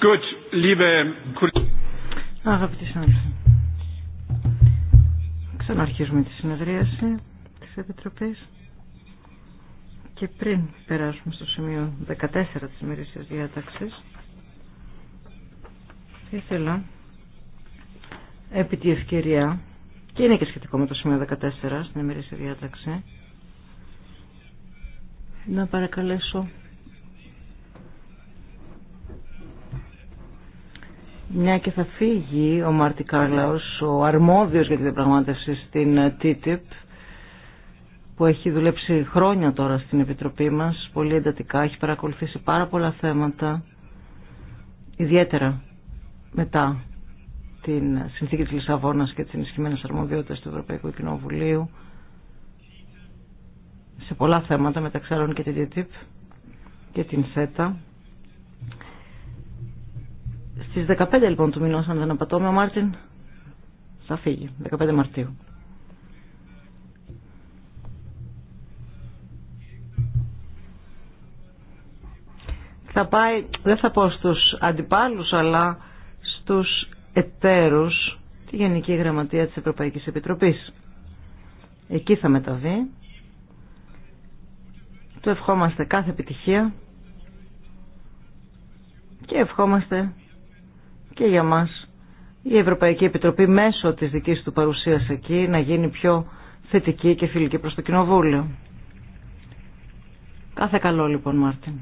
Good, liebe... Αγαπητοί συνάδελφοι, ξαναρχίζουμε τη συνεδρίαση της Επιτροπής και πριν περάσουμε στο σημείο 14 της ημερήσιας διάταξης ήθελα επί τη ευκαιρία και είναι και σχετικό με το σημείο 14 στην ημερήσια διάταξη να παρακαλέσω μια και θα φύγει ο Μάρτι Κάρλαος, ο αρμόδιος για τη διαπραγμάτευση στην TTIP, που έχει δουλέψει χρόνια τώρα στην Επιτροπή μας, πολύ εντατικά, έχει παρακολουθήσει πάρα πολλά θέματα, ιδιαίτερα μετά την συνθήκη της Λισαβόνας και τις ενισχυμένες αρμοδιότητες του Ευρωπαϊκού Κοινοβουλίου, σε πολλά θέματα, μεταξύ άλλων και την TTIP και την ΣΕΤΑ. Στι 15 λοιπόν του μηνό, αν δεν απατώμε, ο Μάρτιν θα φύγει, 15 Μαρτίου. Θα πάει, δεν θα πω στου αντιπάλου, αλλά στου εταίρου τη Γενική Γραμματεία τη Ευρωπαϊκή Επιτροπή. Εκεί θα μεταβεί. Του ευχόμαστε κάθε επιτυχία και ευχόμαστε και για μας η Ευρωπαϊκή Επιτροπή μέσω της δικής του παρουσίας εκεί να γίνει πιο θετική και φιλική προς το Κοινοβούλιο. Κάθε καλό λοιπόν Μάρτιν.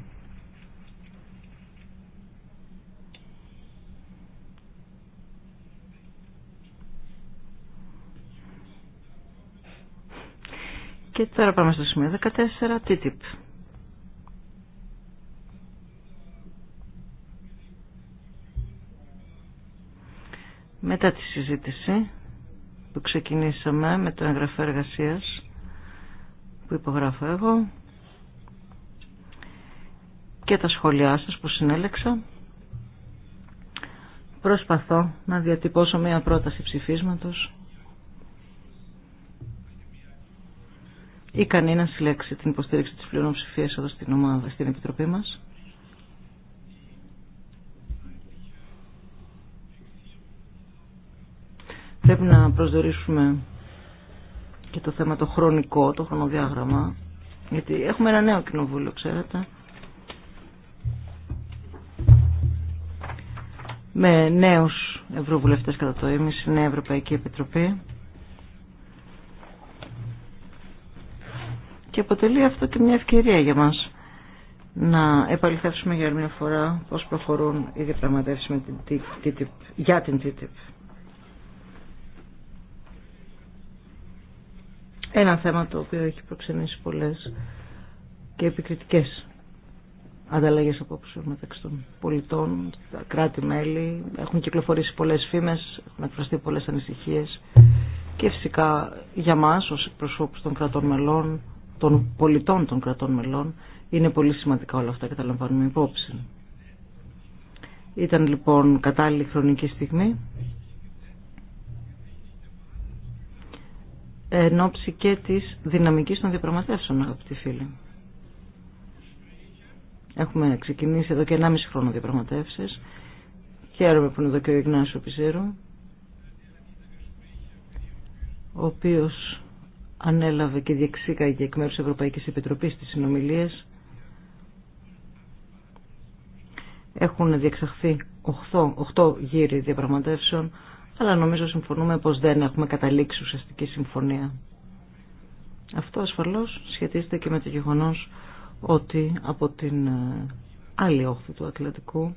Και τώρα πάμε στο σημείο 14, TTIP. Μετά τη συζήτηση που ξεκινήσαμε με το εγγραφό εργασία που υπογράφω εγώ και τα σχόλιά σας που συνέλεξα προσπαθώ να διατυπώσω μια πρόταση ψηφίσματος ικανή να συλλέξει την υποστήριξη της πλειονοψηφίας εδώ στην ομάδα, στην Επιτροπή μας Πρέπει να προσδιορίσουμε και το θέμα το χρονικό, το χρονοδιάγραμμα. Γιατί έχουμε ένα νέο κοινοβούλιο, ξέρετε. Με νέους ευρωβουλευτές κατά το ίμιση, νέα Ευρωπαϊκή Επιτροπή. Και αποτελεί αυτό και μια ευκαιρία για μας να επαληθεύσουμε για μια φορά πώς προχωρούν οι διαπραγματεύσεις με την TTIP, για την TTIP. ένα θέμα το οποίο έχει προξενήσει πολλές και επικριτικές ανταλλαγές απόψεων μεταξύ των πολιτών, τα κράτη-μέλη. Έχουν κυκλοφορήσει πολλές φήμες, έχουν εκφραστεί πολλές ανησυχίες και φυσικά για μας ως προσώπους των κρατών μελών, των πολιτών των κρατών μελών, είναι πολύ σημαντικά όλα αυτά και τα λαμβάνουμε υπόψη. Ήταν λοιπόν κατάλληλη χρονική στιγμή εν ώψη και της δυναμικής των διαπραγματεύσεων, αγαπητοί φίλοι. Έχουμε ξεκινήσει εδώ και 1,5 χρόνο διαπραγματεύσεις. Χαίρομαι που είναι εδώ και ο Ιγνάσιο Πιζέρο, ο οποίος ανέλαβε και διεξήγαγε εκ μέρους Ευρωπαϊκής Επιτροπής τις συνομιλίες. Έχουν διεξαχθεί 8, 8 γύροι διαπραγματεύσεων αλλά νομίζω συμφωνούμε πως δεν έχουμε καταλήξει ουσιαστική συμφωνία. Αυτό ασφαλώς σχετίζεται και με το γεγονός ότι από την ε, άλλη όχθη του Ατλαντικού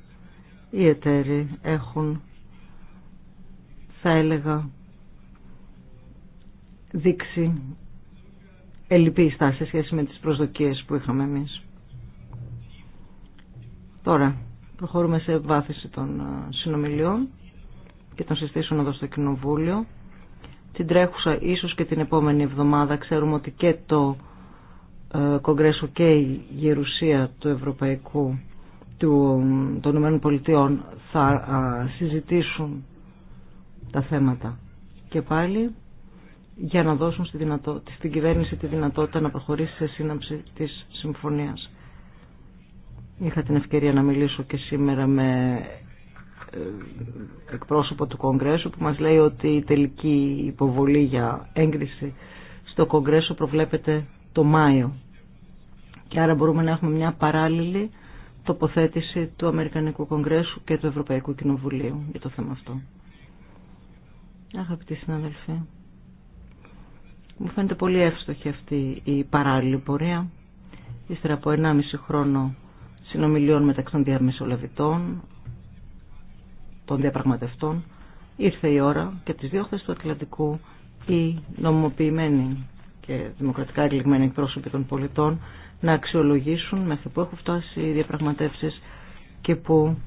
οι εταίροι έχουν θα έλεγα δείξει ελλειπή στάση σε σχέση με τις προσδοκίες που είχαμε εμείς. Τώρα προχωρούμε σε βάθηση των ε, συνομιλιών και τον συστήσω εδώ στο Κοινοβούλιο. Την τρέχουσα ίσως και την επόμενη εβδομάδα ξέρουμε ότι και το ε, Κογκρέσο και η Γερουσία του Ευρωπαϊκού του, των Πολιτείων θα συζητήσουν τα θέματα και πάλι για να δώσουν στη δυνατό, στην κυβέρνηση τη δυνατότητα να προχωρήσει σε σύναψη της συμφωνίας. Είχα την ευκαιρία να μιλήσω και σήμερα με ε, εκπρόσωπο του Κογκρέσου που μας λέει ότι η τελική υποβολή για έγκριση στο Κογκρέσο προβλέπεται το Μάιο. Και άρα μπορούμε να έχουμε μια παράλληλη τοποθέτηση του Αμερικανικού Κογκρέσου και του Ευρωπαϊκού Κοινοβουλίου για το θέμα αυτό. Αγαπητοί συναδελφοί, μου φαίνεται πολύ εύστοχη αυτή η παράλληλη πορεία. Ύστερα από 1,5 χρόνο συνομιλιών μεταξύ των διαμεσολαβητών, των διαπραγματευτών ήρθε η ώρα και τις δύο χθες του Ατλαντικού οι νομιμοποιημένοι και δημοκρατικά εκλεγμένοι εκπρόσωποι των πολιτών να αξιολογήσουν μέχρι που έχουν φτάσει οι διαπραγματεύσεις και που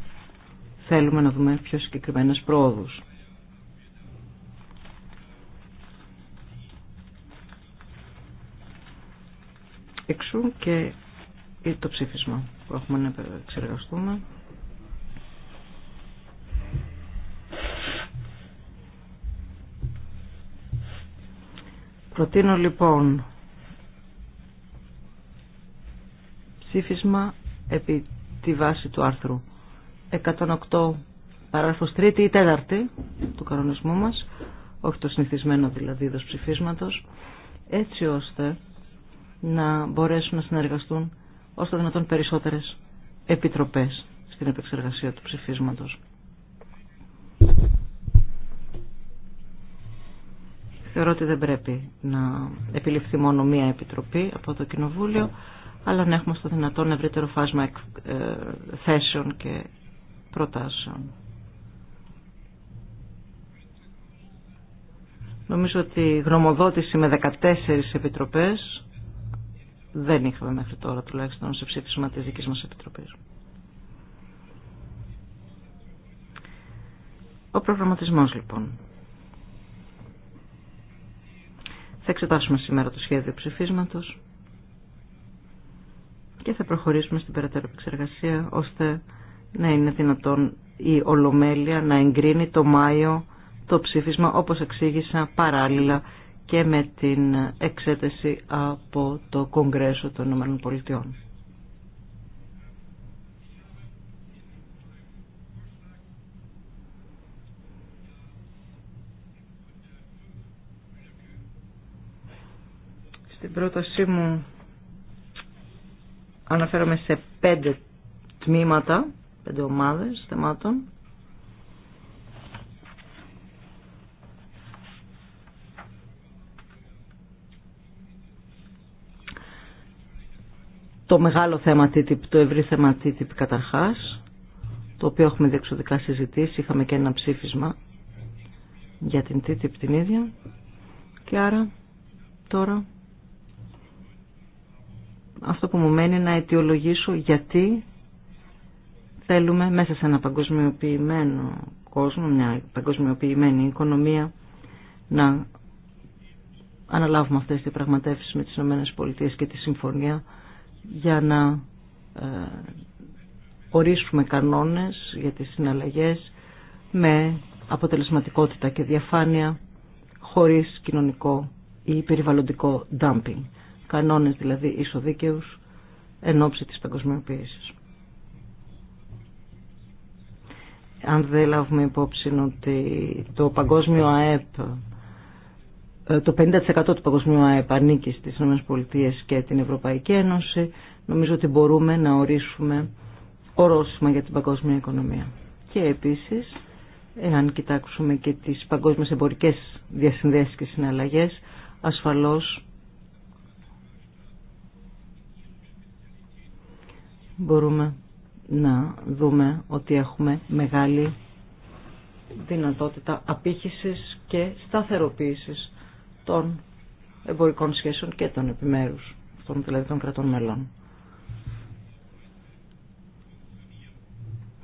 θέλουμε να δούμε πιο συγκεκριμένες πρόοδους. Εξού και το ψήφισμα που έχουμε να εξεργαστούμε. Προτείνω λοιπόν ψήφισμα επί τη βάση του άρθρου 108 παράγραφος 3η ή 4η του κανονισμού μας, όχι το συνηθισμένο δηλαδή είδος ψηφίσματος, έτσι ώστε να μπορέσουν να συνεργαστούν ώστε δυνατόν περισσότερες επιτροπές στην επεξεργασία του ψηφίσματος. Θεωρώ ότι δεν πρέπει να επιληφθεί μόνο μία επιτροπή από το Κοινοβούλιο, αλλά να έχουμε στο δυνατόν ευρύτερο φάσμα ε, θέσεων και προτάσεων. Νομίζω ότι γνωμοδότηση με 14 επιτροπές δεν είχαμε μέχρι τώρα τουλάχιστον σε ψήφισμα της δικής μας επιτροπής. Ο προγραμματισμός λοιπόν. Θα εξετάσουμε σήμερα το σχέδιο ψηφίσματος και θα προχωρήσουμε στην περαιτέρω επεξεργασία ώστε να είναι δυνατόν η Ολομέλεια να εγκρίνει το Μάιο το ψήφισμα όπως εξήγησα παράλληλα και με την εξέταση από το Κογκρέσο των ΗΠΑ. Στην πρότασή μου αναφέρομαι σε πέντε τμήματα, πέντε ομάδες θεμάτων. Το μεγάλο θέμα TTIP, το ευρύ θέμα TTIP καταρχάς, το οποίο έχουμε διεξοδικά συζητήσει, είχαμε και ένα ψήφισμα για την TTIP την ίδια. Και άρα τώρα αυτό που μου μένει να αιτιολογήσω γιατί θέλουμε μέσα σε ένα παγκοσμιοποιημένο κόσμο, μια παγκοσμιοποιημένη οικονομία να αναλάβουμε αυτές τις πραγματεύσεις με τις ΗΠΑ και τη Συμφωνία για να ε, ορίσουμε κανόνες για τις συναλλαγές με αποτελεσματικότητα και διαφάνεια χωρίς κοινωνικό ή περιβαλλοντικό dumping κανόνες δηλαδή ισοδίκαιους εν ώψη της παγκοσμιοποίησης. Αν δεν λάβουμε υπόψη ότι το παγκόσμιο ΑΕΠ ε, το 50% του παγκοσμίου ΑΕΠ ανήκει στις ΗΠΑ και την Ευρωπαϊκή Ένωση, νομίζω ότι μπορούμε να ορίσουμε ορόσημα για την παγκόσμια οικονομία. Και επίσης, εάν κοιτάξουμε και τις παγκόσμιες εμπορικές διασυνδέσεις και συναλλαγές, ασφαλώς μπορούμε να δούμε ότι έχουμε μεγάλη δυνατότητα απήχησης και σταθεροποίησης των εμπορικών σχέσεων και των επιμέρους, των δηλαδή των κρατών μελών.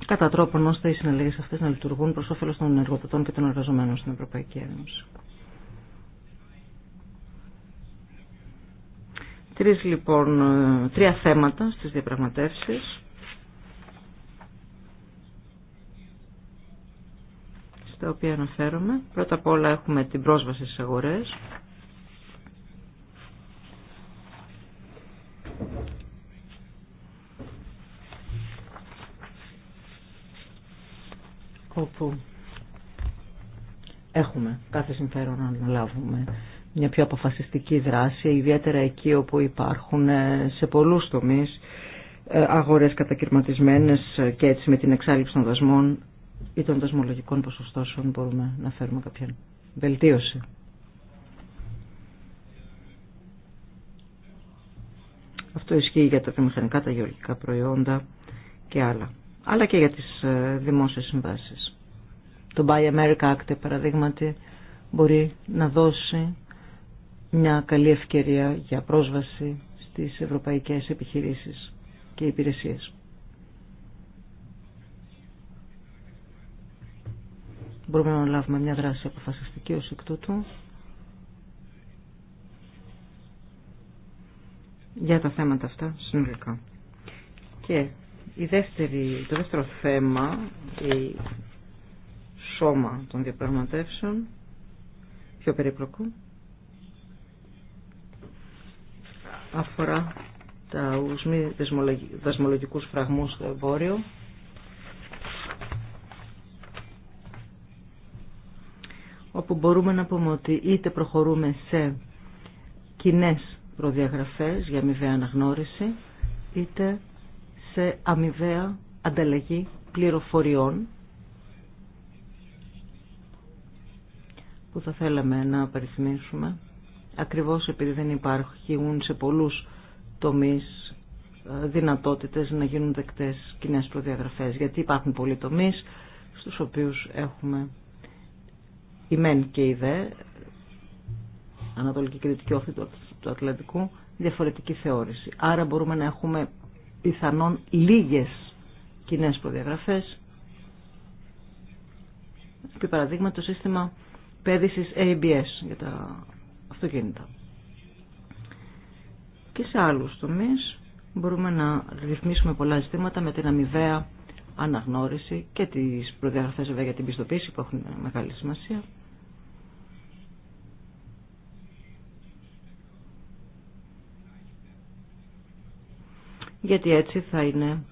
Κατά τρόπον ώστε οι συναλλαγές αυτές να λειτουργούν προς όφελος των εργοδοτών και των εργαζομένων στην Ευρωπαϊκή Ένωση. Τρεις λοιπόν, ε, τρία θέματα στις διαπραγματεύσεις. Στα οποία αναφέρομαι. Πρώτα απ' όλα έχουμε την πρόσβαση στις αγορές. όπου έχουμε κάθε συμφέρον να αναλάβουμε μια πιο αποφασιστική δράση, ιδιαίτερα εκεί όπου υπάρχουν ε, σε πολλούς τομείς ε, αγορές κατακυρματισμένες ε, και έτσι με την εξάλληψη των δασμών ή των δασμολογικών ποσοστώσεων μπορούμε να φέρουμε κάποια βελτίωση. Αυτό ισχύει για τα βιομηχανικά, τα γεωργικά προϊόντα και άλλα. Αλλά και για τις δημόσιες συμβάσεις. Το Buy America Act, παραδείγματι, μπορεί να δώσει μια καλή ευκαιρία για πρόσβαση στις ευρωπαϊκές επιχειρήσεις και υπηρεσίες. Μπορούμε να λάβουμε μια δράση αποφασιστική ως εκ τούτου για τα θέματα αυτά συνολικά. Και η δεύτερη, το δεύτερο θέμα, η σώμα των διαπραγματεύσεων, πιο περίπλοκο, αφορά τα μη δασμολογικού φραγμούς στο εμπόριο. όπου μπορούμε να πούμε ότι είτε προχωρούμε σε κοινέ προδιαγραφές για αμοιβαία αναγνώριση, είτε σε αμοιβαία ανταλλαγή πληροφοριών που θα θέλαμε να απαριθμίσουμε ακριβώς επειδή δεν υπάρχουν σε πολλούς τομείς ε, δυνατότητες να γίνουν δεκτές κοινέ προδιαγραφές γιατί υπάρχουν πολλοί τομείς στους οποίους έχουμε η μεν και η δε Ανατολική και Δυτική Όχθη του Ατλαντικού διαφορετική θεώρηση. Άρα μπορούμε να έχουμε πιθανόν λίγες κοινέ προδιαγραφές επί παραδείγματο το σύστημα πέδησης ABS για τα και σε άλλους τομείς μπορούμε να ρυθμίσουμε πολλά ζητήματα με την αμοιβαία αναγνώριση και τις προδιαγραφές για την πιστοποίηση που έχουν μεγάλη σημασία. Γιατί έτσι θα είναι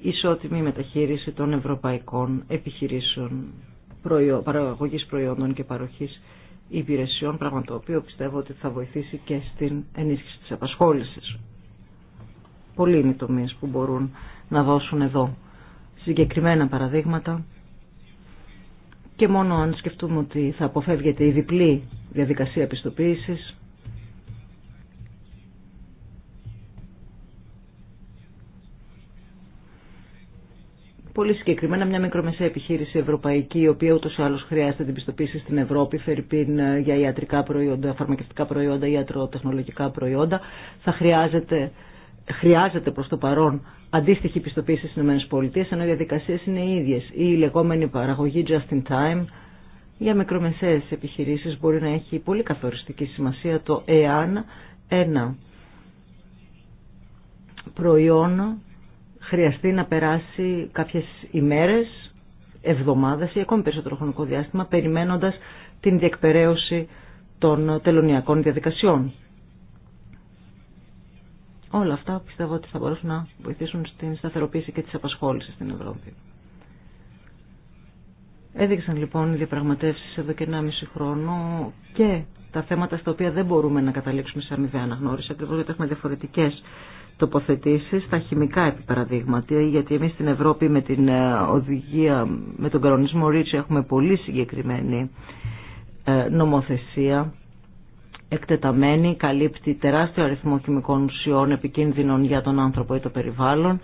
ισότιμη μεταχείριση των ευρωπαϊκών επιχειρήσεων προϊό, παραγωγής προϊόντων και παροχής υπηρεσιών, πράγμα το οποίο πιστεύω ότι θα βοηθήσει και στην ενίσχυση της απασχόλησης. Πολλοί είναι οι τομείς που μπορούν να δώσουν εδώ συγκεκριμένα παραδείγματα και μόνο αν σκεφτούμε ότι θα αποφεύγεται η διπλή διαδικασία πιστοποίησης Πολύ συγκεκριμένα μια μικρομεσαία επιχείρηση ευρωπαϊκή, η οποία ούτω ή άλλω χρειάζεται την πιστοποίηση στην Ευρώπη, φερειπίν ε, για ιατρικά προϊόντα, φαρμακευτικά προϊόντα, ιατροτεχνολογικά προϊόντα, θα χρειάζεται, χρειάζεται προς το παρόν αντίστοιχη πιστοποίηση στι ΗΠΑ, ενώ οι διαδικασίε είναι οι ίδιες. Η λεγόμενη παραγωγή just in time, για μικρομεσαίες επιχειρήσει μπορεί να έχει πολύ καθοριστική σημασία το εάν ένα προϊόν χρειαστεί να περάσει κάποιες ημέρες, εβδομάδες ή ακόμη περισσότερο χρονικό διάστημα περιμένοντας την διεκπαιρέωση των τελωνιακών διαδικασιών. Όλα αυτά πιστεύω ότι θα μπορούσαν να βοηθήσουν στην σταθεροποίηση και της απασχόλησης στην Ευρώπη. Έδειξαν λοιπόν οι διαπραγματεύσεις εδώ και 1,5 χρόνο και τα θέματα στα οποία δεν μπορούμε να καταλήξουμε σε αμοιβαία αναγνώριση, ακριβώς γιατί έχουμε διαφορετικές τοποθετήσεις στα χημικά επιπαραδείγματα γιατί εμείς στην Ευρώπη με την ε, οδηγία, με τον κανονισμό Ρίτσι έχουμε πολύ συγκεκριμένη ε, νομοθεσία εκτεταμένη, καλύπτει τεράστιο αριθμό χημικών ουσιών επικίνδυνων για τον άνθρωπο ή το περιβάλλον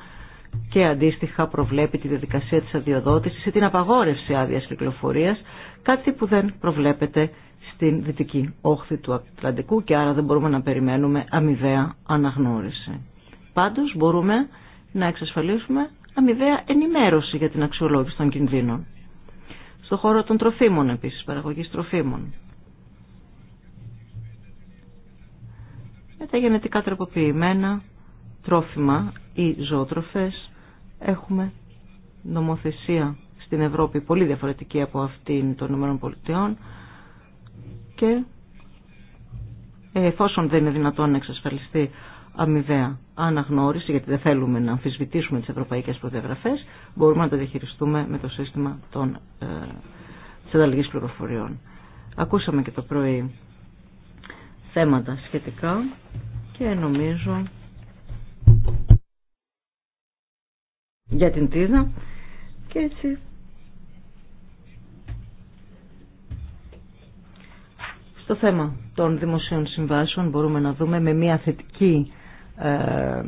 και αντίστοιχα προβλέπει τη διαδικασία της αδειοδότησης ή την απαγόρευση άδειας κυκλοφορίας, κάτι που δεν προβλέπεται στην δυτική όχθη του Ατλαντικού και άρα δεν μπορούμε να περιμένουμε αμοιβαία αναγνώριση. Πάντως μπορούμε να εξασφαλίσουμε αμοιβαία ενημέρωση για την αξιολόγηση των κινδύνων. Στο χώρο των τροφίμων επίσης, παραγωγής τροφίμων. Με τα γενετικά τροποποιημένα τρόφιμα ή ζωοτροφές έχουμε νομοθεσία στην Ευρώπη πολύ διαφορετική από αυτήν των πολιτειών και εφόσον δεν είναι δυνατόν να εξασφαλιστεί αμοιβαία αναγνώριση, γιατί δεν θέλουμε να αμφισβητήσουμε τις ευρωπαϊκές προδιαγραφές, μπορούμε να τα διαχειριστούμε με το σύστημα των, ε, ανταλλαγής πληροφοριών. Ακούσαμε και το πρωί θέματα σχετικά και νομίζω για την τρίδα και έτσι στο θέμα των δημοσίων συμβάσεων μπορούμε να δούμε με μια θετική ε,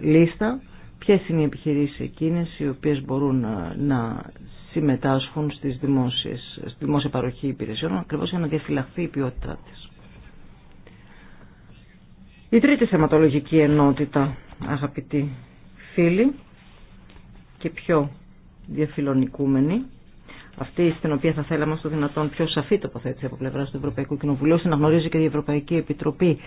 λίστα ποιες είναι οι επιχειρήσεις εκείνες οι οποίες μπορούν ε, να συμμετάσχουν στις δημόσιες, στη δημόσια παροχή υπηρεσιών ακριβώς για να διαφυλαχθεί η ποιότητά της. Η τρίτη θεματολογική ενότητα, αγαπητοί φίλοι, και πιο διαφιλονικούμενη, αυτή στην οποία θα θέλαμε στο δυνατόν πιο σαφή τοποθέτηση από πλευρά του Ευρωπαϊκού Κοινοβουλίου, ώστε να γνωρίζει και η Ευρωπαϊκή Επιτροπή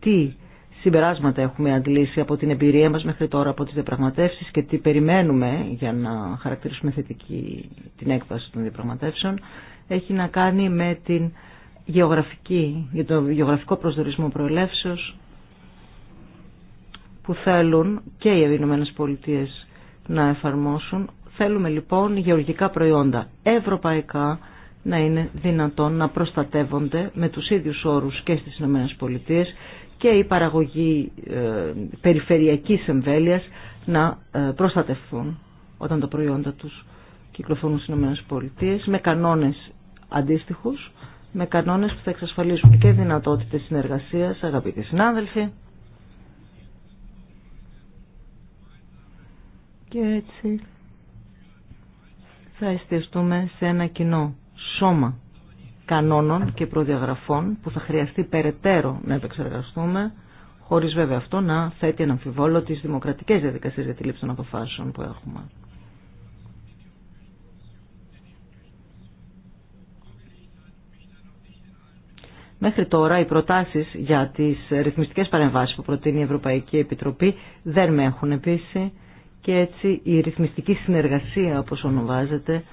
τι συμπεράσματα έχουμε αντλήσει από την εμπειρία μας μέχρι τώρα από τις διαπραγματεύσει και τι περιμένουμε για να χαρακτηρίσουμε θετική την έκβαση των διαπραγματεύσεων έχει να κάνει με την γεωγραφική, για το γεωγραφικό προσδορισμό προελεύσεως που θέλουν και οι Ηνωμένε Πολιτείε να εφαρμόσουν. Θέλουμε λοιπόν γεωργικά προϊόντα ευρωπαϊκά να είναι δυνατόν να προστατεύονται με τους ίδιους όρους και στις ΗΠΑ και η παραγωγή ε, περιφερειακής εμβέλειας να ε, προστατευθούν όταν τα προϊόντα τους κυκλοφορούν στις ΗΠΑ με κανόνες αντίστοιχους, με κανόνες που θα εξασφαλίσουν και δυνατότητες συνεργασίας, αγαπητοί συνάδελφοι. Και έτσι θα εστιαστούμε σε ένα κοινό σώμα κανόνων και προδιαγραφών που θα χρειαστεί περαιτέρω να επεξεργαστούμε, χωρίς βέβαια αυτό να θέτει ένα αμφιβόλο τις δημοκρατικές διαδικασίες για τη λήψη των αποφάσεων που έχουμε. Μέχρι τώρα οι προτάσεις για τις ρυθμιστικές παρεμβάσεις που προτείνει η Ευρωπαϊκή Επιτροπή δεν με έχουν επίση και έτσι η ρυθμιστική συνεργασία όπως ονομάζεται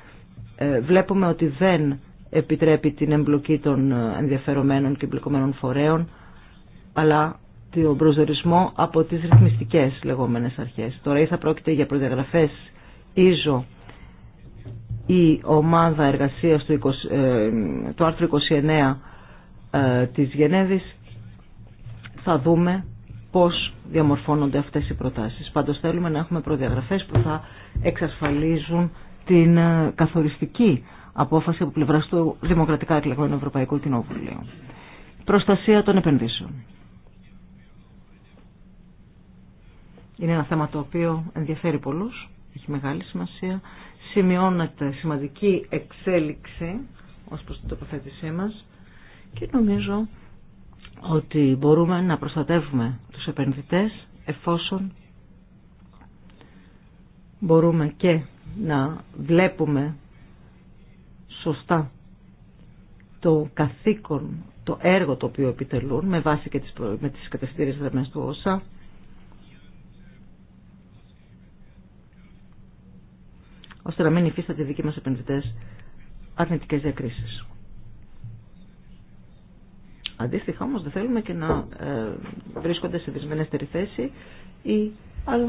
ε, βλέπουμε ότι δεν επιτρέπει την εμπλοκή των ε, ενδιαφερομένων και εμπλεκομένων φορέων, αλλά τον προσδορισμό από τις ρυθμιστικές λεγόμενες αρχές. Τώρα ή θα πρόκειται για προδιαγραφές ίζο η ομάδα εργασίας του 20, ε, το 29 ε, της Γενέβης θα δούμε πώς διαμορφώνονται αυτές οι προτάσεις. Πάντως θέλουμε να έχουμε προδιαγραφές που θα εξασφαλίζουν την καθοριστική απόφαση από πλευρά του Δημοκρατικά Εκλεγμένου Ευρωπαϊκού Κοινοβουλίου. Προστασία των επενδύσεων. Είναι ένα θέμα το οποίο ενδιαφέρει πολλούς, έχει μεγάλη σημασία. Σημειώνεται σημαντική εξέλιξη ως προς την τοποθέτησή μας και νομίζω ότι μπορούμε να προστατεύουμε τους επενδυτές εφόσον μπορούμε και να βλέπουμε σωστά το καθήκον, το έργο το οποίο επιτελούν με βάση και τις, με τις κατευθύνες του ΩΣΑ. ώστε να μην υφίσταται οι δικοί μας επενδυτές αρνητικές διακρίσεις. Αντίστοιχα όμως δεν θέλουμε και να ε, βρίσκονται σε δυσμενέστερη θέση οι άλλοι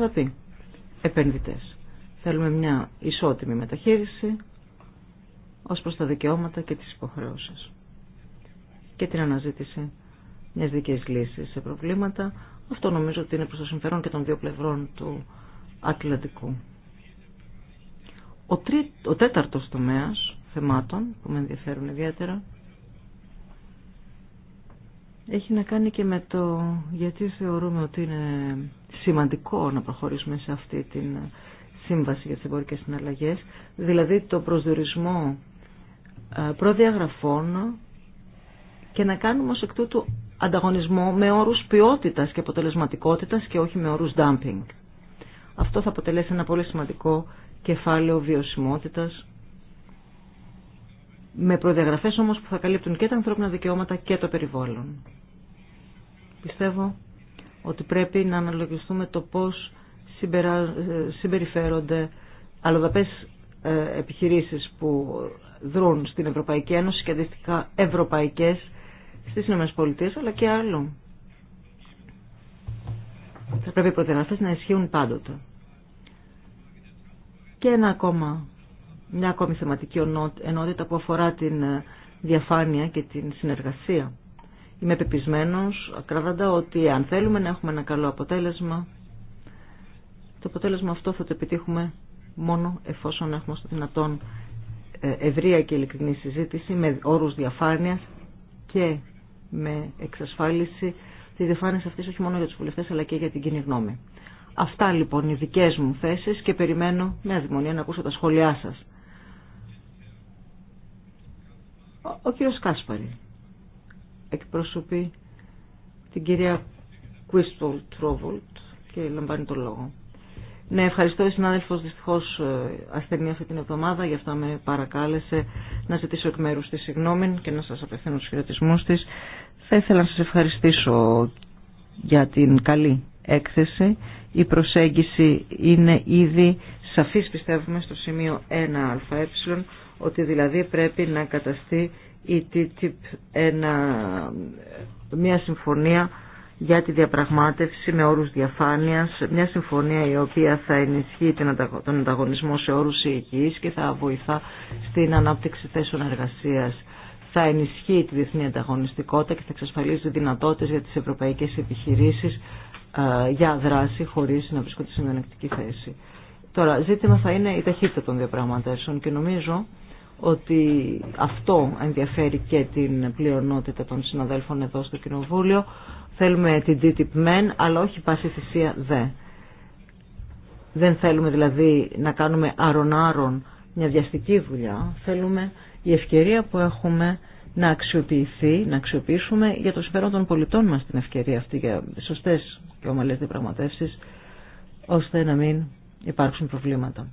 επενδυτές. Θέλουμε μια ισότιμη μεταχείριση ως προς τα δικαιώματα και τις υποχρεώσεις και την αναζήτηση μιας δικής λύσης σε προβλήματα. Αυτό νομίζω ότι είναι προς το συμφέρον και των δύο πλευρών του Ατλαντικού. Ο, τρί, ο τέταρτος τομέας θεμάτων που με ενδιαφέρουν ιδιαίτερα έχει να κάνει και με το γιατί θεωρούμε ότι είναι σημαντικό να προχωρήσουμε σε αυτή την σύμβαση για τις εμπορικές συναλλαγές, δηλαδή το προσδιορισμό ε, προδιαγραφών και να κάνουμε ως εκ τούτου ανταγωνισμό με όρους ποιότητας και αποτελεσματικότητας και όχι με όρους dumping. Αυτό θα αποτελέσει ένα πολύ σημαντικό κεφάλαιο βιωσιμότητας με προδιαγραφές όμως που θα καλύπτουν και τα ανθρώπινα δικαιώματα και το περιβάλλον. Πιστεύω ότι πρέπει να αναλογιστούμε το πώς ε, συμπεριφέρονται αλλοδαπές ε, επιχειρήσεις που δρούν στην Ευρωπαϊκή Ένωση και αντίστοιχα ευρωπαϊκές στις ΗΠΑ αλλά και άλλο. Θα πρέπει οι να ισχύουν πάντοτε. Και ένα ακόμα, μια ακόμη θεματική ενότητα που αφορά την ε, διαφάνεια και την συνεργασία. Είμαι πεπισμένος, ακράδαντα, ότι αν θέλουμε να έχουμε ένα καλό αποτέλεσμα, το αποτέλεσμα αυτό θα το επιτύχουμε μόνο εφόσον έχουμε στο δυνατόν ε, ευρεία και ειλικρινή συζήτηση με όρους διαφάνειας και με εξασφάλιση τη διαφάνεια αυτή όχι μόνο για τους βουλευτές αλλά και για την κοινή γνώμη. Αυτά λοιπόν οι δικές μου θέσεις και περιμένω με αδημονία να ακούσω τα σχόλιά σας. Ο, κύριο κύριος Κάσπαρη εκπροσωπεί την κυρία Κουίστολ Τρόβολτ και λαμβάνει τον λόγο. Ναι, ευχαριστώ. η συνάδελφο δυστυχώ ε, ασθενεί αυτή την εβδομάδα, γι' αυτό με παρακάλεσε να ζητήσω εκ μέρου τη συγγνώμη και να σα απευθύνω του χαιρετισμού τη. Θα ήθελα να σα ευχαριστήσω για την καλή έκθεση. Η προσέγγιση είναι ήδη σαφής πιστεύουμε στο σημείο 1αε, ότι δηλαδή πρέπει να καταστεί η TTIP μια συμφωνία για τη διαπραγμάτευση με όρους διαφάνειας, μια συμφωνία η οποία θα ενισχύει τον ανταγωνισμό σε όρους υγιής και θα βοηθά στην ανάπτυξη θέσεων εργασίας. Θα ενισχύει τη διεθνή ανταγωνιστικότητα και θα εξασφαλίζει δυνατότητες για τις ευρωπαϊκές επιχειρήσεις ε, για δράση χωρίς να βρίσκονται σε μειονεκτική θέση. Τώρα, ζήτημα θα είναι η ταχύτητα των διαπραγματεύσεων και νομίζω ότι αυτό ενδιαφέρει και την πλειονότητα των συναδέλφων εδώ στο Κοινοβούλιο Θέλουμε την TTIP μεν, αλλά όχι πάση θυσία δε. Δεν θέλουμε δηλαδή να κανουμε αρονάρον μια διαστική δουλειά. Θέλουμε η ευκαιρία που έχουμε να αξιοποιηθεί, να αξιοποιήσουμε για το συμφέρον των πολιτών μας την ευκαιρία αυτή για σωστές και ομαλές διαπραγματεύσεις, ώστε να μην υπάρξουν προβλήματα.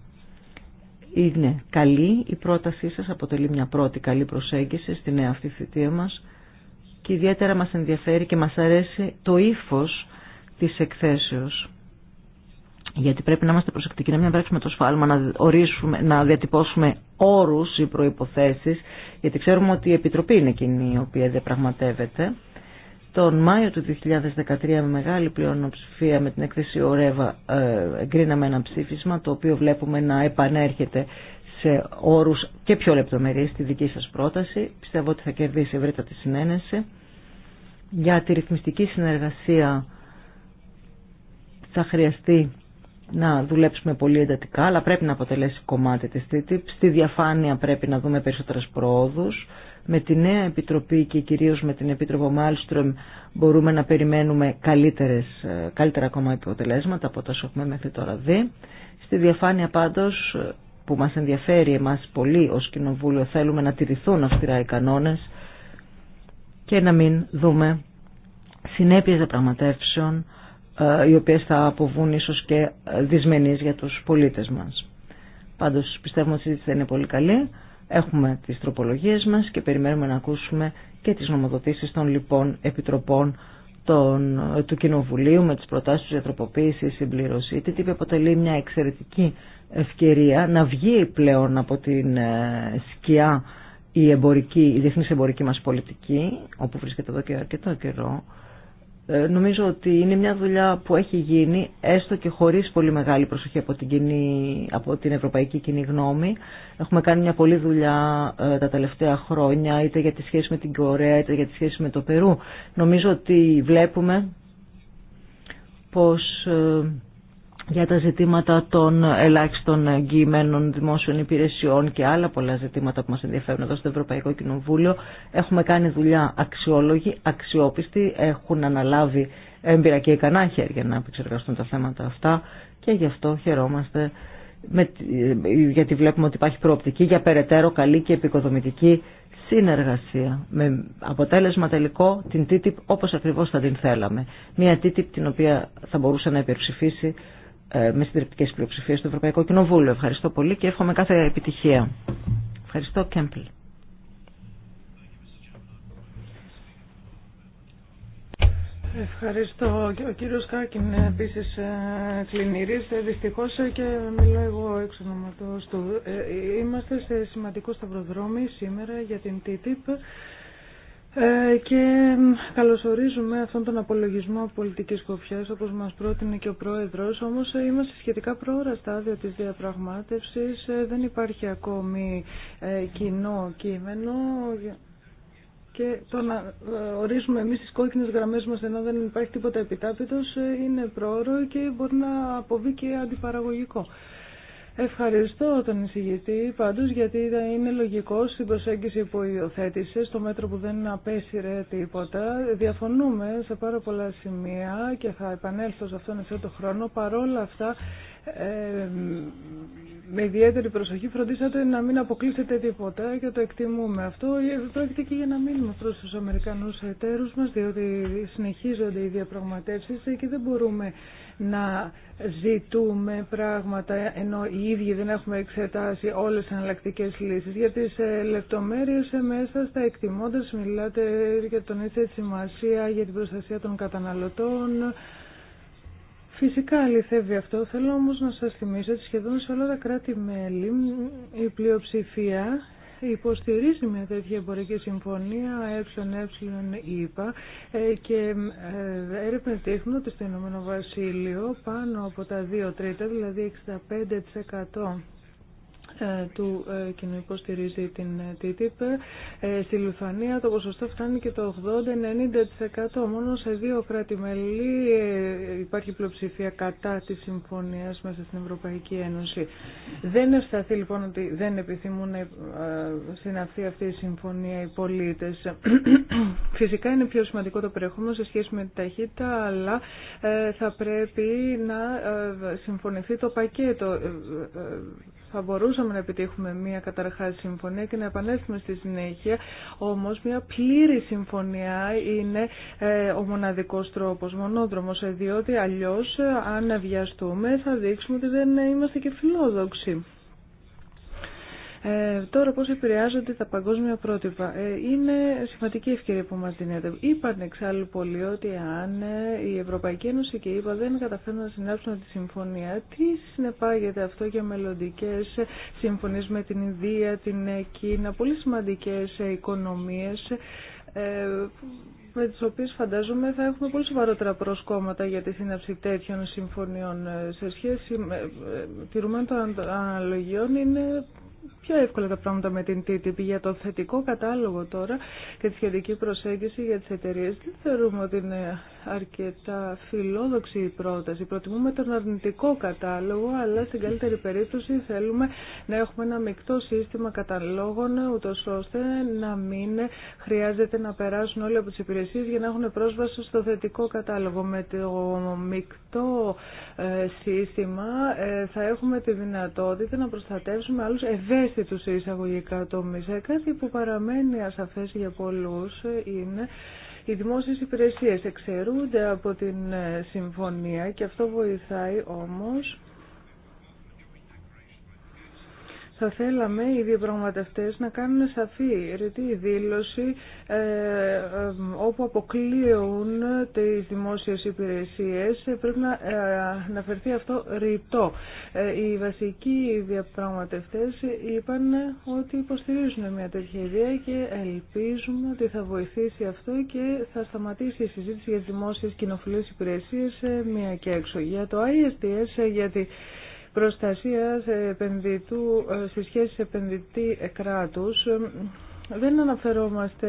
Είναι καλή η πρότασή σας, αποτελεί μια πρώτη καλή προσέγγιση στη νέα αυτή θητεία μας και ιδιαίτερα μας ενδιαφέρει και μας αρέσει το ύφος της εκθέσεως. Γιατί πρέπει να είμαστε προσεκτικοί, να μην βρέψουμε το σφάλμα, να, ορίσουμε, να διατυπώσουμε όρους ή προϋποθέσεις, γιατί ξέρουμε ότι η Επιτροπή είναι εκείνη η οποία διαπραγματεύεται. Τον Μάιο του 2013 με μεγάλη πλειονοψηφία με την έκθεση ΟΡΕΒΑ ε, εγκρίναμε ένα ψήφισμα το οποίο βλέπουμε να επανέρχεται σε όρους και πιο λεπτομερείς στη δική σας πρόταση. Πιστεύω ότι θα κερδίσει ευρύτατη συνένεση. Για τη ρυθμιστική συνεργασία θα χρειαστεί να δουλέψουμε πολύ εντατικά, αλλά πρέπει να αποτελέσει κομμάτι της TTIP. Στη διαφάνεια πρέπει να δούμε περισσότερες προόδους. Με τη νέα Επιτροπή και κυρίως με την Επίτροπο Μάλστρομ μπορούμε να περιμένουμε καλύτερες, ε, καλύτερα ακόμα υποτελέσματα από τόσο έχουμε μέχρι τώρα δει. Στη διαφάνεια πάντως που μας ενδιαφέρει εμάς πολύ ως Κοινοβούλιο θέλουμε να τηρηθούν αυστηρά οι κανόνες και να μην δούμε συνέπειες διαπραγματεύσεων ε, οι οποίες θα αποβούν ίσως και ε, δυσμενείς για τους πολίτες μας. Πάντως πιστεύουμε ότι θα είναι πολύ καλή. Έχουμε τις τροπολογίες μας και περιμένουμε να ακούσουμε και τις νομοδοτήσεις των λοιπόν επιτροπών ε, του Κοινοβουλίου με τις προτάσεις για τροποποίηση, συμπλήρωση. Η αποτελεί μια εξαιρετική ευκαιρία να βγει πλέον από την ε, σκιά η, εμπορική, η διεθνής εμπορική μας πολιτική, όπου βρίσκεται εδώ και αρκετό καιρό, ε, νομίζω ότι είναι μια δουλειά που έχει γίνει έστω και χωρίς πολύ μεγάλη προσοχή από την, από την ευρωπαϊκή κοινή γνώμη. Έχουμε κάνει μια πολλή δουλειά ε, τα τελευταία χρόνια είτε για τη σχέση με την Κορέα είτε για τη σχέση με το Περού. Νομίζω ότι βλέπουμε πως για τα ζητήματα των ελάχιστων εγγυημένων δημόσιων υπηρεσιών και άλλα πολλά ζητήματα που μας ενδιαφέρουν εδώ στο Ευρωπαϊκό Κοινοβούλιο. Έχουμε κάνει δουλειά αξιόλογη, αξιόπιστη, έχουν αναλάβει έμπειρα και ικανά χέρια να επεξεργαστούν τα θέματα αυτά και γι' αυτό χαιρόμαστε με, γιατί βλέπουμε ότι υπάρχει προοπτική για περαιτέρω καλή και επικοδομητική συνεργασία με αποτέλεσμα τελικό την TTIP όπως ακριβώς θα την θέλαμε. Μια TTIP την οποία θα μπορούσε να υπερψηφίσει ε, με συντριπτικές πλειοψηφίες στο Ευρωπαϊκό Κοινοβούλιο. Ευχαριστώ πολύ και εύχομαι κάθε επιτυχία. Ευχαριστώ, Κέμπλ. Ευχαριστώ. Ο κύριος Κάκιν επίσης ε, κλινήρισε δυστυχώς ε, και μιλάω εγώ εξ ονοματό του. Είμαστε σε σημαντικό σταυροδρόμι σήμερα για την TTIP. Ε, και καλωσορίζουμε αυτόν τον απολογισμό πολιτικής κοφιάς όπως μας πρότεινε και ο Πρόεδρος όμως ε, είμαστε σχετικά πρόωρα στάδια της διαπραγμάτευσης ε, δεν υπάρχει ακόμη κοινό κείμενο και το να ορίζουμε εμείς τις κόκκινες γραμμές μας ενώ δεν υπάρχει τίποτα επιτάπητος είναι πρόωρο και μπορεί να αποβεί και αντιπαραγωγικό. Ευχαριστώ τον εισηγητή πάντως γιατί είναι λογικό στην προσέγγιση που υιοθέτησε στο μέτρο που δεν απέσυρε τίποτα. Διαφωνούμε σε πάρα πολλά σημεία και θα επανέλθω σε αυτόν αυτό το χρόνο. Παρόλα αυτά με ιδιαίτερη προσοχή φροντίσατε να μην αποκλείσετε τίποτα και το εκτιμούμε αυτό. Ε, πρόκειται και για να μείνουμε προ του Αμερικανούς εταίρους μας, διότι συνεχίζονται οι διαπραγματεύσεις και δεν μπορούμε να ζητούμε πράγματα ενώ οι ίδιοι δεν έχουμε εξετάσει όλες τι εναλλακτικέ λύσεις. Για τι ε, λεπτομέρειε ε, μέσα στα εκτιμώντα, μιλάτε για τον τη σημασία, για την προστασία των καταναλωτών, Φυσικά αληθεύει αυτό. Θέλω όμως να σας θυμίσω ότι σχεδόν σε όλα τα κράτη-μέλη η πλειοψηφία υποστηρίζει μια τέτοια εμπορική συμφωνία ΕΕ ε, και ε, έρευνες δείχνουν ότι στο Ηνωμένο Βασίλειο πάνω από τα 2 τρίτα, δηλαδή 65% ε, του ε, κοινού υποστηρίζει την ε, TTIP. Στη Λουθανία το ποσοστό φτάνει και το 80-90%. Μόνο σε δύο κράτη-μέλη υπάρχει πλειοψηφία κατά της συμφωνίας μέσα στην Ευρωπαϊκή Ένωση. Δεν ευσταθεί λοιπόν ότι δεν επιθυμούν να συναυθεί αυτή η συμφωνία οι πολίτε. Φυσικά είναι πιο σημαντικό το περιεχόμενο σε σχέση με την ταχύτητα, αλλά θα πρέπει να συμφωνηθεί το πακέτο θα μπορούσαμε να επιτύχουμε μια καταρχάς συμφωνία και να επανέλθουμε στη συνέχεια. Όμως μια πλήρη συμφωνία είναι ε, ο μοναδικός τρόπος, μονόδρομος, ε, διότι αλλιώς ε, αν βιαστούμε θα δείξουμε ότι δεν είμαστε και φιλόδοξοι. Ε, τώρα πώς επηρεάζονται τα παγκόσμια πρότυπα. Ε, είναι σημαντική ευκαιρία που μας δίνεται. Είπαν εξάλλου πολλοί ότι αν ε, η Ευρωπαϊκή Ένωση και η ΕΕ δεν καταφέρουν να συνάψουν τη συμφωνία, τι συνεπάγεται αυτό για μελλοντικέ συμφωνίες με την Ινδία, την Κίνα, πολύ σημαντικές οικονομίες με τις οποίες φαντάζομαι θα έχουμε πολύ σοβαρότερα προσκόμματα για τη σύναψη τέτοιων συμφωνιών σε σχέση με τη των αναλογιών είναι πιο εύκολα τα πράγματα με την TTIP. Για το θετικό κατάλογο τώρα και τη σχετική προσέγγιση για τις εταιρείε. δεν θεωρούμε ότι είναι αρκετά φιλόδοξη η πρόταση. Προτιμούμε τον αρνητικό κατάλογο, αλλά στην καλύτερη περίπτωση θέλουμε να έχουμε ένα μεικτό σύστημα καταλόγων, ούτω ώστε να μην χρειάζεται να περάσουν όλοι από τι υπηρεσίε για να έχουν πρόσβαση στο θετικό κατάλογο. Με το μεικτό ε, σύστημα ε, θα έχουμε τη δυνατότητα να προστατεύσουμε άλλου του εισαγωγικά μεσα ε, Κάτι που παραμένει ασαφές για πολλούς είναι οι δημόσιες υπηρεσίες εξαιρούνται από την ε, συμφωνία και αυτό βοηθάει όμως θα θέλαμε οι διαπραγματευτέ να κάνουν σαφή ρητή δήλωση ε, ε, όπου αποκλείουν τις δημόσιες υπηρεσίες. Πρέπει να ε, αναφερθεί αυτό ρητό. οι βασικοί διαπραγματευτές είπαν ότι υποστηρίζουν μια τέτοια ιδέα και ελπίζουμε ότι θα βοηθήσει αυτό και θα σταματήσει η συζήτηση για τις δημόσιες υπηρεσίε υπηρεσίες μία και έξω. Για το ISTS γιατί προστασίας επενδυτού, ε, σε σχέση επενδυτή κράτους. Δεν αναφερόμαστε,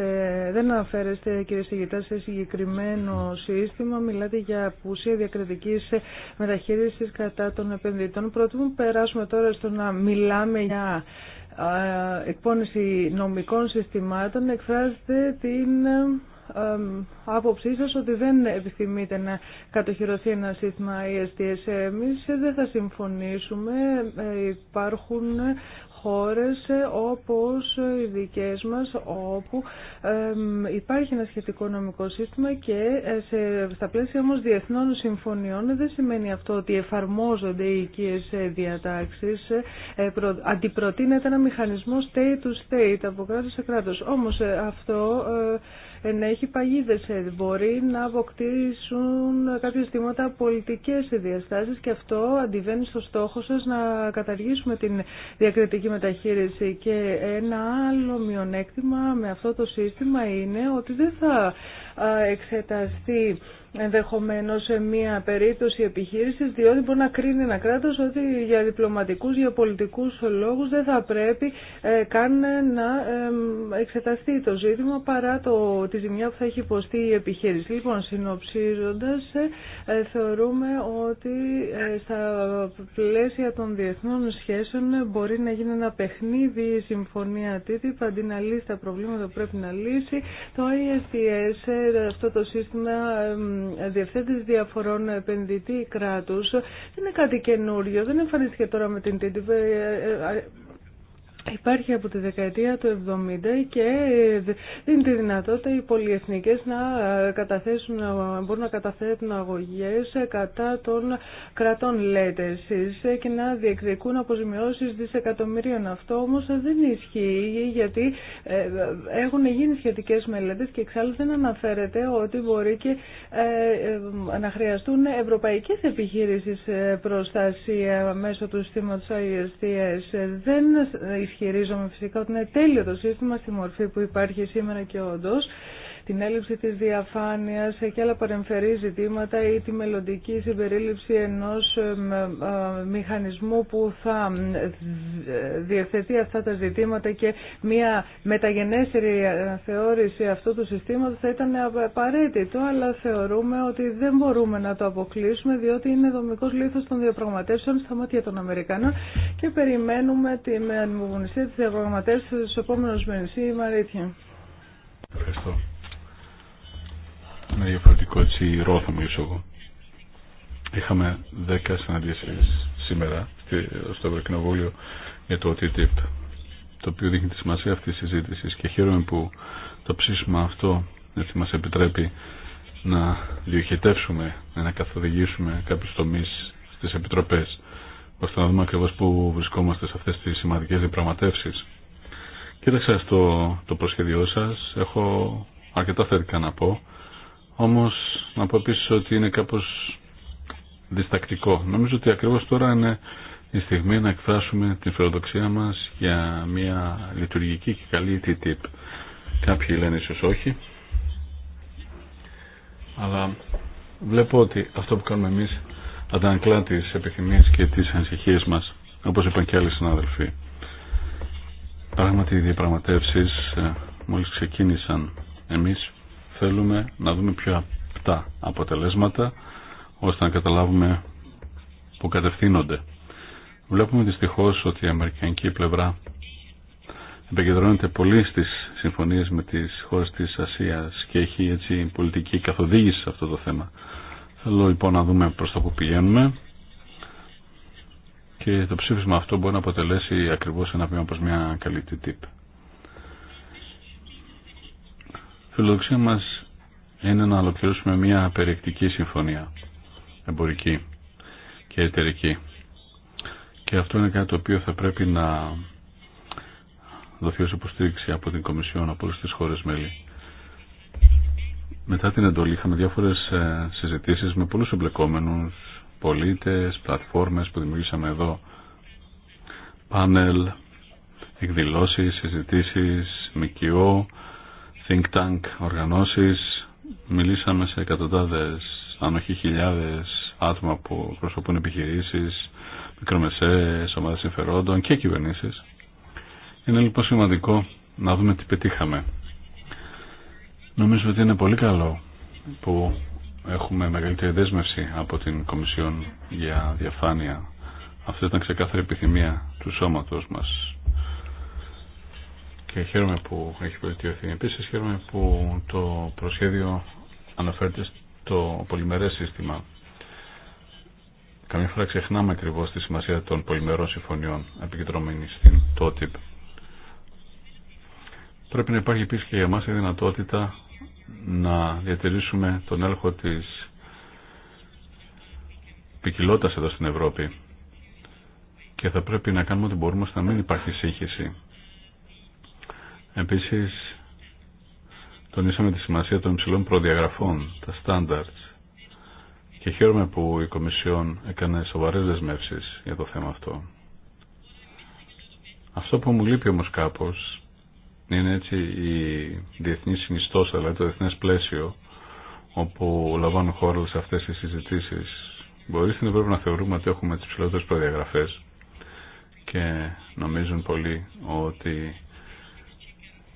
δεν αναφέρεστε κύριε Σιγητά σε συγκεκριμένο σύστημα, μιλάτε για απουσία διακριτικής μεταχείρισης κατά των επενδυτών. Πρώτον, περάσουμε τώρα στο να μιλάμε για ε, εκπόνηση νομικών συστημάτων, Εκφράζεται την άποψή σας ότι δεν επιθυμείτε να κατοχυρωθεί ένα σύστημα ISDS. Εμείς δεν θα συμφωνήσουμε. Ε, υπάρχουν χώρες όπως οι δικές μας όπου υπάρχει ένα σχετικό νομικό σύστημα και ε, σε, στα πλαίσια όμως διεθνών συμφωνιών δεν σημαίνει αυτό ότι εφαρμόζονται οι οικίες διατάξεις. Ε, αντιπροτείνεται ένα μηχανισμό state to state από κράτος σε κράτος. Όμως αυτό να έχει παγίδες, ε, μπορεί να αποκτήσουν κάποια στιγμότα πολιτικές διαστάσεις και αυτό αντιβαίνει στο στόχο σας να καταργήσουμε την διακριτική μεταχείριση και ένα άλλο μειονέκτημα με αυτό το σύστημα είναι ότι δεν θα εξεταστεί Ενδεχομένω σε μία περίπτωση επιχείρησης, διότι μπορεί να κρίνει ένα κράτο ότι για διπλωματικούς, για πολιτικούς λόγου δεν θα πρέπει ε, καν να εξεταστεί το ζήτημα παρά το, τη ζημιά που θα έχει υποστεί η επιχείρηση. Λοιπόν, συνοψίζοντας, ε, ε, θεωρούμε ότι στα πλαίσια των διεθνών σχέσεων μπορεί να γίνει ένα παιχνίδι η συμφωνία TTIP αντί να λύσει τα προβλήματα που πρέπει να λύσει. Το ISTS, αυτό το σύστημα διευθέτης διαφορών επενδυτή κράτους δεν είναι κάτι καινούριο, δεν εμφανίστηκε τώρα με την TTIP. Ε, ε, Υπάρχει από τη δεκαετία του 70 και δίνει τη δυνατότητα οι πολυεθνικές να ε, καταθέσουν, ε, μπορούν να καταθέτουν αγωγές ε, κατά των κρατών λέτε εσείς, και να διεκδικούν αποζημιώσεις δισεκατομμυρίων. Αυτό όμως δεν ισχύει γιατί έχουν γίνει σχετικές μελέτες και εξάλλου δεν αναφέρεται ότι μπορεί και να χρειαστούν ευρωπαϊκές επιχείρησεις προστασία μέσω του συστήματος ISDS. Δεν ισχυρίζομαι φυσικά ότι είναι τέλειο το σύστημα στη μορφή που υπάρχει σήμερα και όντως την έλλειψη της διαφάνειας και άλλα παρεμφερή ζητήματα ή τη μελλοντική συμπερίληψη ενός ε, ε, μηχανισμού που θα διευθετεί αυτά τα ζητήματα και μια μεταγενέστερη θεώρηση αυτού του συστήματος θα ήταν απαραίτητο, αλλά θεωρούμε ότι δεν μπορούμε να το αποκλείσουμε διότι είναι δομικός λήθος των διαπραγματεύσεων στα μάτια των Αμερικανών και περιμένουμε τη, με του της διαπραγματεύσεως στους επόμενους μήνες με διαφορετικό έτσι ρόλο θα μιλήσω Είχαμε δέκα συναντήσεις σήμερα στο Ευρωκοινοβούλιο για το TTIP, το οποίο δείχνει τη σημασία αυτής της συζήτησης και χαίρομαι που το ψήσιμο αυτό έτσι μας επιτρέπει να διοχετεύσουμε, να καθοδηγήσουμε κάποιους τομείς στις επιτροπές, ώστε να δούμε ακριβώ που βρισκόμαστε σε αυτές τις σημαντικές διπραγματεύσεις. Κοίταξα στο το προσχέδιό σας, έχω αρκετά θετικά να πω όμως να πω επίσης ότι είναι κάπως διστακτικό. Νομίζω ότι ακριβώς τώρα είναι η στιγμή να εκφράσουμε την φιλοδοξία μας για μια λειτουργική και καλή TTIP. Κάποιοι λένε ίσως όχι, αλλά βλέπω ότι αυτό που κάνουμε εμείς αντανακλά τις επιθυμίες και τις ανησυχίες μας, όπως είπαν και άλλοι συνάδελφοι. Πράγματι οι διαπραγματεύσεις ε, μόλις ξεκίνησαν εμείς θέλουμε να δούμε πιο απτά αποτελέσματα ώστε να καταλάβουμε που κατευθύνονται. Βλέπουμε δυστυχώς ότι η Αμερικανική πλευρά επικεντρώνεται πολύ στις συμφωνίες με τις χώρες της Ασίας και έχει έτσι πολιτική καθοδήγηση σε αυτό το θέμα. Θέλω λοιπόν να δούμε προς το που πηγαίνουμε και το ψήφισμα αυτό μπορεί να αποτελέσει ακριβώς ένα βήμα προς μια καλή τύπη. Φιλοδοξία μας είναι να ολοκληρώσουμε μια περιεκτική συμφωνία εμπορική και εταιρική. Και αυτό είναι κάτι το οποίο θα πρέπει να δοθεί ως υποστήριξη από την Κομισιόν από όλες τις χώρες μέλη. Μετά την εντολή είχαμε διάφορες ε, συζητήσεις με πολλούς εμπλεκόμενους, πολίτες, πλατφόρμες που δημιουργήσαμε εδώ, πάνελ, εκδηλώσεις, συζητήσεις, ΜΚΟ, think tank οργανώσεις. Μιλήσαμε σε εκατοντάδες, αν όχι χιλιάδες άτομα που προσωπούν επιχειρήσεις, μικρομεσαίες, ομάδες συμφερόντων και κυβερνήσεις. Είναι λοιπόν σημαντικό να δούμε τι πετύχαμε. Νομίζω ότι είναι πολύ καλό που έχουμε μεγαλύτερη δέσμευση από την Κομισιόν για διαφάνεια. Αυτή ήταν ξεκάθαρη επιθυμία του σώματος μας και χαίρομαι που έχει βελτιωθεί. Επίση χαίρομαι που το προσχέδιο αναφέρεται στο πολυμερές σύστημα. Καμιά φορά ξεχνάμε ακριβώ τη σημασία των πολυμερών συμφωνιών επικεντρωμένη στην TOTIP. Πρέπει να υπάρχει επίση και για εμά η δυνατότητα να διατηρήσουμε τον έλεγχο τη ποικιλότητα εδώ στην Ευρώπη. Και θα πρέπει να κάνουμε ό,τι μπορούμε ώστε να μην υπάρχει σύγχυση Επίσης, τονίσαμε τη σημασία των υψηλών προδιαγραφών, τα standards, και χαίρομαι που η Κομισιόν έκανε σοβαρές δεσμεύσει για το θέμα αυτό. Αυτό που μου λείπει όμως κάπως είναι έτσι η διεθνή συνιστόσα, δηλαδή το διεθνές πλαίσιο όπου λαμβάνουν χώρο σε αυτές τις συζητήσεις. Μπορεί στην Ευρώπη να θεωρούμε ότι έχουμε τις ψηλότερες προδιαγραφές και νομίζουν πολλοί ότι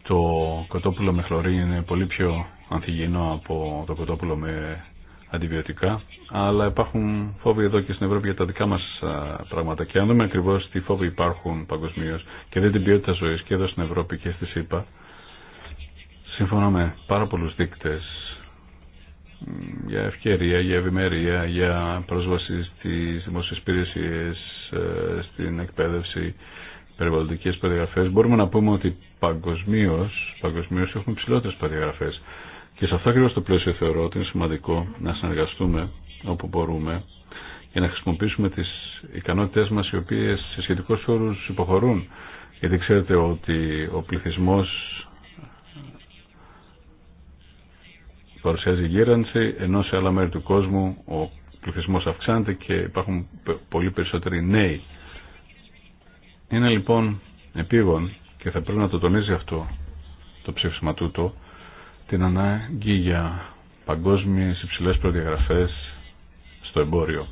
το κοτόπουλο με χλωρί είναι πολύ πιο ανθυγινό από το κοτόπουλο με αντιβιωτικά, αλλά υπάρχουν φόβοι εδώ και στην Ευρώπη για τα δικά μα πράγματα. Και αν δούμε ακριβώ τι φόβοι υπάρχουν παγκοσμίω και δεν την ποιότητα ζωή και εδώ στην Ευρώπη και στη ΣΥΠΑ, σύμφωνα με πάρα πολλού δείκτε για ευκαιρία, για ευημερία, για πρόσβαση στι δημόσιε υπηρεσίε, ε, στην εκπαίδευση, περιβαλλοντικές περιγραφές μπορούμε να πούμε ότι παγκοσμίω έχουμε ψηλότερες περιγραφές και σε αυτό ακριβώς το πλαίσιο θεωρώ ότι είναι σημαντικό να συνεργαστούμε όπου μπορούμε και να χρησιμοποιήσουμε τις ικανότητες μας οι οποίες σε σχετικούς όρου υποχωρούν γιατί ξέρετε ότι ο πληθυσμό παρουσιάζει γύρανση ενώ σε άλλα μέρη του κόσμου ο πληθυσμός αυξάνεται και υπάρχουν πολύ περισσότεροι νέοι είναι λοιπόν επίγον και θα πρέπει να το τονίζει αυτό το ψήφισμα τούτο την ανάγκη για παγκόσμιες υψηλές προδιαγραφές στο εμπόριο.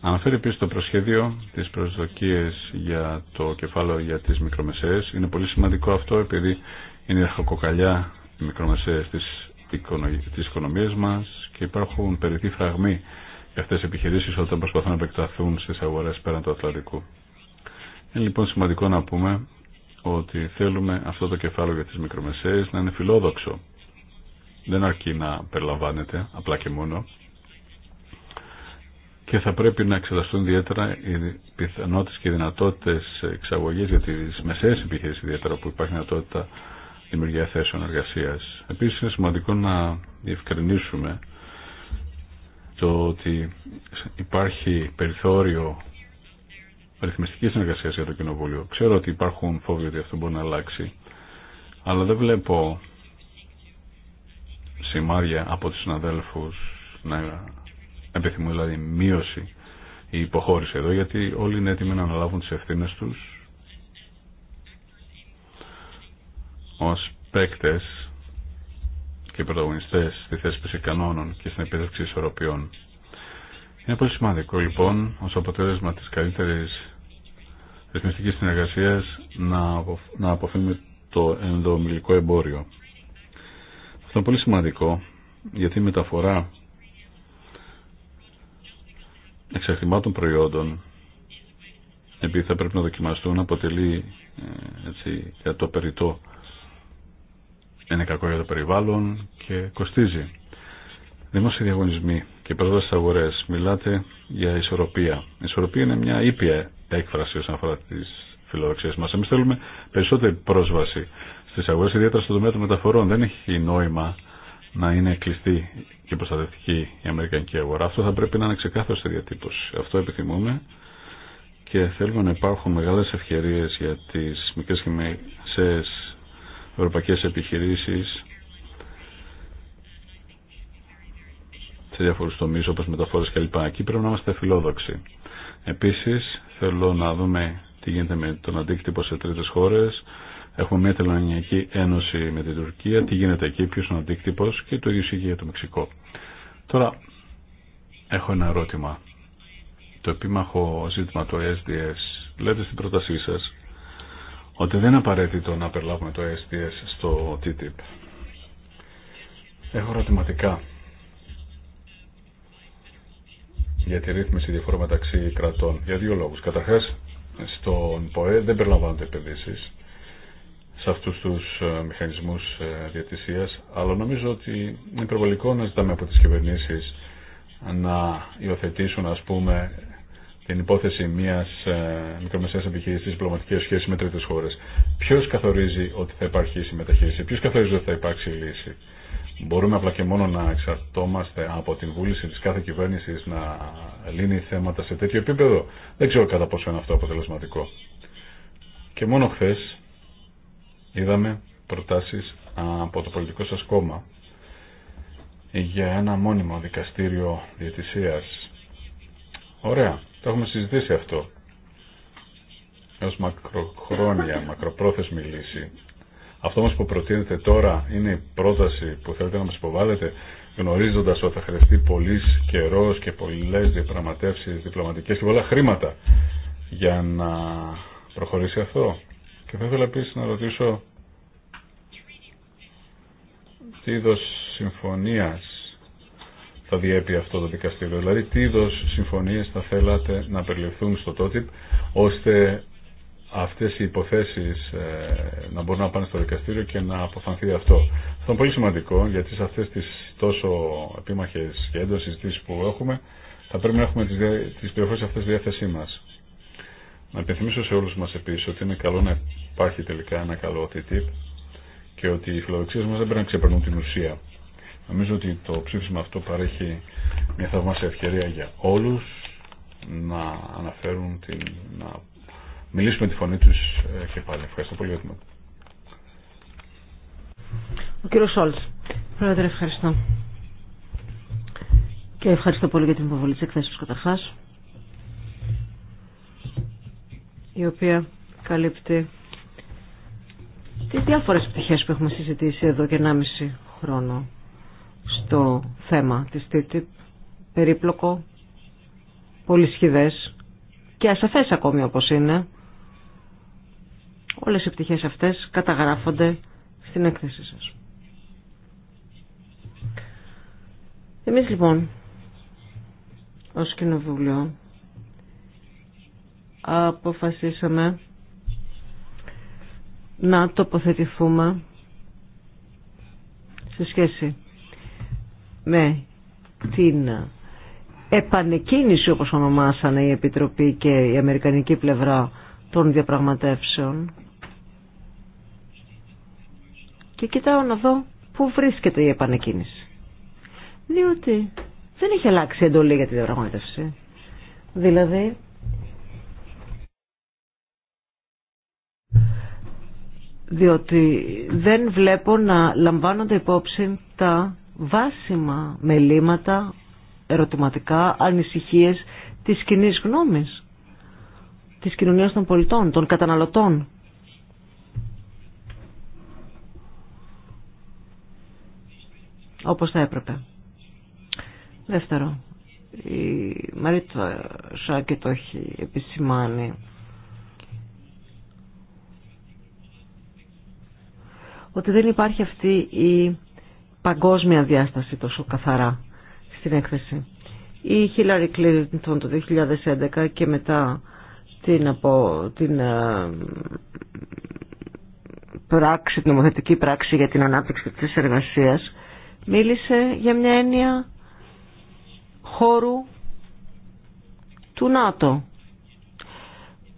Αναφέρει επίσης το προσχέδιο τις προσδοκίες για το κεφάλαιο για τις μικρομεσαίες. Είναι πολύ σημαντικό αυτό επειδή είναι η αρχοκοκαλιά μικρομεσαίες της, της οικονομίας μας και υπάρχουν περιττή φραγμή για αυτές τις επιχειρήσεις όταν προσπαθούν να επεκταθούν στις αγορές πέραν του Ατλαντικού. Είναι λοιπόν σημαντικό να πούμε ότι θέλουμε αυτό το κεφάλαιο για τις μικρομεσαίες να είναι φιλόδοξο. Δεν αρκεί να περιλαμβάνεται απλά και μόνο και θα πρέπει να εξεταστούν ιδιαίτερα οι πιθανότητες και οι δυνατότητες εξαγωγής για τις μεσαίες επιχειρήσεις ιδιαίτερα που υπάρχει δυνατότητα δημιουργία θέσεων εργασίας. Επίσης είναι σημαντικό να διευκρινίσουμε το ότι υπάρχει περιθώριο ρυθμιστική συνεργασία για το Κοινοβούλιο. Ξέρω ότι υπάρχουν φόβοι ότι αυτό μπορεί να αλλάξει, αλλά δεν βλέπω σημάδια από τους συναδέλφους να επιθυμούν δηλαδή μείωση ή υποχώρηση εδώ, γιατί όλοι είναι έτοιμοι να αναλάβουν τις ευθύνες τους ως παίκτες και πρωταγωνιστές στη θέσπιση κανόνων και στην επίδευξη ισορροπιών. Είναι πολύ σημαντικό λοιπόν ως αποτέλεσμα της καλύτερης ρυθμιστική συνεργασία να αποφύγουμε το ενδομιλικό εμπόριο. Αυτό είναι πολύ σημαντικό γιατί η μεταφορά εξαρτημάτων προϊόντων επειδή θα πρέπει να δοκιμαστούν αποτελεί ε, έτσι, για το περιττό είναι κακό για το περιβάλλον και κοστίζει. Δημόσιοι διαγωνισμοί και πρόσβαση στι αγορέ. Μιλάτε για ισορροπία. Η ισορροπία είναι μια ήπια έκφραση όσον αφορά τι φιλοδοξίε μα. Εμεί θέλουμε περισσότερη πρόσβαση στι αγορέ, ιδιαίτερα στον τομέα των μεταφορών. Δεν έχει νόημα να είναι κλειστή και προστατευτική η Αμερικανική αγορά. Αυτό θα πρέπει να είναι ξεκάθαρο στη διατύπωση. Αυτό επιθυμούμε και θέλουμε να υπάρχουν μεγάλε ευκαιρίε για τι μικρέ και μεσαίε ευρωπαϊκές επιχειρήσει σε διάφορου τομεί όπω μεταφορές κλπ. Εκεί πρέπει να είμαστε φιλόδοξοι. Επίση θέλω να δούμε τι γίνεται με τον αντίκτυπο σε τρίτε χώρε. Έχουμε μια τελωνιακή ένωση με την Τουρκία, τι γίνεται εκεί, ποιο είναι ο αντίκτυπο και το ίδιο ισχύει για το Μεξικό. Τώρα, έχω ένα ερώτημα. Το επίμαχο ζήτημα του SDS. Λέτε στην πρότασή σα ότι δεν είναι απαραίτητο να περιλάβουμε το SDS στο TTIP. Έχω ερωτηματικά. για τη ρύθμιση διαφορά μεταξύ κρατών. Για δύο λόγους. Καταρχάς, στον ΠΟΕ δεν περιλαμβάνονται επενδύσει σε αυτούς τους ε, μηχανισμούς ε, διατησίας, αλλά νομίζω ότι είναι υπερβολικό να ζητάμε από τις κυβερνήσει να υιοθετήσουν, ας πούμε, την υπόθεση μιας ε, μικρομεσαία επιχείρησης διπλωματική σχέση με τρίτες χώρε. Ποιο καθορίζει ότι θα υπάρχει συμμεταχείριση, ποιο καθορίζει ότι θα υπάρξει λύση. Μπορούμε απλά και μόνο να εξαρτώμαστε από την βούληση της κάθε κυβέρνησης να λύνει θέματα σε τέτοιο επίπεδο. Δεν ξέρω κατά πόσο είναι αυτό αποτελεσματικό. Και μόνο χθε είδαμε προτάσεις από το πολιτικό σας κόμμα για ένα μόνιμο δικαστήριο διαιτησίας. Ωραία, το έχουμε συζητήσει αυτό. Ως μακροχρόνια, μακροπρόθεσμη λύση. Αυτό όμως που προτείνετε τώρα είναι η πρόταση που θέλετε να μας υποβάλλετε γνωρίζοντας ότι θα χρειαστεί πολύ καιρό και πολλές διαπραγματεύσεις διπλωματικές και πολλά χρήματα για να προχωρήσει αυτό. Και θα ήθελα επίσης να ρωτήσω τι είδο συμφωνίας θα διέπει αυτό το δικαστήριο. Δηλαδή, τι είδο συμφωνίε θα θέλατε να περιληφθούν στο TOTIP, ώστε αυτές οι υποθέσεις ε, να μπορούν να πάνε στο δικαστήριο και να αποφανθεί αυτό. Αυτό είναι πολύ σημαντικό γιατί σε αυτές τις τόσο επίμαχες και έντονες συζητήσεις που έχουμε θα πρέπει να έχουμε τις, τις πληροφορίες αυτές στη διάθεσή μας. Να επιθυμίσω σε όλους μας επίσης ότι είναι καλό να υπάρχει τελικά ένα καλό TTIP και ότι οι φιλοδοξίες μας δεν πρέπει να ξεπερνούν την ουσία. Νομίζω ότι το ψήφισμα αυτό παρέχει μια θαυμάσια ευκαιρία για όλους να αναφέρουν την, να μιλήσουμε τη φωνή τους ε, και πάλι. Ευχαριστώ πολύ. Ο κύριος Σόλτς. Πρόεδρε, ευχαριστώ. Και ευχαριστώ πολύ για την υποβολή της εκθέσεως καταρχάς, η οποία καλύπτει τις διάφορες πτυχές που έχουμε συζητήσει εδώ και 1,5 χρόνο στο θέμα της TTIP, περίπλοκο, πολύ σχηδές και ασαφές ακόμη όπως είναι Όλες οι πτυχές αυτές καταγράφονται στην έκθεσή σας. Εμείς λοιπόν, ως Κοινοβούλιο, αποφασίσαμε να τοποθετηθούμε σε σχέση με την επανεκκίνηση όπως ονομάσανε η Επιτροπή και η Αμερικανική πλευρά των διαπραγματεύσεων και κοιτάω να δω πού βρίσκεται η επανεκκίνηση. Διότι δεν έχει αλλάξει εντολή για τη διαπραγμάτευση. Δηλαδή, διότι δεν βλέπω να λαμβάνονται υπόψη τα βάσιμα μελήματα, ερωτηματικά, ανησυχίες της κοινή γνώμης, της κοινωνίας των πολιτών, των καταναλωτών. όπως θα έπρεπε. Δεύτερο, η Μαρίτσα Σάκη το έχει επισημάνει ότι δεν υπάρχει αυτή η παγκόσμια διάσταση τόσο καθαρά στην έκθεση. Η Χίλαρη Κλίντον το 2011 και μετά την, από, την ε, πράξη, την νομοθετική πράξη για την ανάπτυξη της εργασίας μίλησε για μια έννοια χώρου του ΝΑΤΟ.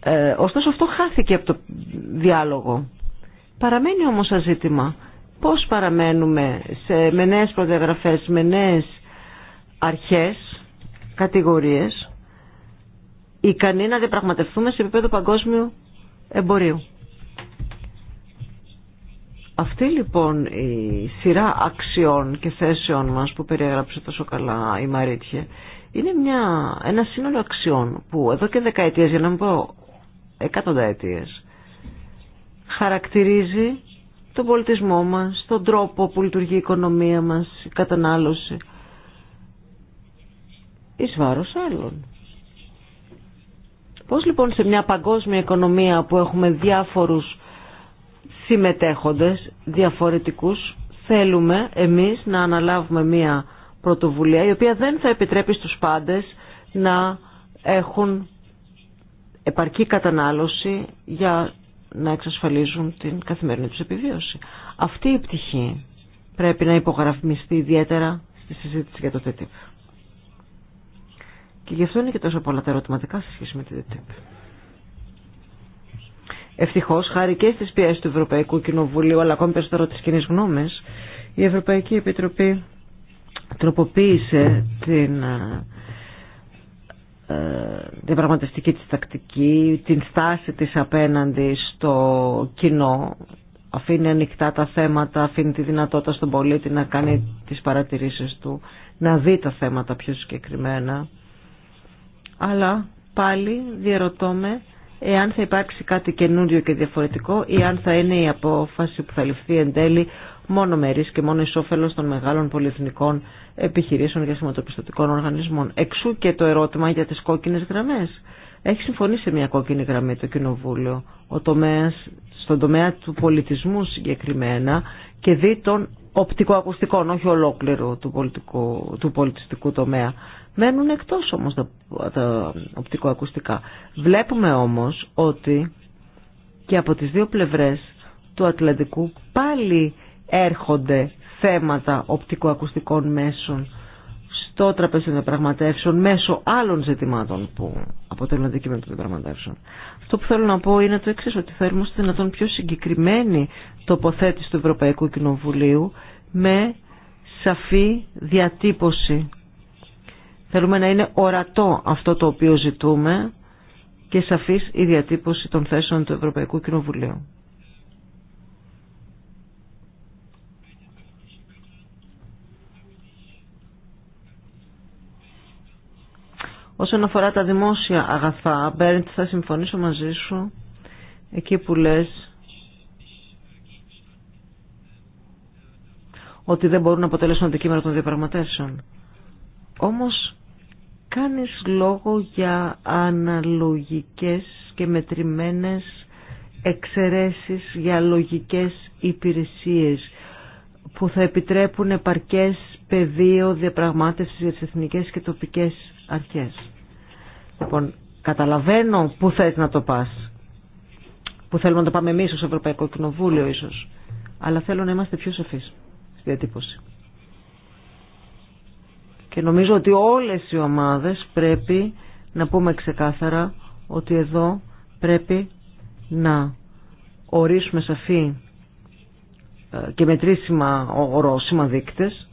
Ε, ωστόσο αυτό χάθηκε από το διάλογο. Παραμένει όμως αζήτημα ζήτημα. Πώς παραμένουμε σε, με νέες προδιαγραφές, με νέες αρχές, κατηγορίες, ικανοί να διαπραγματευτούμε σε επίπεδο παγκόσμιου εμπορίου. Αυτή λοιπόν η σειρά αξιών και θέσεων μας που περιέγραψε τόσο καλά η Μαρίτια είναι μια, ένα σύνολο αξιών που εδώ και δεκαετίες, για να μην πω εκατονταετίες, χαρακτηρίζει τον πολιτισμό μας, τον τρόπο που λειτουργεί η οικονομία μας, η κατανάλωση, εις βάρος άλλων. Πώς λοιπόν σε μια παγκόσμια οικονομία που έχουμε διάφορους συμμετέχοντες διαφορετικούς θέλουμε εμείς να αναλάβουμε μία πρωτοβουλία η οποία δεν θα επιτρέπει στους πάντες να έχουν επαρκή κατανάλωση για να εξασφαλίζουν την καθημερινή τους επιβίωση. Αυτή η πτυχή πρέπει να υπογραφμιστεί ιδιαίτερα στη συζήτηση για το TTIP. Και γι' αυτό είναι και τόσο πολλά τα ερωτηματικά σε σχέση με το TTIP. Ευτυχώ, χάρη και στι πιέσει του Ευρωπαϊκού Κοινοβουλίου, αλλά ακόμη περισσότερο τη κοινή γνώμη, η Ευρωπαϊκή Επιτροπή τροποποίησε την διαπραγματευτική ε, ε, της τακτική, την στάση της απέναντι στο κοινό, αφήνει ανοιχτά τα θέματα, αφήνει τη δυνατότητα στον πολίτη να κάνει τις παρατηρήσεις του, να δει τα θέματα πιο συγκεκριμένα. Αλλά πάλι διαρωτώ με εάν θα υπάρξει κάτι καινούριο και διαφορετικό ή αν θα είναι η απόφαση που θα ληφθεί εν τέλει μόνο μερίς και μόνο εις όφελος των μεγάλων πολυεθνικών επιχειρήσεων και σηματοπιστωτικών οργανισμών. Εξού και το ερώτημα για τις κόκκινες γραμμές. Έχει συμφωνήσει μια κόκκινη γραμμή το Κοινοβούλιο, ο τομέας, στον τομέα του πολιτισμού συγκεκριμένα και δι των οπτικοακουστικών, όχι ολόκληρου του, του πολιτιστικού τομέα. Μένουν εκτός όμως τα, οπτικοακουστικά. Βλέπουμε όμως ότι και από τις δύο πλευρές του Ατλαντικού πάλι έρχονται θέματα οπτικοακουστικών μέσων στο τραπέζι των διαπραγματεύσεων μέσω άλλων ζητημάτων που αποτελούν αντικείμενο των διαπραγματεύσεων. Αυτό που θέλω να πω είναι το εξή, ότι θέλουμε να δυνατόν πιο συγκεκριμένη τοποθέτηση του Ευρωπαϊκού Κοινοβουλίου με σαφή διατύπωση Θέλουμε να είναι ορατό αυτό το οποίο ζητούμε και σαφής η διατύπωση των θέσεων του Ευρωπαϊκού Κοινοβουλίου. Όσον αφορά τα δημόσια αγαθά, Μπέρντ, θα συμφωνήσω μαζί σου εκεί που λες ότι δεν μπορούν να αποτελέσουν αντικείμενο των διαπραγματεύσεων. Όμως κάνεις λόγο για αναλογικές και μετρημένες εξαιρέσεις για λογικές υπηρεσίες που θα επιτρέπουν επαρκές πεδίο διαπραγμάτευσης για τις εθνικές και τοπικές αρχές. Λοιπόν, καταλαβαίνω πού θες να το πας. Πού θέλουμε να το πάμε εμείς ως Ευρωπαϊκό Κοινοβούλιο ίσως. Αλλά θέλω να είμαστε πιο σοφείς στη διατύπωση. Και νομίζω ότι όλες οι ομάδες πρέπει να πούμε ξεκάθαρα ότι εδώ πρέπει να ορίσουμε σαφή ε, και μετρήσιμα ορόσημα δείκτες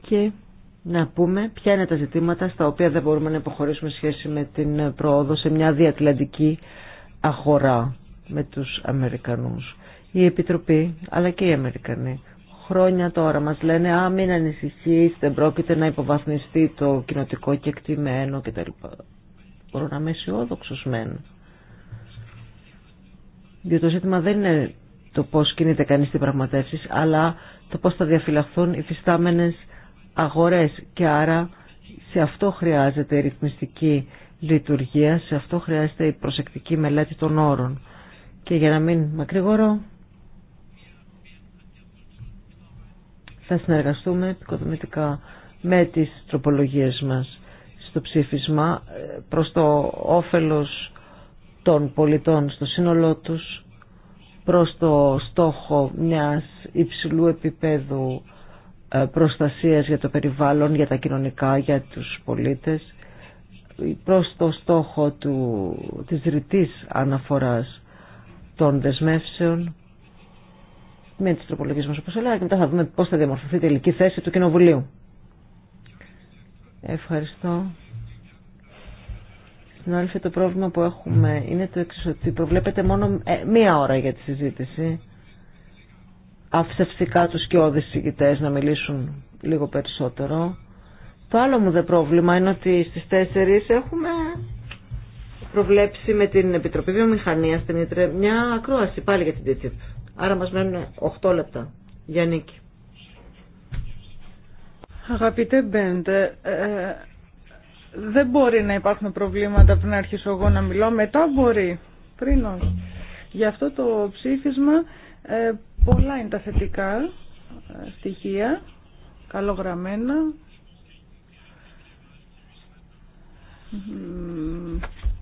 και να πούμε ποια είναι τα ζητήματα στα οποία δεν μπορούμε να υποχωρήσουμε σχέση με την πρόοδο σε μια διατλαντική αγορά με τους Αμερικανούς η Επιτροπή αλλά και οι Αμερικανοί χρόνια τώρα μας λένε «Α, μην ανησυχείς, δεν πρόκειται να υποβαθμιστεί το κοινοτικό κεκτημένο κτλ». Μπορώ να είμαι αισιόδοξο μεν. Διότι το ζήτημα δεν είναι το πώς κινείται κανείς στην πραγματεύση, αλλά το πώς θα διαφυλαχθούν οι φυστάμενες αγορές. Και άρα σε αυτό χρειάζεται η ρυθμιστική λειτουργία, σε αυτό χρειάζεται η προσεκτική μελέτη των όρων. Και για να μην μακρηγορώ, θα συνεργαστούμε επικοδομητικά με τις τροπολογίες μας στο ψήφισμα προς το όφελος των πολιτών στο σύνολό τους προς το στόχο μιας υψηλού επίπεδου ε, προστασίας για το περιβάλλον, για τα κοινωνικά, για τους πολίτες προς το στόχο του, της ρητής αναφοράς των δεσμεύσεων με τι τροπολογισμού μας όπως έλεγα και μετά θα δούμε πώ θα διαμορφωθεί η τελική θέση του Κοινοβουλίου. Ευχαριστώ. Συνάδελφοι, το πρόβλημα που έχουμε είναι το εξή ότι προβλέπετε μόνο ε, μία ώρα για τη συζήτηση. Άφησα του τους και ηγητές να μιλήσουν λίγο περισσότερο. Το άλλο μου δε πρόβλημα είναι ότι στι 4 έχουμε προβλέψει με την Επιτροπή Βιομηχανία στην μια ακρόαση πάλι για την TTIP. Άρα μας μένουν 8 λεπτά. για νίκη. Αγαπητέ Μπέντε, ε, δεν μπορεί να υπάρχουν προβλήματα πριν αρχίσω εγώ να μιλώ. Μετά μπορεί. Πριν όχι. Γι' αυτό το ψήφισμα ε, πολλά είναι τα θετικά ε, στοιχεία, καλογραμμένα.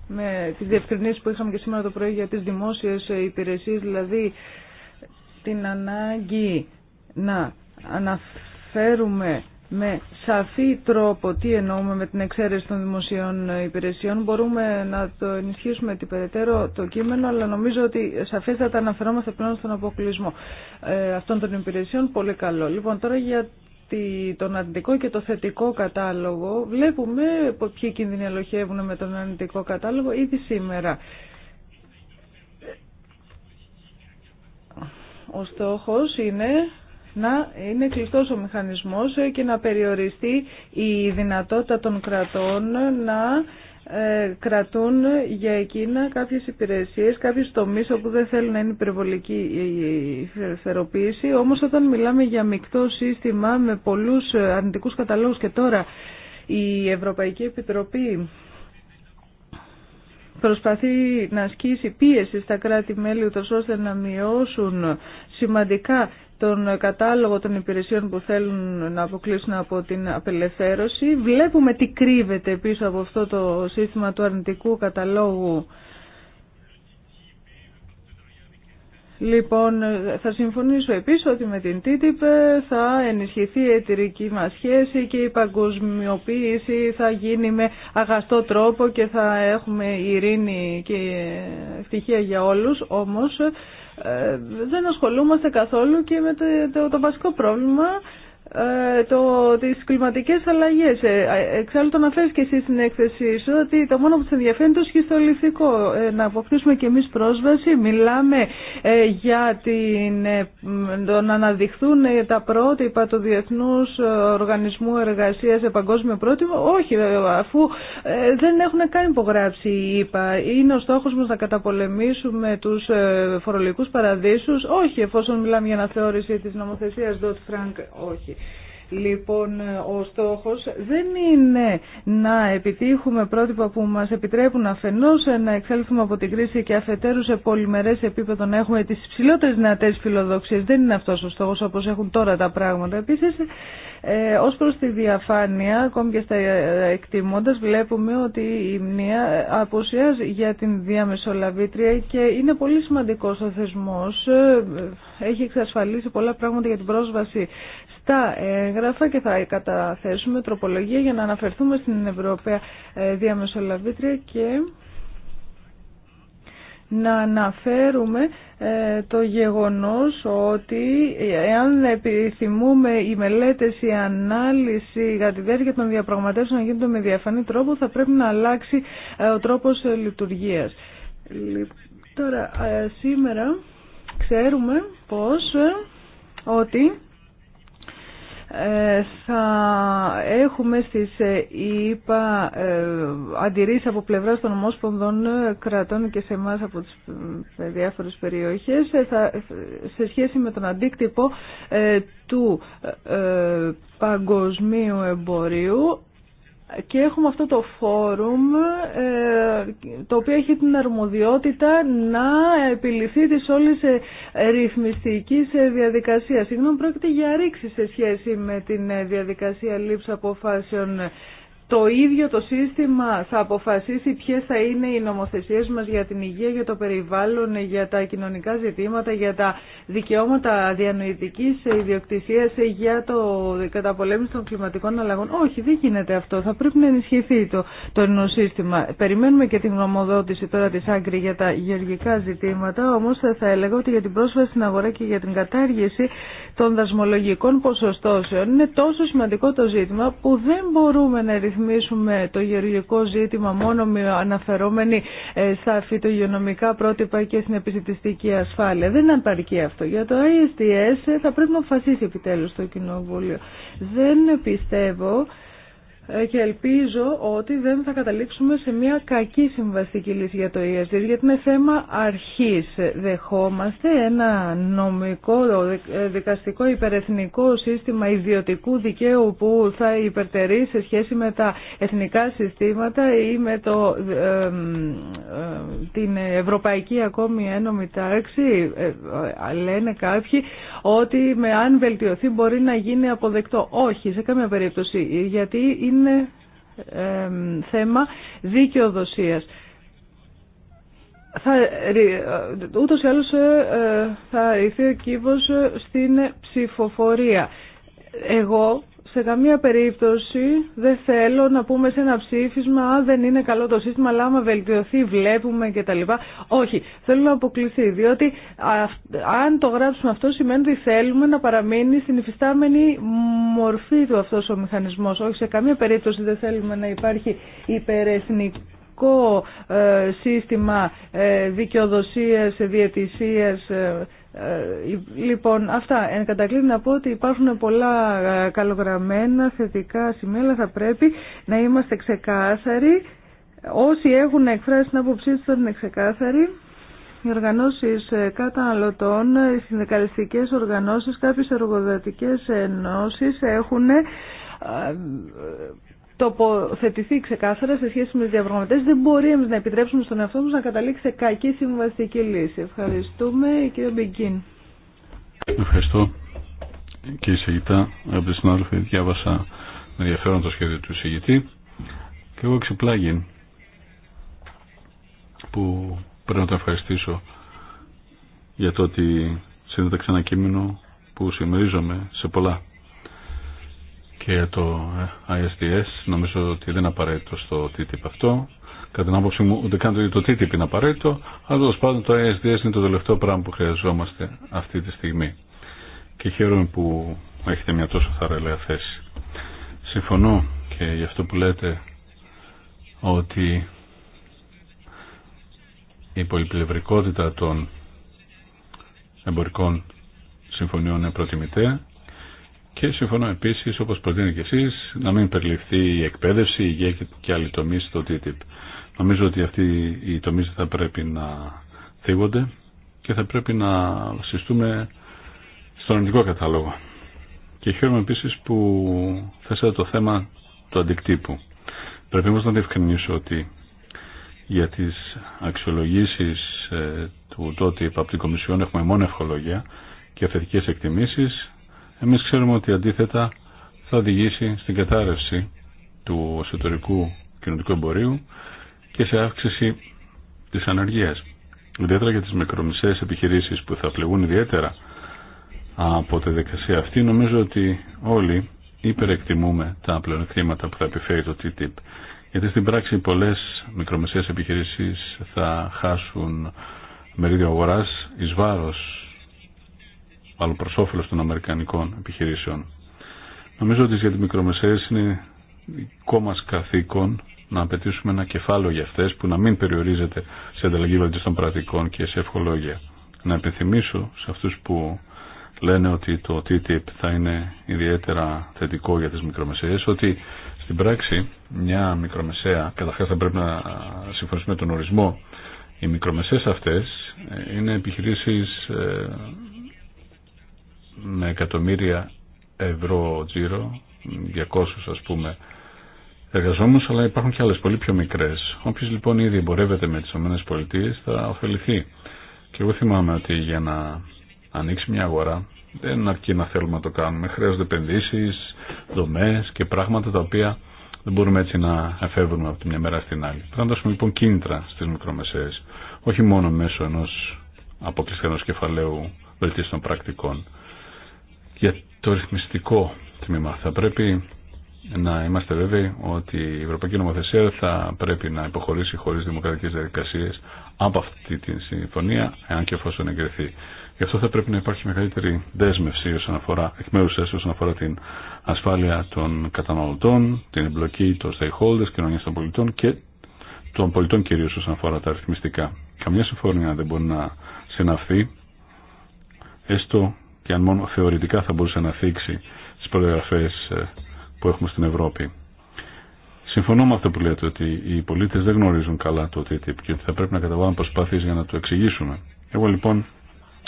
Με τις διευκρινήσεις που είχαμε και σήμερα το πρωί για τις δημόσιες υπηρεσίες, δηλαδή την ανάγκη να αναφέρουμε με σαφή τρόπο τι εννοούμε με την εξαίρεση των δημοσίων υπηρεσιών. Μπορούμε να το ενισχύσουμε την το κείμενο, αλλά νομίζω ότι σαφέστατα αναφερόμαστε πλέον στον αποκλεισμό ε, αυτών των υπηρεσιών. Πολύ καλό. Λοιπόν, τώρα για τον αρνητικό και το θετικό κατάλογο. Βλέπουμε ποιοι κινδυνοι αλοχεύουν με τον αρνητικό κατάλογο ήδη σήμερα. Ο στόχος είναι να είναι κλειστός ο μηχανισμός και να περιοριστεί η δυνατότητα των κρατών να ε, κρατούν για εκείνα κάποιες υπηρεσίες, κάποιες τομείς όπου δεν θέλουν να είναι υπερβολική η Όμως όταν μιλάμε για μεικτό σύστημα με πολλούς ε, αρνητικούς καταλόγους και τώρα η Ευρωπαϊκή Επιτροπή προσπαθεί να ασκήσει πίεση στα κράτη-μέλη ώστε να μειώσουν σημαντικά τον κατάλογο των υπηρεσιών που θέλουν να αποκλείσουν από την απελευθέρωση. Βλέπουμε τι κρύβεται πίσω από αυτό το σύστημα του αρνητικού καταλόγου Λοιπόν, θα συμφωνήσω επίσης ότι με την TTIP θα ενισχυθεί η εταιρική μας σχέση και η παγκοσμιοποίηση θα γίνει με αγαστό τρόπο και θα έχουμε ειρήνη και ευτυχία για όλους, όμως ε, δεν ασχολούμαστε καθόλου και με το, το, το βασικό πρόβλημα ε, το, τις κλιματικές αλλαγές. Ε, εξάλλου το αναφέρεις και εσύ στην έκθεσή σου ότι το μόνο που σε ενδιαφέρει είναι το σχιστολιθικό. Ε, να αποκτήσουμε και εμείς πρόσβαση. Μιλάμε για την, το να αναδειχθούν τα πρότυπα του Διεθνούς Οργανισμού Εργασίας σε παγκόσμιο πρότυπο. Όχι, αφού δεν έχουν καν υπογράψει η ΕΠΑ. Είναι ο στόχος μας να καταπολεμήσουμε τους φορολογικούς παραδείσους. Όχι, εφόσον μιλάμε για αναθεώρηση της νομοθεσίας Dodd Frank, όχι. Λοιπόν, ο στόχος δεν είναι να επιτύχουμε πρότυπα που μας επιτρέπουν αφενός να εξέλθουμε από την κρίση και αφετέρου σε πολυμερές επίπεδο να έχουμε τις ψηλότερες δυνατές φιλοδοξίες. Δεν είναι αυτός ο στόχος όπως έχουν τώρα τα πράγματα. Επίσης, ε, ως προς τη διαφάνεια, ακόμη και στα ε, εκτιμώντας, βλέπουμε ότι η μνήμα ε, αποσιάζει για την διαμεσολαβήτρια και είναι πολύ σημαντικός ο θεσμός. Ε, έχει εξασφαλίσει πολλά πράγματα για την πρόσβαση τα έγγραφα και θα καταθέσουμε τροπολογία για να αναφερθούμε στην Ευρωπαία ε, Διαμεσολαβήτρια και να αναφέρουμε ε, το γεγονός ότι ε, εάν επιθυμούμε οι μελέτες, η ανάλυση για τη διάρκεια των διαπραγματεύσεων να γίνονται με διαφανή τρόπο θα πρέπει να αλλάξει ο τρόπος λειτουργίας. Τώρα, σήμερα ξέρουμε πως ότι ε, θα έχουμε στις ΕΙΠΑ ε, αντιρρήσεις από πλευράς των ομόσπονδων ε, κρατών και σε εμά από τις διάφορες περιοχές σε σχέση με τον αντίκτυπο του παγκοσμίου εμπορίου και έχουμε αυτό το φόρουμ ε, το οποίο έχει την αρμοδιότητα να επιληφθεί της όλης ε, ρυθμιστικής ε, διαδικασίας. Συγγνώμη, πρόκειται για ρήξη σε σχέση με την διαδικασία λήψη αποφάσεων το ίδιο το σύστημα θα αποφασίσει ποιε θα είναι οι νομοθεσίε μα για την υγεία, για το περιβάλλον, για τα κοινωνικά ζητήματα, για τα δικαιώματα διανοητική ιδιοκτησία για το καταπολέμηση των κλιματικών αλλαγών. Όχι, δεν γίνεται αυτό. Θα πρέπει να ενισχυθεί το, το σύστημα. Περιμένουμε και την γνωμοδότηση τώρα τη Άγκρη για τα γεωργικά ζητήματα, όμω θα έλεγα ότι για την πρόσβαση στην αγορά και για την κατάργηση των δασμολογικών ποσοστώσεων είναι τόσο σημαντικό το ζήτημα που δεν μπορούμε να ρυθμίσουμε το γεωργικό ζήτημα μόνο με αναφερόμενοι ε, στα φυτογειονομικά πρότυπα και στην επιστημιστική ασφάλεια. Δεν ανπαρκεί αυτό. Για το ISDS θα πρέπει να αποφασίσει επιτέλους το Κοινοβούλιο. Δεν πιστεύω ε, και ελπίζω ότι δεν θα καταλήξουμε σε μια κακή συμβαστική λύση για το ESG, γιατί είναι θέμα αρχής. Δεχόμαστε ένα νομικό, ε, δικαστικό, υπερεθνικό σύστημα ιδιωτικού δικαίου που θα υπερτερεί σε σχέση με τα εθνικά συστήματα ή με το, ε, την ευρωπαϊκή ακόμη ένωμη τάξη. λένε κάποιοι ότι με αν βελτιωθεί μπορεί να γίνει αποδεκτό. Όχι, σε καμία περίπτωση, γιατί είναι θέμα δικαιοδοσίας. Θα, ε, ούτως ή άλλως ε, ε, θα ρηθεί ο κύβος στην ψηφοφορία. Εγώ σε καμία περίπτωση δεν θέλω να πούμε σε ένα ψήφισμα αν δεν είναι καλό το σύστημα, αλλά άμα βελτιωθεί βλέπουμε» κτλ. Όχι, θέλω να αποκλειθεί, διότι αν το γράψουμε αυτό σημαίνει ότι θέλουμε να παραμείνει στην υφιστάμενη μορφή του αυτός ο μηχανισμός. Όχι, σε καμία περίπτωση δεν θέλουμε να υπάρχει υπερεθνική ειδικό ε, σύστημα ε, δικαιοδοσίας, διαιτησίας, ε, λοιπόν, αυτά. Εν κατακλείδη να πω ότι υπάρχουν πολλά καλογραμμένα θετικά σημεία, θα πρέπει να είμαστε ξεκάθαροι. Όσοι έχουν εκφράσει την άποψή του θα είναι ξεκάθαροι. Οι οργανώσεις καταναλωτών, οι συνδικαλιστικές οργανώσεις, κάποιες εργοδοτικές ενώσεις έχουν τοποθετηθεί ξεκάθαρα σε σχέση με του διαπραγματέ. Δεν μπορεί εμεί να επιτρέψουμε στον εαυτό μα να καταλήξει σε κακή συμβαστική λύση. Ευχαριστούμε, κύριε Μπιγκίν. Ευχαριστώ. Κύριε Σεγητά, αγαπητοί συνάδελφοι, διάβασα με ενδιαφέρον το σχέδιο του Σιγητή. και εγώ ξεπλάγει που πρέπει να τον ευχαριστήσω για το ότι ένα κείμενο που συμμερίζομαι σε πολλά και το ε, ISDS νομίζω ότι δεν είναι απαραίτητο στο TTIP αυτό. Κατά την άποψή μου ούτε καν το TTIP είναι απαραίτητο, αλλά τέλο πάντων το ISDS είναι το τελευταίο πράγμα που χρειαζόμαστε αυτή τη στιγμή. Και χαίρομαι που έχετε μια τόσο θαραλέα θέση. Συμφωνώ και γι' αυτό που λέτε ότι η πολυπλευρικότητα των εμπορικών συμφωνιών είναι προτιμητέα και συμφωνώ επίση, όπω προτείνετε και εσεί, να μην περιληφθεί η εκπαίδευση, η υγεία και άλλοι τομεί στο TTIP. Νομίζω ότι αυτοί οι τομεί θα πρέπει να θίγονται και θα πρέπει να συστούμε στον ελληνικό κατάλογο. Και χαίρομαι επίση που θέσατε το θέμα του αντικτύπου. Πρέπει όμω να διευκρινίσω ότι για τι αξιολογήσει ε, του τότε από την Κομισιόν έχουμε μόνο ευχολόγια και θετικέ εκτιμήσει εμείς ξέρουμε ότι αντίθετα θα οδηγήσει στην κατάρρευση του εσωτερικού κοινωνικού εμπορίου και σε αύξηση της ανεργίας. Ιδιαίτερα για τις μικρομεσαίες επιχειρήσεις που θα πληγούν ιδιαίτερα από τη δικασία αυτή νομίζω ότι όλοι υπερεκτιμούμε τα πλεονεκτήματα που θα επιφέρει το TTIP. Γιατί στην πράξη πολλές μικρομεσαίες επιχειρήσεις θα χάσουν μερίδιο αγοράς εις βάρος μάλλον προ όφελο των Αμερικανικών επιχειρήσεων. Νομίζω ότι για τι μικρομεσαίε είναι δικό μα καθήκον να απαιτήσουμε ένα κεφάλαιο για αυτέ που να μην περιορίζεται σε ανταλλαγή βαλτιστών πρακτικών και σε ευχολόγια. Να επιθυμίσω σε αυτού που λένε ότι το TTIP θα είναι ιδιαίτερα θετικό για τι μικρομεσαίες ότι στην πράξη μια μικρομεσαία καταρχά θα πρέπει να συμφωνήσουμε τον ορισμό οι μικρομεσαίε αυτέ είναι επιχειρήσει. Ε, με εκατομμύρια ευρώ τζίρο, 200 ας πούμε, εργαζόμενους, αλλά υπάρχουν και άλλες πολύ πιο μικρές. Όποιος λοιπόν ήδη εμπορεύεται με τις ΗΠΑ θα ωφεληθεί. Και εγώ θυμάμαι ότι για να ανοίξει μια αγορά δεν αρκεί να θέλουμε να το κάνουμε. Χρειάζονται επενδύσει, δομέ και πράγματα τα οποία δεν μπορούμε έτσι να εφεύρουμε από τη μια μέρα στην άλλη. Πρέπει να δώσουμε λοιπόν κίνητρα στι μικρομεσαίε. Όχι μόνο μέσω ενό αποκλειστικού κεφαλαίου βελτίστων πρακτικών. Για το ρυθμιστικό τμήμα θα πρέπει να είμαστε βέβαιοι ότι η Ευρωπαϊκή Νομοθεσία θα πρέπει να υποχωρήσει χωρί δημοκρατικέ διαδικασίε από αυτή τη συμφωνία, εάν και εφόσον εγκριθεί. Γι' αυτό θα πρέπει να υπάρχει μεγαλύτερη δέσμευση όσον αφορά, εκ μέρου όσον αφορά την ασφάλεια των καταναλωτών, την εμπλοκή των stakeholders, κοινωνία των πολιτών και των πολιτών κυρίω όσον αφορά τα ρυθμιστικά. Καμιά συμφωνία δεν μπορεί να συναφθεί, έστω και αν μόνο θεωρητικά θα μπορούσε να θίξει τις προγραφές ε, που έχουμε στην Ευρώπη. Συμφωνώ με αυτό που λέτε ότι οι πολίτες δεν γνωρίζουν καλά το TTIP και ότι θα πρέπει να καταβάλουν προσπάθειες για να το εξηγήσουμε. Εγώ λοιπόν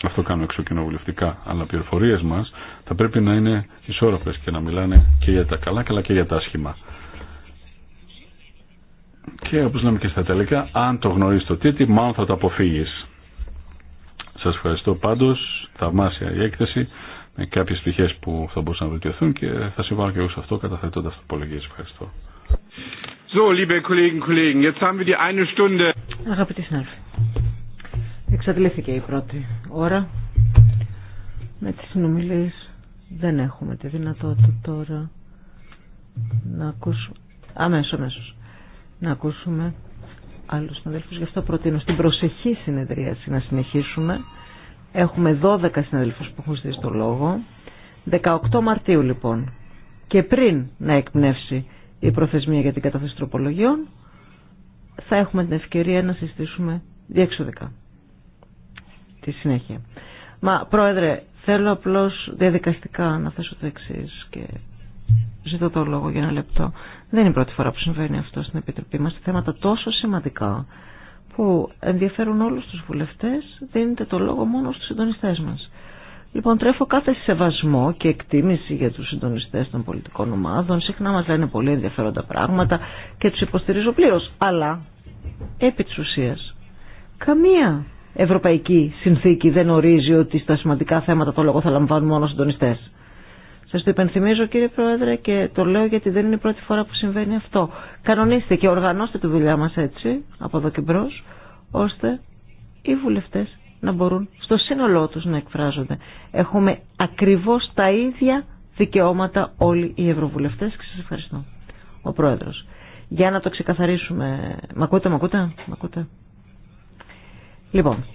αυτό κάνω εξωκοινοβουλευτικά, αλλά οι πληροφορίε μας θα πρέπει να είναι ισόρροπες και να μιλάνε και για τα καλά καλά και για τα άσχημα. Και όπως λέμε και στα τελικά, αν το γνωρίζεις το TTIP, μάλλον θα το αποφύγεις. Σας ευχαριστώ πάντως, θαυμάσια η έκθεση, με κάποιες πτυχές που θα μπορούσαν να βελτιωθούν και θα συμβάλλω και εγώ σε αυτό το τροπολογίες. Ευχαριστώ. So, liebe Kollegen, Kollegen, jetzt haben wir die eine Stunde. Αγαπητοί συνάδελφοι, εξαντλήθηκε η πρώτη ώρα. Με τις συνομιλίες δεν έχουμε τη δυνατότητα τώρα να ακούσουμε αμέσως, αμέσως να ακούσουμε άλλους συναδέλφους γι' αυτό προτείνω στην προσεχή συνεδρίαση να συνεχίσουμε Έχουμε 12 συναδελφούς που έχουν στήσει το λόγο. 18 Μαρτίου λοιπόν και πριν να εκπνεύσει η προθεσμία για την κατάθεση τροπολογιών θα έχουμε την ευκαιρία να συστήσουμε διεξοδικά τη συνέχεια. Μα πρόεδρε θέλω απλώς διαδικαστικά να θέσω το εξή και ζητώ το λόγο για ένα λεπτό. Δεν είναι η πρώτη φορά που συμβαίνει αυτό στην Επιτροπή μας. Θέματα τόσο σημαντικά που ενδιαφέρουν όλους τους βουλευτές δίνεται το λόγο μόνο στους συντονιστές μας. Λοιπόν, τρέφω κάθε σεβασμό και εκτίμηση για τους συντονιστές των πολιτικών ομάδων. Συχνά μας λένε πολύ ενδιαφέροντα πράγματα και τους υποστηρίζω πλήρως. Αλλά, επί της ουσίας, καμία ευρωπαϊκή συνθήκη δεν ορίζει ότι στα σημαντικά θέματα το λόγο θα λαμβάνουν μόνο συντονιστές. Στο το υπενθυμίζω κύριε Πρόεδρε και το λέω γιατί δεν είναι η πρώτη φορά που συμβαίνει αυτό. Κανονίστε και οργανώστε τη δουλειά μας έτσι, από εδώ και μπρο, ώστε οι βουλευτές να μπορούν στο σύνολό τους να εκφράζονται. Έχουμε ακριβώς τα ίδια δικαιώματα όλοι οι ευρωβουλευτές και σας ευχαριστώ. Ο Πρόεδρος. Για να το ξεκαθαρίσουμε. Μ' ακούτε, μ' ακούτε, μ' ακούτε. Λοιπόν,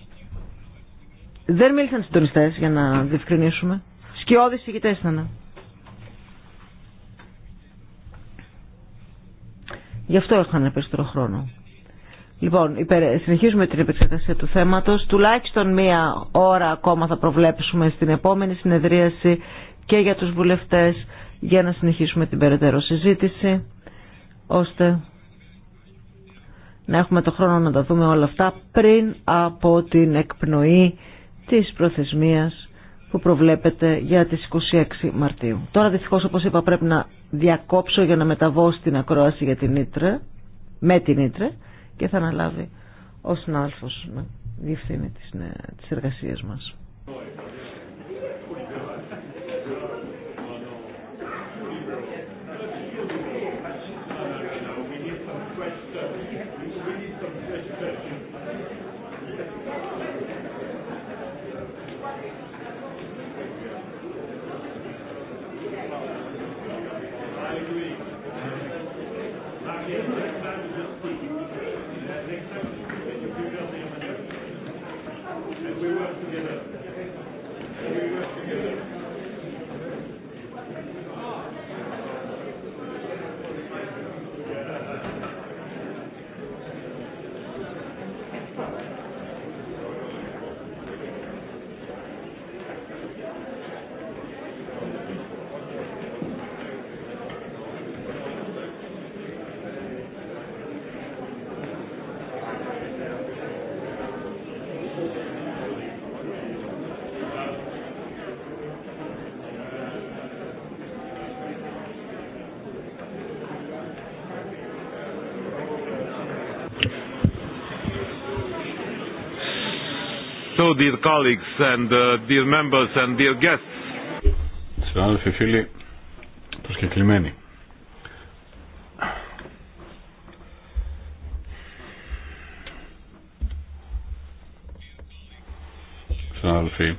δεν μίλησαν συντονιστέ για να διευκρινίσουμε. Σκιώδη ηγητέ Γι' αυτό είχαν περισσότερο χρόνο. Λοιπόν, συνεχίζουμε την επεξεργασία του θέματος. Τουλάχιστον μία ώρα ακόμα θα προβλέψουμε στην επόμενη συνεδρίαση και για τους βουλευτές για να συνεχίσουμε την περαιτέρω συζήτηση ώστε να έχουμε το χρόνο να τα δούμε όλα αυτά πριν από την εκπνοή της προθεσμίας που προβλέπεται για τις 26 Μαρτίου. Τώρα δυστυχώς όπως είπα πρέπει να διακόψω για να μεταβώ στην ακρόαση για την Ήτρε, με την Ήτρε και θα αναλάβει ο συνάδελφος με διευθύνη τις, ναι, ε, τις εργασίες μας. dear colleagues and uh, dear members and dear guests. Συνάδελφοι, φίλοι, προσκεκλημένοι. Συνάδελφοι,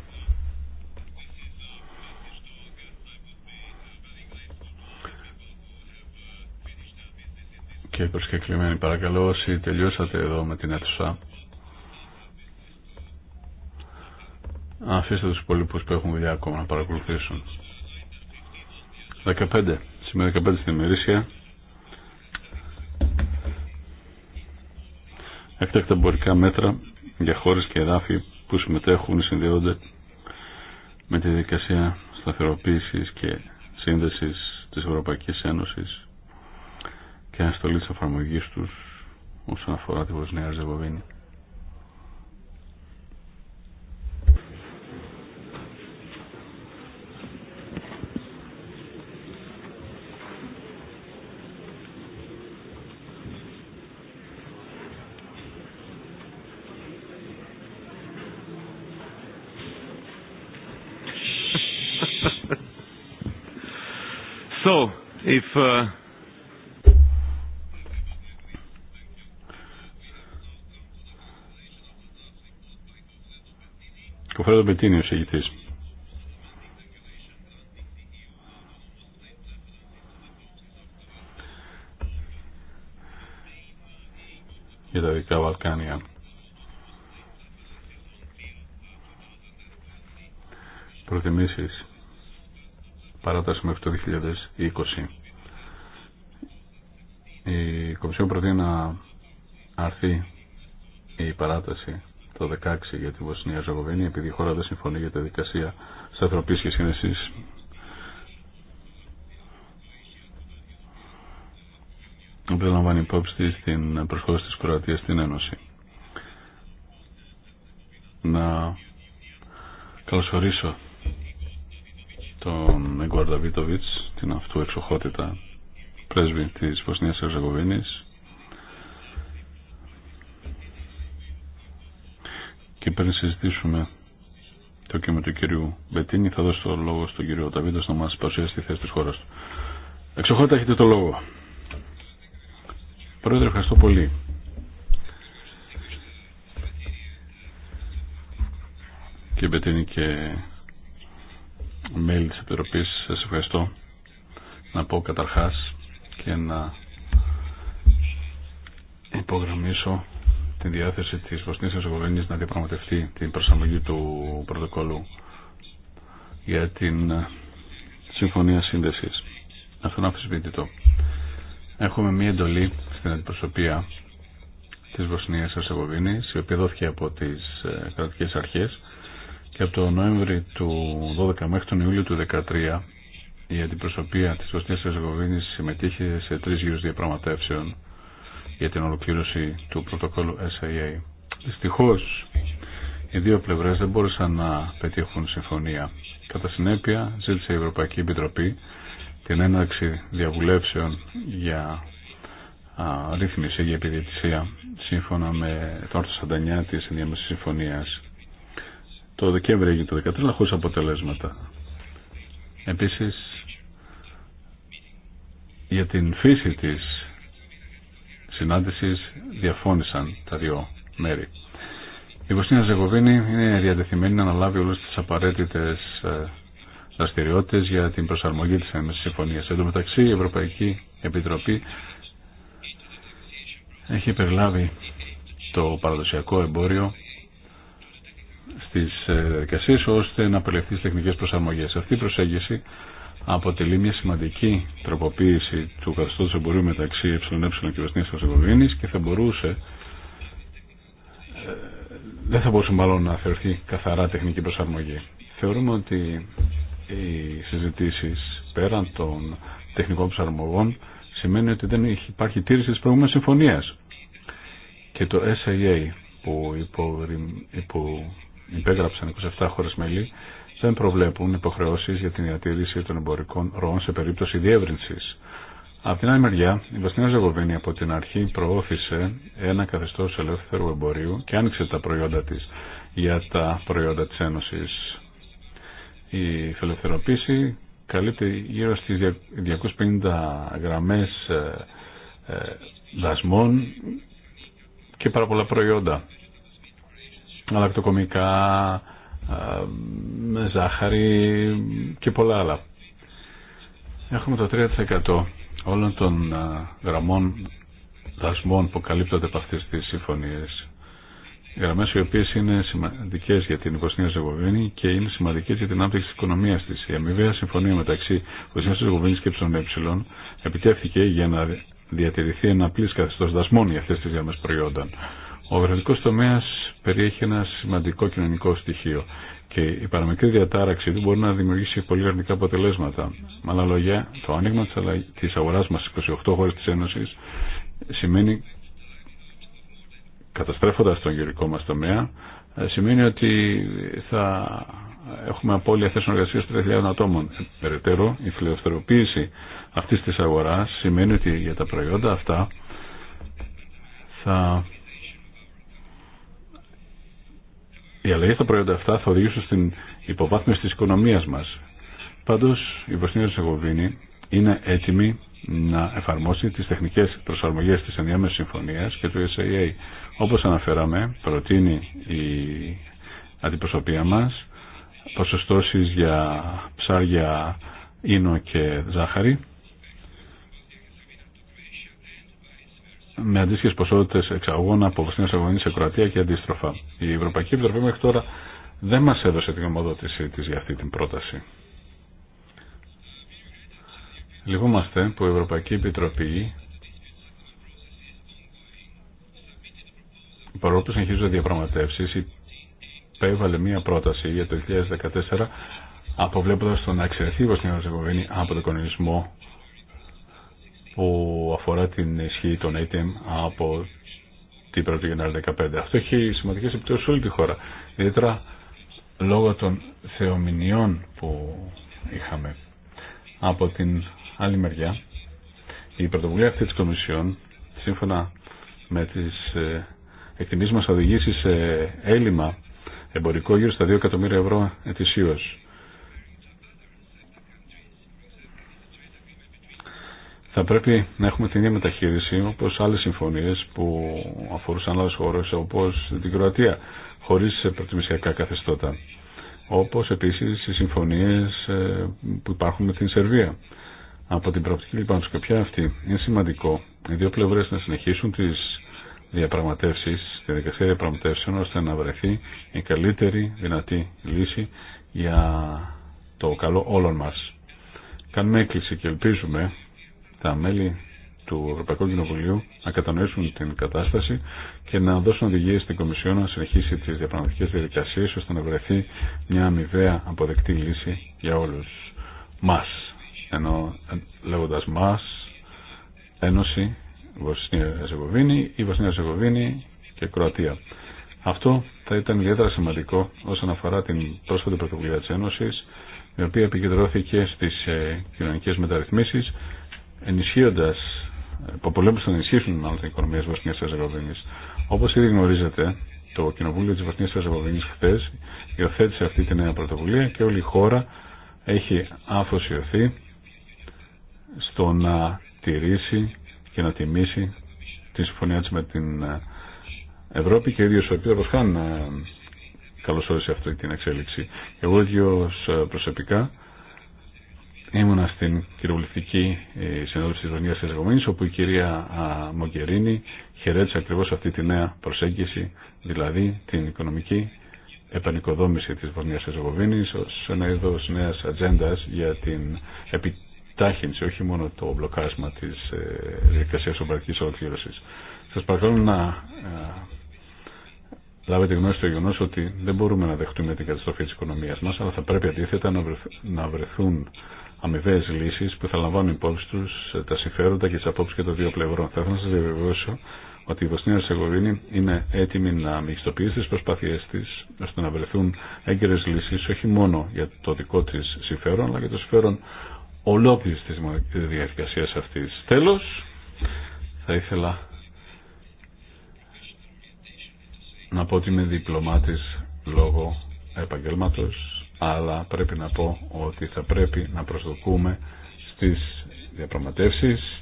και προσκεκλημένοι, παρακαλώ όσοι τελειώσατε εδώ με την αίθουσα αφήστε τους υπολοίπους που έχουν δουλειά ακόμα να παρακολουθήσουν. 15. Σήμερα 15 στην ημερήσια. Έκτακτα εμπορικά μέτρα για χώρες και εδάφη που συμμετέχουν ή συνδέονται με τη δικασία σταθεροποίησης και σύνδεσης της Ευρωπαϊκής Ένωσης και αναστολή της εφαρμογής τους όσον αφορά τη Βοσνία Ζεβοβίνη. τον Μπετίνη ο συγητής. για τα δικά Βαλκάνια. Προτιμήσεις παράταση μέχρι το 2020. Η Κομισιόν προτείνει να αρθεί η παράταση το 16 για τη Βοσνία Ζεγοβίνη επειδή η χώρα δεν συμφωνεί για τη δικασία σταθεροποίησης και σύνεσης. Δεν λαμβάνει υπόψη της την προσχώρηση της Κροατίας στην Ένωση. Να καλωσορίσω τον Εγκουαρδαβίτοβιτς, την αυτού εξοχότητα πρέσβη της Βοσνίας Ζεγοβίνης πριν συζητήσουμε το κείμενο του κυρίου Μπετίνη, θα δώσω το λόγο στον κύριο Ταβίδο να μα παρουσιάσει τη θέση τη χώρα του. Εξοχότα, έχετε το λόγο. Πρόεδρε, ευχαριστώ πολύ. Κύριε Μπετίνη και μέλη τη Επιτροπή. σα ευχαριστώ να πω καταρχά και να υπογραμμίσω τη διάθεση τη Βοσνία Ερζεγοβίνης να διαπραγματευτεί την προσαρμογή του πρωτοκόλου για την ε, Συμφωνία σύνδεση. Αυτό είναι αμφισβήτητο. Έχουμε μία εντολή στην αντιπροσωπεία της Βοσνίας Ερζεγοβίνης η οποία δόθηκε από τις ε, κρατικέ αρχές και από τον Νοέμβρη του 12 μέχρι τον Ιούλιο του 2013 η αντιπροσωπεία της Βοσνίας Ερζεγοβίνης συμμετείχε σε τρει γύρου διαπραγματεύσεων για την ολοκλήρωση του πρωτοκόλου SAA. Δυστυχώς, οι δύο πλευρές δεν μπόρεσαν να πετύχουν συμφωνία. Κατά συνέπεια, ζήτησε η Ευρωπαϊκή Επιτροπή την έναρξη διαβουλεύσεων για α, ρύθμιση για επιδιαιτησία σύμφωνα με το άρθρο 49 της ενδιάμεσης συμφωνίας. Το Δεκέμβριο έγινε το 13 χωρίς αποτελέσματα. Επίσης, για την φύση της συνάντησης διαφώνησαν τα δύο μέρη. Η Βοστίνα Ζεγοβίνη είναι διατεθειμένη να αναλάβει όλες τις απαραίτητες ε, δραστηριότητε για την προσαρμογή της ΕΜΕΣ Συμφωνία. Εν τω μεταξύ η Ευρωπαϊκή Επιτροπή έχει περιλάβει το παραδοσιακό εμπόριο στις ε, διαδικασίες ώστε να απελευθεί στις τεχνικές προσαρμογές. Αυτή η προσέγγιση αποτελεί μια σημαντική τροποποίηση του καθεστώτος εμπορίου μεταξύ ΕΕ και Βοσνίας Ερσεγοβίνης και θα μπορούσε ε, δεν θα μπορούσε μάλλον να θεωρηθεί καθαρά τεχνική προσαρμογή. Θεωρούμε ότι οι συζητήσεις πέραν των τεχνικών προσαρμογών σημαίνει ότι δεν υπάρχει τήρηση της προηγούμενη συμφωνίας. Και το SAA που υπό, υπέγραψαν 27 χώρες μέλη δεν προβλέπουν υποχρεώσει για την διατήρηση των εμπορικών ροών σε περίπτωση διεύρυνση. Από την άλλη μεριά, η Βοσνία Ζεγοβίνη από την αρχή προώθησε ένα καθεστώ ελεύθερου εμπορίου και άνοιξε τα προϊόντα τη για τα προϊόντα τη Ένωση. Η φιλελευθερωποίηση καλύπτει γύρω στι 250 γραμμέ δασμών και πάρα πολλά προϊόντα. Αλλακτοκομικά, με ζάχαρη και πολλά άλλα. Έχουμε το 3% όλων των γραμμών δασμών που καλύπτονται από αυτές τις συμφωνίες. γραμμέ οι οποίε είναι σημαντικέ για την Βοσνία Ζεγοβίνη και είναι σημαντικέ για την άπτυξη τη οικονομίας της. Η αμοιβαία συμφωνία μεταξύ Βοσνία Ζεγοβίνη και ΕΕ επιτεύχθηκε για να διατηρηθεί ένα πλήρε καθεστώ δασμών για αυτές τις γραμμέ προϊόντων. Ο βραδικός τομέας περιέχει ένα σημαντικό κοινωνικό στοιχείο και η παραμικρή διατάραξη του μπορεί να δημιουργήσει πολύ αρνητικά αποτελέσματα. Με άλλα λόγια, το άνοιγμα της αγοράς μας στις 28 χώρες της Ένωσης σημαίνει καταστρέφοντας τον γεωρικό μας τομέα ε, σημαίνει ότι θα έχουμε απώλεια θέσεων εργασίας 3.000 ατόμων. Ε, περαιτέρω, η φιλευθεροποίηση αυτής της αγοράς σημαίνει ότι για τα προϊόντα αυτά θα Η αλλαγή στα προϊόντα αυτά θα οδηγήσουν στην υποβάθμιση της οικονομίας μας. Πάντως, η Βοσνία Ζεγοβίνη είναι έτοιμη να εφαρμόσει τις τεχνικές προσαρμογές της ενδιάμεσης συμφωνίας και του SAA. Όπως αναφέραμε, προτείνει η αντιπροσωπεία μας ποσοστώσεις για ψάρια, ίνο και ζάχαρη με αντίστοιχε ποσότητε εξαγών από Βοσνία Ερσεγοβίνη σε Κροατία και αντίστροφα. Η Ευρωπαϊκή Επιτροπή μέχρι τώρα δεν μα έδωσε την ομοδότησή τη για αυτή την πρόταση. Λυπούμαστε που η Ευρωπαϊκή Επιτροπή παρόλο που συνεχίζονται διαπραγματεύσει, υπέβαλε μία πρόταση για το 2014 αποβλέποντα το να εξαιρεθεί η Βοσνία από τον οικονομισμό που αφορά την ισχύ των ATM από την 1η Γενάρη 2015. Αυτό έχει σημαντικέ επιπτώσει σε όλη τη χώρα. Ιδιαίτερα λόγω των θεομηνιών που είχαμε. Από την άλλη μεριά, η πρωτοβουλία αυτή τη Κομισιόν, σύμφωνα με τις ε, εκτιμήσει μα οδηγήσει σε έλλειμμα εμπορικό γύρω στα 2 εκατομμύρια ευρώ ετησίω. θα πρέπει να έχουμε την ίδια μεταχείριση όπω άλλες συμφωνίε που αφορούσαν άλλες χώρε όπω την Κροατία χωρί προτιμησιακά καθεστώτα Όπω επίση, οι συμφωνίε ε, που υπάρχουν με την Σερβία. Από την προοπτική λοιπόν σκοπιά αυτή είναι σημαντικό οι δύο πλευρέ να συνεχίσουν τι διαπραγματεύσει, τη δικασία διαπραγματεύσεων ώστε να βρεθεί η καλύτερη δυνατή λύση για το καλό όλων μα. Κάνουμε έκκληση και ελπίζουμε τα μέλη του Ευρωπαϊκού Κοινοβουλίου να κατανοήσουν την κατάσταση και να δώσουν οδηγίε στην Κομισιόν να συνεχίσει τι διαπραγματικέ διαδικασίε ώστε να βρεθεί μια αμοιβαία αποδεκτή λύση για όλου μα. Ενώ ε, λέγοντα μα, Ένωση, Βοσνία Ζεγοβίνη ή Βοσνία Ζεγοβίνη και Κροατία. Αυτό θα ήταν ιδιαίτερα σημαντικό όσον αφορά την πρόσφατη πρωτοβουλία τη Ένωση, η οποία επικεντρώθηκε στι ε, κοινωνικέ μεταρρυθμίσει που υποπολέμους να ενισχύσουν την οικονομία τη Βοσνία της όπω ήδη γνωρίζετε, το Κοινοβούλιο τη Βοσνία της χθε υιοθέτησε αυτή τη νέα πρωτοβουλία και όλη η χώρα έχει αφοσιωθεί στο να τηρήσει και να τιμήσει τη συμφωνία τη με την ε, Ευρώπη και ίδιος ο Επίτροπος Χάν ε, καλωσόρισε αυτή την εξέλιξη. Εγώ ίδιος ε, προσωπικά Ήμουνα στην κυριολεκτική ε, Συνόδοση της Βονίας της όπου η κυρία Μογκερίνη χαιρέτησε ακριβώς αυτή τη νέα προσέγγιση, δηλαδή την οικονομική επανοικοδόμηση της Βοσνίας Ερζεγοβίνης ως ένα είδος νέα ατζέντα για την επιτάχυνση, όχι μόνο το μπλοκάρισμα της ε, διαδικασία ομπαρική ολοκλήρωση. Σας παρακαλώ να λάβετε γνώση στο γεγονό ότι δεν μπορούμε να δεχτούμε την καταστροφή της οικονομίας μα, αλλά θα πρέπει αντίθετα να βρεθούν αμοιβαίε λύσει που θα λαμβάνουν υπόψη του τα συμφέροντα και τι απόψει και των δύο πλευρών. Θα ήθελα να σα διαβεβαιώσω ότι η Βοσνία Ερσεγοβίνη είναι έτοιμη να μεγιστοποιήσει τι προσπάθειέ τη ώστε να βρεθούν έγκαιρε λύσει όχι μόνο για το δικό τη συμφέρον αλλά και το συμφέρον ολόκληρη τη διαδικασία αυτή. Τέλο, θα ήθελα να πω ότι είμαι διπλωμάτη λόγω επαγγελμάτος αλλά πρέπει να πω ότι θα πρέπει να προσδοκούμε στις διαπραγματεύσεις,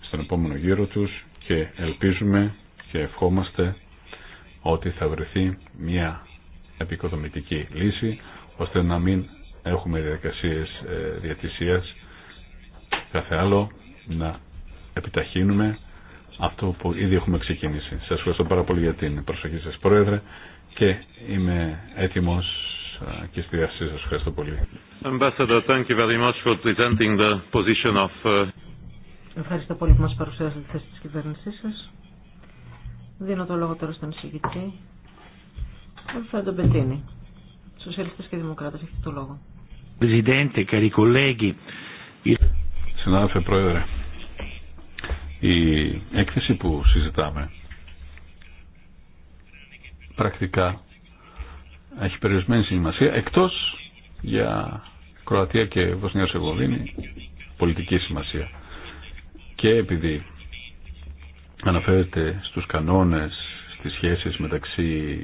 στον επόμενο γύρο τους και ελπίζουμε και ευχόμαστε ότι θα βρεθεί μια επικοδομητική λύση ώστε να μην έχουμε διαδικασίες ε, διατησίας κάθε άλλο να επιταχύνουμε αυτό που ήδη έχουμε ξεκινήσει. Σας ευχαριστώ πάρα πολύ για την προσοχή σας Πρόεδρε και είμαι έτοιμος και στη διάθεσή σας. Ευχαριστώ πολύ. Thank Ευχαριστώ πολύ που μας παρουσιάσατε τη θέση της κυβέρνησής σας. Δίνω το λόγο τώρα στον εισηγητή. Θα τον πετύνει. Σοσιαλιστές και Δημοκράτες, έχετε το λόγο. Συνάδελφε Πρόεδρε, η έκθεση που συζητάμε πρακτικά έχει περιορισμένη σημασία εκτός για Κροατία και Βοσνία Σεγοβίνη πολιτική σημασία και επειδή αναφέρεται στους κανόνες στις σχέσεις μεταξύ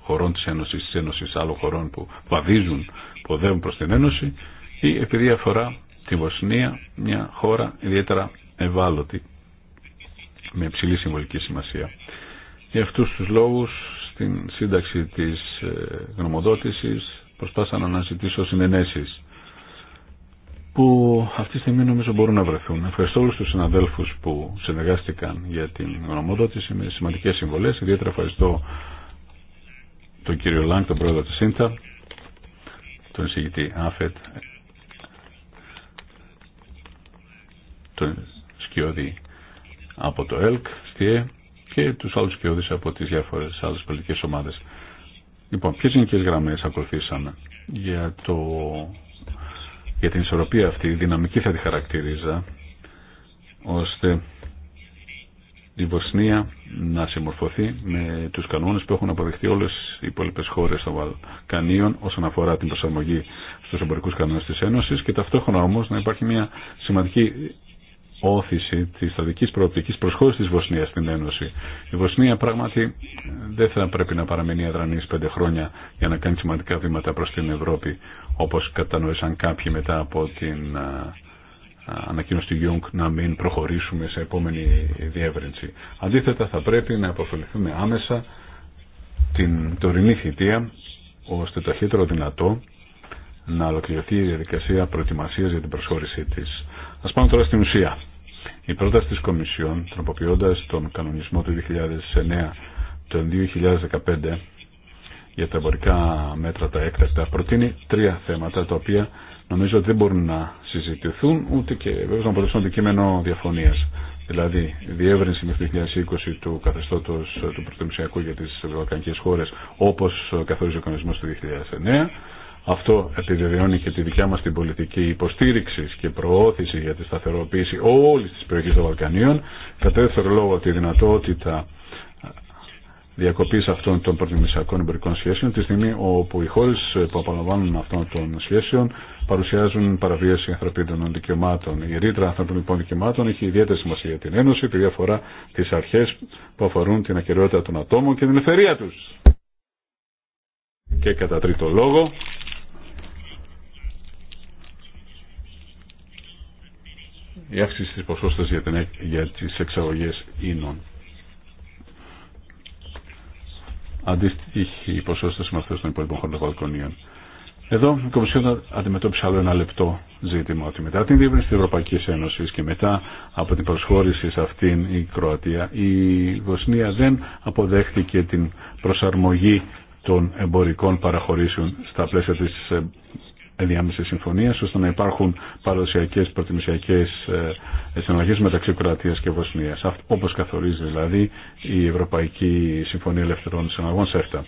χωρών της Ένωσης, της Ένωσης άλλων χωρών που βαδίζουν, που οδεύουν προς την Ένωση ή επειδή αφορά τη Βοσνία, μια χώρα ιδιαίτερα ευάλωτη με υψηλή συμβολική σημασία. Για αυτούς τους λόγους στην σύνταξη της ε, γνωμοδότησης προσπάθησα να αναζητήσω συνενέσεις που αυτή τη στιγμή νομίζω μπορούν να βρεθούν. Ευχαριστώ όλους τους συναδέλφους που συνεργάστηκαν για την γνωμοδότηση με σημαντικές συμβολές. Ιδιαίτερα ευχαριστώ τον κύριο Λάγκ, τον πρόεδρο της ΣΥΝΤΑ, τον εισηγητή Άφετ, τον Σκιώδη από το ΕΛΚ, ΣΤΙΕ, ΕΕ, και τους άλλους κοιόδης από τις διάφορες άλλε πολιτικές ομάδες. Λοιπόν, ποιε γενικέ γραμμέ ακολουθήσαμε για, το... για την ισορροπία αυτή, η δυναμική θα τη χαρακτηρίζα, ώστε η Βοσνία να συμμορφωθεί με τους κανόνες που έχουν αποδεχτεί όλες οι υπόλοιπε χώρες των Βαλκανίων όσον αφορά την προσαρμογή στους εμπορικούς κανόνες της Ένωσης και ταυτόχρονα όμως να υπάρχει μια σημαντική όθηση της προοπτική προοπτικής προσχώρησης της Βοσνίας στην Ένωση. Η Βοσνία πράγματι δεν θα πρέπει να παραμείνει αδρανής πέντε χρόνια για να κάνει σημαντικά βήματα προ την Ευρώπη όπω κατανοήσαν κάποιοι μετά από την ανακοίνωση του Γιούγκ να μην προχωρήσουμε σε επόμενη διεύρυνση. Αντίθετα θα πρέπει να αποφεληθούμε άμεσα την τωρινή θητεία ώστε το χύτερο δυνατό να ολοκληρωθεί η διαδικασία προετοιμασία για την προσχώρησή της. Α πάμε τώρα στην ουσία. Η πρόταση της Κομισιόν, τροποποιώντας τον κανονισμό του 2009 τον 2015 για τα εμπορικά μέτρα τα έκτακτα, προτείνει τρία θέματα τα οποία νομίζω ότι δεν μπορούν να συζητηθούν ούτε και βέβαια να αποτελέσουν αντικείμενο διαφωνίας. Δηλαδή, διεύρυνση μέχρι το 2020 του καθεστώτο του πρωτομησιακού για τι Ευρωπαϊκέ Χώρε όπω καθορίζει ο κανονισμό του 2009 αυτό επιβεβαιώνει και τη δικιά μας την πολιτική υποστήριξη και προώθηση για τη σταθεροποίηση όλης της περιοχής των Βαλκανίων. Κατά δεύτερο λόγο τη δυνατότητα διακοπής αυτών των προτιμησιακών εμπορικών σχέσεων τη στιγμή όπου οι χώρες που απολαμβάνουν αυτών των σχέσεων παρουσιάζουν παραβίαση ανθρωπίνων δικαιωμάτων. Η ρήτρα ανθρωπίνων λοιπόν δικαιωμάτων έχει ιδιαίτερη σημασία για την Ένωση επειδή αφορά τις αρχές που αφορούν την ακαιρεότητα των ατόμων και την ελευθερία τους. Και κατά τρίτο λόγο, η αύξηση της ποσότητας για, την, για τις εξαγωγές ίνων. Αντίστοιχη η ποσότητα συμμαθέως των υπόλοιπων χωρών Βαλκονίων. Εδώ η Κομισιόν αντιμετώπισε άλλο ένα λεπτό ζήτημα ότι μετά την διεύρυνση της Ευρωπαϊκής Ένωσης και μετά από την προσχώρηση σε αυτήν η Κροατία η Βοσνία δεν αποδέχτηκε την προσαρμογή των εμπορικών παραχωρήσεων στα πλαίσια της ενδιάμεση συμφωνία ώστε να υπάρχουν παραδοσιακέ προτιμησιακέ ε, συναλλαγέ μεταξύ Κροατία και Βοσνία. Όπω καθορίζει δηλαδή η Ευρωπαϊκή Συμφωνία Ελευθερών Συναλλαγών ΣΕΦΤΑ.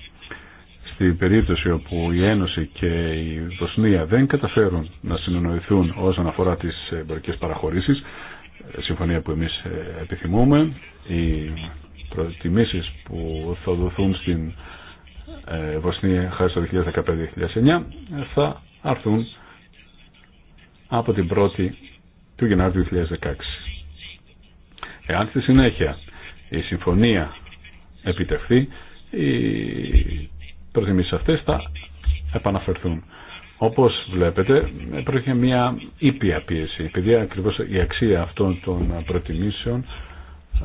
Στην περίπτωση όπου η Ένωση και η Βοσνία δεν καταφέρουν να συνεννοηθούν όσον αφορά τι εμπορικέ παραχωρήσει, συμφωνία που εμεί ε, επιθυμούμε, οι προτιμήσει που θα δοθούν στην ε, Βοσνία χάρη στο 2015-2009 θα αρθούν από την 1η του Γενάρη 2016. Εάν στη συνέχεια η συμφωνία επιτευχθεί, οι προτιμήσεις αυτές θα επαναφερθούν. Όπως βλέπετε, πρόκειται μια ήπια πίεση, επειδή ακριβώς η αξία αυτών των προτιμήσεων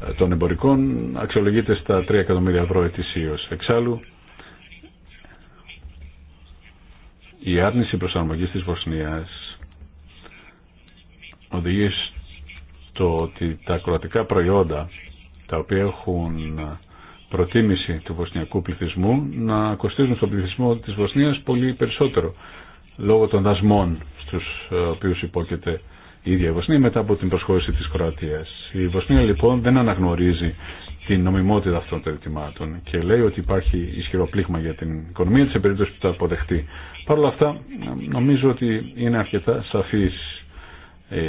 ε, των εμπορικών αξιολογείται στα 3 εκατομμύρια ευρώ ετησίω Εξάλλου, Η άρνηση προσαρμογή της Βοσνίας οδηγεί στο ότι τα κροατικά προϊόντα τα οποία έχουν προτίμηση του βοσνιακού πληθυσμού να κοστίζουν στον πληθυσμό της Βοσνίας πολύ περισσότερο λόγω των δασμών στους ε, οποίους υπόκειται η ίδια η Βοσνία μετά από την προσχώρηση της Κροατίας. Η Βοσνία λοιπόν δεν αναγνωρίζει την νομιμότητα αυτών των ετοιμάτων και λέει ότι υπάρχει ισχυρό πλήγμα για την οικονομία της σε περίπτωση που τα αποδεχτεί. Παρ' όλα αυτά νομίζω ότι είναι αρκετά σαφής ε,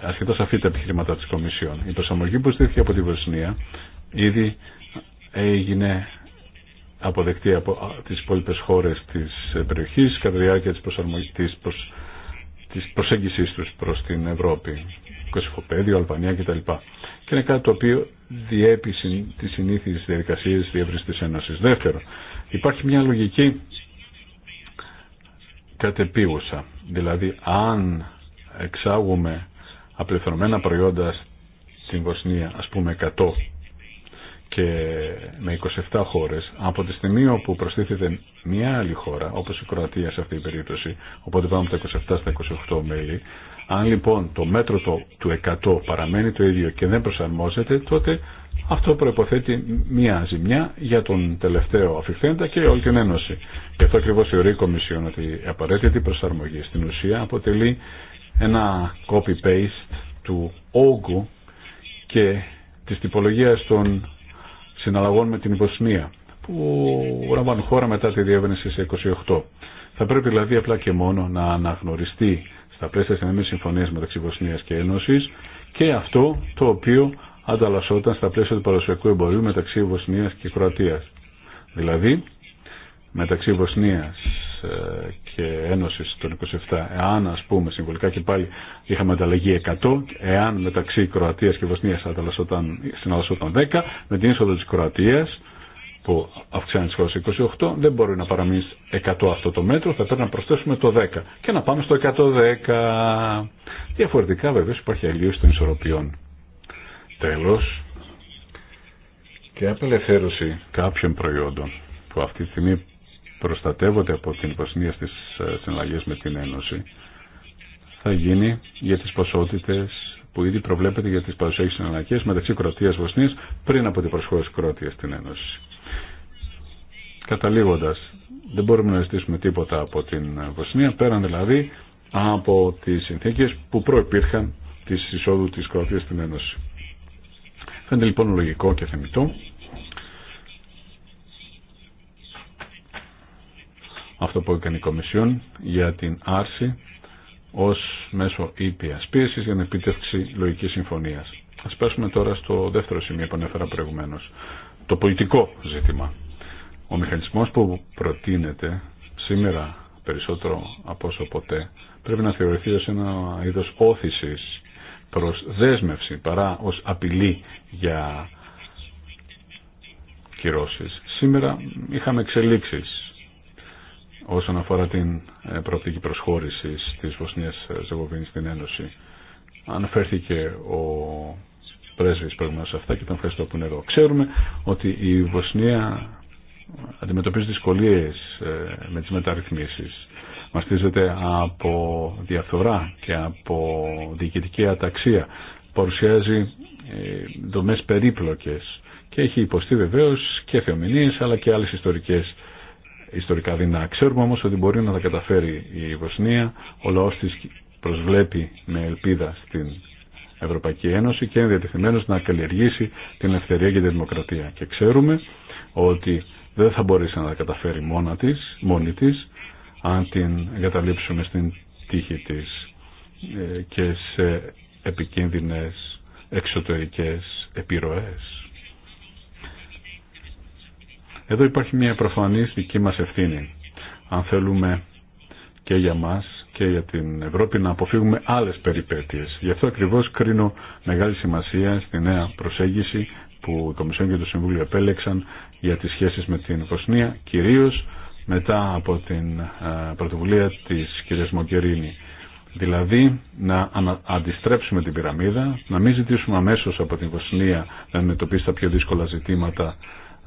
αρκετά σαφή τα επιχειρήματα της Κομισιόν. Η προσαρμογή που στήθηκε από τη Βοσνία ήδη έγινε αποδεκτή από τις υπόλοιπε χώρες της περιοχής κατά τη διάρκεια της, προσαρμογής, της, προσ, της προσέγγισης τους προς την Ευρώπη. Κωσυφοπέδιο, Αλβανία κτλ. Και είναι κάτι το οποίο διέπει τι συνήθειε διαδικασίε διεύρυνση τη Ένωση. Δεύτερο, υπάρχει μια λογική κατεπίγουσα. Δηλαδή, αν εξάγουμε απελευθερωμένα προϊόντα στην Βοσνία, α πούμε 100 και με 27 χώρε, από τη στιγμή όπου προστίθεται μια άλλη χώρα, όπω η Κροατία σε αυτή την περίπτωση, οπότε πάμε από τα 27 στα 28 μέλη, αν λοιπόν το μέτρο το, του 100 παραμένει το ίδιο και δεν προσαρμόζεται, τότε αυτό προποθέτει μία ζημιά για τον τελευταίο αφιχθέντα και όλη την Ένωση. Και αυτό ακριβώ θεωρεί η Κομισιόν ότι η απαραίτητη προσαρμογή στην ουσία αποτελεί ένα copy-paste του όγκου και της τυπολογίας των συναλλαγών με την υποσμία που λαμβάνουν χώρα μετά τη διεύρυνση σε 28. Θα πρέπει δηλαδή απλά και μόνο να αναγνωριστεί στα πλαίσια συνέμεσης συμφωνία μεταξύ Βοσνία και Ένωση και αυτό το οποίο ανταλλασσόταν στα πλαίσια του παραδοσιακού εμπορίου μεταξύ Βοσνίας και Κροατίας. Δηλαδή, μεταξύ Βοσνίας ε, και Ένωσης των 27, εάν ας πούμε συμβολικά και πάλι είχαμε ανταλλαγή 100, εάν μεταξύ Κροατίας και Βοσνίας συναλλασσόταν 10, με την είσοδο τη Κροατία που αυξάνει τις 28, δεν μπορεί να παραμείνει 100 αυτό το μέτρο, θα πρέπει να προσθέσουμε το 10 και να πάμε στο 110. Διαφορετικά βεβαίως υπάρχει αλλίωση των ισορροπιών. Τέλος, και απελευθέρωση κάποιων προϊόντων που αυτή τη στιγμή προστατεύονται από την υποσυνία στις ε, συναλλαγές με την Ένωση θα γίνει για τις ποσότητες που ήδη προβλέπεται για τι παρουσιακέ συναλλαγέ μεταξύ και Βοσνίας πριν από την προσχώρηση Κροατία στην Ένωση. Καταλήγοντα, δεν μπορούμε να ζητήσουμε τίποτα από την Βοσνία, πέραν δηλαδή από τι συνθήκε που προπήρχαν τη εισόδου τη Κροατία στην Ένωση. Φαίνεται λοιπόν λογικό και θεμητό αυτό που έκανε η Κομισιόν για την άρση ως μέσο ήπιας πίεσης για την επίτευξη λογικής συμφωνίας. Ας πέσουμε τώρα στο δεύτερο σημείο που ανέφερα προηγουμένως, το πολιτικό ζήτημα. Ο μηχανισμός που προτείνεται σήμερα περισσότερο από όσο ποτέ πρέπει να θεωρηθεί ως ένα είδος όθησης προς δέσμευση παρά ως απειλή για κυρώσεις. Σήμερα είχαμε εξελίξεις όσον αφορά την ε, προοπτική προσχώρηση της Βοσνίας Ζεγοβίνης στην Ένωση. Αναφέρθηκε ο πρέσβης προηγουμένως αυτά και τον ευχαριστώ που είναι εδώ. Ξέρουμε ότι η Βοσνία αντιμετωπίζει δυσκολίες ε, με τις μεταρρυθμίσεις. Μαστίζεται από διαφθορά και από διοικητική αταξία. Παρουσιάζει ε, δομές περίπλοκες και έχει υποστεί βεβαίως και θεομηνίες αλλά και άλλες ιστορικές ιστορικά δεινά. Ξέρουμε όμως ότι μπορεί να τα καταφέρει η Βοσνία, ο λαός της προσβλέπει με ελπίδα στην Ευρωπαϊκή Ένωση και είναι διατεθειμένος να καλλιεργήσει την ελευθερία και τη δημοκρατία. Και ξέρουμε ότι δεν θα μπορέσει να τα καταφέρει μόνα της, μόνη της, αν την εγκαταλείψουμε στην τύχη της ε, και σε επικίνδυνες εξωτερικές επιρροές. Εδώ υπάρχει μια προφανής δική μας ευθύνη. Αν θέλουμε και για μας και για την Ευρώπη να αποφύγουμε άλλες περιπέτειες. Γι' αυτό ακριβώς κρίνω μεγάλη σημασία στη νέα προσέγγιση που η Κομισιόν και το Συμβούλιο επέλεξαν για τις σχέσεις με την Βοσνία, κυρίως μετά από την ε, πρωτοβουλία της κυρίας Μογκερίνη. Δηλαδή να αντιστρέψουμε την πυραμίδα, να μην ζητήσουμε αμέσως από την Βοσνία να αντιμετωπίσει τα πιο δύσκολα ζητήματα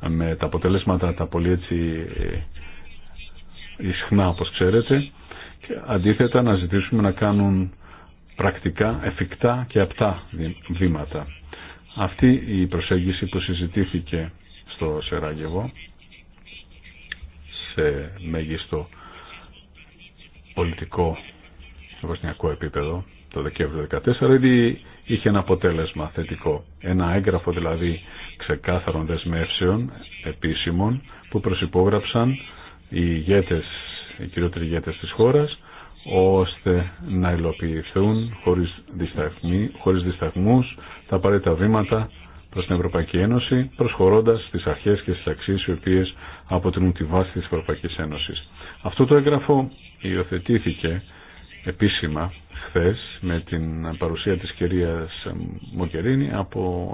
με τα αποτελέσματα τα πολύ έτσι ε, ισχνά όπως ξέρετε και αντίθετα να ζητήσουμε να κάνουν πρακτικά, εφικτά και απτά βήματα. Αυτή η προσέγγιση που συζητήθηκε στο Σεράγεβο σε μέγιστο πολιτικό βοσνιακό επίπεδο το Δεκέμβριο 2014 ήδη είχε ένα αποτέλεσμα θετικό. Ένα έγγραφο δηλαδή ξεκάθαρων δεσμεύσεων επίσημων που προσυπόγραψαν οι ηγέτες, οι κυριότεροι ηγέτες της χώρας ώστε να υλοποιηθούν χωρίς, δισταγμή, χωρίς δισταγμούς τα απαραίτητα βήματα προς την Ευρωπαϊκή Ένωση προσχωρώντας τις αρχές και τις αξίες οι οποίες αποτελούν τη βάση της Ευρωπαϊκής Ένωσης. Αυτό το έγγραφο υιοθετήθηκε επίσημα χθες με την παρουσία της κυρίας Μοκερίνη από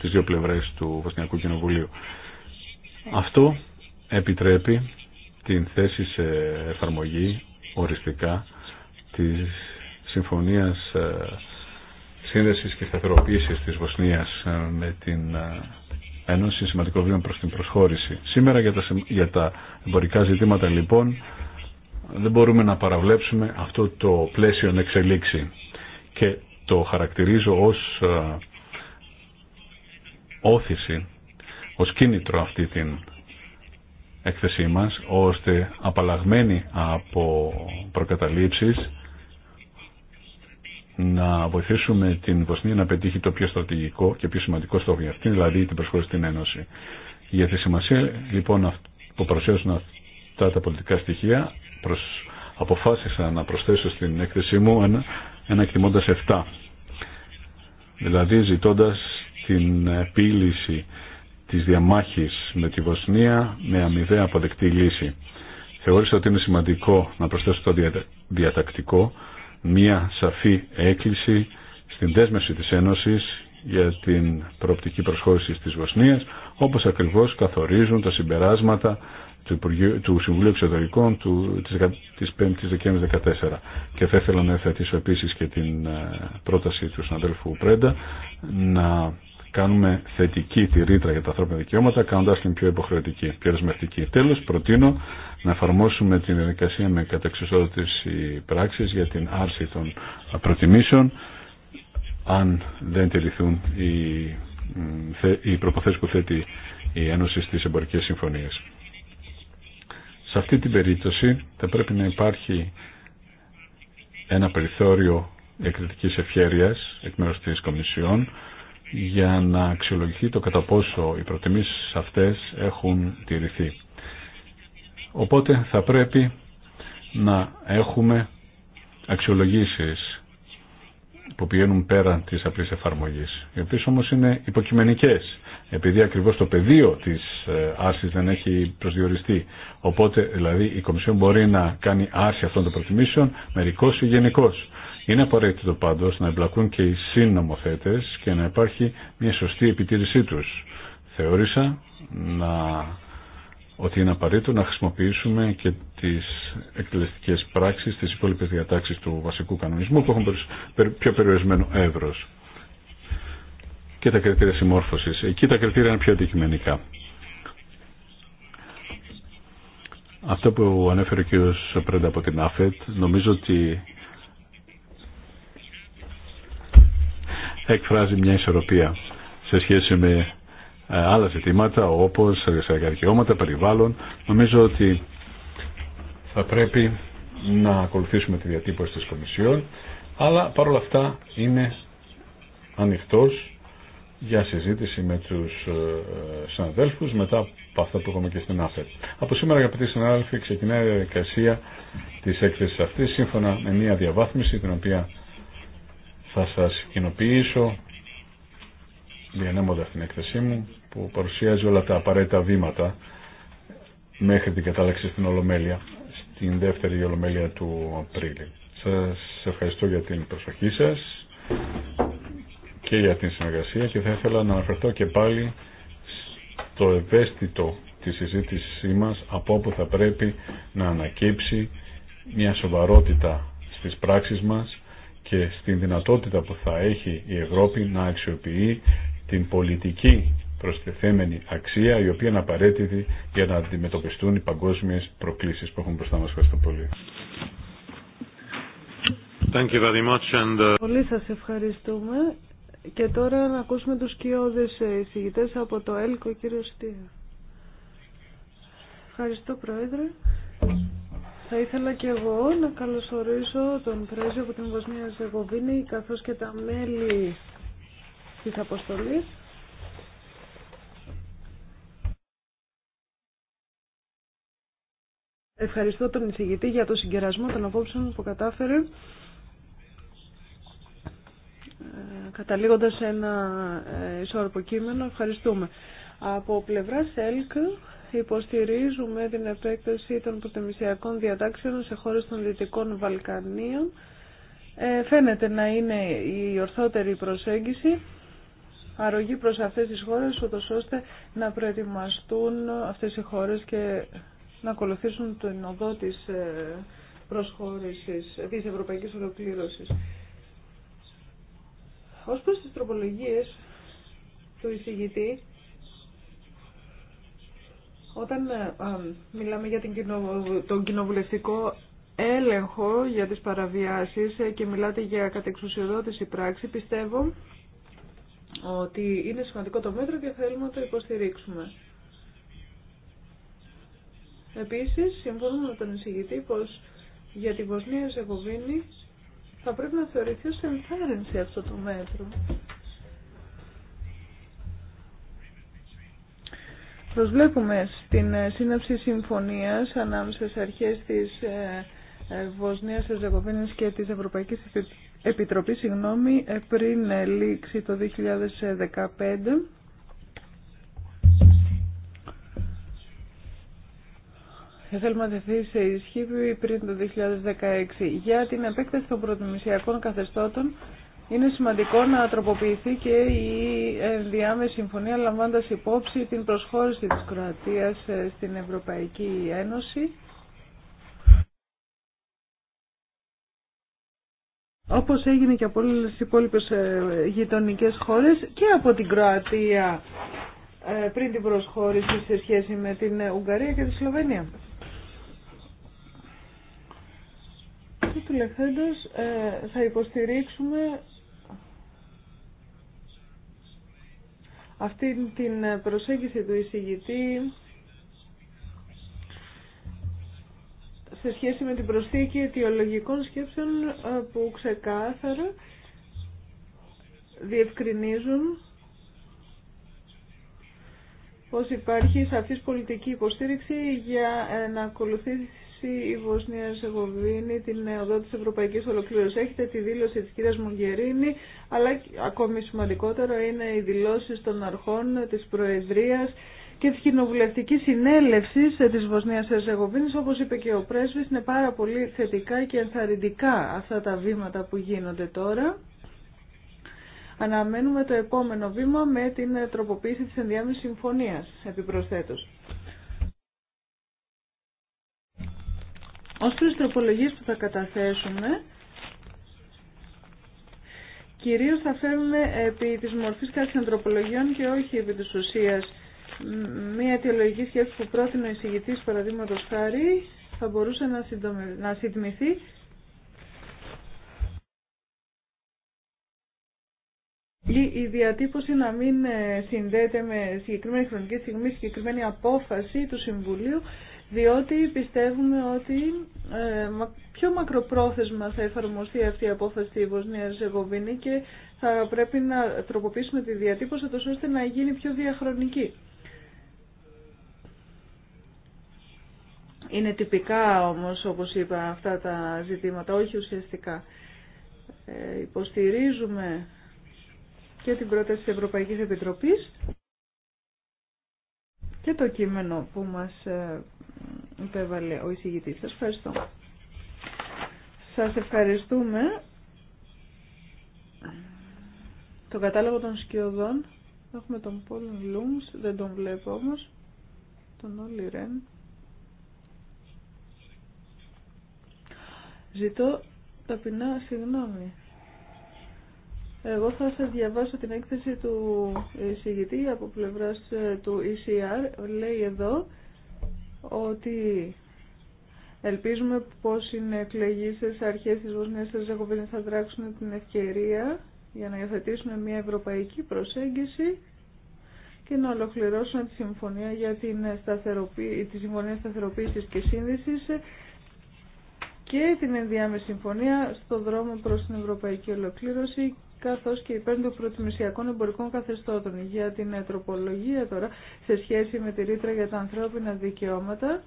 τις δύο πλευρές του Βοσνιακού Κοινοβουλίου. Ε. Αυτό επιτρέπει την θέση σε εφαρμογή οριστικά της Συμφωνίας ε, Σύνδεσης και Σταθεροποίησης της Βοσνίας ε, με την Ένωση σημαντικό βήμα προς την προσχώρηση. Σήμερα για τα, για τα εμπορικά ζητήματα λοιπόν δεν μπορούμε να παραβλέψουμε αυτό το πλαίσιο εξελίξει και το χαρακτηρίζω ως όθηση, ως κίνητρο αυτή την έκθεσή μας, ώστε απαλλαγμένοι από προκαταλήψεις να βοηθήσουμε την Βοσνία να πετύχει το πιο στρατηγικό και πιο σημαντικό στόχο για αυτήν, δηλαδή την προσχώρηση στην Ένωση. Για τη σημασία λοιπόν που παρουσιάζουν αυτά τα πολιτικά στοιχεία, προς, αποφάσισα να προσθέσω στην έκθεσή μου ένα, ένα εκτιμώντα 7. Δηλαδή ζητώντας την επίλυση της διαμάχης με τη Βοσνία με αμοιβαία αποδεκτή λύση. Θεώρησα ότι είναι σημαντικό να προσθέσω το διατακτικό μία σαφή έκκληση στην δέσμευση της Ένωσης για την προοπτική προσχώρηση της Βοσνίας, όπως ακριβώς καθορίζουν τα συμπεράσματα του, Υπουργείου, του Συμβουλίου Εξωτερικών του, της, 5ης Δεκέμβρη 2014. Και θα ήθελα να εθετήσω επίσης και την ε, πρόταση του συναδέλφου Πρέντα να κάνουμε θετική τη ρήτρα για τα ανθρώπινα δικαιώματα, κάνοντα την πιο υποχρεωτική, πιο δεσμευτική. Τέλο, προτείνω να εφαρμόσουμε την διαδικασία με κατεξουσότηση πράξη για την άρση των προτιμήσεων, αν δεν τελειθούν οι, οι προποθέσει που θέτει η Ένωση στι εμπορικέ συμφωνίε. Σε αυτή την περίπτωση θα πρέπει να υπάρχει ένα περιθώριο διακριτικής ευχέρειας εκ μέρους της Κομισιόν για να αξιολογηθεί το κατά πόσο οι προτιμήσεις αυτές έχουν τηρηθεί. Οπότε θα πρέπει να έχουμε αξιολογήσεις που πηγαίνουν πέρα της απλής εφαρμογής, οι οποίε όμως είναι υποκειμενικές, επειδή ακριβώς το πεδίο της ε, άρσης δεν έχει προσδιοριστεί. Οπότε, δηλαδή, η Κομισιόν μπορεί να κάνει άρση αυτών των προτιμήσεων μερικώς ή γενικώς. Είναι απαραίτητο πάντως να εμπλακούν και οι σύνομοθέτε και να υπάρχει μια σωστή επιτήρησή του. Θεώρησα να... ότι είναι απαραίτητο να χρησιμοποιήσουμε και τι εκτελεστικέ πράξει, τι υπόλοιπε διατάξει του βασικού κανονισμού που έχουν πιο περιορισμένο εύρο και τα κριτήρια συμμόρφωση. Εκεί τα κριτήρια είναι πιο αντικειμενικά. Αυτό που ανέφερε ο κ. Πρέντα από την ΑΦΕΤ νομίζω ότι εκφράζει μια ισορροπία σε σχέση με ε, άλλα ζητήματα όπως εργασιακά δικαιώματα, περιβάλλον. Νομίζω ότι θα πρέπει να ακολουθήσουμε τη διατύπωση της Κομισιόν, αλλά παρόλα αυτά είναι ανοιχτός για συζήτηση με τους ε, συναδέλφους μετά από αυτά που έχουμε και στην ΑΦΕΤ. Από σήμερα, αγαπητοί συνάδελφοι, ξεκινάει η διαδικασία της έκθεσης αυτής σύμφωνα με μια διαβάθμιση την οποία θα σας κοινοποιήσω διανέμοντα την έκθεσή μου που παρουσιάζει όλα τα απαραίτητα βήματα μέχρι την κατάληξη στην Ολομέλεια, στην δεύτερη Ολομέλεια του Απρίλη. Σας ευχαριστώ για την προσοχή σας και για την συνεργασία και θα ήθελα να αναφερθώ και πάλι στο ευαίσθητο τη συζήτησή μας από όπου θα πρέπει να ανακύψει μια σοβαρότητα στις πράξεις μας και στην δυνατότητα που θα έχει η Ευρώπη να αξιοποιεί την πολιτική προστεθέμενη αξία η οποία είναι απαραίτητη για να αντιμετωπιστούν οι παγκόσμιες προκλήσεις που έχουν μπροστά μας. Ευχαριστώ πολύ. Thank you very much and... Uh, πολύ σας ευχαριστούμε και τώρα να ακούσουμε τους κοιόδες ε, εισηγητές από το ΕΛΚΟ κύριο Στία. Ευχαριστώ Πρόεδρε. Θα ήθελα και εγώ να καλωσορίσω τον πρέσβη από την Βοσνία Ζεγοβίνη καθώς και τα μέλη της αποστολής. Ευχαριστώ τον εισηγητή για το συγκερασμό των απόψεων που κατάφερε ε, καταλήγοντας ένα ε, ισόρροπο κείμενο. Ευχαριστούμε. Από πλευρά ΣΕΛΚ Υποστηρίζουμε την επέκταση των πρωτεμισιακών διατάξεων σε χώρες των Δυτικών Βαλκανίων. Ε, φαίνεται να είναι η ορθότερη προσέγγιση αρρωγή προς αυτές τις χώρες, ώστε να προετοιμαστούν αυτές οι χώρες και να ακολουθήσουν το οδό της ε, προσχώρησης, της ευρωπαϊκής ολοκλήρωσης. Ως προς τις τροπολογίες του εισηγητή, όταν ε, μιλάμε για τον κοινοβουλευτικό έλεγχο για τις παραβιάσεις ε, και μιλάτε για κατεξουσιοδότηση πράξη, πιστεύω ότι είναι σημαντικό το μέτρο και θέλουμε να το υποστηρίξουμε. Επίσης, συμφωνούμε με τον εισηγητή πως για τη Βοσνία Ζεγοβίνη θα πρέπει να θεωρηθεί ως ενθάρρυνση αυτό το μέτρο. Προσβλέπουμε στην ε, σύναψη συμφωνίας ανάμεσα στις αρχές της ε, ε, Βοσνίας, Ερζεγοβίνης και της Ευρωπαϊκής Επιτροπής συγγνώμη, πριν λήξει το 2015. θέλουμε να τεθεί σε ισχύ πριν το 2016 για την επέκταση των προτιμησιακών καθεστώτων είναι σημαντικό να τροποποιηθεί και η διάμεση συμφωνία λαμβάνοντας υπόψη την προσχώρηση της Κροατίας ε, στην Ευρωπαϊκή Ένωση. όπως έγινε και από όλες τις υπόλοιπες ε, γειτονικές χώρες και από την Κροατία ε, πριν την προσχώρηση σε σχέση με την Ουγγαρία και τη Σλοβενία. Και τουλεχθέντως θα υποστηρίξουμε αυτή την προσέγγιση του εισηγητή σε σχέση με την προσθήκη αιτιολογικών σκέψεων ε, που ξεκάθαρα διευκρινίζουν πως υπάρχει σαφής πολιτική υποστήριξη για να ακολουθήσει η Βοσνία Ζεγοβίνη την οδό τη Ευρωπαϊκή Ολοκλήρωση. Έχετε τη δήλωση τη κυρία Μουγγερίνη, αλλά ακόμη σημαντικότερο είναι οι δηλώσει των αρχών τη Προεδρίας και τη κοινοβουλευτική συνέλευση της Βοσνίας Ερσεγοβίνη. Όπως είπε και ο Πρέσβη, είναι πάρα πολύ θετικά και ενθαρρυντικά αυτά τα βήματα που γίνονται τώρα. Αναμένουμε το επόμενο βήμα με την τροποποίηση της ενδιάμεσης συμφωνίας επιπροσθέτως. Ως τις τροπολογίες που θα καταθέσουμε, κυρίως θα φέρουμε επί της μορφής κάποιων τροπολογιών και όχι επί της ουσίας. Μία αιτιολογική σχέση που πρότεινε ο εισηγητής παραδείγματος χάρη θα μπορούσε να, συντομε... να συντμηθεί Η διατύπωση να μην ε, συνδέεται με συγκεκριμένη χρονική στιγμή, συγκεκριμένη απόφαση του Συμβουλίου διότι πιστεύουμε ότι ε, πιο μακροπρόθεσμα θα εφαρμοστεί αυτή η απόφαση στη Βοσνία Ζεγοβίνη και θα πρέπει να τροποποιήσουμε τη διατύπωση τόσο ώστε να γίνει πιο διαχρονική. Είναι τυπικά όμως, όπως είπα, αυτά τα ζητήματα, όχι ουσιαστικά. Ε, υποστηρίζουμε και την πρόταση της Ευρωπαϊκής Επιτροπής και το κείμενο που μας ε, υπέβαλε ο εισηγητής. Σας ευχαριστώ. Σας ευχαριστούμε. Το κατάλογο των σκιωδών έχουμε τον Paul Looms δεν τον βλέπω όμως, τον Όλι Ρεν. Ζητώ ταπεινά συγγνώμη. Εγώ θα σας διαβάσω την έκθεση του εισηγητή από πλευράς ε, του ECR. Λέει εδώ ότι ελπίζουμε πως οι σε αρχές της Βοσνίας της Ζεγοβίνης θα δράξουν την ευκαιρία για να υιοθετήσουν μια ευρωπαϊκή προσέγγιση και να ολοκληρώσουν τη συμφωνία για την σταθεροποίηση, τη συμφωνία σταθεροποίησης και σύνδεσης και την ενδιάμεση συμφωνία στο δρόμο προς την ευρωπαϊκή ολοκλήρωση καθώς και υπέρ των προτιμησιακών εμπορικών καθεστώτων. Για την τροπολογία τώρα, σε σχέση με τη ρήτρα για τα ανθρώπινα δικαιώματα,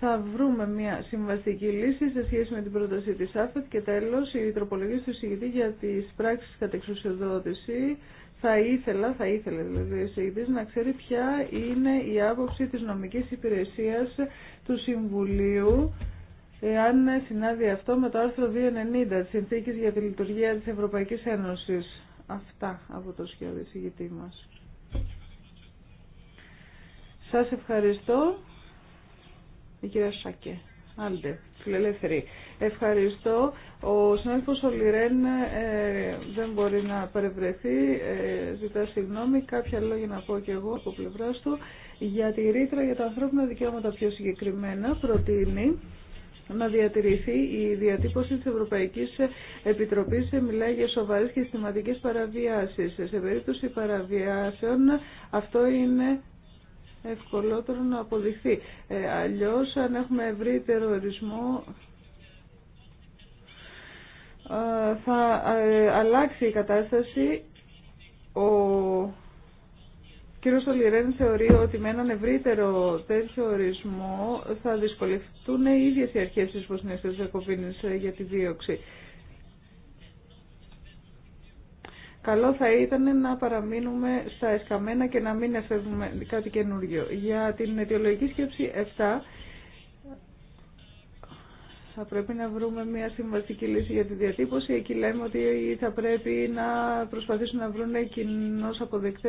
θα βρούμε μια συμβαστική λύση σε σχέση με την πρόταση της ΑΦΕΤ και τέλος η τροπολογία του εισηγητή για τις πράξεις εξουσιοδότηση θα ήθελα, θα ήθελε δηλαδή ο εισηγητής να ξέρει ποια είναι η άποψη της νομικής υπηρεσίας του Συμβουλίου εάν συνάδει αυτό με το άρθρο 290 της Συνθήκης για τη Λειτουργία της Ευρωπαϊκής Ένωσης. Αυτά από το σχέδιο εισηγητή μας. Σας ευχαριστώ. Η κυρία Σακέ. Άλτε, φιλελεύθερη. Ευχαριστώ. Ο συνάδελφος Ολυρέν ε, δεν μπορεί να παρευρεθεί. Ε, ζητά συγγνώμη. Κάποια λόγια να πω και εγώ από πλευρά του. Για τη ρήτρα για τα ανθρώπινα δικαιώματα πιο συγκεκριμένα προτείνει να διατηρηθεί η διατύπωση της Ευρωπαϊκής Επιτροπής μιλάει για σοβαρές και συστηματικές παραβιάσεις. Σε περίπτωση παραβιάσεων αυτό είναι ευκολότερο να αποδειχθεί. Ε, αλλιώς αν έχουμε ευρύτερο ορισμό ε, θα ε, αλλάξει η κατάσταση. Ο κύριος Ολιρέν θεωρεί ότι με έναν ευρύτερο τέτοιο ορισμό θα δυσκολευτούν οι ίδιες οι αρχές της Βοσνίας της Ζακοβίνης ε, για τη δίωξη. Καλό θα ήταν να παραμείνουμε στα εσκαμμένα και να μην εφεύρουμε κάτι καινούργιο. Για την αιτιολογική σκέψη 7 θα πρέπει να βρούμε μια συμβαστική λύση για τη διατύπωση. Εκεί λέμε ότι θα πρέπει να προσπαθήσουν να βρουν κοινώ αποδεκτέ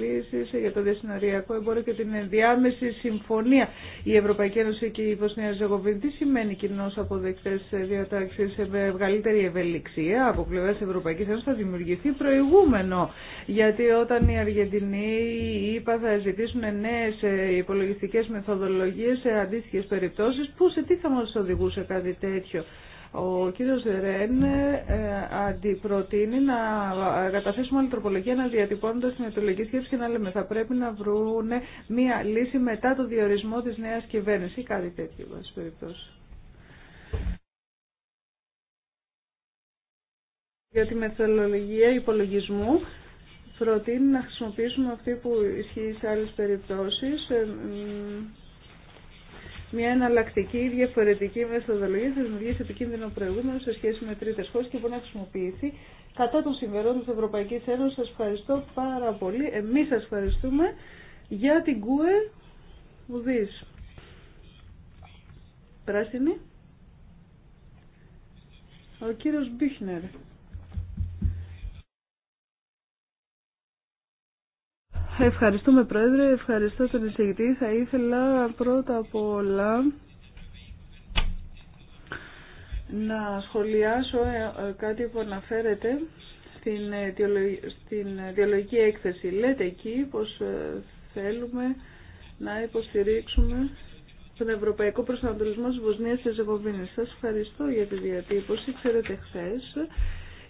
λύσει για το διασυναριακό εμπόριο και την ενδιάμεση συμφωνία. Η Ευρωπαϊκή Ένωση και η Βοσνία Ζεγοβίνη, τι σημαίνει κοινώ αποδεκτέ διατάξει σε μεγαλύτερη ευελιξία από πλευρά τη Ευρωπαϊκή Ένωση, θα δημιουργηθεί προηγούμενο. Γιατί όταν οι Αργεντινοί είπα θα ζητήσουν νέε υπολογιστικέ μεθοδολογίε σε αντίστοιχε περιπτώσει, πού σε τι θα μα οδηγούσε κάτι κάτι τέτοιο. Ο κύριος Ρεν ε, αντιπροτείνει να καταθέσουμε άλλη τροπολογία να διατυπώνοντας την ετολογική σκέψη και να λέμε θα πρέπει να βρουν μία λύση μετά το διορισμό της νέας κυβέρνησης ή κάτι τέτοιο, βάση περιπτώσει. Για τη μεθολογία υπολογισμού προτείνει να χρησιμοποιήσουμε αυτή που ισχύει σε άλλες περιπτώσεις ε, μια εναλλακτική διαφορετική μεθοδολογία θα δημιουργήσει επικίνδυνο προηγούμενο σε σχέση με τρίτε χώρε και μπορεί να χρησιμοποιηθεί κατά των συμφερόντων τη Ευρωπαϊκή Ένωση. Σα ευχαριστώ πάρα πολύ. Εμεί σα ευχαριστούμε για την ΚΟΕ Ουδή. Πράσινη. Ο κύριος Μπίχνερ. Ευχαριστούμε Πρόεδρε, ευχαριστώ τον εισηγητή. Θα ήθελα πρώτα απ' όλα να σχολιάσω ε, ε, κάτι που αναφέρεται στην διαλογική ε, έκθεση. Λέτε εκεί πως θέλουμε να υποστηρίξουμε τον Ευρωπαϊκό Προσανατολισμό της Βοσνίας και Σα Σας ευχαριστώ για τη διατύπωση. Ξέρετε χθε.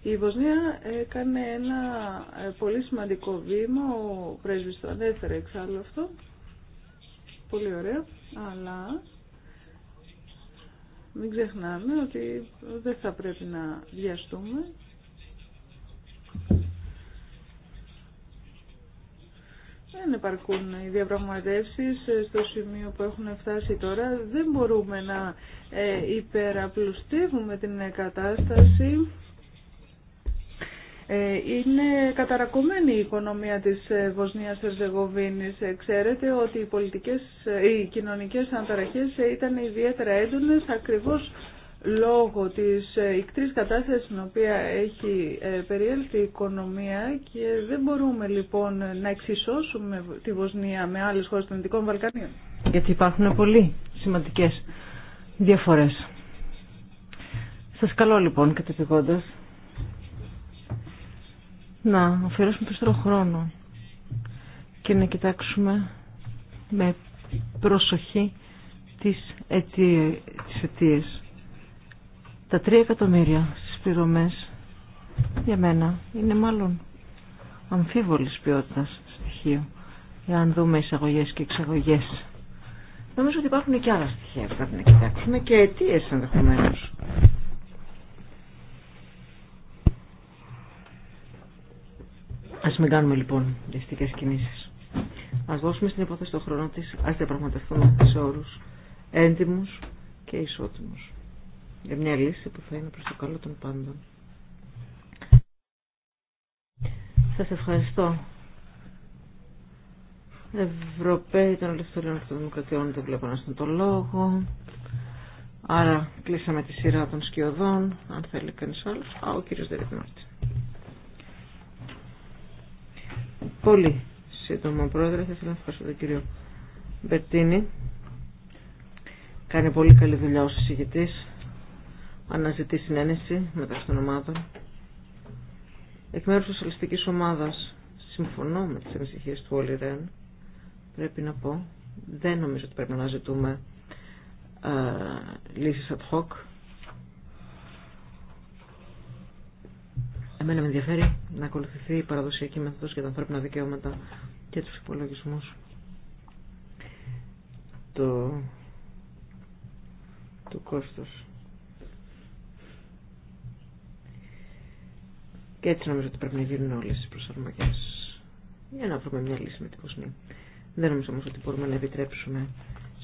Η Βοσνία έκανε ένα ε, πολύ σημαντικό βήμα, ο πρέσβης το ανέφερε εξάλλου αυτό, πολύ ωραίο, αλλά μην ξεχνάμε ότι δεν θα πρέπει να βιαστούμε. Δεν επαρκούν οι διαπραγματεύσεις ε, στο σημείο που έχουν φτάσει τώρα. Δεν μπορούμε να ε, υπεραπλουστεύουμε την κατάσταση ε, είναι καταρακωμένη η οικονομία της ε, Βοσνίας Ερζεγοβίνης. Ε, ξέρετε ότι οι, πολιτικές, οι κοινωνικές ανταραχές ήταν ιδιαίτερα έντονες ακριβώς λόγω της ικτρής κατάστασης στην οποία έχει περιέλθει η οικονομία και δεν μπορούμε λοιπόν να εξισώσουμε τη Βοσνία με άλλες χώρες των Δυτικών Βαλκανίων. Γιατί υπάρχουν πολύ σημαντικές διαφορές. Σας καλώ λοιπόν κατεπηγόντας να αφιερώσουμε περισσότερο χρόνο και να κοιτάξουμε με προσοχή τις αιτίες. Τα τρία εκατομμύρια στις πληρωμές για μένα είναι μάλλον αμφίβολης ποιότητας στοιχείο. Εάν δούμε εισαγωγέ και εξαγωγέ. Νομίζω ότι υπάρχουν και άλλα στοιχεία που πρέπει να κοιτάξουμε και αιτίε ενδεχομένω. Α μην κάνουμε λοιπόν δυστικές κινήσει. Ας δώσουμε στην υπόθεση τον χρόνο τη α διαπραγματευτούμε του όρου έντιμους και ισότιμους. Για μια λύση που θα είναι προ το καλό των πάντων. Σα ευχαριστώ. Ευρωπαίοι των Ελευθεριών και των Δημοκρατιών δεν βλέπω να στον το λόγο. Άρα κλείσαμε τη σειρά των σκιωδών. Αν θέλει κανεί άλλο. Α, ο κύριος Δερικνώτη. Πολύ σύντομα, Πρόεδρε. Θα ήθελα να ευχαριστώ τον κύριο Μπερτίνη. Κάνει πολύ καλή δουλειά ως εισηγητής. Αναζητεί συνένεση μεταξύ των ομάδων. Εκ μέρους της σοσιαλιστικής ομάδας συμφωνώ με τις ανησυχίε του Όλη Ρεν. Πρέπει να πω, δεν νομίζω ότι πρέπει να ζητούμε λύσει λύσεις ad hoc Εμένα με ενδιαφέρει να ακολουθηθεί η παραδοσιακή μέθοδος για τα ανθρώπινα δικαιώματα και τους υπολογισμού. Το... του κόστος. Και έτσι νομίζω ότι πρέπει να γίνουν όλες τις προσαρμογές για να βρούμε μια λύση με την Κοσμή. Δεν νομίζω όμως ότι μπορούμε να επιτρέψουμε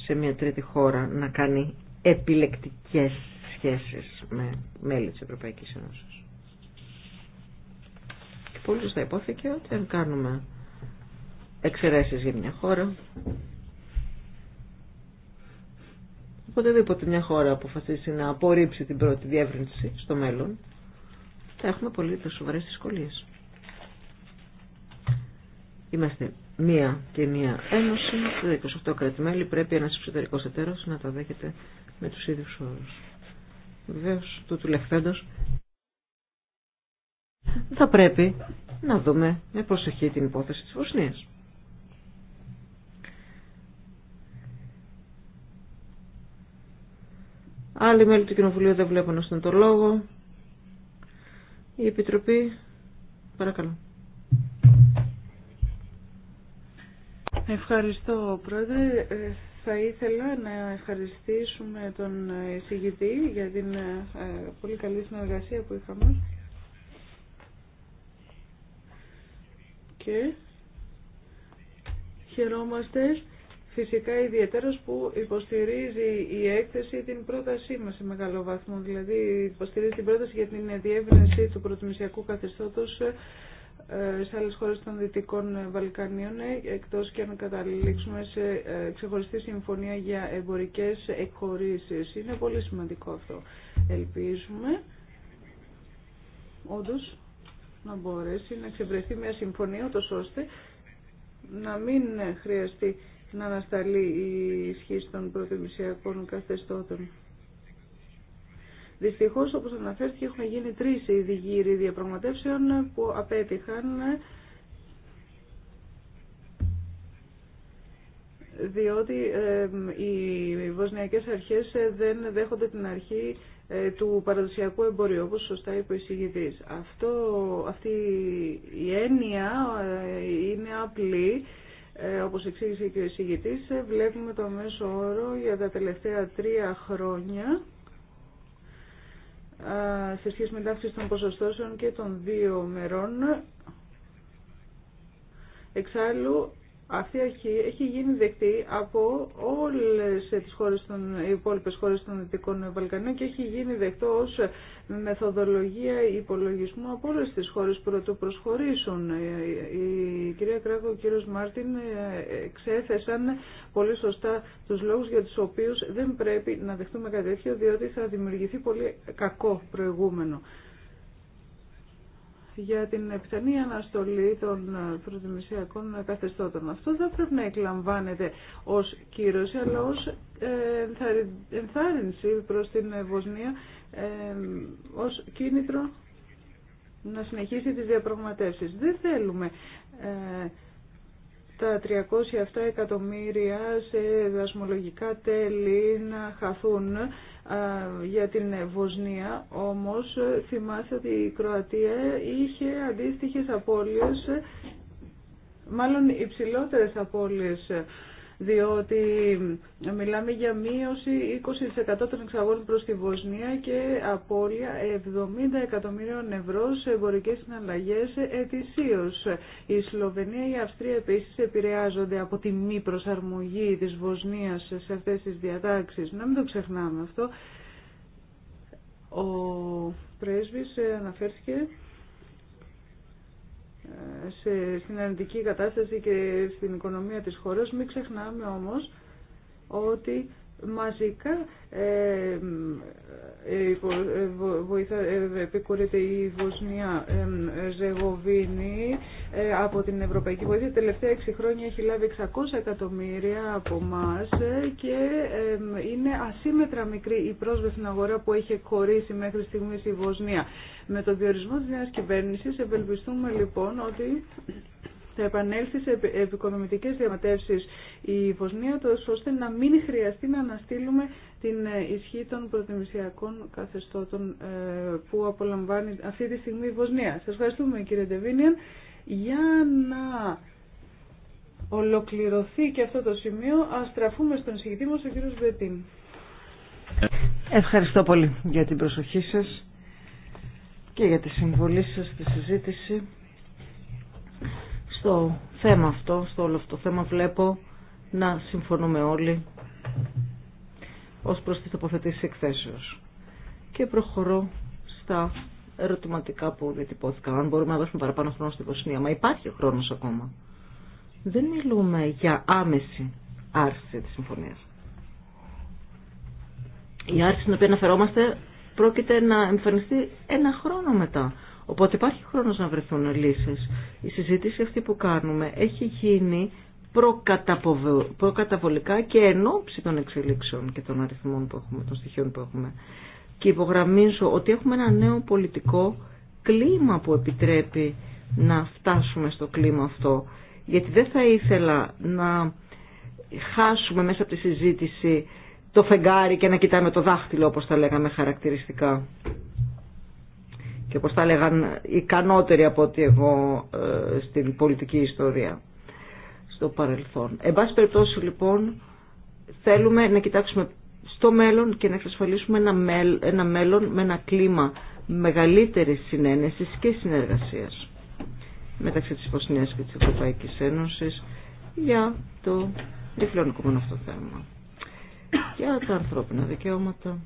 σε μια τρίτη χώρα να κάνει επιλεκτικές σχέσεις με μέλη της Ευρωπαϊκής Ένωσης πολύ σωστά υπόθηκε ότι αν κάνουμε εξαιρέσει για μια χώρα, οποτεδήποτε μια χώρα αποφασίσει να απορρίψει την πρώτη διεύρυνση στο μέλλον, θα έχουμε πολύ σοβαρέ δυσκολίε. Είμαστε μία και μία ένωση, Το 28 κρατημέλη πρέπει ένας εξωτερικός εταίρος να τα δέχεται με τους ίδιους όρους. Βεβαίως, τούτου λεφθέντος θα πρέπει να δούμε με προσοχή την υπόθεση της Βοσνίας. Άλλοι μέλη του Κοινοβουλίου δεν βλέπουν στον το λόγο. Η Επιτροπή, παρακαλώ. Ευχαριστώ, Πρόεδρε. Ε, θα ήθελα να ευχαριστήσουμε τον εισηγητή για την ε, ε, πολύ καλή συνεργασία που είχαμε. και χαιρόμαστε φυσικά ιδιαίτερα που υποστηρίζει η έκθεση την πρότασή μας σε μεγάλο βαθμό. Δηλαδή υποστηρίζει την πρόταση για την διεύρυνση του πρωτομησιακού καθεστώτος ε, σε άλλες χώρες των Δυτικών Βαλκανίων, ε, εκτός και να καταλήξουμε σε ε, ξεχωριστή συμφωνία για εμπορικές εκχωρήσεις. Είναι πολύ σημαντικό αυτό, ελπίζουμε. Όντως, να μπορέσει να ξεβρεθεί μια συμφωνία, ούτως ώστε να μην χρειαστεί να ανασταλεί η ισχύ των προτιμησιακών καθεστώτων. Δυστυχώς, όπως αναφέρθηκε, έχουν γίνει τρεις ήδη διαπραγματεύσεων που απέτυχαν διότι οι βοσνιακές αρχές δεν δέχονται την αρχή ε, του παραδοσιακού εμπορίου, όπως σωστά είπε ο εισηγητής. Αυτό, αυτή η έννοια ε, είναι απλή, ε, όπως εξήγησε και ο εισηγητής. Βλέπουμε το μέσο όρο για τα τελευταία τρία χρόνια σε σχέση με την αύξηση των ποσοστώσεων και των δύο μερών. Εξάλλου, αυτή έχει γίνει δεκτή από όλες τις χώρες των, υπόλοιπες χώρες των Δυτικών Βαλκανίων και έχει γίνει δεκτό μεθοδολογία υπολογισμού από όλες τις χώρες που το προσχωρήσουν. Η κυρία Κράκο και ο κύριος Μάρτιν ε, ξέθεσαν πολύ σωστά τους λόγους για τους οποίους δεν πρέπει να δεχτούμε κάτι διότι θα δημιουργηθεί πολύ κακό προηγούμενο για την πιθανή αναστολή των προδημησιακών καθεστώτων. Αυτό δεν πρέπει να εκλαμβάνεται ως κύρωση, αλλά ως ε, ενθάρρυνση προς την Βοσνία, ε, ως κίνητρο να συνεχίσει τις διαπραγματεύσεις. Δεν θέλουμε ε, τα 307 εκατομμύρια σε δασμολογικά τέλη να χαθούν για την Βοσνία, όμως θυμάστε ότι η Κροατία είχε αντίστοιχες απώλειες, μάλλον υψηλότερες απώλειες διότι μιλάμε για μείωση 20% των εξαγών προς τη Βοσνία και απώλεια 70 εκατομμύριων ευρώ σε εμπορικές συναλλαγές ετησίως. Η Σλοβενία και η Αυστρία επίσης επηρεάζονται από τη μη προσαρμογή της Βοσνίας σε αυτές τις διατάξεις. Να μην το ξεχνάμε αυτό. Ο πρέσβης αναφέρθηκε σε, στην αρνητική κατάσταση και στην οικονομία της χώρας. Μην ξεχνάμε όμως ότι μαζικά ε, ε, ε, ε, επικουρείται η Βοσνία Ζεγοβίνη από την Ευρωπαϊκή Βοήθεια. Τα τελευταία 6 χρόνια έχει λάβει 600 εκατομμύρια από εμά και είναι ασύμετρα μικρή η πρόσβαση στην αγορά που έχει χωρίσει μέχρι στιγμή η Βοσνία. Με τον διορισμό της νέας κυβέρνησης ευελπιστούμε λοιπόν ότι θα επανέλθει σε επικοδομητικές διαματεύσεις η Βοσνία, ώστε να μην χρειαστεί να αναστείλουμε την ε, ισχύ των προτιμησιακών καθεστώτων ε, που απολαμβάνει αυτή τη στιγμή η Βοσνία. Σας ευχαριστούμε κύριε Ντεβίνιαν για να ολοκληρωθεί και αυτό το σημείο, ας στραφούμε στον συγκεκριτή μας, ο κύριο Βετίν. Ευχαριστώ πολύ για την προσοχή σας και για τη συμβολή σας στη συζήτηση. Στο θέμα αυτό, στο όλο αυτό το θέμα βλέπω να συμφωνούμε όλοι ως προς τις τοποθετήσεις εκθέσεως. Και προχωρώ στα ερωτηματικά που διατυπώθηκαν. Αν μπορούμε να δώσουμε παραπάνω χρόνο στην Βοσνία. Μα υπάρχει ο χρόνος ακόμα. Δεν μιλούμε για άμεση άρση της συμφωνίας. Η άρση στην οποία αναφερόμαστε πρόκειται να εμφανιστεί ένα χρόνο μετά. Οπότε υπάρχει χρόνος να βρεθούν λύσεις. Η συζήτηση αυτή που κάνουμε έχει γίνει προκαταβολικά και εν ώψη των εξελίξεων και των αριθμών που έχουμε, των στοιχείων που έχουμε. Και υπογραμμίζω ότι έχουμε ένα νέο πολιτικό κλίμα που επιτρέπει να φτάσουμε στο κλίμα αυτό. Γιατί δεν θα ήθελα να χάσουμε μέσα από τη συζήτηση το φεγγάρι και να κοιτάμε το δάχτυλο όπως τα λέγαμε χαρακτηριστικά. Και όπως τα λέγαν ικανότεροι από ότι εγώ ε, στην πολιτική ιστορία το παρελθόν. Εν πάση περιπτώσει λοιπόν θέλουμε να κοιτάξουμε στο μέλλον και να εξασφαλίσουμε ένα μέλλον με ένα κλίμα μεγαλύτερης συνένεσης και συνεργασίας μεταξύ της Βοσνίας και της Ευρωπαϊκής Ένωσης για το τυφλώνικο μόνο αυτό θέμα. Για τα ανθρώπινα δικαιώματα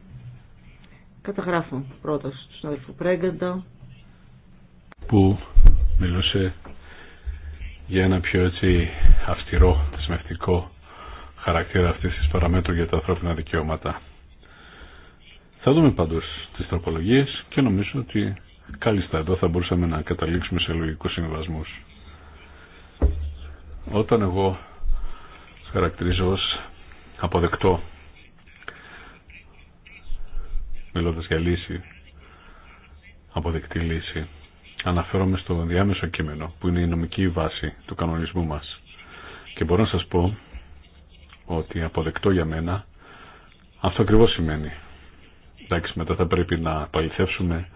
καταγράφω πρόταση του συναδελφού Πρέγκαντα που μιλούσε για ένα πιο έτσι αυστηρό, δεσμευτικό χαρακτήρα αυτής της παραμέτρου για τα ανθρώπινα δικαιώματα. Θα δούμε πάντως τις τροπολογίες και νομίζω ότι κάλλιστα εδώ θα μπορούσαμε να καταλήξουμε σε λογικούς συμβασμούς. Όταν εγώ χαρακτηρίζω ως αποδεκτό μιλώντας για λύση αποδεκτή λύση αναφέρομαι στο διάμεσο κείμενο που είναι η νομική βάση του κανονισμού μας. Και μπορώ να σας πω ότι αποδεκτό για μένα αυτό ακριβώς σημαίνει. Εντάξει, μετά θα πρέπει να παληθεύσουμε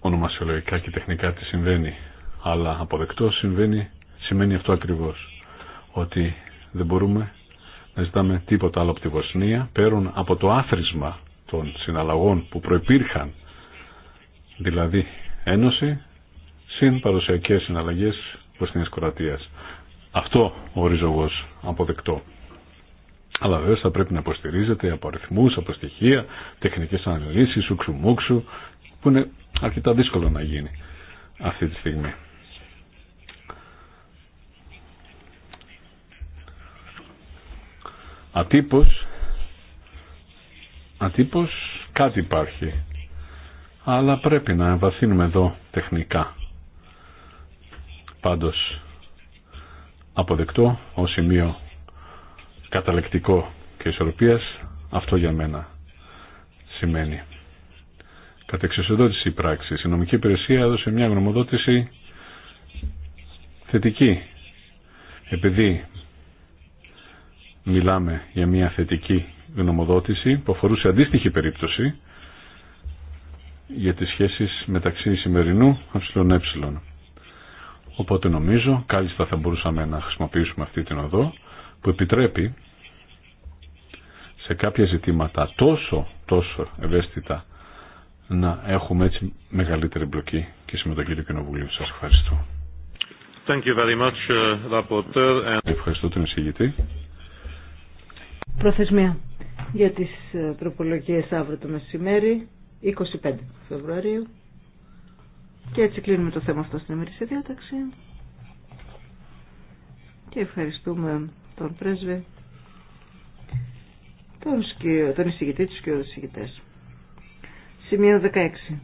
ονομασιολογικά και τεχνικά τι συμβαίνει. Αλλά αποδεκτό συμβαίνει, σημαίνει αυτό ακριβώς. Ότι δεν μπορούμε να ζητάμε τίποτα άλλο από τη Βοσνία πέραν από το άθροισμα των συναλλαγών που προϋπήρχαν δηλαδή Ένωση συν παρουσιακές συναλλαγές την εσκορατία. Αυτό ο ριζογός αποδεκτό. Αλλά βέβαια θα πρέπει να υποστηρίζεται από αριθμού, από στοιχεία, τεχνικέ αναλύσει, ουξουμούξου, που είναι αρκετά δύσκολο να γίνει αυτή τη στιγμή. Ατύπως, ατύπως κάτι υπάρχει αλλά πρέπει να εμβαθύνουμε εδώ τεχνικά. Πάντως, αποδεκτό ως σημείο καταλεκτικό και ισορροπίας, αυτό για μένα σημαίνει. Κατ' η πράξη, η νομική υπηρεσία έδωσε μια γνωμοδότηση θετική. Επειδή μιλάμε για μια θετική γνωμοδότηση που αφορούσε αντίστοιχη περίπτωση, για τις σχέσεις μεταξύ σημερινού Ε. Οπότε νομίζω κάλλιστα θα μπορούσαμε να χρησιμοποιήσουμε αυτή την οδό που επιτρέπει σε κάποια ζητήματα τόσο, τόσο ευαίσθητα να έχουμε έτσι μεγαλύτερη μπλοκή και συμμετοχή του Κοινοβουλίου. Σας ευχαριστώ. Thank you very much, uh, Ευχαριστώ τον εισηγητή. Προθεσμία για τις προπολογίες ε, αύριο το μεσημέρι. 25 Φεβρουαρίου. Και έτσι κλείνουμε το θέμα αυτό στην ημερήσια διάταξη. Και ευχαριστούμε τον πρέσβη, τον, σκιο, τον εισηγητή, του και όλους εισηγητές. Σημείο 16.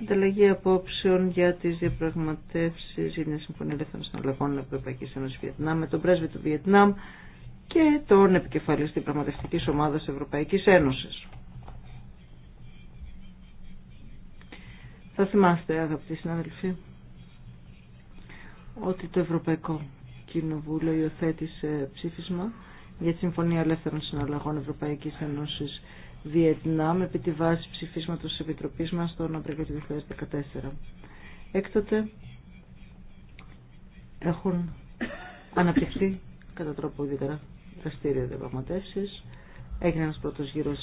Ανταλλαγή απόψεων για τι διαπραγματεύσει για μια συμφωνία ελεύθερων συναλλαγών Ευρωπαϊκή Ένωση Βιετνάμ με τον πρέσβη του Βιετνάμ, και τον επικεφαλής της Πραγματευτικής Ομάδας Ευρωπαϊκής Ένωσης. Θα θυμάστε αγαπητοί συνάδελφοι ότι το Ευρωπαϊκό Κοινοβούλιο υιοθέτησε ψήφισμα για τη Συμφωνία Ελεύθερων Συναλλαγών Ευρωπαϊκής Ένωσης Βιετνάμ επί τη βάση ψηφίσματος της Επιτροπής μας τον Απρίλιο του 2014. Έκτοτε έχουν αναπτυχθεί κατά τρόπο ιδιαίτερα δραστήριες διαπραγματεύσει. Έγινε ένα πρώτο γύρο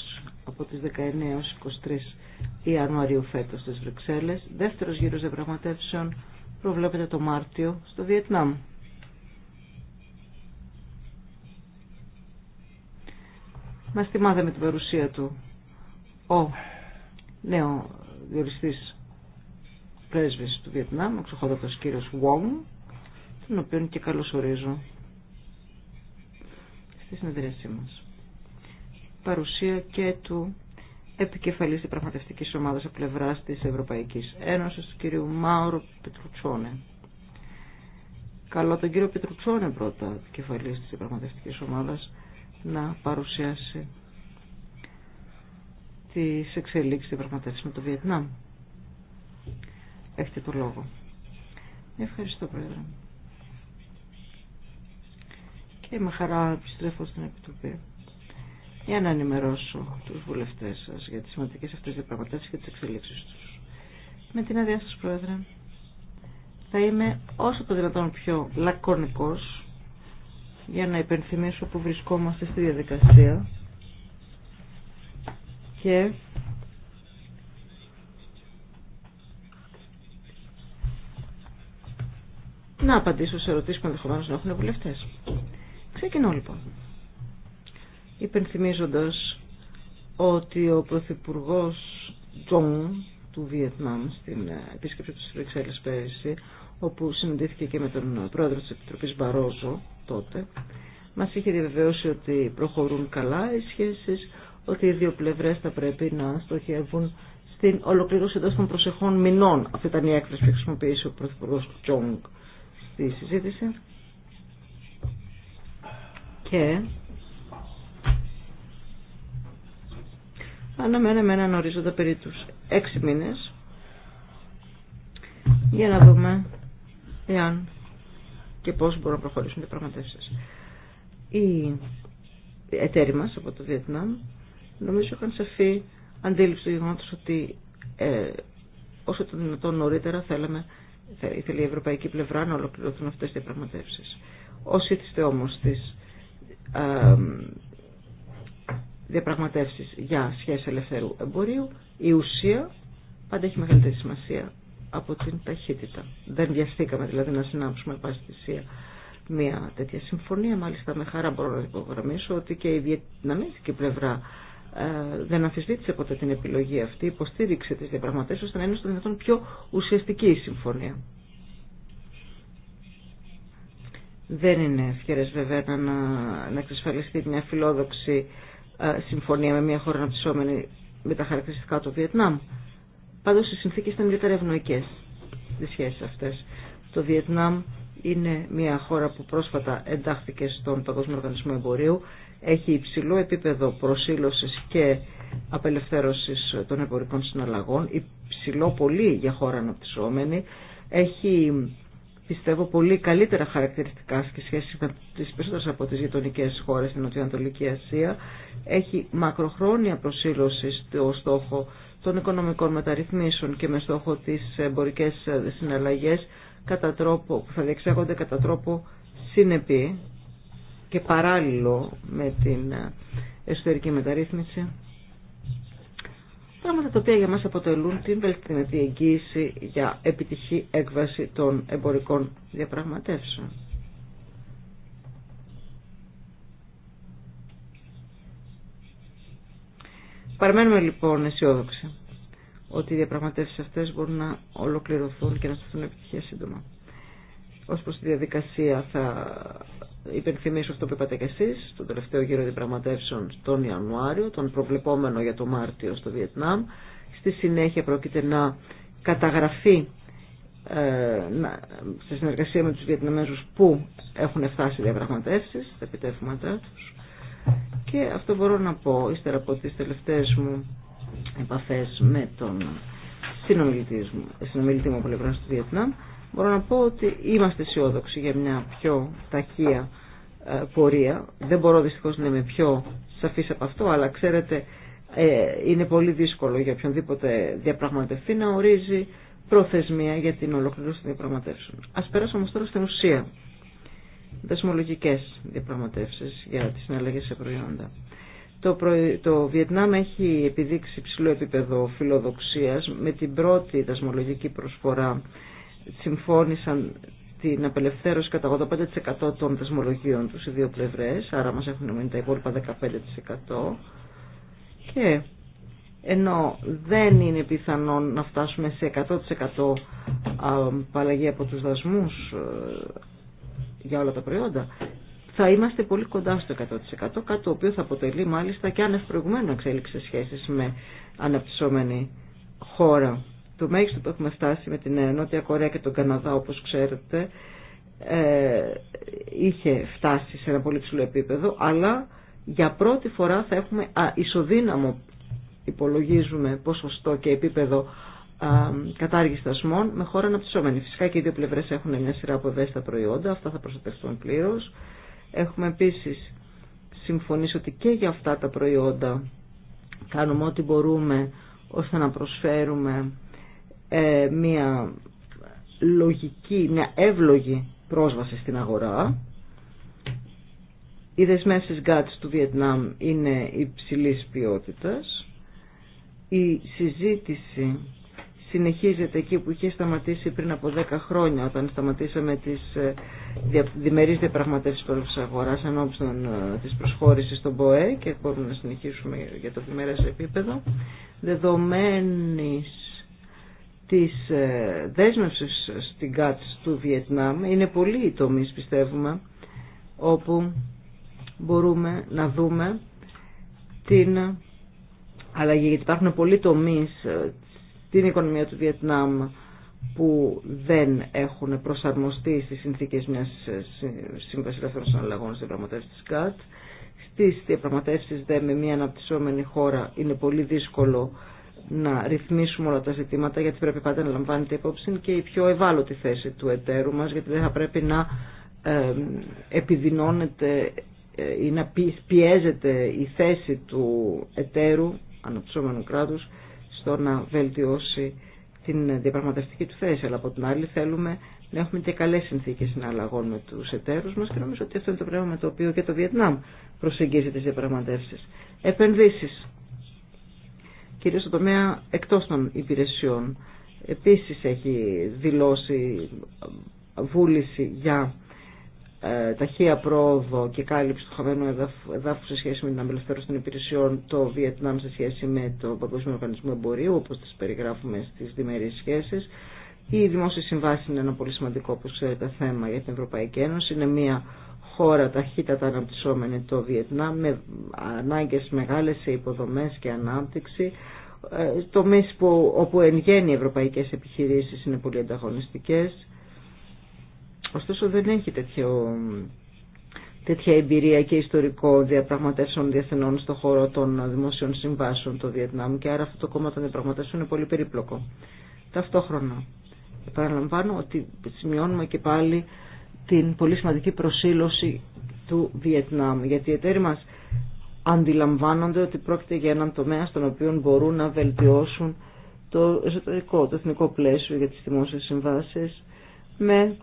από τι 19 έω 23 Ιανουαρίου φέτο στι Βρυξέλλε. Δεύτερο γύρο διαπραγματεύσεων προβλέπεται το Μάρτιο στο Βιετνάμ. Μας θυμάται με την παρουσία του ο νέο διοριστή πρέσβη του Βιετνάμ, ο ξεχωριστό κύριος Wong, τον οποίο και ορίζω στη συνεδρίασή μας. Παρουσία και του επικεφαλής της πραγματευτικής ομάδας από πλευράς της Ευρωπαϊκής Ένωσης, του κ. Μάουρο Πετρουτσόνε. Καλώ τον κύριο Πετρουτσόνε πρώτα, επικεφαλής της πραγματευτικής ομάδας, να παρουσιάσει τις εξελίξεις της πραγματεύσης με το Βιετνάμ. Έχετε το λόγο. Ευχαριστώ, Πρόεδρε και με χαρά επιστρέφω στην Επιτροπή για να ενημερώσω τους βουλευτές σας για τις σημαντικές αυτές διαπραγματεύσεις και τις εξελίξεις τους. Με την αδειά σας, Πρόεδρε, θα είμαι όσο το δυνατόν πιο λακωνικός για να υπενθυμίσω που βρισκόμαστε στη διαδικασία και να απαντήσω σε ερωτήσεις που ενδεχομένως να έχουν βουλευτές. Ξεκινώ λοιπόν. Υπενθυμίζοντας ότι ο Πρωθυπουργό Τζον του Βιετνάμ στην ε, επίσκεψη του Βρυξέλλες πέρυσι, όπου συναντήθηκε και με τον πρόεδρο της Επιτροπής Μπαρόζο τότε, μας είχε διαβεβαιώσει ότι προχωρούν καλά οι σχέσεις, ότι οι δύο πλευρές θα πρέπει να στοχεύουν στην ολοκλήρωση των προσεχών μηνών. Αυτή ήταν η έκφραση που χρησιμοποίησε ο Πρωθυπουργό Τζόγκ στη συζήτηση και αναμένουμε έναν ορίζοντα περί τους έξι μήνες για να δούμε εάν και πώς μπορούν να προχωρήσουν οι πραγματεύσεις. Οι εταίροι μας από το Βιετνάμ νομίζω είχαν σαφή αντίληψη του γεγονότος ότι ε, όσο το δυνατόν νωρίτερα θέλαμε, ήθελε η ευρωπαϊκή πλευρά να ολοκληρωθούν αυτές οι διαπραγματεύσεις. Όσοι είστε όμως τις διαπραγματεύσεις για σχέση ελευθερού εμπορίου, η ουσία πάντα έχει μεγαλύτερη σημασία από την ταχύτητα. Δεν βιαστήκαμε δηλαδή να συνάψουμε πάση θυσία μια τέτοια συμφωνία. Μάλιστα με χαρά μπορώ να υπογραμμίσω ότι και η βιετναμέζικη πλευρά ε, δεν αφισβήτησε ποτέ την επιλογή αυτή, υποστήριξε τις διαπραγματεύσεις ώστε να είναι στο δυνατόν πιο ουσιαστική η συμφωνία. Δεν είναι ευκαιρές, βέβαια να, να εξασφαλιστεί μια φιλόδοξη συμφωνία με μια χώρα αναπτυσσόμενη με τα χαρακτηριστικά του Βιετνάμ. Πάντως οι συνθήκες ήταν ιδιαίτερα ευνοϊκές τις σχέσεις αυτές. Το Βιετνάμ είναι μια χώρα που πρόσφατα εντάχθηκε στον Παγκόσμιο Οργανισμό Εμπορίου. Έχει υψηλό επίπεδο προσήλωσης και απελευθέρωσης των εμπορικών συναλλαγών. Υψηλό πολύ για χώρα αναπτυσσόμενη. Έχει πιστεύω πολύ καλύτερα χαρακτηριστικά σε σχέση με τις περισσότερες από τις γειτονικέ χώρες στην Νοτιοανατολική Ασία. Έχει μακροχρόνια προσήλωση στο στόχο των οικονομικών μεταρρυθμίσεων και με στόχο τις εμπορικές συναλλαγές κατά τρόπο, που θα διεξάγονται κατά τρόπο συνεπή και παράλληλο με την εσωτερική μεταρρύθμιση πράγματα τα οποία για μας αποτελούν την βελτιωτική εγγύηση για επιτυχή έκβαση των εμπορικών διαπραγματεύσεων. Παραμένουμε λοιπόν αισιόδοξοι ότι οι διαπραγματεύσεις αυτές μπορούν να ολοκληρωθούν και να σταθούν επιτυχία σύντομα. Ως προς τη διαδικασία θα υπενθυμίσω αυτό που είπατε και εσεί, τον τελευταίο γύρο διαπραγματεύσεων τον Ιανουάριο, τον προβλεπόμενο για το Μάρτιο στο Βιετνάμ. Στη συνέχεια πρόκειται να καταγραφεί ε, σε συνεργασία με τους Βιετναμέζους που έχουν φτάσει διαπραγματεύσεις, τα επιτεύγματά τους. Και αυτό μπορώ να πω, ύστερα από τις τελευταίες μου επαφές με τον συνομιλητή μου, συνομιλητή μου από Βιετνάμ, μπορώ να πω ότι είμαστε αισιόδοξοι για μια πιο ταχεία ε, πορεία. Δεν μπορώ δυστυχώς να είμαι πιο σαφής από αυτό, αλλά ξέρετε ε, είναι πολύ δύσκολο για οποιονδήποτε διαπραγματευτεί να ορίζει προθεσμία για την ολοκλήρωση των διαπραγματεύσεων. Ας περάσουμε όμως τώρα στην ουσία. Δεσμολογικές διαπραγματεύσεις για τις συναλλαγές σε προϊόντα. Το, το Βιετνάμ έχει επιδείξει ψηλό επίπεδο φιλοδοξίας με την πρώτη δασμολογική προσφορά συμφώνησαν την απελευθέρωση κατά 85% των δεσμολογίων τους οι δύο πλευρές, άρα μας έχουν μείνει τα υπόλοιπα 15% και ενώ δεν είναι πιθανό να φτάσουμε σε 100% απαλλαγή από τους δασμούς ε, για όλα τα προϊόντα, θα είμαστε πολύ κοντά στο 100%, κάτι το οποίο θα αποτελεί μάλιστα και ανευπροηγουμένο εξέλιξη σε με αναπτυσσόμενη χώρα το μέγιστο που έχουμε φτάσει με την ε, Νότια Κορέα και τον Καναδά όπως ξέρετε ε, είχε φτάσει σε ένα πολύ ψηλό επίπεδο αλλά για πρώτη φορά θα έχουμε α, ισοδύναμο υπολογίζουμε ποσοστό και επίπεδο κατάργηση τασμών με χώρα αναπτυσσόμενη. Φυσικά και οι δύο πλευρέ έχουν μια σειρά από ευαίσθητα προϊόντα, αυτά θα προστατευτούν πλήρω. Έχουμε επίση συμφωνήσει ότι και για αυτά τα προϊόντα κάνουμε ό,τι μπορούμε ώστε να προσφέρουμε ε, μια λογική, μια εύλογη πρόσβαση στην αγορά. Οι δεσμεύσεις GATS του Βιετνάμ είναι υψηλής ποιότητας. Η συζήτηση συνεχίζεται εκεί που είχε σταματήσει πριν από 10 χρόνια όταν σταματήσαμε τις ε, διμερείς διαπραγματεύσεις της αγοράς ενώπιστον ε, της προσχώρησης στον ΠΟΕ και μπορούμε να συνεχίσουμε για το διμερές επίπεδο. Δεδομένης της ε, δέσμευσης στην ΚΑΤΣ του Βιετνάμ είναι πολλοί οι τομείς πιστεύουμε όπου μπορούμε να δούμε την αλλαγή γιατί υπάρχουν πολλοί τομείς ε, στην οικονομία του Βιετνάμ που δεν έχουν προσαρμοστεί στις συνθήκες μιας ε, σύμβασης ελεύθερων συναλλαγών στην πραγματεύση της ΚΑΤ. Στις διαπραγματεύσεις δεν με μια αναπτυσσόμενη χώρα είναι πολύ δύσκολο να ρυθμίσουμε όλα τα ζητήματα γιατί πρέπει πάντα να λαμβάνεται υπόψη και η πιο ευάλωτη θέση του εταίρου μας γιατί δεν θα πρέπει να επιδεινώνεται ε, ή να πιέζεται η θέση του εταίρου αναπτυσσόμενου κράτους στο να βελτιώσει την διαπραγματευτική του θέση. Αλλά από την άλλη θέλουμε να έχουμε και καλές συνθήκες συναλλαγών με του εταίρους μας και νομίζω ότι αυτό είναι το πράγμα με το οποίο και το Βιετνάμ προσεγγίζει τι διαπραγματεύσεις. Επενδύσεις κυρίως στο τομέα εκτός των υπηρεσιών. Επίσης έχει δηλώσει βούληση για ε, ταχεία πρόοδο και κάλυψη του χαμένου εδάφου σε σχέση με την απελευθέρωση των υπηρεσιών το Βιετνάμ σε σχέση με το Παγκόσμιο Οργανισμό Εμπορίου, όπως τις περιγράφουμε στις διμερείς σχέσεις. Η Δημόσια Συμβάση είναι ένα πολύ σημαντικό, όπως ξέρετε, θέμα για την Ευρωπαϊκή Ένωση. Είναι μια χώρα ταχύτατα αναπτυσσόμενη το Βιετνάμ με ανάγκες μεγάλες σε υποδομές και ανάπτυξη ε, τομείς που, όπου εν γέννη οι ευρωπαϊκές επιχειρήσεις είναι πολύ ανταγωνιστικές ωστόσο δεν έχει τέτοιο, τέτοια εμπειρία και ιστορικό διαπραγματεύσεων διεθνών στον χώρο των δημοσίων συμβάσεων το Βιετνάμ και άρα αυτό το κόμμα των διαπραγματεύσεων είναι πολύ περίπλοκο ταυτόχρονα επαναλαμβάνω ότι σημειώνουμε και πάλι την πολύ σημαντική προσήλωση του Βιετνάμ. Γιατί οι εταίροι μας αντιλαμβάνονται ότι πρόκειται για έναν τομέα στον οποίο μπορούν να βελτιώσουν το εσωτερικό, το εθνικό πλαίσιο για τις δημόσιες συμβάσεις με,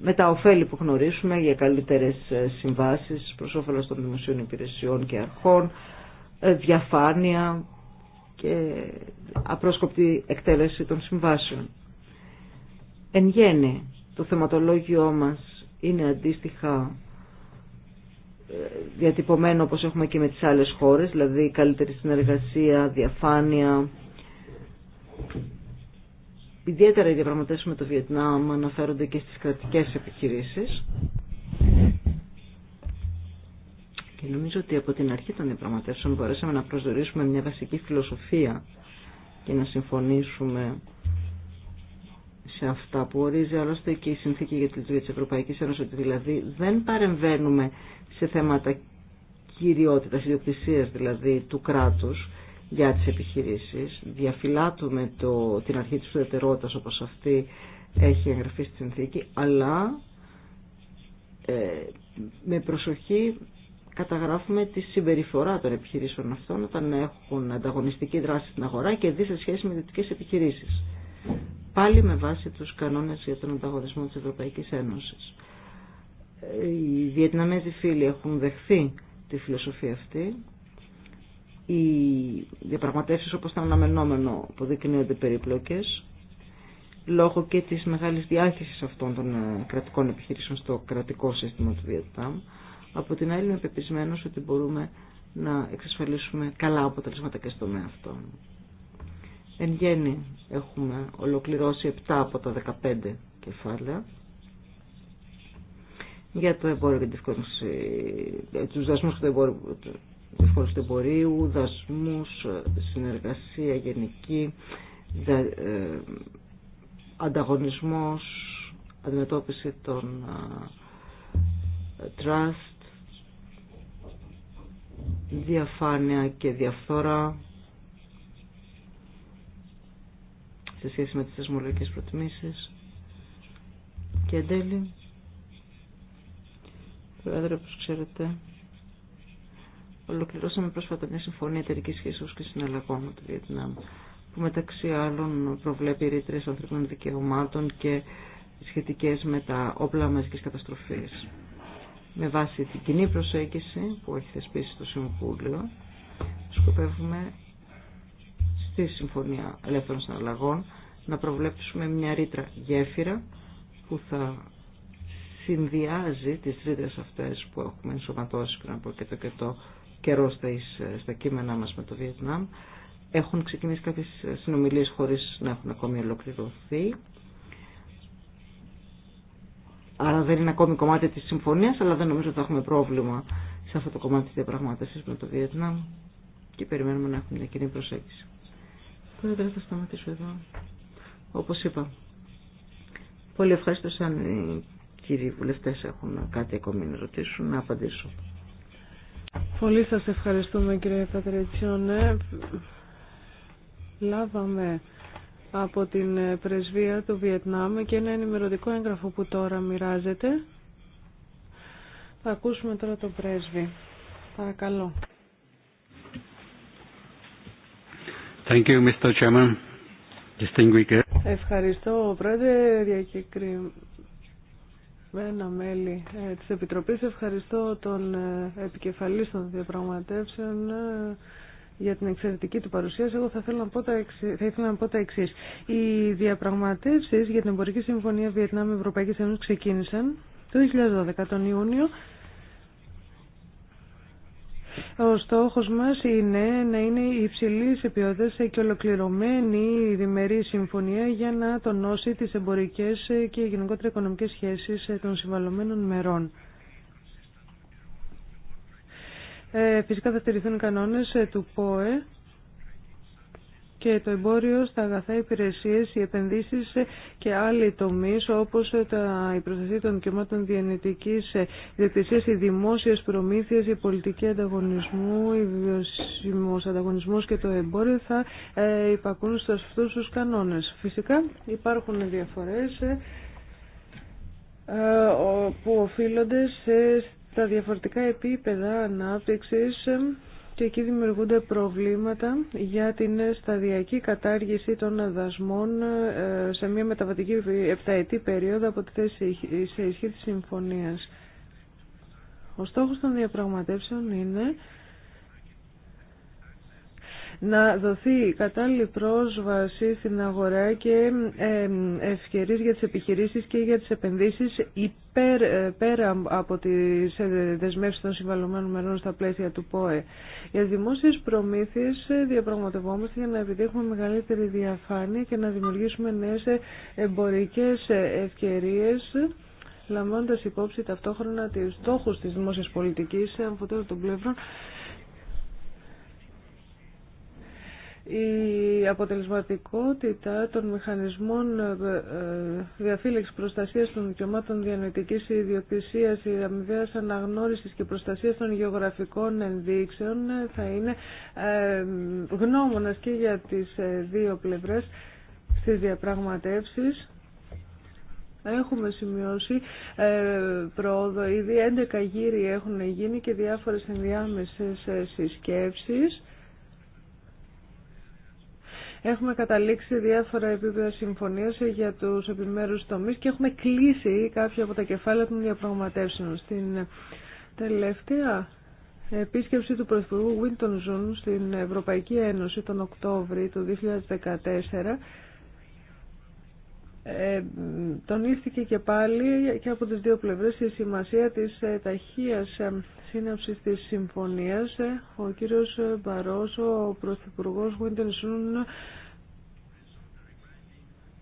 με τα ωφέλη που γνωρίζουμε για καλύτερες συμβάσεις προς όφελος των δημοσίων υπηρεσιών και αρχών, ε, διαφάνεια και απρόσκοπτη εκτέλεση των συμβάσεων. Εν γέννη, το θεματολόγιο μας είναι αντίστοιχα ε, διατυπωμένο όπως έχουμε και με τις άλλες χώρες, δηλαδή καλύτερη συνεργασία, διαφάνεια. Ιδιαίτερα οι διαπραγματεύσεις με το Βιετνάμ αναφέρονται και στις κρατικές επιχειρήσεις. Και νομίζω ότι από την αρχή των διαπραγματεύσεων μπορέσαμε να προσδορίσουμε μια βασική φιλοσοφία και να συμφωνήσουμε σε αυτά που ορίζει άλλωστε και η συνθήκη για τη λειτουργία της Ευρωπαϊκής Ένωσης ότι δηλαδή δεν παρεμβαίνουμε σε θέματα κυριότητας, ιδιοκτησίας δηλαδή του κράτους για τις επιχειρήσεις. Διαφυλάτουμε το, την αρχή της ουδετερότητας όπως αυτή έχει εγγραφεί στη συνθήκη, αλλά ε, με προσοχή καταγράφουμε τη συμπεριφορά των επιχειρήσεων αυτών όταν έχουν ανταγωνιστική δράση στην αγορά και δει σχέση με δυτικέ επιχειρήσεις πάλι με βάση τους κανόνες για τον ανταγωνισμό της Ευρωπαϊκής Ένωσης. Οι Βιετναμέζοι φίλοι έχουν δεχθεί τη φιλοσοφία αυτή. Οι διαπραγματεύσεις όπως ήταν αναμενόμενο αποδεικνύονται περιπλοκές λόγω και της μεγάλης διάχυσης αυτών των ε, κρατικών επιχειρήσεων στο κρατικό σύστημα του Βιετνάμ. Από την άλλη είμαι ότι μπορούμε να εξασφαλίσουμε καλά αποτελέσματα και στο με αυτό. Εν γέννη έχουμε ολοκληρώσει 7 από τα 15 κεφάλαια για το εμπόριο και τη ε, τους δασμούς του εμπόριου, του εμπορίου, δασμούς, ε, συνεργασία γενική, ε, ανταγωνισμός, αντιμετώπιση των ε, trust, διαφάνεια και διαφθορά, σε σχέση με τις θεσμολογικές προτιμήσεις. Και εν τέλει, Πρόεδρε, όπως ξέρετε, ολοκληρώσαμε πρόσφατα μια συμφωνία εταιρικής σχέσης και συναλλαγών με το Βιετνάμ, που μεταξύ άλλων προβλέπει ρήτρες ανθρωπίνων δικαιωμάτων και σχετικές με τα όπλα μαζικής καταστροφής. Με βάση την κοινή προσέγγιση που έχει θεσπίσει το Συμβούλιο, σκοπεύουμε στη Συμφωνία Ελεύθερων Συναλλαγών να προβλέψουμε μια ρήτρα γέφυρα που θα συνδυάζει τις ρήτρες αυτές που έχουμε ενσωματώσει πριν από και το και το καιρό στα, κείμενά μας με το Βιετνάμ. Έχουν ξεκινήσει κάποιες συνομιλίες χωρίς να έχουν ακόμη ολοκληρωθεί. Άρα δεν είναι ακόμη κομμάτι της συμφωνίας, αλλά δεν νομίζω ότι θα έχουμε πρόβλημα σε αυτό το κομμάτι της διαπραγμάτευσης με το Βιετνάμ και περιμένουμε να έχουμε μια κοινή προσέγγιση. Πρόεδρε, θα σταματήσω εδώ. Όπω είπα, πολύ ευχαριστώ αν οι ε, κύριοι Βουλευτέ έχουν κάτι ακόμη να ρωτήσουν, να απαντήσω. Πολύ σας ευχαριστούμε κύριε Πατρετσιόνε. Λάβαμε από την πρεσβεία του Βιετνάμ και ένα ενημερωτικό έγγραφο που τώρα μοιράζεται. Θα ακούσουμε τώρα τον πρέσβη. Παρακαλώ. Thank you, Mr. Chairman. Ευχαριστώ, Πρόεδρε, διακεκριμένα μέλη ε, της Επιτροπής. Ευχαριστώ τον ε, επικεφαλής των διαπραγματεύσεων ε, για την εξαιρετική του παρουσίαση. Εγώ θα, θέλω να πω τα θα ήθελα να πω τα εξή. Οι διαπραγματεύσεις για την εμπορική συμφωνία Βιετνάμ-Ευρωπαϊκής Ένωσης ξεκίνησαν το 2012, τον Ιούνιο, ο στόχος μας είναι να είναι υψηλή ποιότητα και ολοκληρωμένη η διμερή συμφωνία για να τονώσει τις εμπορικές και γενικότερα οικονομικές σχέσεις των συμβαλωμένων μερών. Ε, φυσικά θα τηρηθούν οι κανόνες του ΠΟΕ και το εμπόριο στα αγαθά υπηρεσίες, οι επενδύσεις και άλλοι τομείς όπως τα, η προστασία των δικαιωμάτων διενετικής διατησίας, οι δημόσιες προμήθειες, η πολιτική ανταγωνισμού, ο βιωσιμός ανταγωνισμός και το εμπόριο θα ε, υπακούν στους αυτούς τους κανόνες. Φυσικά υπάρχουν διαφορές ε, ε, που οφείλονται στα διαφορετικά επίπεδα ανάπτυξης και εκεί δημιουργούνται προβλήματα για την σταδιακή κατάργηση των δασμών ε, σε μια μεταβατική επταετή περίοδο από τη θέση σε ισχύ της συμφωνίας. Ο στόχος των διαπραγματεύσεων είναι να δοθεί κατάλληλη πρόσβαση στην αγορά και ε, ευκαιρίες για τις επιχειρήσεις και για τις επενδύσεις υπέρ, ε, πέρα από τις ε, δεσμεύσεις των συμβαλωμένων μερών στα πλαίσια του ΠΟΕ. Για δημόσιες προμήθειες διαπραγματευόμαστε για να επιτύχουμε μεγαλύτερη διαφάνεια και να δημιουργήσουμε νέες εμπορικές ευκαιρίες λαμβάνοντας υπόψη ταυτόχρονα τους στόχους της δημόσιας πολιτικής αμφωτέρω των πλευρών η αποτελεσματικότητα των μηχανισμών ε, ε, διαφύλαξης προστασίας των δικαιωμάτων διανοητικής ιδιοκτησίας, η αμοιβαία αναγνώρισης και προστασίας των γεωγραφικών ενδείξεων ε, θα είναι γνώμονας και για τις δύο πλευρές στις διαπραγματεύσεις. Έχουμε σημειώσει πρόοδο, ήδη 11 γύροι έχουν γίνει και διάφορες ενδιάμεσες συσκέψεις. Έχουμε καταλήξει διάφορα επίπεδα συμφωνία για τους επιμέρους τομείς και έχουμε κλείσει κάποια από τα κεφάλαια των διαπραγματεύσεων. Στην τελευταία επίσκεψη του Πρωθυπουργού Βίντον Ζουν στην Ευρωπαϊκή Ένωση τον Οκτώβριο του 2014 ε, τονίστηκε και πάλι και από τις δύο πλευρές η σημασία της ε, ταχείας ε, σύναψης της συμφωνίας. Ε, ο κύριος Μπαρόσο, ο Πρωθυπουργός Γουίντεν Σούν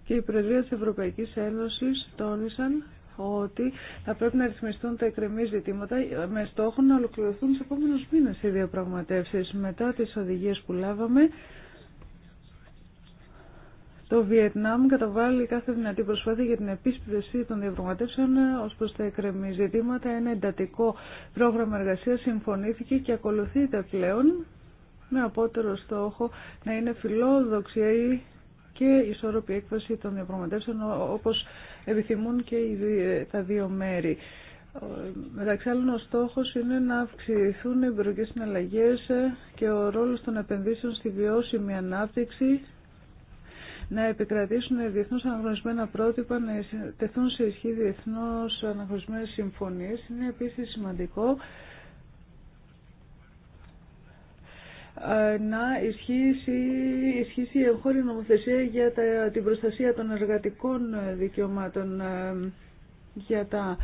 και η Πρεσβεία της Ευρωπαϊκής Ένωσης τόνισαν ότι θα πρέπει να ρυθμιστούν τα εκκρεμή ζητήματα με στόχο να ολοκληρωθούν σε επόμενους μήνες οι διαπραγματεύσεις μετά τις οδηγίες που λάβαμε. Το Βιετνάμ καταβάλει κάθε δυνατή προσπάθεια για την επίσπευση των διαπραγματεύσεων ω προ τα εκρεμή ζητήματα. Ένα εντατικό πρόγραμμα εργασία συμφωνήθηκε και ακολουθείται πλέον με απότερο στόχο να είναι φιλόδοξια η και ισόρροπη έκβαση των διαπραγματεύσεων όπως επιθυμούν και τα δύο μέρη. Μεταξύ άλλων ο στόχος είναι να αυξηθούν οι εμπειρικές συναλλαγές και ο ρόλος των επενδύσεων στη βιώσιμη ανάπτυξη να επικρατήσουν διεθνώς αναγνωρισμένα πρότυπα, να τεθούν σε ισχύ διεθνώς αναγνωρισμένες συμφωνίες. Είναι επίσης σημαντικό ε, να ισχύσει, ισχύσει η εγχώρη νομοθεσία για τα, την προστασία των εργατικών δικαιωμάτων. Ε, για τα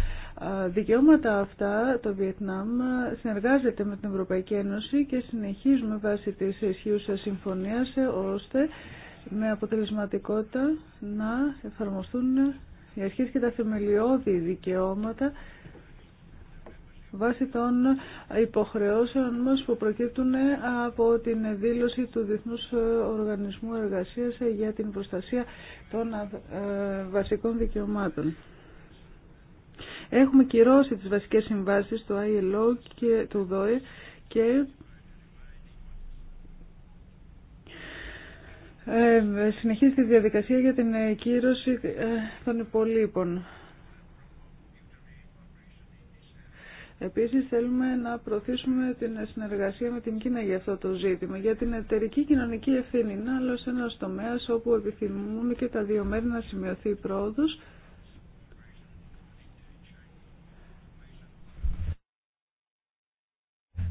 ε, δικαιώματα αυτά το Βιετνάμ συνεργάζεται με την Ευρωπαϊκή Ένωση και συνεχίζουμε βάσει της ισχύουσα συμφωνίας ώστε με αποτελεσματικότητα να εφαρμοστούν οι αρχές και τα θεμελιώδη δικαιώματα βάσει των υποχρεώσεων μας που προκύπτουν από την δήλωση του Διεθνούς Οργανισμού Εργασίας για την προστασία των ε, βασικών δικαιωμάτων. Έχουμε κυρώσει τις βασικές συμβάσεις του ILO και του ΔΟΕ και Ε, συνεχίζει τη διαδικασία για την ε, κύρωση ε, των υπολείπων. Επίσης θέλουμε να προωθήσουμε την συνεργασία με την Κίνα για αυτό το ζήτημα, για την εταιρική κοινωνική ευθύνη. Είναι άλλος ένας τομέας όπου επιθυμούμε και τα δύο μέρη να σημειωθεί η πρόοδος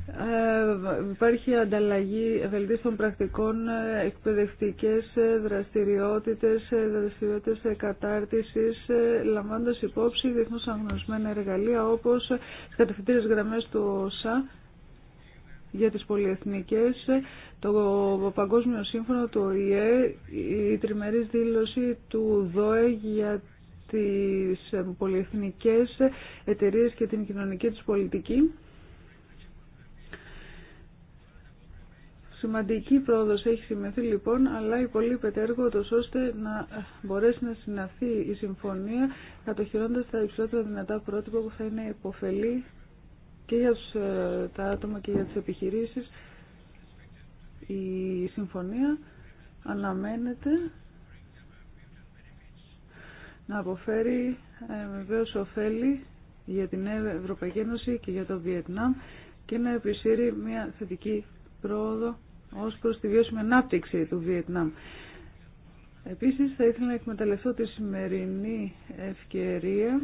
Ε, υπάρχει ανταλλαγή βελτίστων πρακτικών, ε, εκπαιδευτικές ε, δραστηριότητες, δραστηριότητες κατάρτισης, λαμβάνοντας υπόψη διεθνώς αγνωσμένα εργαλεία όπως τις κατευθυντήρες γραμμές του ΩΣΑ για τις πολυεθνικές, το Παγκόσμιο Σύμφωνο του ΟΗΕ, η τριμερής δήλωση του ΔΟΕ για τις πολυεθνικές εταιρείες και την κοινωνική τους πολιτική. Σημαντική πρόοδος έχει σημειωθεί λοιπόν, αλλά υπολείπεται έργο το ώστε να μπορέσει να συναθεί η συμφωνία κατοχυρώνοντας τα υψηλότερα δυνατά πρότυπα που θα είναι υποφελή και για τους, ε, τα άτομα και για τις επιχειρήσεις. Η συμφωνία αναμένεται να αποφέρει ε, βεβαίω ωφέλη για την Ευρωπαϊκή Ένωση και για το Βιετνάμ και να επισύρει μια θετική πρόοδο ως προς τη βιώσιμη ανάπτυξη του Βιετνάμ. Επίσης θα ήθελα να εκμεταλλευτώ τη σημερινή ευκαιρία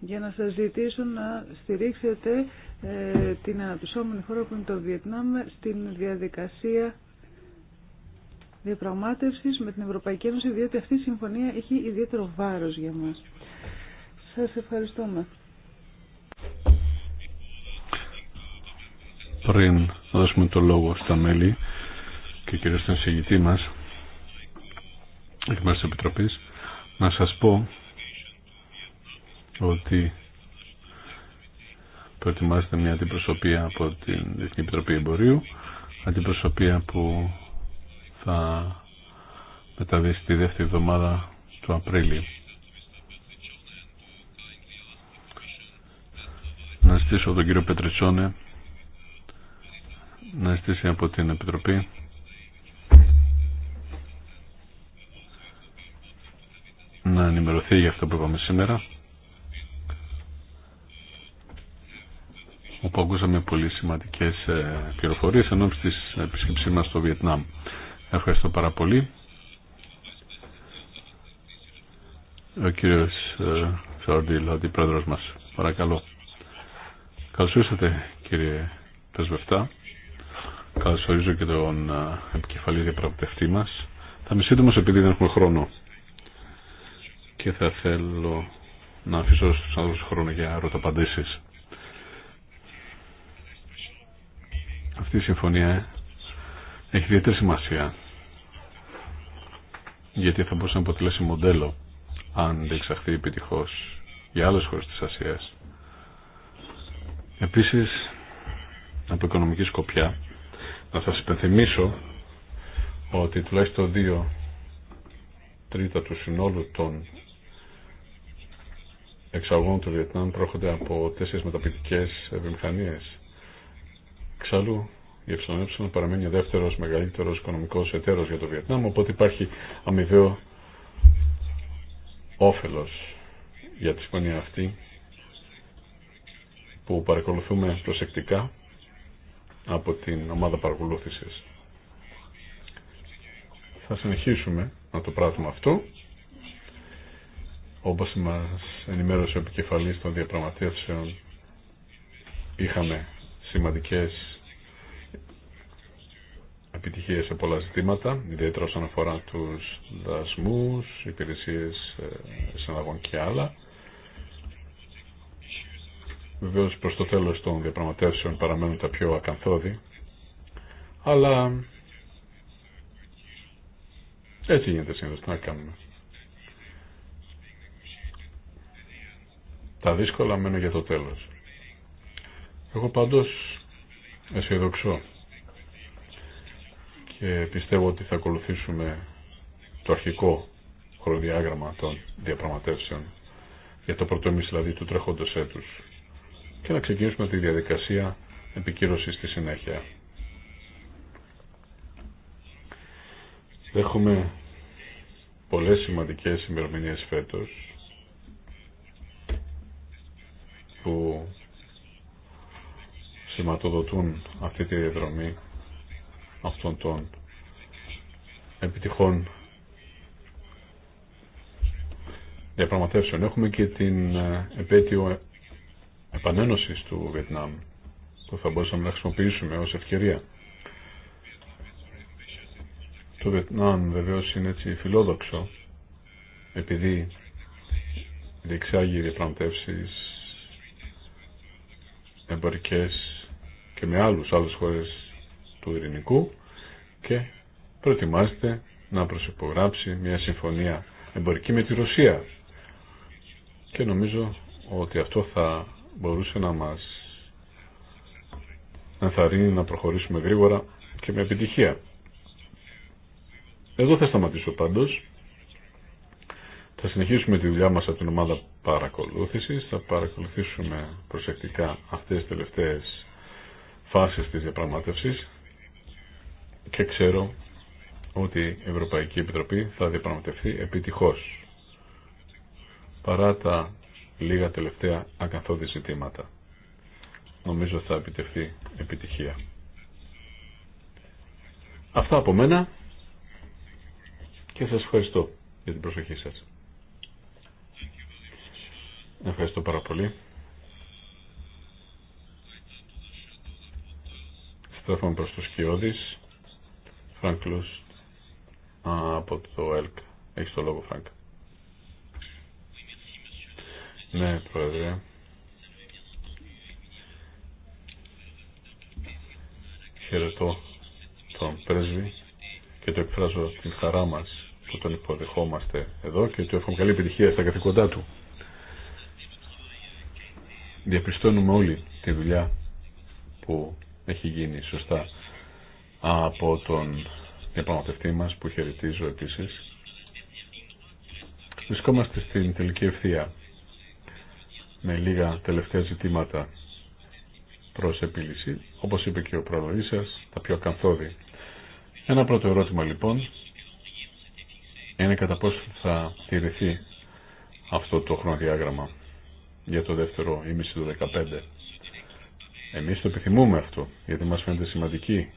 για να σας ζητήσω να στηρίξετε ε, την αναπτυσσόμενη χώρα που είναι το Βιετνάμ στην διαδικασία διαπραγμάτευσης με την Ευρωπαϊκή Ένωση, διότι αυτή η συμφωνία έχει ιδιαίτερο βάρος για μας. Σας ευχαριστούμε. Πριν δώσουμε το λόγο στα μέλη, και κυρίως τον συγητή μας εκ μέρους Επιτροπής να σας πω ότι προετοιμάζεται μια αντιπροσωπεία από την Διεθνή Επιτροπή Εμπορίου αντιπροσωπεία που θα μεταβεί στη δεύτερη εβδομάδα του Απρίλη. Να ζητήσω τον κύριο Πετριτσόνε να ζητήσει από την Επιτροπή να ενημερωθεί για αυτό που είπαμε σήμερα. όπου ακούσαμε πολύ σημαντικές ε, πληροφορίες ενώ της επισκεψή μας στο Βιετνάμ. Ευχαριστώ πάρα πολύ. Ο κύριος Σαουρντήλ, ε, ο πρόεδρος μας. Παρακαλώ. Καλώς ήρθατε κύριε Πεσβευτά. Καλώς ορίζω και τον ε, επικεφαλή διαπραγματευτή μας. Θα είμαι σύντομος επειδή δεν έχουμε χρόνο και θα θέλω να αφήσω στους άλλους χρόνο για ρωταπαντήσεις. Αυτή η συμφωνία έχει ιδιαίτερη σημασία γιατί θα μπορούσε να αποτελέσει μοντέλο αν διεξαχθεί επιτυχώς για άλλες χώρες της Ασίας. Επίσης, από οικονομική σκοπιά, να σας υπενθυμίσω ότι τουλάχιστον δύο τρίτα του συνόλου των εξαγωγών του Βιετνάμ προέρχονται από τέσσερι μεταπητικέ βιομηχανίε. Εξάλλου, η ΕΕ παραμένει ο δεύτερο, μεγαλύτερο οικονομικό εταίρο για το Βιετνάμ, οπότε υπάρχει αμοιβαίο όφελο για τη συμφωνία αυτή που παρακολουθούμε προσεκτικά από την ομάδα παρακολούθησης. Θα συνεχίσουμε να το πράγμα αυτό όπως μας ενημέρωσε ο επικεφαλής των διαπραγματεύσεων είχαμε σημαντικές επιτυχίες σε πολλά ζητήματα ιδιαίτερα όσον αφορά τους δασμούς, υπηρεσίες ε, συναλλαγών και άλλα Βεβαίω προς το τέλος των διαπραγματεύσεων παραμένουν τα πιο ακαθόδη αλλά έτσι γίνεται συνήθως να κάνουμε. Τα δύσκολα μένουν για το τέλος. Εγώ πάντως αισιοδοξώ και πιστεύω ότι θα ακολουθήσουμε το αρχικό χρονοδιάγραμμα των διαπραγματεύσεων για το πρώτο δηλαδή του τρεχόντος έτους και να ξεκινήσουμε τη διαδικασία επικύρωσης στη συνέχεια. Έχουμε πολλές σημαντικές ημερομηνίες φέτος που σηματοδοτούν αυτή τη διαδρομή αυτών των επιτυχών διαπραγματεύσεων. Έχουμε και την ε, επέτειο επανένωσης του Βιετνάμ που θα μπορούσαμε να χρησιμοποιήσουμε ως ευκαιρία. Το Βιετνάμ βεβαίως είναι έτσι φιλόδοξο επειδή διεξάγει διαπραγματεύσεις εμπορικές και με άλλους άλλους χώρες του ειρηνικού και προετοιμάζεται να προσυπογράψει μια συμφωνία εμπορική με τη Ρωσία. Και νομίζω ότι αυτό θα μπορούσε να μας ενθαρρύνει να προχωρήσουμε γρήγορα και με επιτυχία. Εδώ θα σταματήσω πάντως. Θα συνεχίσουμε τη δουλειά μας από την ομάδα παρακολούθησης. Θα παρακολουθήσουμε προσεκτικά αυτές τις τελευταίες φάσεις της διαπραγμάτευσης και ξέρω ότι η Ευρωπαϊκή Επιτροπή θα διαπραγματευτεί επιτυχώς παρά τα λίγα τελευταία ακαθόδη ζητήματα. Νομίζω θα επιτευχθεί επιτυχία. Αυτά από μένα και σας ευχαριστώ για την προσοχή σας. Ευχαριστώ πάρα πολύ. Στρέφομαι προς τους Σκιώδης. Φρανκ Α, από το ΕΛΚ. Έχεις το λόγο Φρανκ. Ναι, Πρόεδρε. Χαιρετώ τον πρέσβη και το εκφράζω την χαρά μας που τον υποδεχόμαστε εδώ και του εύχομαι καλή επιτυχία στα καθήκοντά του διαπιστώνουμε όλοι τη δουλειά που έχει γίνει σωστά από τον διαπραγματευτή μας που χαιρετίζω επίσης. Βρισκόμαστε στην τελική ευθεία με λίγα τελευταία ζητήματα προς επίλυση, όπως είπε και ο προλογής σας, τα πιο καθόδη. Ένα πρώτο ερώτημα λοιπόν είναι κατά πόσο θα τηρηθεί αυτό το χρονοδιάγραμμα για το δεύτερο ήμιση του 2015. Εμείς το επιθυμούμε αυτό, γιατί μας φαίνεται σημαντική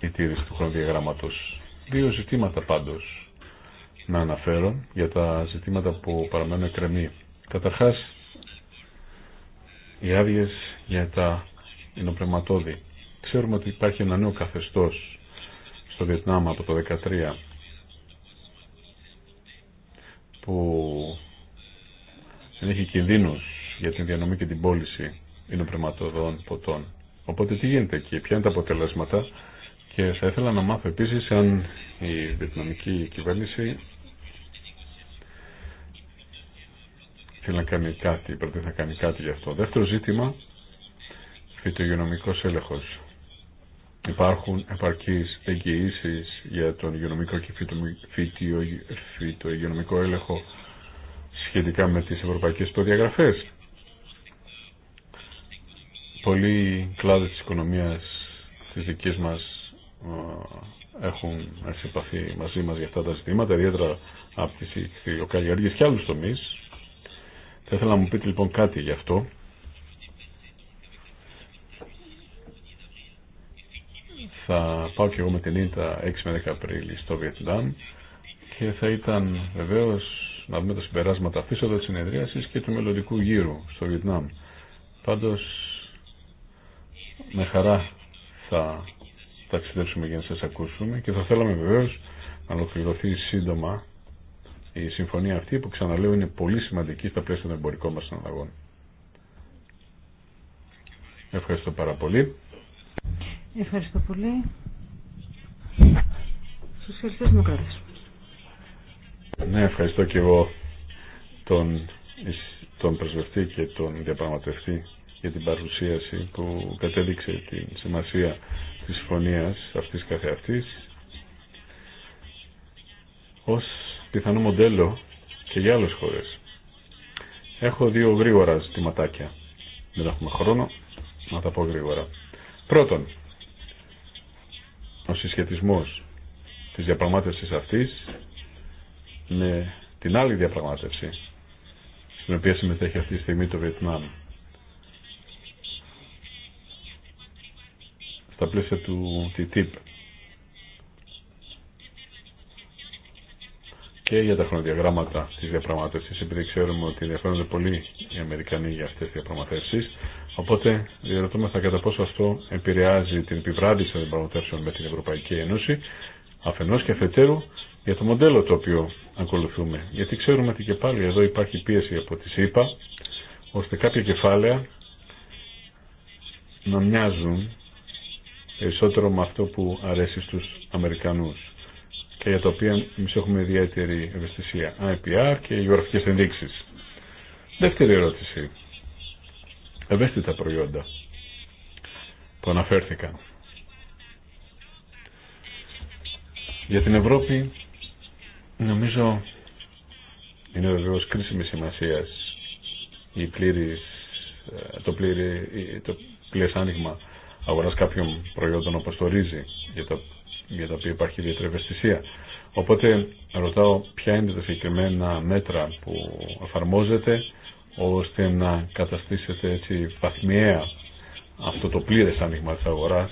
η τήρηση του χρονοδιαγράμματος. Δύο ζητήματα πάντως να αναφέρω για τα ζητήματα που παραμένουν εκκρεμή. Καταρχάς, οι άδειε για τα εινοπνευματόδη. Ξέρουμε ότι υπάρχει ένα νέο καθεστώς στο Βιετνάμ από το 2013 που έχει κινδύνους για την διανομή και την πώληση υνοπνευματοδών ποτών. Οπότε τι γίνεται εκεί, ποια είναι τα αποτελέσματα και θα ήθελα να μάθω επίσης αν η βιετναμική κυβέρνηση θέλει να κάνει κάτι, πρέπει να κάνει κάτι γι' αυτό. Δεύτερο ζήτημα, φυτογενομικός έλεγχος υπάρχουν επαρκείς εγγυήσει για τον υγειονομικό και φυτο-υγειονομικό έλεγχο σχετικά με τις ευρωπαϊκές προδιαγραφές. Πολλοί κλάδες της οικονομίας της δικής μας ε, έχουν έρθει μαζί μας για αυτά τα ζητήματα, ιδιαίτερα από τις ιδιοκαλλιεργίες και άλλους τομείς. Θα ήθελα να μου πείτε λοιπόν κάτι γι' αυτό. θα πάω και εγώ με την Ίντα 6 με 10 Απρίλη στο Βιετνάμ και θα ήταν βεβαίω να δούμε τα συμπεράσματα αυτή εδώ τη συνεδρίαση και του μελλοντικού γύρου στο Βιετνάμ. Πάντω με χαρά θα ταξιδέψουμε για να σα ακούσουμε και θα θέλαμε βεβαίω να ολοκληρωθεί σύντομα η συμφωνία αυτή που ξαναλέω είναι πολύ σημαντική στα πλαίσια των εμπορικών μα συναλλαγών. Ευχαριστώ πάρα πολύ. Ευχαριστώ πολύ. Σοσιαλιστές Δημοκράτες. Ναι, ευχαριστώ και εγώ τον, τον πρεσβευτή και τον διαπραγματευτή για την παρουσίαση που κατέδειξε την σημασία της συμφωνίας αυτής καθεαυτής ως πιθανό μοντέλο και για άλλες χώρες. Έχω δύο γρήγορα ζητηματάκια. Δεν έχουμε χρόνο να τα πω γρήγορα. Πρώτον, ο συσχετισμός της διαπραγμάτευσης αυτής με την άλλη διαπραγμάτευση στην οποία συμμετέχει αυτή τη στιγμή το Βιετνάμ. Στα πλαίσια του TTIP. Και για τα χρονοδιαγράμματα της διαπραγμάτευσης επειδή ξέρουμε ότι ενδιαφέρονται πολύ οι Αμερικανοί για αυτές τις διαπραγματεύσεις Οπότε διαρωτούμαστε κατά πόσο αυτό επηρεάζει την επιβράδυση των πραγματεύσεων με την Ευρωπαϊκή Ένωση, αφενό και αφετέρου για το μοντέλο το οποίο ακολουθούμε. Γιατί ξέρουμε ότι και πάλι εδώ υπάρχει πίεση από τη ΣΥΠΑ, ώστε κάποια κεφάλαια να μοιάζουν περισσότερο με αυτό που αρέσει στους Αμερικανούς και για τα οποία εμείς έχουμε ιδιαίτερη ευαισθησία IPR και γεωγραφικές ενδείξεις. Δεύτερη ερώτηση ευαίσθητα προϊόντα που αναφέρθηκαν. Για την Ευρώπη νομίζω είναι βεβαίως κρίσιμη σημασία η πλήρης, ε, το, πλήρη, το πλήρες άνοιγμα αγοράς κάποιων προϊόντων όπως το ρύζι για τα, για τα οποία υπάρχει ιδιαίτερη ευαισθησία. Οπότε ρωτάω ποια είναι τα συγκεκριμένα μέτρα που εφαρμόζεται ώστε να καταστήσετε έτσι βαθμιαία αυτό το πλήρες άνοιγμα της αγοράς,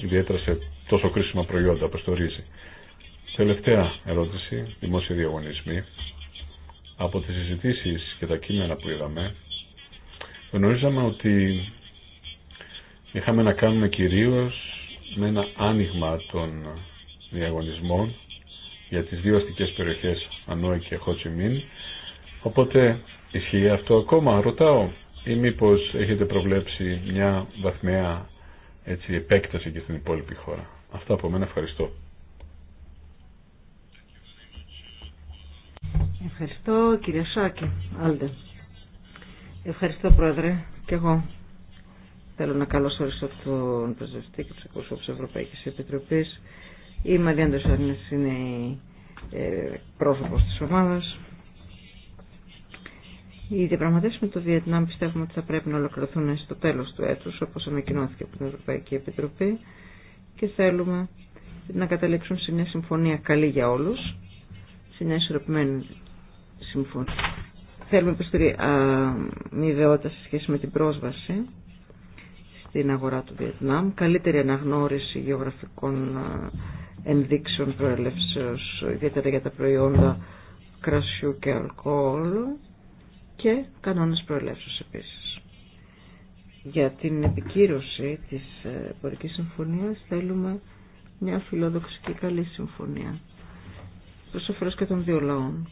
ιδιαίτερα σε τόσο κρίσιμα προϊόντα όπως το ρύζι. Τελευταία ερώτηση, δημόσιοι διαγωνισμοί. Από τις συζητήσεις και τα κείμενα που είδαμε, γνωρίζαμε ότι είχαμε να κάνουμε κυρίως με ένα άνοιγμα των διαγωνισμών για τις δύο αστικές περιοχές Ανόη και Χότσιμίν, οπότε Ισχύει αυτό ακόμα, ρωτάω. Ή μήπω έχετε προβλέψει μια βαθμιά έτσι, επέκταση και στην υπόλοιπη χώρα. Αυτά από μένα ευχαριστώ. Ευχαριστώ κύριε Σάκη. Άλτε. Ευχαριστώ πρόεδρε και εγώ. Θέλω να ορίσω τον Πρεσβευτή και του εκπροσώπου τη Ευρωπαϊκή Επιτροπή. Η Μαρία Ντεσόρνη είναι η ε, πρόσωπο τη ομάδα. Οι διαπραγματεύσει με το Βιετνάμ πιστεύουμε ότι θα πρέπει να ολοκληρωθούν στο τέλο του έτου, όπω ανακοινώθηκε από την Ευρωπαϊκή Επιτροπή και θέλουμε να καταλήξουν σε μια συμφωνία καλή για όλου. σε μια ισορροπημένη συμφωνία. Θέλουμε μη ιδεότητα σε σχέση με την πρόσβαση στην αγορά του Βιετνάμ, καλύτερη αναγνώριση γεωγραφικών ενδείξεων προέλευσεως, ιδιαίτερα για τα προϊόντα κρασιού και αλκοόλου και κανόνες προελεύσεως επίσης. Για την επικύρωση της ε, εμπορικής συμφωνίας θέλουμε μια φιλόδοξη και καλή συμφωνία. Προς και των δύο λαών.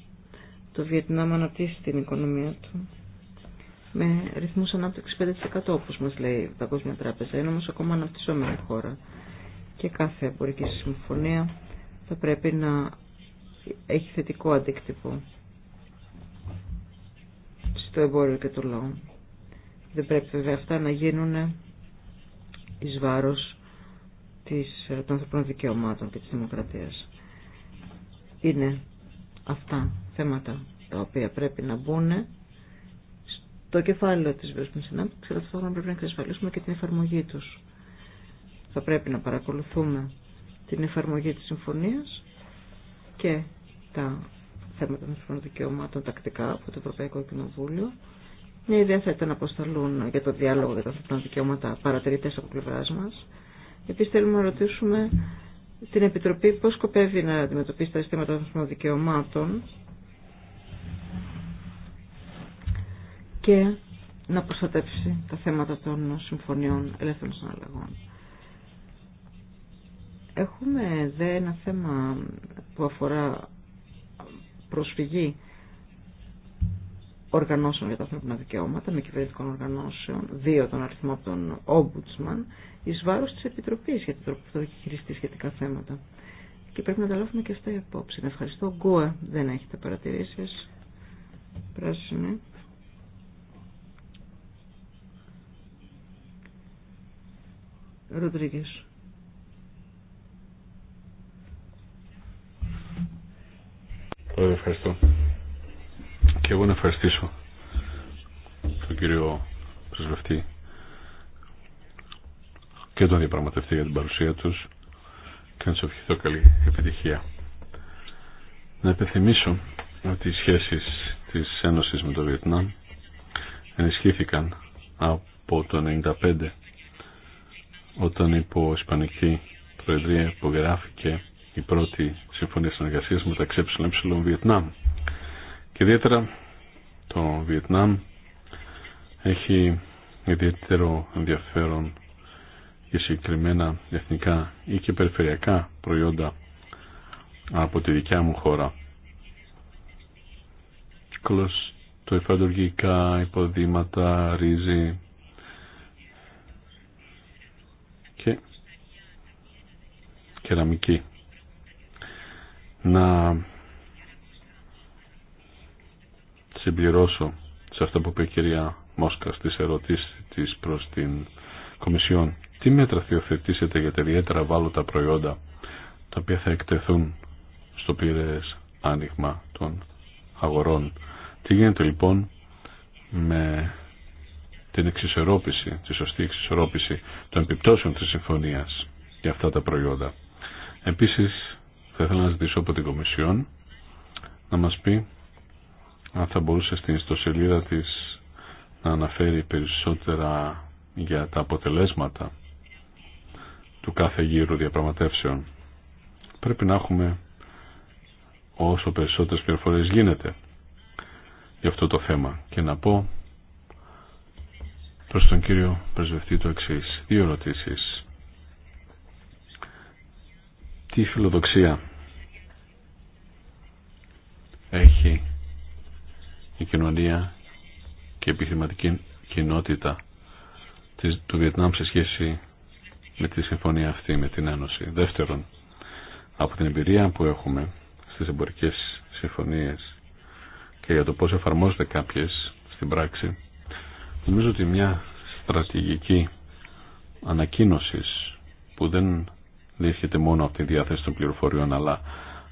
Το Βιετνάμ αναπτύσσει την οικονομία του με ρυθμούς ανάπτυξη 5% όπως μας λέει η Παγκόσμια Τράπεζα. Είναι όμως ακόμα αναπτυσσόμενη χώρα και κάθε εμπορική συμφωνία θα πρέπει να έχει θετικό αντίκτυπο το εμπόριο και το λόγο. Δεν πρέπει βέβαια αυτά να γίνουν εις βάρος της, ε, των ανθρωπίνων δικαιωμάτων και της δημοκρατίας. Είναι αυτά θέματα τα οποία πρέπει να μπουν στο κεφάλαιο της βιώσιμης αλλά τώρα πρέπει να εξασφαλίσουμε και την εφαρμογή τους. Θα πρέπει να παρακολουθούμε την εφαρμογή της συμφωνίας και τα θέματα των συμφωνών δικαιωμάτων τακτικά από το Ευρωπαϊκό Κοινοβούλιο. Μια ιδέα θα ήταν να αποσταλούν για το διάλογο για τα θέματα δικαιώματα παρατηρητέ από πλευρά μα. Επίση θέλουμε να ρωτήσουμε την Επιτροπή πώ σκοπεύει να αντιμετωπίσει τα ζητήματα των δικαιωμάτων και να προστατεύσει τα θέματα των συμφωνιών ελεύθερων συναλλαγών. Έχουμε δε ένα θέμα που αφορά προσφυγή οργανώσεων για τα ανθρώπινα δικαιώματα, με κυβερνητικών οργανώσεων, δύο τον αριθμό των τον Ombudsman, εις βάρος της Επιτροπής για την τρόπο που θα χειριστεί σχετικά θέματα. Και πρέπει να τα λάβουμε και αυτά υπόψη. Να ευχαριστώ. Γκουα, δεν έχετε παρατηρήσεις. Πράσινη. Ροντρίγκες. Ε, ευχαριστώ. Και εγώ να ευχαριστήσω τον κύριο Πρεσβευτή και τον διαπραγματευτή για την παρουσία τους και να τους ευχηθώ καλή επιτυχία. Να επιθυμίσω ότι οι σχέσεις της Ένωσης με το Βιετνάμ ενισχύθηκαν από το 1995 όταν υπό Ισπανική Προεδρία υπογράφηκε η πρώτη συμφωνία συνεργασία μεταξύ ΕΕ Βιετνάμ. Και ιδιαίτερα το Βιετνάμ έχει ιδιαίτερο ενδιαφέρον για συγκεκριμένα εθνικά ή και περιφερειακά προϊόντα από τη δικιά μου χώρα. Κλώς το υφαντουργικά, υποδήματα, ρύζι και κεραμική να συμπληρώσω σε αυτό που είπε η κυρία Μόσκα στις ερωτήσεις της προς την Κομισιόν. Τι μέτρα θεωθετήσετε για τα ιδιαίτερα βάλωτα προϊόντα τα οποία θα εκτεθούν στο πλήρες άνοιγμα των αγορών. Τι γίνεται λοιπόν με την εξισορρόπηση, τη σωστή εξισορρόπηση των επιπτώσεων της συμφωνίας για αυτά τα προϊόντα. Επίσης θα ήθελα να ζητήσω από την Κομισιόν να μας πει αν θα μπορούσε στην ιστοσελίδα της να αναφέρει περισσότερα για τα αποτελέσματα του κάθε γύρου διαπραγματεύσεων. Πρέπει να έχουμε όσο περισσότερες πληροφορίες γίνεται για αυτό το θέμα και να πω προς τον κύριο Πρεσβευτή το εξής. Δύο ερωτήσεις τι φιλοδοξία έχει η κοινωνία και η επιχειρηματική κοινότητα του Βιετνάμ σε σχέση με τη συμφωνία αυτή, με την Ένωση. Δεύτερον, από την εμπειρία που έχουμε στις εμπορικές συμφωνίες και για το πώς εφαρμόζονται κάποιες στην πράξη, νομίζω ότι μια στρατηγική ανακοίνωσης που δεν διέρχεται μόνο από τη διάθεση των πληροφοριών αλλά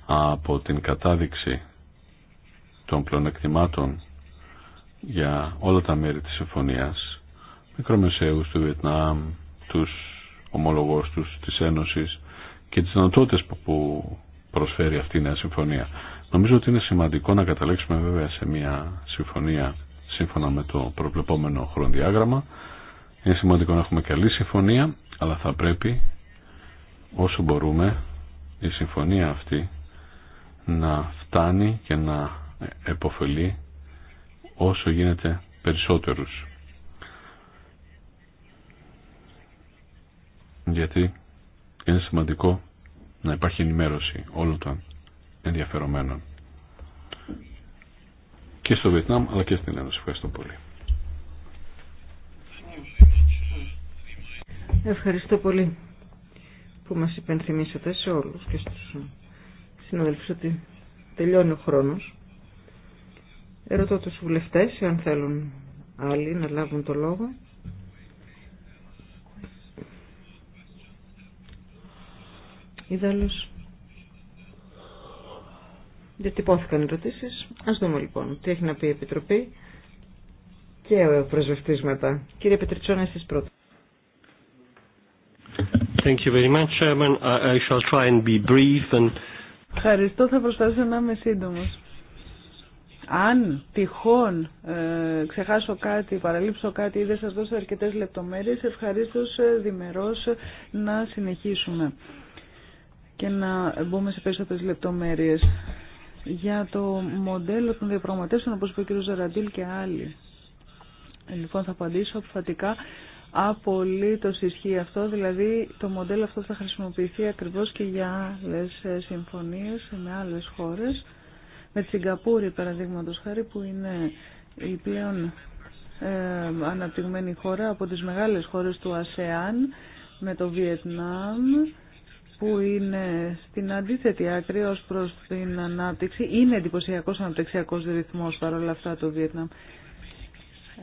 από την κατάδειξη των πλεονεκτημάτων για όλα τα μέρη της συμφωνίας μικρομεσαίους του Βιετνάμ τους ομολογούς τους της Ένωσης και τις δυνατότητες που προσφέρει αυτή η νέα συμφωνία νομίζω ότι είναι σημαντικό να καταλέξουμε βέβαια σε μια συμφωνία σύμφωνα με το προβλεπόμενο χρονδιάγραμμα είναι σημαντικό να έχουμε καλή συμφωνία αλλά θα πρέπει όσο μπορούμε η συμφωνία αυτή να φτάνει και να εποφελεί όσο γίνεται περισσότερους. Γιατί είναι σημαντικό να υπάρχει ενημέρωση όλων των ενδιαφερομένων και στο Βιετνάμ αλλά και στην Ένωση. Ευχαριστώ πολύ. Ευχαριστώ πολύ που μας υπενθυμίσατε σε όλους και στους συναδέλφους ότι τελειώνει ο χρόνος. Ερωτώ τους βουλευτές αν θέλουν άλλοι να λάβουν το λόγο. Ιδάλλως διατυπώθηκαν ερωτήσεις. Ας δούμε λοιπόν τι έχει να πει η Επιτροπή και ο προσβευτής μετά. Κύριε Πετριτσόνα, εσείς πρώτα. Thank you very much, Chairman. I shall try and be brief and... Ευχαριστώ, θα προσπαθήσω να είμαι σύντομο. Αν τυχόν ε, ξεχάσω κάτι, παραλείψω κάτι ή δεν σας δώσω αρκετές λεπτομέρειες, Ευχαριστώ ε, διμερώς ε, να συνεχίσουμε και να μπούμε σε περισσότερες λεπτομέρειες. Για το μοντέλο των διαπραγματεύσεων, όπως είπε ο κ. Ζαραντήλ και άλλοι, λοιπόν θα απαντήσω αποφατικά Απολύτως ισχύει αυτό, δηλαδή το μοντέλο αυτό θα χρησιμοποιηθεί ακριβώς και για άλλες ε, συμφωνίες με άλλες χώρες. Με τη Σιγκαπούρη παραδείγματος χάρη που είναι η πλέον ε, αναπτυγμένη χώρα από τις μεγάλες χώρες του ΑΣΕΑΝ με το Βιετνάμ που είναι στην αντίθετη άκρη ως προς την ανάπτυξη. Είναι εντυπωσιακός αναπτυξιακός ρυθμός παρόλα αυτά το Βιετνάμ.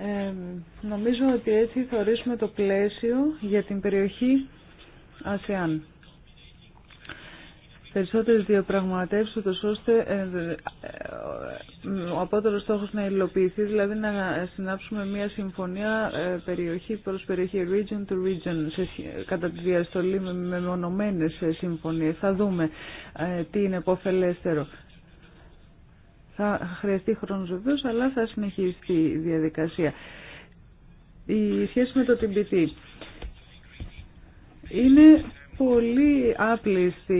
Ε, νομίζω ότι έτσι θα ορίσουμε το πλαίσιο για την περιοχή Ασιαν. Περισσότερες διαπραγματεύσεις, ώστε ε, ε, ο απότερος στόχος να υλοποιηθεί, δηλαδή να συνάψουμε μια συμφωνία περιοχή προς περιοχή, region to region, σε, κατά τη διαστολή με μονομένες συμφωνίες. Θα δούμε τι είναι επωφελέστερο. Θα χρειαστεί χρόνο βεβαίω, αλλά θα συνεχίσει η διαδικασία. Η σχέση με το TBT είναι πολύ άπληστοι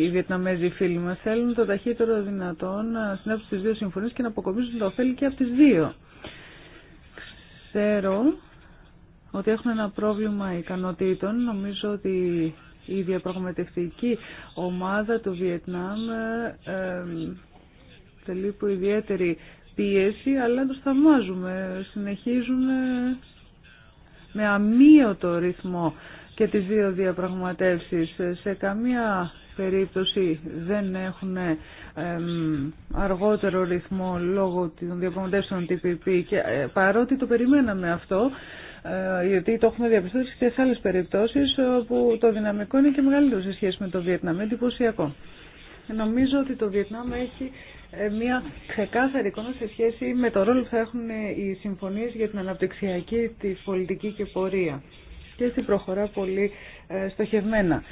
οι Βιετναμέζοι φίλοι μας. Θέλουν το ταχύτερο δυνατόν να συνάψουν τις δύο συμφωνίες και να αποκομίσουν το ωφέλη και από τις δύο. Ξέρω ότι έχουν ένα πρόβλημα ικανοτήτων. Νομίζω ότι η διαπραγματευτική ομάδα του Βιετνάμ αποτελεί που ιδιαίτερη πίεση, αλλά το σταμάζουμε. Συνεχίζουν ε, με αμύωτο ρυθμό και τις δύο διαπραγματεύσεις. Ε, σε καμία περίπτωση δεν έχουν ε, αργότερο ρυθμό λόγω των διαπραγματεύσεων TPP και παρότι το περιμέναμε αυτό, γιατί το έχουμε διαπιστώσει και σε άλλες περιπτώσεις όπου το δυναμικό είναι και μεγαλύτερο σε σχέση με το Βιετνάμ, εντυπωσιακό. Νομίζω ότι το Βιετνάμ έχει ε, μια ξεκάθαρη εικόνα σε σχέση με το ρόλο που θα έχουν οι συμφωνίες για την αναπτυξιακή τη πολιτική και πορεία. Και στην προχωρά πολύ ε, στοχευμένα.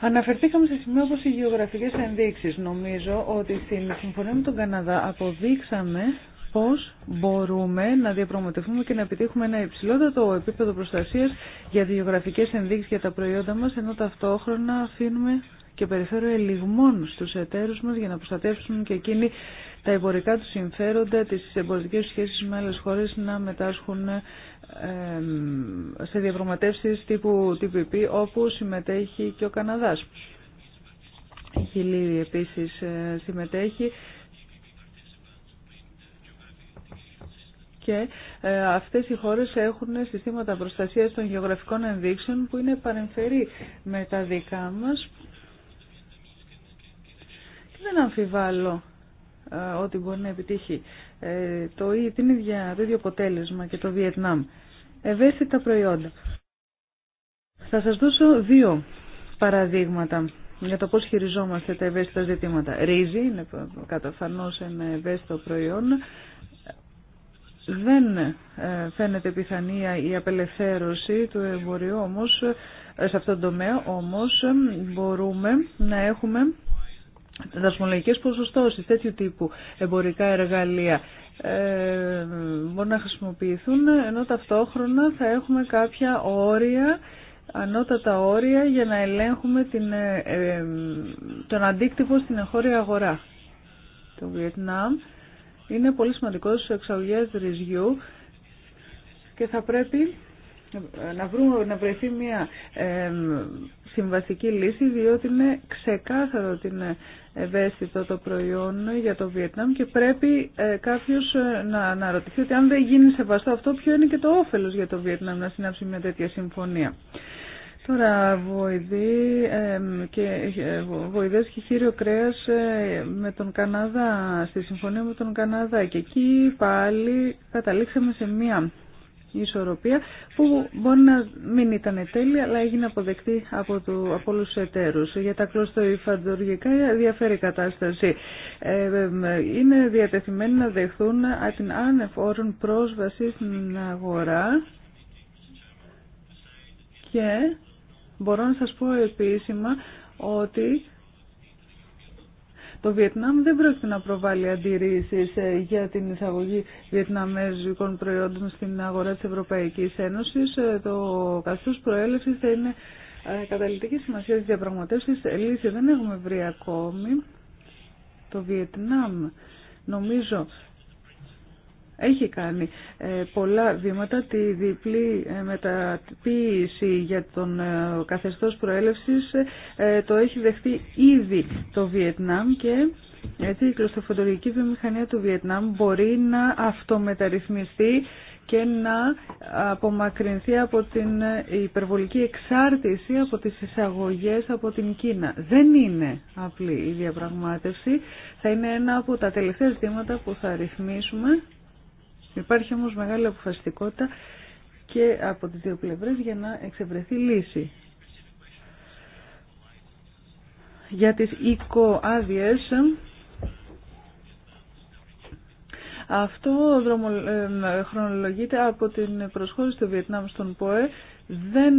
Αναφερθήκαμε σε σημείο όπως οι γεωγραφικές ενδείξεις. Νομίζω ότι στην συμφωνία με τον Καναδά αποδείξαμε πώς μπορούμε να διαπραγματευτούμε και να επιτύχουμε ένα υψηλότερο επίπεδο προστασίας για γεωγραφικές ενδείξεις για τα προϊόντα μας, ενώ ταυτόχρονα αφήνουμε και περιφέρω ελιγμών στους εταίρους μας για να προστατεύσουν και εκείνοι τα εμπορικά τους συμφέροντα, τις εμπορικές σχέσεις με άλλες χώρες να μετάσχουν ε, σε διαπραγματεύσεις τύπου TPP όπου συμμετέχει και ο Καναδάς. Η Χιλή επίσης ε, συμμετέχει και ε, αυτές οι χώρες έχουν συστήματα προστασίας των γεωγραφικών ενδείξεων που είναι παρεμφερή με τα δικά μας δεν αμφιβάλλω ε, ότι μπορεί να επιτύχει ε, το, την ίδια, το ίδιο αποτέλεσμα και το Βιετνάμ. Ευαίσθητα προϊόντα. Θα σας δώσω δύο παραδείγματα για το πώς χειριζόμαστε τα ευαίσθητα ζητήματα. Ρύζι είναι καταφανώς ένα ευαίσθητο προϊόν. Δεν ε, φαίνεται πιθανία η απελευθέρωση του εμπορίου όμως, σε αυτόν τον τομέα, όμως μπορούμε να έχουμε δασμολογικές ποσοστώσεις, τέτοιου τύπου εμπορικά εργαλεία ε, μπορούν να χρησιμοποιηθούν ενώ ταυτόχρονα θα έχουμε κάποια όρια, ανώτατα όρια για να ελέγχουμε την, ε, ε, τον αντίκτυπο στην εγχώρια αγορά. Το Βιετνάμ είναι πολύ σημαντικό στους εξαγωγές ρυζιού και θα πρέπει να, βρούμε, να βρεθεί μια ε, συμβαστική λύση διότι είναι ξεκάθαρο ότι είναι ευαίσθητο το προϊόν για το Βιετνάμ και πρέπει ε, κάποιος ε, να αναρωτηθεί ότι αν δεν γίνει σεβαστό αυτό ποιο είναι και το όφελος για το Βιετνάμ να συνάψει μια τέτοια συμφωνία. Τώρα βοηδή, και, ε, βοηδές και χείριο κρέας με τον Καναδά, στη συμφωνία με τον Καναδά και εκεί πάλι καταλήξαμε σε μια ισορροπία που μπορεί να μην ήταν τέλεια αλλά έγινε αποδεκτή από, το, από όλους Για τα κλωστοϊφαντοργικά διαφέρει η κατάσταση. Ε, είναι διατεθειμένοι να δεχθούν την άνευ πρόσβαση στην αγορά και μπορώ να σας πω επίσημα ότι το Βιετνάμ δεν πρόκειται να προβάλλει αντιρρήσεις ε, για την εισαγωγή βιετναμέζικων προϊόντων στην αγορά της Ευρωπαϊκής Ένωσης. Ε, το καθώς προέλευσης θα είναι ε, καταλητική σημασία της διαπραγματεύσεις. Λύση δεν έχουμε βρει ακόμη. Το Βιετνάμ νομίζω έχει κάνει ε, πολλά βήματα τη διπλή ε, μεταποίηση για τον ε, καθεστώς προέλευσης το έχει δεχτεί ήδη το Βιετνάμ και έτσι η κλωστοφοντολογική βιομηχανία του Βιετνάμ μπορεί να αυτομεταρρυθμιστεί και να απομακρυνθεί από την υπερβολική εξάρτηση από τις εισαγωγές από την Κίνα. Δεν είναι απλή η διαπραγμάτευση. Θα είναι ένα από τα τελευταία ζητήματα που θα ρυθμίσουμε Υπάρχει όμως μεγάλη αποφασιστικότητα και από τις δύο πλευρές για να εξευρεθεί λύση. Για τις οικοάδειες αυτό χρονολογείται από την προσχώρηση του Βιετνάμ στον ΠΟΕ. Δεν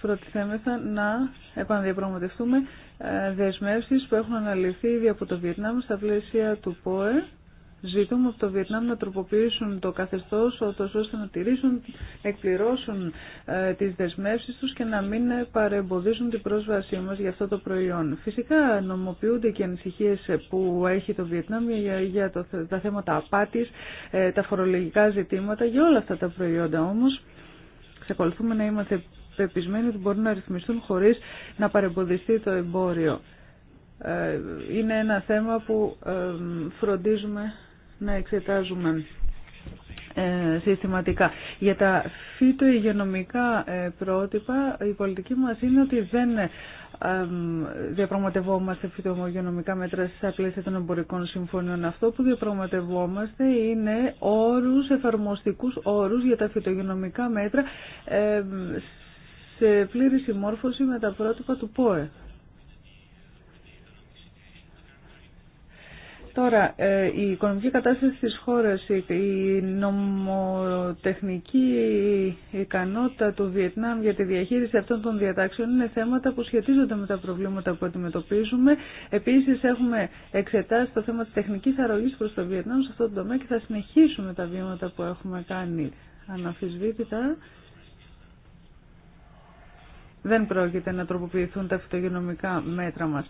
προτιθέμεθα να επαναδιαπραγματευτούμε ε, δεσμεύσεις που έχουν αναλυθεί ήδη από το Βιετνάμ στα πλαίσια του ΠΟΕ Ζητούμε από το Βιετνάμ να τροποποιήσουν το καθεστώς ώστε να τηρήσουν, εκπληρώσουν ε, τις δεσμεύσεις τους και να μην παρεμποδίσουν την πρόσβασή μας για αυτό το προϊόν. Φυσικά νομοποιούνται και ανησυχίες που έχει το Βιετνάμ για, για το, τα θέματα απάτης, ε, τα φορολογικά ζητήματα, για όλα αυτά τα προϊόντα όμως. Ξεκολουθούμε να είμαστε πεπισμένοι ότι μπορούν να ρυθμιστούν χωρίς να παρεμποδιστεί το εμπόριο. Ε, είναι ένα θέμα που φροντίζουμε να εξετάζουμε ε, συστηματικά. Για τα φυτογενομικά ε, πρότυπα η πολιτική μας είναι ότι δεν ε, διαπραγματευόμαστε φυτογενομικά μέτρα στα πλαίσια των εμπορικών συμφωνιών. Αυτό που διαπραγματευόμαστε είναι όρους, εφαρμοστικούς όρους για τα φυτογενομικά μέτρα σε πλήρη συμμόρφωση με τα πρότυπα του ΠΟΕ. Τώρα, ε, η οικονομική κατάσταση της χώρας, η νομοτεχνική ικανότητα του Βιετνάμ για τη διαχείριση αυτών των διατάξεων είναι θέματα που σχετίζονται με τα προβλήματα που αντιμετωπίζουμε. Επίσης, έχουμε εξετάσει το θέμα της τεχνικής αρρωγής προς το Βιετνάμ σε αυτό το τομέα και θα συνεχίσουμε τα βήματα που έχουμε κάνει αναφυσβήτητα. Δεν πρόκειται να τροποποιηθούν τα φυτογενομικά μέτρα μας.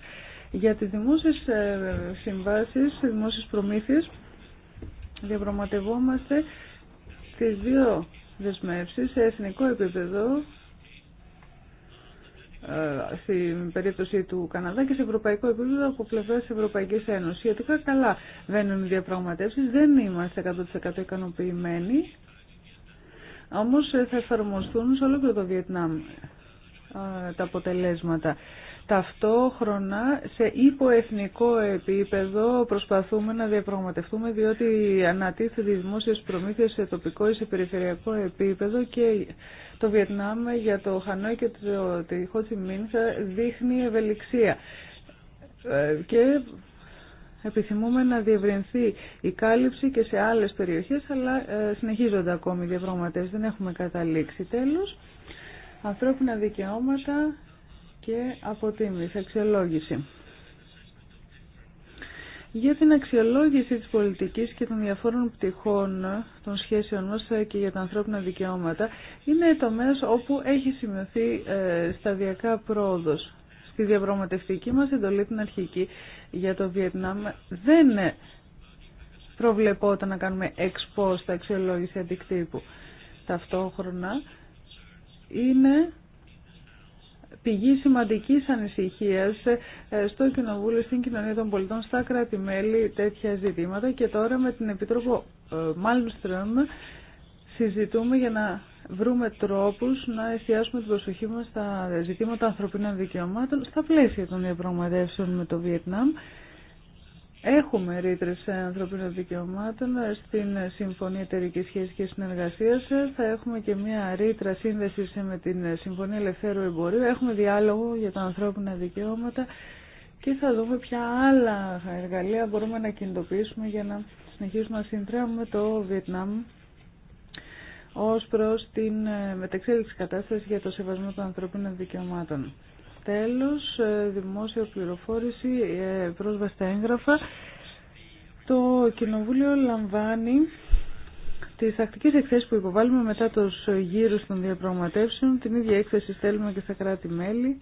Για τις δημόσιες ε, συμβάσεις, τις δημόσιες προμήθειες, διαπραγματευόμαστε τις δύο δεσμεύσεις σε εθνικό επίπεδο, ε, στην περίπτωση του Καναδά και σε ευρωπαϊκό επίπεδο από πλευρά τη Ευρωπαϊκή Ένωση. Γιατί καλά βαίνουν οι διαπραγματεύσει, δεν είμαστε 100% ικανοποιημένοι, όμω θα εφαρμοστούν σε όλο το Βιετνάμ ε, τα αποτελέσματα. Ταυτόχρονα σε υποεθνικό επίπεδο προσπαθούμε να διαπραγματευτούμε διότι ανατίθεται δημόσια προμήθειες σε τοπικό ή σε περιφερειακό επίπεδο και το Βιετνάμ για το Χανόι και το Μίνθα δείχνει ευελιξία. Ε, και επιθυμούμε να διευρυνθεί η κάλυψη και σε άλλες περιοχές αλλά ε, συνεχίζονται ακόμη οι διαπραγματεύσεις, δεν έχουμε καταλήξει τέλος. Ανθρώπινα δικαιώματα και αποτίμηση, αξιολόγηση. Για την αξιολόγηση της πολιτικής και των διαφόρων πτυχών των σχέσεων μας και για τα ανθρώπινα δικαιώματα είναι το μέρος όπου έχει σημειωθεί ε, σταδιακά πρόοδος. Στη διαπραγματευτική μας εντολή την αρχική για το Βιετνάμ δεν προβλεπόταν να κάνουμε εξποστα αξιολόγηση αντικτύπου. Ταυτόχρονα είναι πηγή σημαντικής ανησυχίας ε, στο Κοινοβούλιο, στην Κοινωνία των Πολιτών, στα κράτη-μέλη τέτοια ζητήματα και τώρα με την Επιτρόπο ε, Μάλμστρομ συζητούμε για να βρούμε τρόπους να εστιάσουμε την προσοχή μας στα ζητήματα ανθρωπίνων δικαιωμάτων στα πλαίσια των διαπραγματεύσεων με το Βιετνάμ. Έχουμε ρήτρε ανθρωπίνων δικαιωμάτων στην Συμφωνία Εταιρική Σχέση και Συνεργασία. Θα έχουμε και μια ρήτρα σύνδεση με την Συμφωνία Ελευθέρου Εμπορίου. Έχουμε διάλογο για τα ανθρώπινα δικαιώματα και θα δούμε ποια άλλα εργαλεία μπορούμε να κινητοποιήσουμε για να συνεχίσουμε να συνδράμουμε το Βιετνάμ ως προς την μεταξέλιξη κατάσταση για το σεβασμό των ανθρωπίνων δικαιωμάτων. Τέλος, ε, δημόσια πληροφόρηση, ε, πρόσβαση στα έγγραφα. Το Κοινοβούλιο λαμβάνει τις τακτικές εκθέσεις που υποβάλλουμε μετά τους γύρους των διαπραγματεύσεων. Την ίδια έκθεση στέλνουμε και στα κράτη-μέλη.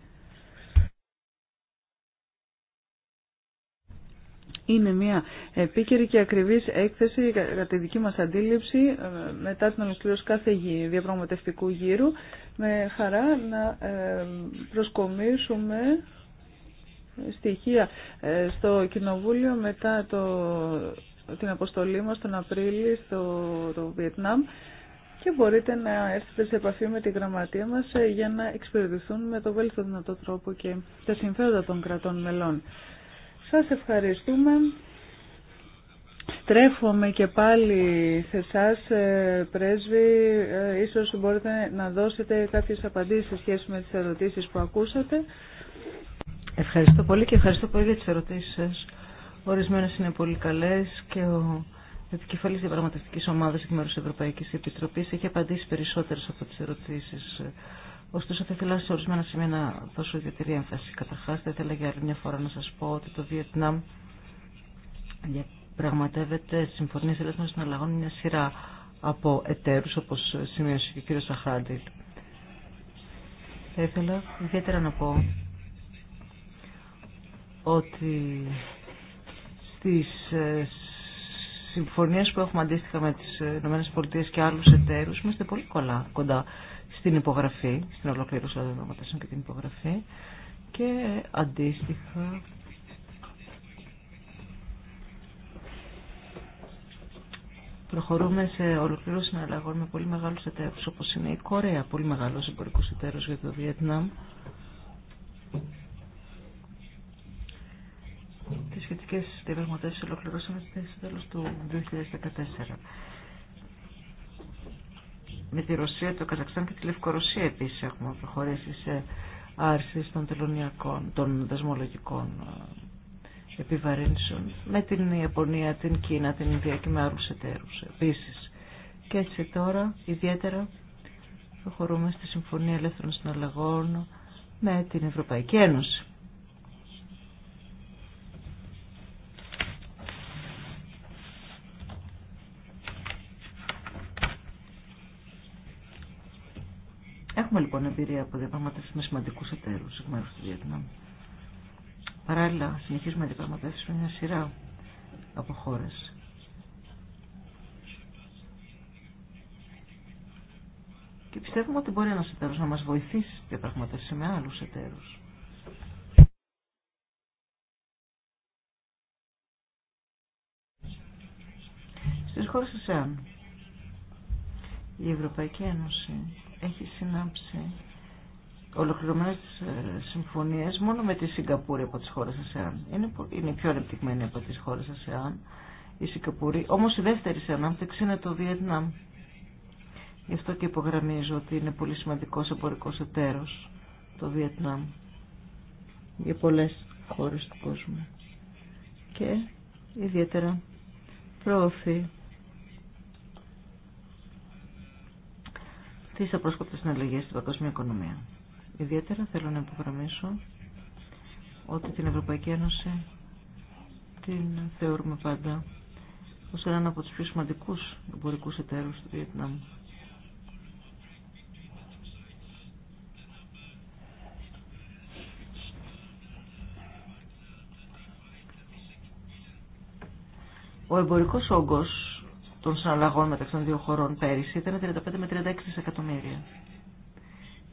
είναι μια επίκαιρη και ακριβής έκθεση κατά τη δική μας αντίληψη ε, μετά την ολοκλήρωση κάθε διαπραγματευτικού γύρου με χαρά να ε, προσκομίσουμε στοιχεία ε, στο Κοινοβούλιο μετά το, την αποστολή μας τον Απρίλιο στο το Βιετνάμ και μπορείτε να έρθετε σε επαφή με τη γραμματεία μας για να εξυπηρετηθούν με το βέλτιστο δυνατό τρόπο και τα συμφέροντα των κρατών μελών. Σας ευχαριστούμε. Στρέφομαι και πάλι σε εσά, πρέσβη. Ε, ίσως μπορείτε να δώσετε κάποιες απαντήσεις σε σχέση με τις ερωτήσεις που ακούσατε. Ευχαριστώ πολύ και ευχαριστώ πολύ για τις ερωτήσεις σας. Ορισμένες είναι πολύ καλές και ο επικεφαλής διαπραγματευτικής ομάδας εκ μέρους της Ευρωπαϊκής Επιτροπής έχει απαντήσει περισσότερες από τις ερωτήσεις ε, Ωστόσο, θα ήθελα σε ορισμένα σημεία να δώσω ιδιαίτερη έμφαση. Καταρχά, θα ήθελα για άλλη μια φορά να σα πω ότι το Βιετνάμ πραγματεύεται συμφωνίε ελεύθερων συναλλαγών μια σειρά από εταίρου, όπω σημείωσε και ο κύριο Σαχάντιλ. Θα ήθελα ιδιαίτερα να πω ότι στι ε, συμφωνίε που έχουμε αντίστοιχα με τι ΗΠΑ και άλλου εταίρου είμαστε πολύ κοντά στην υπογραφή, στην ολοκλήρωση των δεδομάτων και την υπογραφή και αντίστοιχα προχωρούμε σε ολοκλήρωση συναλλαγών με πολύ μεγάλους εταίρους όπως είναι η Κορέα, πολύ μεγάλος εμπορικό εταίρος για το Βιετνάμ τις σχετικέ διαπραγματεύσεις ολοκληρώσαμε στις τέλος του 2014 με τη Ρωσία, το Καζακστάν και τη Λευκορωσία επίσης έχουμε προχωρήσει σε άρσεις των τελωνιακών, των δεσμολογικών ε, επιβαρύνσεων με την Ιαπωνία, την Κίνα, την Ινδία και με άλλους εταίρους επίσης. Και έτσι τώρα ιδιαίτερα προχωρούμε στη Συμφωνία Ελεύθερων Συναλλαγών με την Ευρωπαϊκή Ένωση. Έχουμε λοιπόν εμπειρία από διαπραγματεύσει με σημαντικού εταίρου εκ μέρου του Βιετνάμ. Παράλληλα, συνεχίζουμε διαπραγματεύσει με μια σειρά από χώρε. Και πιστεύουμε ότι μπορεί ένα εταίρο να μα βοηθήσει στη διαπραγματεύσει με άλλου εταίρου. Στι χώρε ΕΑΝ η Ευρωπαϊκή Ένωση έχει συνάψει ολοκληρωμένε ε, συμφωνίε μόνο με τη Σιγκαπούρη από τι χώρε ΑΣΕΑΝ. Είναι, είναι πιο ανεπτυγμένη από τι χώρε ΑΣΕΑΝ η Σιγκαπούρη. Όμω η δεύτερη σε ανάπτυξη είναι το Βιετνάμ. Γι' αυτό και υπογραμμίζω ότι είναι πολύ σημαντικό εμπορικό εταίρο το Βιετνάμ για πολλέ χώρε του κόσμου. Και ιδιαίτερα προωθεί τις απρόσκοπτες συναλλαγέ στην παγκόσμια οικονομία. Ιδιαίτερα θέλω να υπογραμμίσω ότι την Ευρωπαϊκή Ένωση την θεωρούμε πάντα ως έναν από του πιο σημαντικού εμπορικού εταίρους του Βιετνάμ. Ο εμπορικός όγκος των συναλλαγών μεταξύ των δύο χωρών πέρυσι ήταν 35 με 36 δισεκατομμύρια.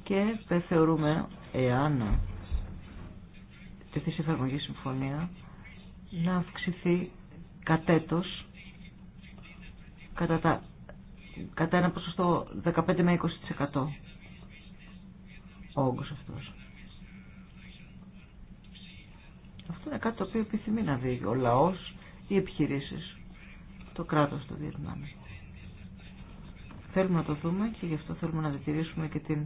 Και δεν θεωρούμε, εάν τεθεί σε εφαρμογή συμφωνία, να αυξηθεί κατέτος κατά, τα, κατά ένα ποσοστό 15 με 20% ο όγκος αυτός. Αυτό είναι κάτι το οποίο επιθυμεί να δει ο λαός, οι επιχειρήσεις το κράτος του Βιετνάμ. Θέλουμε να το δούμε και γι' αυτό θέλουμε να διατηρήσουμε και την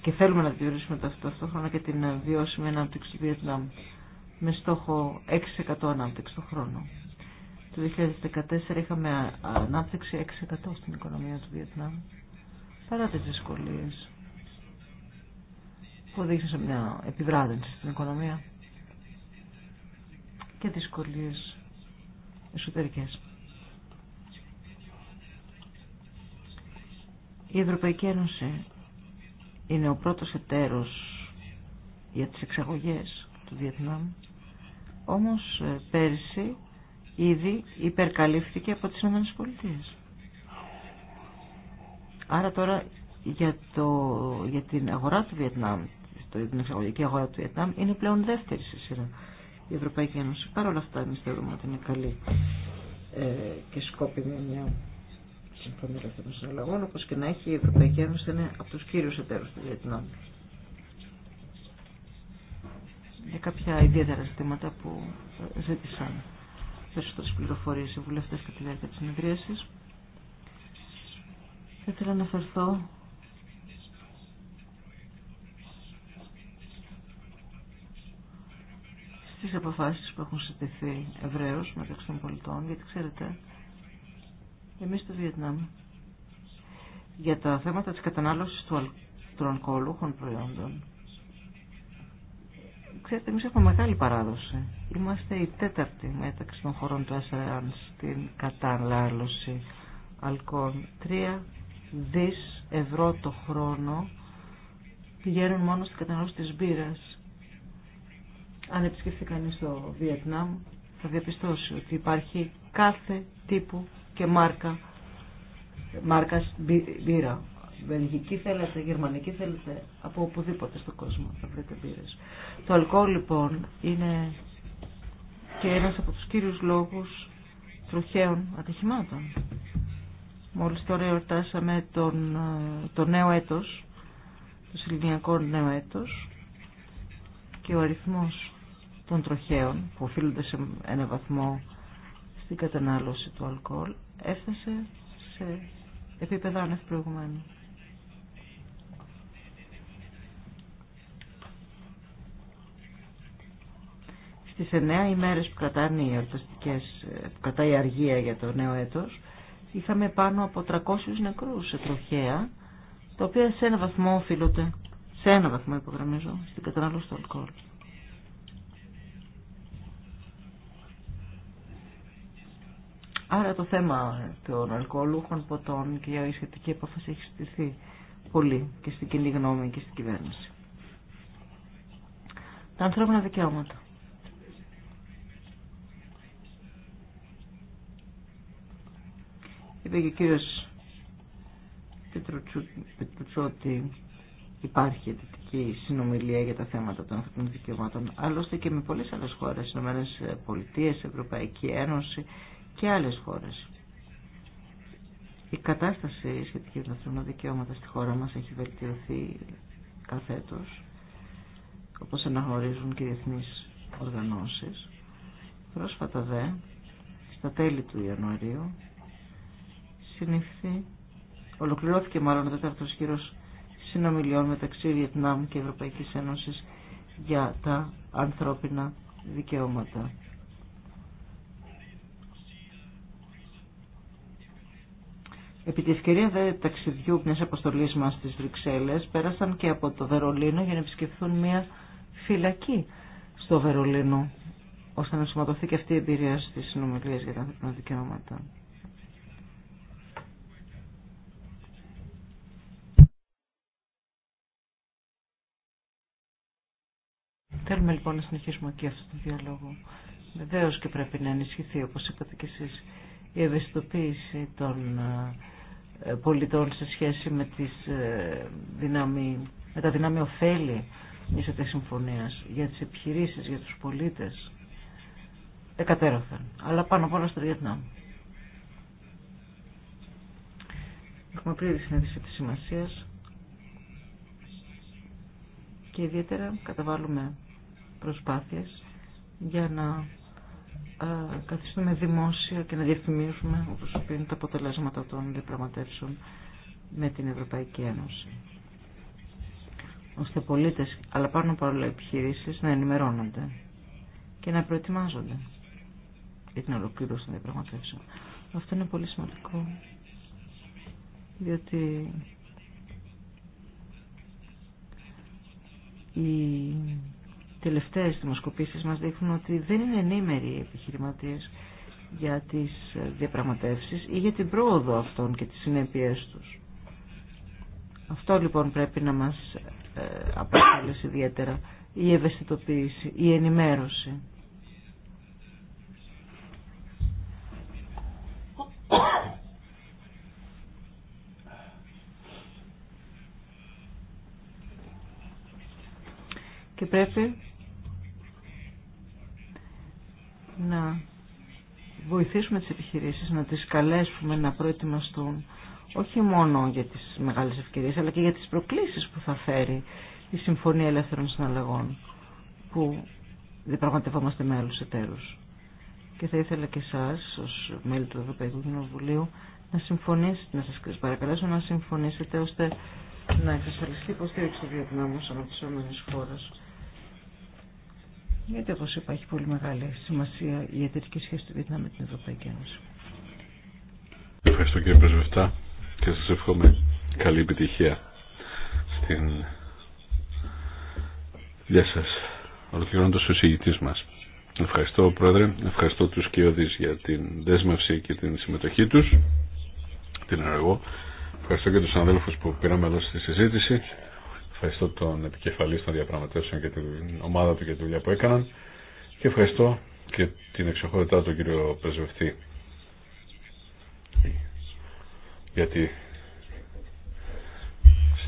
και θέλουμε να διατηρήσουμε ταυτόχρονα και την ε, βιώσιμη ανάπτυξη του Βιετνάμ με στόχο 6% ανάπτυξη το χρόνο. Το 2014 είχαμε ε, ανάπτυξη 6% στην οικονομία του Βιετνάμ παρά τις δυσκολίες που οδήγησαν σε μια επιβράδυνση στην οικονομία και δυσκολίες εσωτερικές. Η Ευρωπαϊκή Ένωση είναι ο πρώτος εταίρος για τις εξαγωγές του Βιετνάμ. Όμως ε, πέρσι ήδη υπερκαλύφθηκε από τις Ηνωμένες Πολιτείες. Άρα τώρα για, την αγορά του Βιετνάμ, την εξαγωγική αγορά του Βιετνάμ, είναι πλέον δεύτερη σε σειρά η Ευρωπαϊκή Ένωση. Παρ' όλα αυτά εμείς θεωρούμε ότι είναι καλή ε, και σκόπιμη μια Συμφωνία των Συναλλαγών, Όπω και να έχει η Ευρωπαϊκή Ένωση είναι από του κύριου εταίρου του Βιετνάμ. Για κάποια ιδιαίτερα ζητήματα που ζήτησαν περισσότερε πληροφορίε οι βουλευτέ κατά τη διάρκεια τη συνεδρίαση, Θα ήθελα να αναφερθώ στις αποφάσεις που έχουν συζητηθεί ευρέως μεταξύ των πολιτών, γιατί ξέρετε εμείς στο Βιετνάμ για τα θέματα της κατανάλωσης του αλκοολούχων προϊόντων. Ξέρετε, εμείς έχουμε μεγάλη παράδοση. Είμαστε η τέταρτη μεταξύ των χωρών του ΑΣΕΑΝ στην κατανάλωση αλκοόλ. Τρία δις ευρώ το χρόνο πηγαίνουν μόνο στην κατανάλωση της μπύρας. Αν επισκεφθεί κανείς το Βιετνάμ θα διαπιστώσει ότι υπάρχει κάθε τύπου και μάρκα μάρκας μπύρα. Βελγική θέλετε, γερμανική θέλετε, από οπουδήποτε στον κόσμο θα βρείτε μπύρες. Το αλκοόλ λοιπόν είναι και ένας από τους κύριους λόγους τροχαίων ατυχημάτων. Μόλις τώρα εορτάσαμε τον, ε, το νέο έτος, το συλληνιακό νέο έτος και ο αριθμός των τροχαίων που οφείλονται σε ένα βαθμό στην κατανάλωση του αλκοόλ έφτασε σε επίπεδα άνευ προηγουμένου. Στις εννέα ημέρες που κρατάνε που κρατάει η αργία για το νέο έτος, είχαμε πάνω από 300 νεκρούς σε τροχέα, τα οποία σε ένα βαθμό οφείλονται, σε ένα βαθμό υπογραμμίζω, στην κατανάλωση του αλκοόλ. Άρα το θέμα των αλκοολούχων ποτών και η σχετική επαφή έχει στηθεί πολύ και στην κοινή γνώμη και στην κυβέρνηση. Τα ανθρώπινα δικαιώματα. Είπε και ο κύριος ότι υπάρχει αιτητική συνομιλία για τα θέματα των ανθρωπίνων δικαιωμάτων. Άλλωστε και με πολλές άλλες χώρες, ΗΠΑ, Ευρωπαϊκή Ένωση, και άλλες χώρες. Η κατάσταση σχετική με τα δικαιώματα στη χώρα μας έχει βελτιωθεί καθέτος, όπως αναγνωρίζουν και οι διεθνείς οργανώσεις. Πρόσφατα δε, στα τέλη του Ιανουαρίου, ολοκληρώθηκε μάλλον ο τέταρτος γύρος συνομιλιών μεταξύ Βιετνάμ και Ευρωπαϊκής Ένωσης για τα ανθρώπινα δικαιώματα. Επί τη ευκαιρία δε ταξιδιού μια αποστολή μα στι Βρυξέλλε, πέρασαν και από το Βερολίνο για να επισκεφθούν μια φυλακή στο Βερολίνο, ώστε να σωματωθεί και αυτή η εμπειρία στι συνομιλίε για τα ανθρώπινα δικαιώματα. Θέλουμε λοιπόν να συνεχίσουμε και αυτό τον διάλογο. Βεβαίω και πρέπει να ενισχυθεί, όπω είπατε και εσεί, η ευαισθητοποίηση των ε, ε, πολιτών σε σχέση με, τις ε, με τα δυνάμει ωφέλη μιας της συμφωνίας για τις επιχειρήσεις, για τους πολίτες εκατέρωθαν, αλλά πάνω απ' όλα στο Βιετνάμ. Έχουμε πλήρη συνέντευξη της σημασίας και ιδιαίτερα καταβάλουμε προσπάθειες για να καθιστούμε δημόσια και να διαφημίσουμε όπως είναι τα αποτελέσματα των διαπραγματεύσεων με την Ευρωπαϊκή Ένωση ώστε πολίτες αλλά πάνω από όλα να ενημερώνονται και να προετοιμάζονται για την ολοκλήρωση των διαπραγματεύσεων. Αυτό είναι πολύ σημαντικό διότι τελευταίες δημοσκοπήσεις μας δείχνουν ότι δεν είναι ενήμεροι οι επιχειρηματίες για τις διαπραγματεύσεις ή για την πρόοδο αυτών και τις συνέπειές τους. Αυτό λοιπόν πρέπει να μας ε, απασχολήσει ιδιαίτερα η ευαισθητοποίηση, η ενημέρωση. Και πρέπει να βοηθήσουμε τις επιχειρήσεις, να τις καλέσουμε να προετοιμαστούν όχι μόνο για τις μεγάλες ευκαιρίες αλλά και για τις προκλήσεις που θα φέρει η Συμφωνία Ελεύθερων Συναλλαγών που διπραγματευόμαστε με άλλους εταίρους. Και θα ήθελα και εσάς ως μέλη του Ευρωπαϊκού Κοινοβουλίου να συμφωνήσετε, να σας παρακαλέσω να συμφωνήσετε ώστε να εξασφαλιστεί υποστήριξη του Βιετνάμου τι όμενε χώρες γιατί όπως είπα έχει πολύ μεγάλη σημασία η εταιρική σχέση του Βιετνάμ με την Ευρωπαϊκή Ένωση. Ευχαριστώ κύριε Πρεσβευτά και σας εύχομαι καλή επιτυχία στην δουλειά σας ολοκληρώνοντας ο συγητής μας. Ευχαριστώ Πρόεδρε, ευχαριστώ τους Κιώδης για την δέσμευση και την συμμετοχή τους, την εργό. Ευχαριστώ και τους αδέλφους που πήραμε εδώ στη συζήτηση. Ευχαριστώ τον επικεφαλή των διαπραγματεύσεων και την ομάδα του για τη δουλειά που έκαναν και ευχαριστώ και την εξοχότητά του κύριο Πρεσβευτή γιατί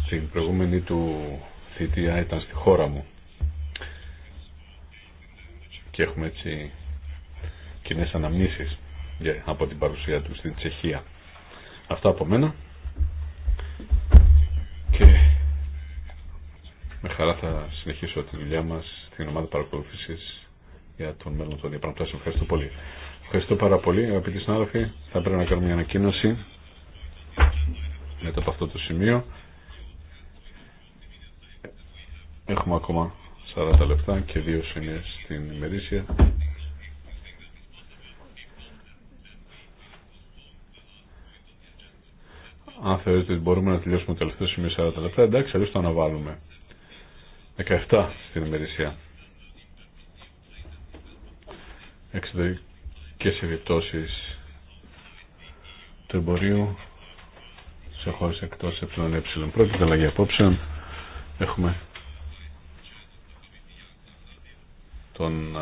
στην προηγούμενη του θητεία ήταν στη χώρα μου και έχουμε έτσι κοινέ αναμνήσεις από την παρουσία του στην Τσεχία. Αυτά από μένα και με χαρά θα συνεχίσω τη δουλειά μα στην ομάδα παρακολούθηση για τον μέλλον των διαπραγματεύσεων. Ευχαριστώ πολύ. Ευχαριστώ πάρα πολύ, αγαπητοί συνάδελφοι. Θα πρέπει να κάνουμε μια ανακοίνωση μετά από αυτό το σημείο. Έχουμε ακόμα 40 λεπτά και δύο σημεία στην ημερήσια. Αν θεωρείτε ότι μπορούμε να τελειώσουμε το τελευταίο σημείο 40 λεπτά, εντάξει, αλλιώ το αναβάλουμε. 17 στην ημερησία. Εξωτερικές επιπτώσεις του εμπορίου σε χώρες εκτός ΕΕ. Πρώτη αλλαγή απόψεων έχουμε τον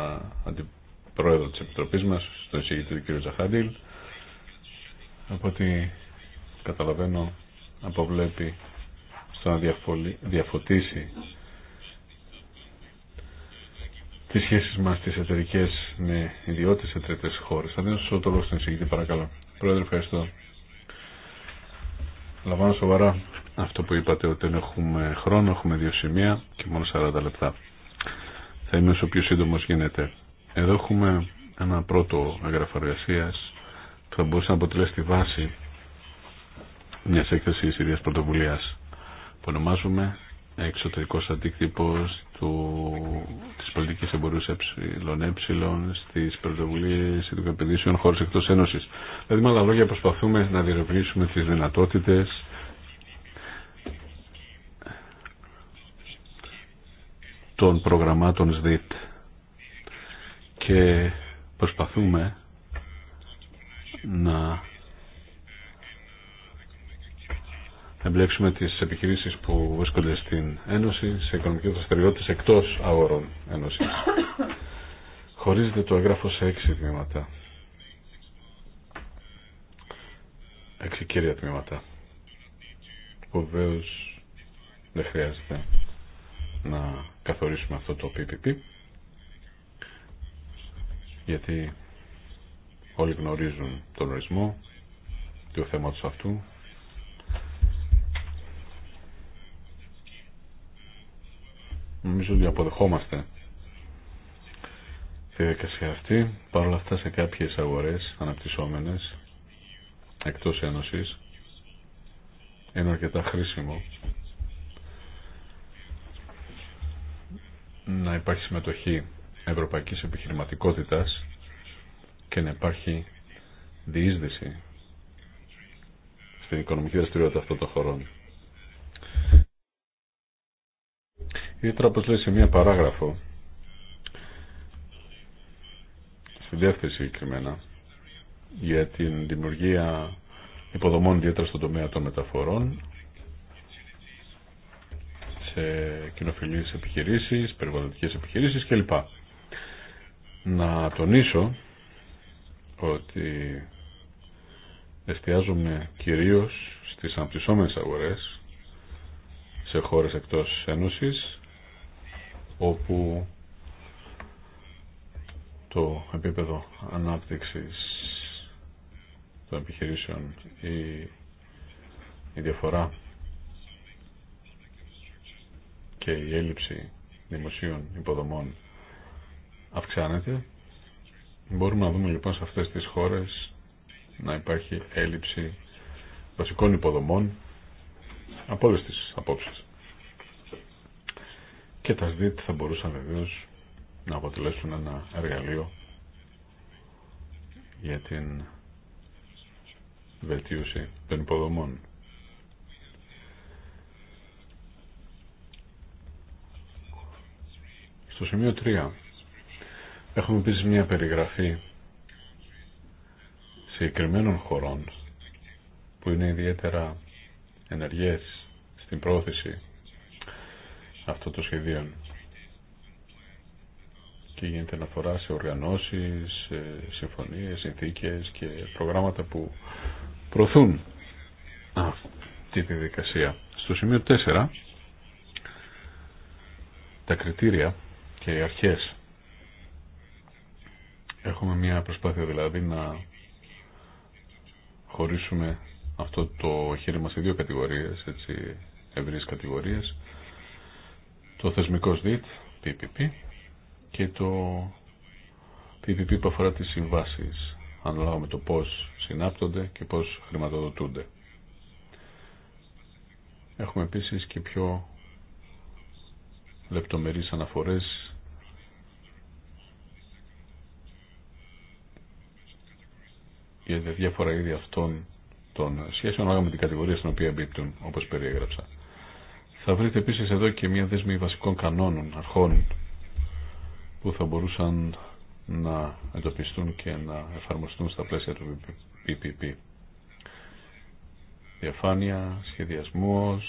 αντιπρόεδρο της Επιτροπής μας, τον εισηγητή του κ. Ζαχάντιλ. Από ό,τι καταλαβαίνω αποβλέπει στο να διαφωτίσει τις σχέσεις μας τις εταιρικές με ιδιώτες σε τρίτες χώρες. Θα δίνω το λόγο στην εισηγητή παρακαλώ. Πρόεδρε ευχαριστώ. Λαμβάνω σοβαρά αυτό που είπατε ότι δεν έχουμε χρόνο, έχουμε δύο σημεία και μόνο 40 λεπτά. Θα είμαι όσο πιο σύντομο γίνεται. Εδώ έχουμε ένα πρώτο έγγραφο εργασία που θα μπορούσε να αποτελέσει τη βάση μια έκθεση ίδια πρωτοβουλία που ονομάζουμε Εξωτερικό Αντίκτυπο του, της πολιτικής εμπορίου Ε, στις πρωτοβουλίες των χώρες εκτός Ένωσης. Δηλαδή με άλλα λόγια προσπαθούμε να διερευνήσουμε τις δυνατότητες των προγραμμάτων ΣΔΙΤ και προσπαθούμε να εμπλέξουμε τις επιχειρήσεις που βρίσκονται στην Ένωση σε οικονομικέ δραστηριότητες εκτός αγορών Ένωσης. Χωρίζεται το έγγραφο σε έξι τμήματα. Έξι κύρια τμήματα. Που βεβαίω δεν χρειάζεται να καθορίσουμε αυτό το PPP γιατί όλοι γνωρίζουν τον ορισμό του θέματος αυτού Νομίζω ότι αποδεχόμαστε τη διαδικασία αυτή. Παρ' αυτά σε κάποιες αγορές αναπτυσσόμενες εκτός ένωσης είναι αρκετά χρήσιμο να υπάρχει συμμετοχή ευρωπαϊκής επιχειρηματικότητας και να υπάρχει διείσδυση στην οικονομική δραστηριότητα αυτών των χωρών τώρα, όπως λέει σε μία παράγραφο στη δεύτερη συγκεκριμένα για την δημιουργία υποδομών ιδιαίτερα στον τομέα των μεταφορών σε κοινοφιλείς επιχειρήσεις, περιβαλλοντικές επιχειρήσεις κλπ. Να τονίσω ότι εστιάζομαι κυρίως στις αμπτυσσόμενες αγορές σε χώρες εκτός Ένωσης όπου το επίπεδο ανάπτυξης των επιχειρήσεων ή η διαφορά και η έλλειψη δημοσίων υποδομών αυξάνεται. Μπορούμε να δούμε λοιπόν σε αυτές τις χώρες να υπάρχει έλλειψη βασικών υποδομών από όλες τις απόψεις και τα ΣΔΙΤ θα μπορούσαν βεβαίω να αποτελέσουν ένα εργαλείο για την βελτίωση των υποδομών. Στο σημείο 3 έχουμε επίσης μια περιγραφή συγκεκριμένων χωρών που είναι ιδιαίτερα ενεργές στην πρόθεση αυτό το σχεδίο. Και γίνεται αναφορά σε οργανώσεις, σε συμφωνίες, συνθήκες και προγράμματα που προωθούν αυτή τη δικασία. Στο σημείο 4, τα κριτήρια και οι αρχές. Έχουμε μια προσπάθεια δηλαδή να χωρίσουμε αυτό το μας σε δύο κατηγορίες, έτσι, ευρείς κατηγορίες το θεσμικό ΣΔΙΤ, PPP, και το PPP που αφορά τις συμβάσεις, ανάλογα με το πώς συνάπτονται και πώς χρηματοδοτούνται. Έχουμε επίσης και πιο λεπτομερείς αναφορές για διάφορα είδη αυτών των σχέσεων, ανάλογα με την κατηγορία στην οποία εμπίπτουν, όπως περιέγραψα. Θα βρείτε επίσης εδώ και μια δέσμη βασικών κανόνων, αρχών, που θα μπορούσαν να εντοπιστούν και να εφαρμοστούν στα πλαίσια του PPP. Διαφάνεια, σχεδιασμός,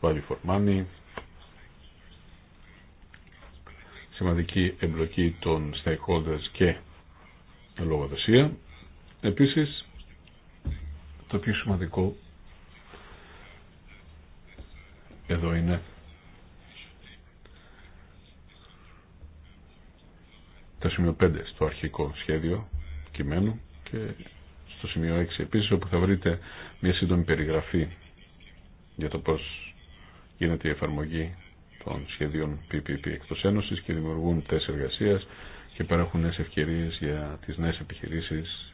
value for money, σημαντική εμπλοκή των stakeholders και λογοδοσία. Επίσης, το πιο σημαντικό εδώ είναι το σημείο 5 στο αρχικό σχέδιο κειμένου και στο σημείο 6 επίσης όπου θα βρείτε μια σύντομη περιγραφή για το πώς γίνεται η εφαρμογή των σχεδίων PPP εκτός Ένωσης και δημιουργούν θέσεις εργασίας και παρέχουν νέες ευκαιρίες για τις νέες επιχειρήσεις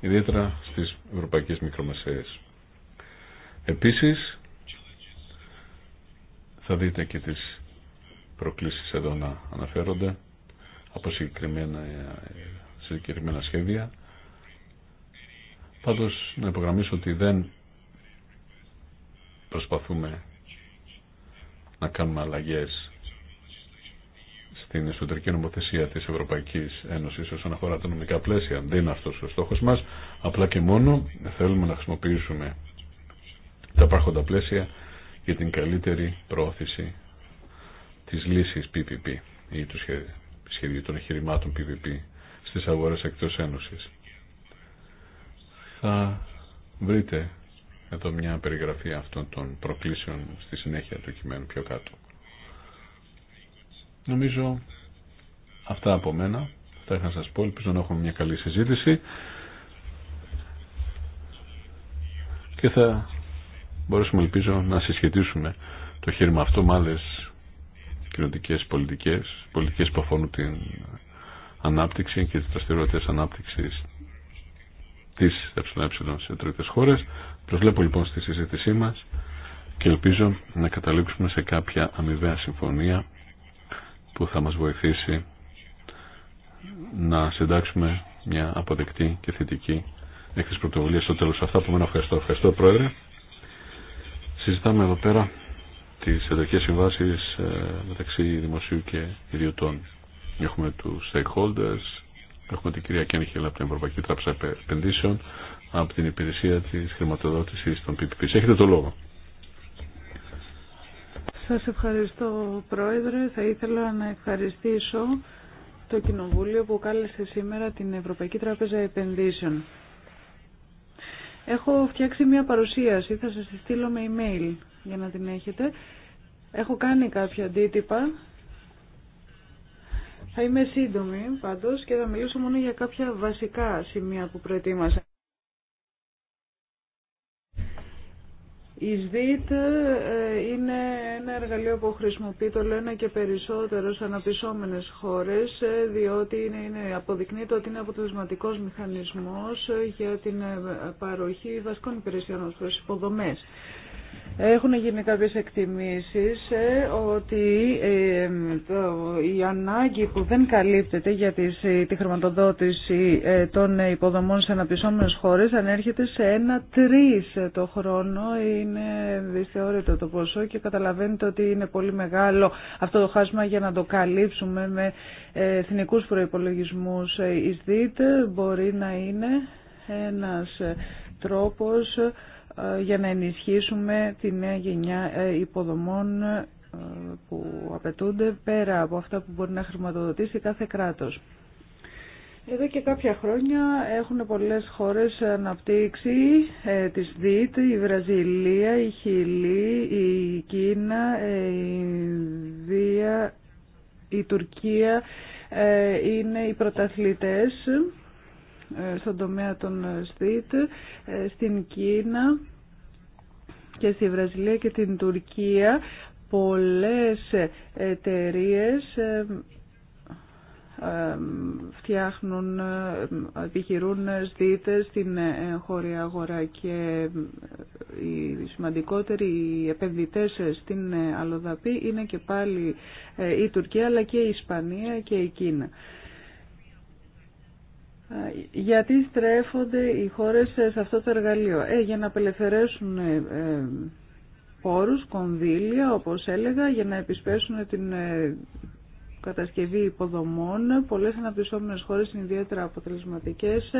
ιδιαίτερα στις ευρωπαϊκές μικρομεσαίες. Επίσης, θα δείτε και τις προκλήσεις εδώ να αναφέρονται από συγκεκριμένα, συγκεκριμένα σχέδια. Πάντως να υπογραμμίσω ότι δεν προσπαθούμε να κάνουμε αλλαγές στην εσωτερική νομοθεσία της Ευρωπαϊκής Ένωσης όσον αφορά τα νομικά πλαίσια. Δεν είναι αυτός ο στόχος μας. Απλά και μόνο θέλουμε να χρησιμοποιήσουμε τα υπάρχοντα πλαίσια για την καλύτερη προώθηση της λύσης PPP ή του σχεδίου των εγχειρημάτων PPP στις αγορές εκτός Ένωσης. Θα βρείτε εδώ μια περιγραφή αυτών των προκλήσεων στη συνέχεια του κειμένου πιο κάτω. Νομίζω αυτά από μένα. Θα είχα να σας πω. Ελπίζω να έχουμε μια καλή συζήτηση. Και θα μπορέσουμε ελπίζω να συσχετίσουμε το χείρημα αυτό με άλλε κοινωνικέ πολιτικέ, πολιτικέ που αφορούν την ανάπτυξη και τι δραστηριότητε ανάπτυξη τη ΕΕ σε τρίτε χώρε. Προσβλέπω λοιπόν στη συζήτησή μα και ελπίζω να καταλήξουμε σε κάποια αμοιβαία συμφωνία που θα μας βοηθήσει να συντάξουμε μια αποδεκτή και θετική έκθεση πρωτοβουλία στο τέλος. Αυτά που με ευχαριστώ. Ευχαριστώ Πρόεδρε. Συζητάμε εδώ πέρα τις εντοχές συμβάσεις ε, μεταξύ δημοσίου και ιδιωτών. Έχουμε τους stakeholders, έχουμε την κυρία Κένιχελ από την Ευρωπαϊκή Τράπεζα Επενδύσεων, από την υπηρεσία της χρηματοδότησης των PPP. Έχετε το λόγο. Σας ευχαριστώ Πρόεδρε. Θα ήθελα να ευχαριστήσω το Κοινοβούλιο που κάλεσε σήμερα την Ευρωπαϊκή Τράπεζα Επενδύσεων. Έχω φτιάξει μια παρουσίαση, θα σας τη στείλω με email για να την έχετε. Έχω κάνει κάποια αντίτυπα. Θα είμαι σύντομη πάντως και θα μιλήσω μόνο για κάποια βασικά σημεία που προετοίμασα. Η ΣΔΙΤ ε, είναι ένα εργαλείο που χρησιμοποιεί το λένε και περισσότερο σε αναπτυσσόμενες χώρες ε, διότι είναι, αποδεικνύεται ότι είναι αποτελεσματικός μηχανισμός ε, για την παροχή βασικών υπηρεσιών στους υποδομές. Έχουν γίνει κάποιες εκτιμήσεις ε, ότι ε, η ανάγκη που δεν καλύπτεται για ε, τη χρηματοδότηση των υποδομών σε αναπτυσσόμενες χώρες ανέρχεται σε ένα τρεις το χρόνο. Είναι δυσθεώρητο το ποσό και καταλαβαίνετε ότι είναι πολύ μεγάλο αυτό το χάσμα για να το καλύψουμε με εθνικούς προϋπολογισμούς εις ΣΔΙΤ Μπορεί να είναι ένας τρόπος ε, για να ενισχύσουμε τη νέα γενιά ε, υποδομών ε, που απαιτούνται πέρα από αυτά που μπορεί να χρηματοδοτήσει κάθε κράτος. Εδώ και κάποια χρόνια έχουν πολλές χώρες αναπτύξει ε, της ΔΙΤ, η Βραζιλία, η Χιλή, η Κίνα, η Ινδία, η Τουρκία είναι οι πρωταθλητές ε, στον τομέα των ΣΔΙΤ ε, ε, στην Κίνα και στη Βραζιλία και την Τουρκία πολλές εταιρείε φτιάχνουν, επιχειρούν σδίτες στην χώρια αγορά και οι σημαντικότεροι επενδυτές στην Αλοδαπή είναι και πάλι η Τουρκία αλλά και η Ισπανία και η Κίνα. Γιατί στρέφονται οι χώρες σε αυτό το εργαλείο. Ε, για να απελευθερέσουν ε, πόρους, κονδύλια, όπως έλεγα, για να επισπέσουν την ε, κατασκευή υποδομών. Πολλές αναπτυσσόμενες χώρες είναι ιδιαίτερα αποτελεσματικές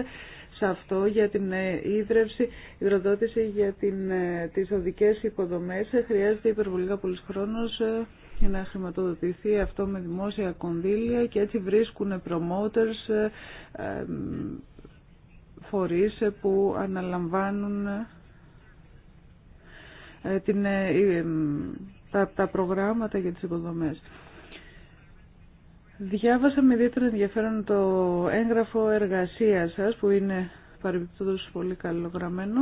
σε αυτό για την ίδρευση, υδροδότηση για την, τις οδικές υποδομές. Χρειάζεται υπερβολικά πολλής χρόνος για να χρηματοδοτηθεί αυτό με δημόσια κονδύλια και έτσι βρίσκουν promoters, ε, φορείς που αναλαμβάνουν ε, την, ε, τα, τα προγράμματα για τις υποδομές. Διάβασα με ιδιαίτερο ενδιαφέρον το έγγραφο εργασίας σας που είναι παρεμπιπτόντως πολύ καλογραμμένο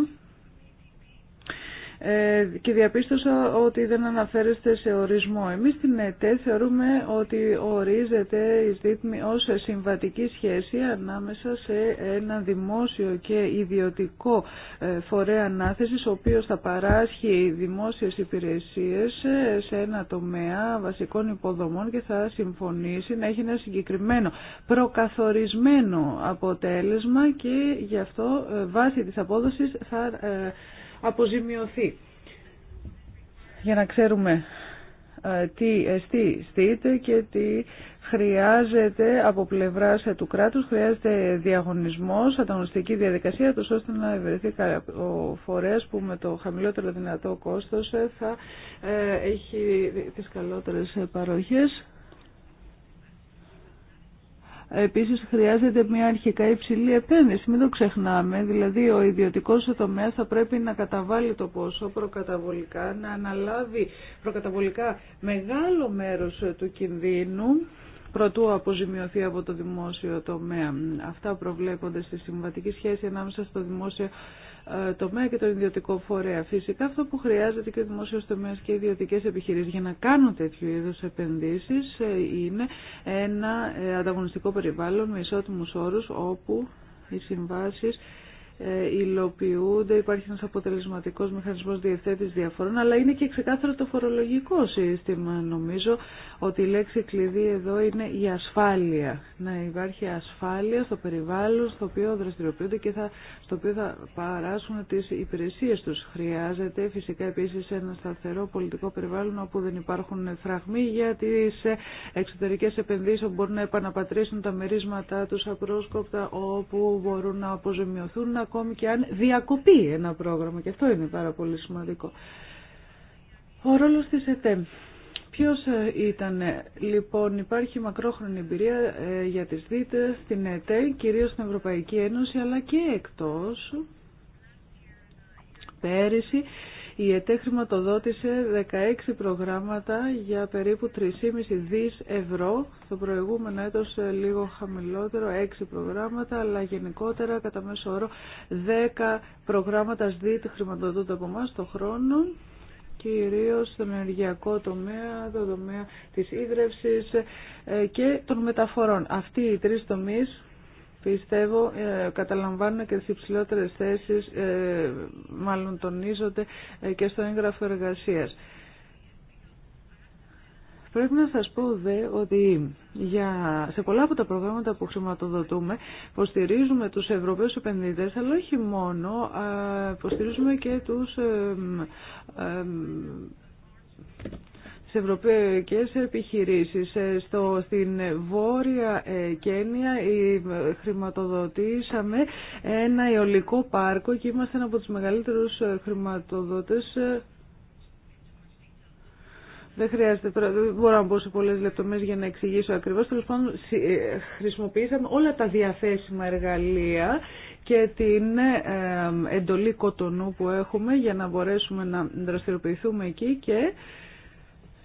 ε, και διαπίστωσα ότι δεν αναφέρεστε σε ορισμό. Εμείς στην ΕΤΕ θεωρούμε ότι ορίζεται η ΣΔΙΤΜΗ ως συμβατική σχέση ανάμεσα σε ένα δημόσιο και ιδιωτικό ε, φορέα ανάθεσης, ο οποίος θα παράσχει δημόσιες υπηρεσίες ε, σε ένα τομέα βασικών υποδομών και θα συμφωνήσει να έχει ένα συγκεκριμένο προκαθορισμένο αποτέλεσμα και γι' αυτό βάσει της απόδοσης θα αποζημιωθεί. Για να ξέρουμε ε, τι στείτε και τι χρειάζεται από πλευράς του κράτους, χρειάζεται διαγωνισμός, ανταγωνιστική διαδικασία, τους ώστε να ευρεθεί ο φορέας που με το χαμηλότερο δυνατό κόστος θα ε, έχει τις καλότερες παροχές. Επίσης χρειάζεται μια αρχικά υψηλή επένδυση, μην το ξεχνάμε, δηλαδή ο ιδιωτικός τομέας θα πρέπει να καταβάλει το ποσό προκαταβολικά, να αναλάβει προκαταβολικά μεγάλο μέρος του κινδύνου προτού αποζημιωθεί από το δημόσιο τομέα. Αυτά προβλέπονται στη συμβατική σχέση ανάμεσα στο δημόσιο τομέα και τον ιδιωτικό φορέα. Φυσικά αυτό που χρειάζεται και ο δημόσιος και οι ιδιωτικές επιχειρήσεις για να κάνουν τέτοιου είδους επενδύσεις ε, είναι ένα ε, ανταγωνιστικό περιβάλλον με ισότιμους όρους όπου οι συμβάσεις ε, υλοποιούνται, υπάρχει ένας αποτελεσματικός μηχανισμός διευθέτησης διαφορών, αλλά είναι και ξεκάθαρο το φορολογικό σύστημα. Νομίζω ότι η λέξη κλειδί εδώ είναι η ασφάλεια. Να υπάρχει ασφάλεια στο περιβάλλον στο οποίο δραστηριοποιούνται και θα, στο οποίο θα παράσουν τις υπηρεσίες τους. Χρειάζεται φυσικά επίσης ένα σταθερό πολιτικό περιβάλλον όπου δεν υπάρχουν φραγμοί για τις ε, εξωτερικές επενδύσεις όπου μπορούν να επαναπατρίσουν τα μερίσματά τους απρόσκοπτα, όπου μπορούν να αποζημιωθούν, να ακόμη και αν διακοπεί ένα πρόγραμμα και αυτό είναι πάρα πολύ σημαντικό. Ο ρόλος της ΕΤΕ. Ποιος ε, ήταν, ε, λοιπόν, υπάρχει μακρόχρονη εμπειρία ε, για τις δίτες στην ΕΤΕ, κυρίως στην Ευρωπαϊκή Ένωση, αλλά και εκτός. Πέρυσι η ΕΤΕ χρηματοδότησε 16 προγράμματα για περίπου 3,5 δις ευρώ. Το προηγούμενο έτος ε, λίγο χαμηλότερο, 6 προγράμματα, αλλά γενικότερα κατά μέσο όρο 10 προγράμματα ΣΔΙΤ χρηματοδοτούνται από εμά το χρόνο κυρίως στον ενεργειακό τομέα, το τομέα της ίδρευσης ε, και των μεταφορών. Αυτοί οι τρεις τομείς Πιστεύω ε, καταλαμβάνουν και τις υψηλότερες θέσεις, ε, μάλλον τονίζονται ε, και στο έγγραφο εργασίας. Πρέπει να σας πω δε ότι για, σε πολλά από τα προγράμματα που χρηματοδοτούμε υποστηρίζουμε τους Ευρωπαίους επενδυτές αλλά όχι μόνο, υποστηρίζουμε και τους σε ευρωπαϊκές επιχειρήσεις. Ε, στο, στην Βόρεια ε, Κένια ε, χρηματοδοτήσαμε ένα αιωλικό πάρκο και είμαστε ένα από τους μεγαλύτερους χρηματοδότες δεν χρειάζεται τώρα, δεν μπορώ να μπω σε πολλές λεπτομέρειε για να εξηγήσω ακριβώς, τέλος πάντων, χρησιμοποιήσαμε όλα τα διαθέσιμα εργαλεία και την εντολή κοτονού που έχουμε για να μπορέσουμε να δραστηριοποιηθούμε εκεί και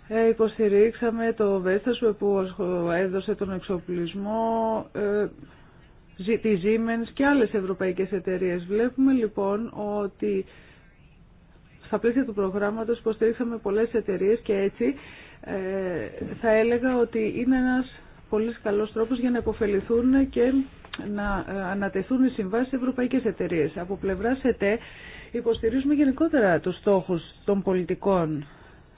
ε, υποστηρίξαμε το Βέστας που έδωσε τον εξοπλισμό, ε, τη Siemens και άλλες ευρωπαϊκές εταιρείες. Βλέπουμε λοιπόν ότι στα πλαίσια του προγράμματος υποστηρίξαμε πολλές εταιρείες και έτσι ε, θα έλεγα ότι είναι ένας πολύ καλός τρόπος για να υποφεληθούν και να ανατεθούν οι συμβάσεις σε ευρωπαϊκές εταιρείες. Από πλευρά ΕΤΕ υποστηρίζουμε γενικότερα τους στόχους των πολιτικών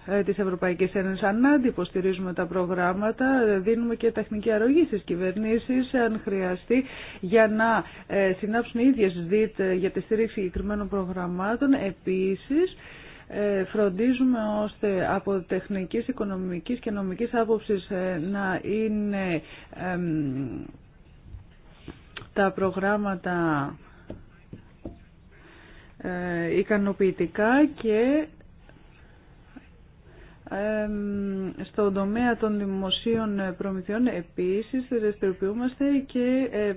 ε, της Ευρωπαϊκής Ένωσης. Ανάντι υποστηρίζουμε τα προγράμματα, ε, δίνουμε και τεχνική αρρωγή στις κυβερνήσεις αν χρειαστεί για να ε, συνάψουν οι ίδιες ΔΙΤ για τη στήριξη συγκεκριμένων προγραμμάτων. Επίσης, φροντίζουμε ώστε από τεχνικής, οικονομικής και νομικής άποψης να είναι τα προγράμματα ικανοποιητικά και στον τομέα των δημοσίων προμηθειών επίσης δραστηριοποιούμαστε και ε, ε,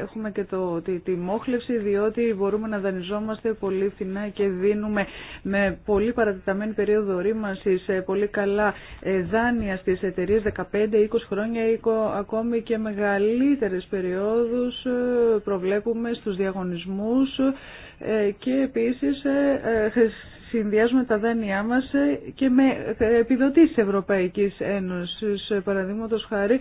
έχουμε και το, τη, τη μόχλευση διότι μπορούμε να δανειζόμαστε πολύ φθηνά και δίνουμε με πολύ παρατηταμένη περίοδο ρήμανσης ε, πολύ καλά δάνεια στις εταιρείες 15-20 χρόνια ή ακόμη και μεγαλύτερες περιόδους προβλέπουμε στους διαγωνισμούς και επίσης συνδυάζουμε τα δάνειά μας ε, και με ε, επιδοτήσεις Ευρωπαϊκής Ένωσης. Ε, παραδείγματος χάρη,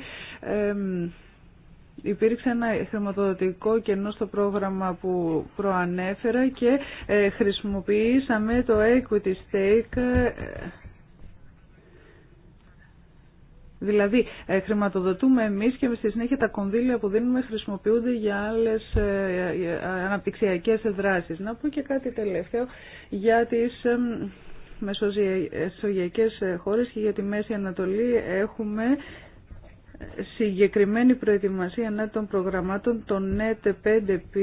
Υπήρξε ένα χρηματοδοτικό κενό στο πρόγραμμα που προανέφερα και χρησιμοποιήσαμε το equity stake Δηλαδή, ε, χρηματοδοτούμε εμείς και στη συνέχεια τα κονδύλια που δίνουμε χρησιμοποιούνται για άλλες ε, ε, αναπτυξιακές δράσεις. Να πω και κάτι τελευταίο για τις μεσογειακές χώρες και για τη Μέση Ανατολή έχουμε συγκεκριμένη προετοιμασία ανά των προγραμμάτων Το NET 5P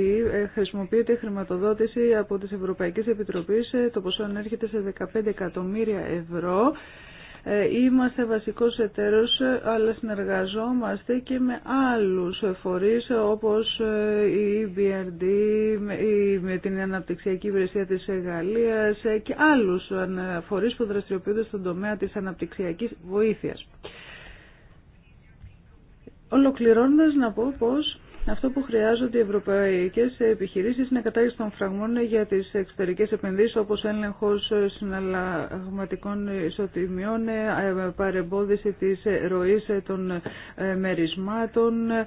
χρησιμοποιείται χρηματοδότηση από τις Ευρωπαϊκές Επιτροπές το ποσό ανέρχεται σε 15 εκατομμύρια ευρώ ε, είμαστε βασικός εταίρος, ε, αλλά συνεργαζόμαστε και με άλλους φορείς όπως ε, η EBRD με την Αναπτυξιακή Υπηρεσία της Γαλλίας και άλλους φορείς που δραστηριοποιούνται στον τομέα της αναπτυξιακής βοήθειας. Ολοκληρώνοντας να πω πως αυτό που χρειάζονται οι ευρωπαϊκέ επιχειρήσει είναι κατάργηση των φραγμών για τι εξωτερικέ επενδύσει όπω έλεγχο συναλλαγματικών ισοτιμιών, ε, παρεμπόδιση τη ροή των ε, μερισμάτων, ε,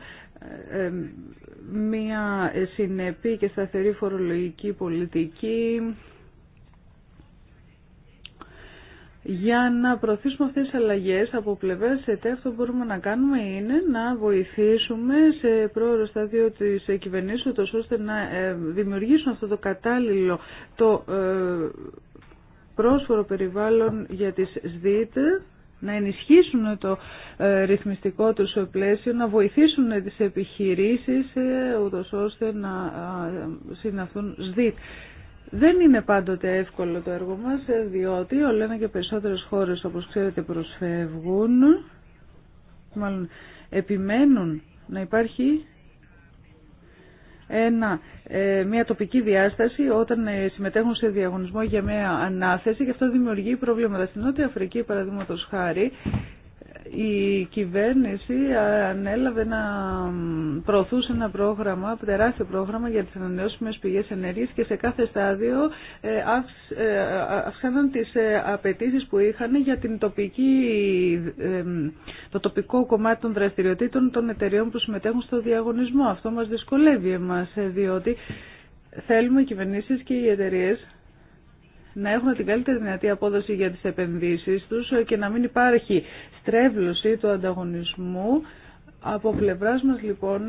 μια συνεπή και σταθερή φορολογική πολιτική, Για να προωθήσουμε αυτές τις αλλαγές από πλευρά ΕΤΕ αυτό που μπορούμε να κάνουμε είναι να βοηθήσουμε σε πρόωρο στάδιο της κυβερνήσεως ώστε να ε, δημιουργήσουν αυτό το κατάλληλο το ε, πρόσφορο περιβάλλον για τις ΣΔΙΤ να ενισχύσουν το ε, ρυθμιστικό τους πλαίσιο, να βοηθήσουν τις επιχειρήσεις ούτως ώστε να συναθούν ΣΔΙΤ. Δεν είναι πάντοτε εύκολο το έργο μας, ε, διότι ένα και περισσότερες χώρες, όπως ξέρετε, προσφεύγουν, μάλλον επιμένουν να υπάρχει ένα, ε, μια τοπική διάσταση όταν ε, συμμετέχουν σε διαγωνισμό για μια ανάθεση και αυτό δημιουργεί προβλήματα. Στην Νότια Αφρική, παραδείγματο χάρη, η κυβέρνηση ανέλαβε να προωθούσε ένα πρόγραμμα, τεράστιο πρόγραμμα για τις ανανεώσιμες πηγές ενέργειας και σε κάθε στάδιο ε, ε, αυξάναν τις ε, απαιτήσεις που είχαν για την τοπική, το τοπικό κομμάτι των δραστηριοτήτων των εταιριών που συμμετέχουν στο διαγωνισμό. Αυτό μας δυσκολεύει εμάς, διότι θέλουμε οι κυβερνήσεις και οι εταιρείες να έχουν την καλύτερη δυνατή απόδοση για τις επενδύσεις τους και να μην υπάρχει στρέβλωση του ανταγωνισμού. Από πλευράς μας λοιπόν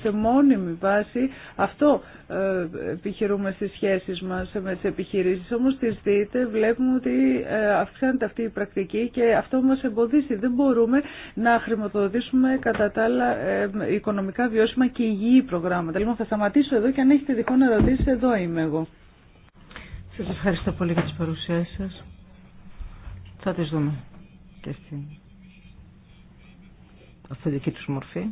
σε μόνιμη βάση αυτό ε, επιχειρούμε στις σχέσεις μας με τις επιχειρήσεις. Όμως τις δείτε, βλέπουμε ότι ε, αυξάνεται αυτή η πρακτική και αυτό μας εμποδίσει. Δεν μπορούμε να χρηματοδοτήσουμε κατά τα άλλα ε, οικονομικά βιώσιμα και υγιή προγράμματα. Λοιπόν, θα σταματήσω εδώ και αν έχετε δικό να ρωτήσετε, εδώ είμαι εγώ. Σας ευχαριστώ πολύ για τις παρουσίες σας. Θα τις δούμε και στην αυθεντική τους μορφή.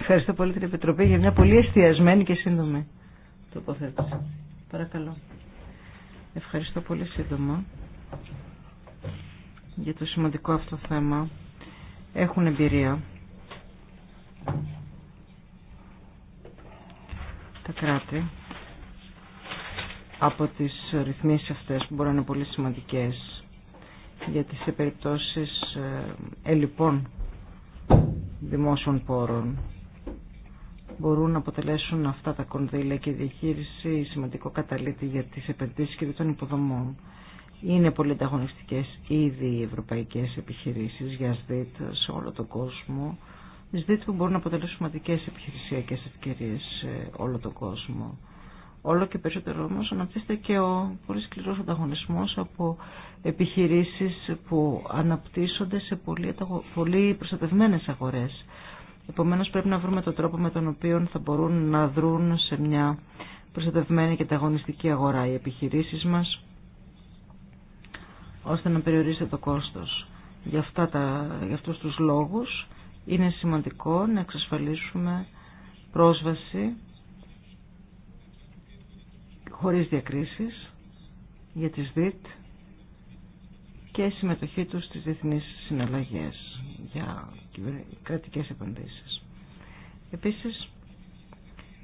Ευχαριστώ πολύ την Επιτροπή για μια πολύ εστιασμένη και σύντομη τοποθέτηση. Παρακαλώ. Ευχαριστώ πολύ σύντομα για το σημαντικό αυτό θέμα. Έχουν εμπειρία. Τα κράτη από τις ρυθμίσεις αυτές που μπορεί να είναι πολύ σημαντικές γιατί σε περιπτώσεις ε, ελλειπών δημόσιων πόρων μπορούν να αποτελέσουν αυτά τα κονδύλια και η διαχείριση σημαντικό καταλήτη για τις επενδύσεις και των υποδομών. Είναι πολύ ανταγωνιστικέ ήδη οι ευρωπαϊκές επιχειρήσεις για ΣΔΙΤ σε όλο τον κόσμο. ΣΔΙΤ που μπορούν να αποτελέσουν σημαντικέ επιχειρησιακές ευκαιρίες σε όλο τον κόσμο. Όλο και περισσότερο όμως αναπτύσσεται και ο πολύ σκληρός ανταγωνισμός από επιχειρήσεις που αναπτύσσονται σε πολύ, πολύ προστατευμένες αγορές. Επομένως πρέπει να βρούμε τον τρόπο με τον οποίο θα μπορούν να δρουν σε μια προστατευμένη και ταγωνιστική αγορά οι επιχειρήσεις μας ώστε να περιορίσετε το κόστος. Για, αυτά τα, για αυτούς τους λόγους είναι σημαντικό να εξασφαλίσουμε πρόσβαση χωρίς διακρίσεις για τις ΔΙΤ και συμμετοχή τους στις διεθνείς συναλλαγές για κρατικές επενδύσεις. Επίσης,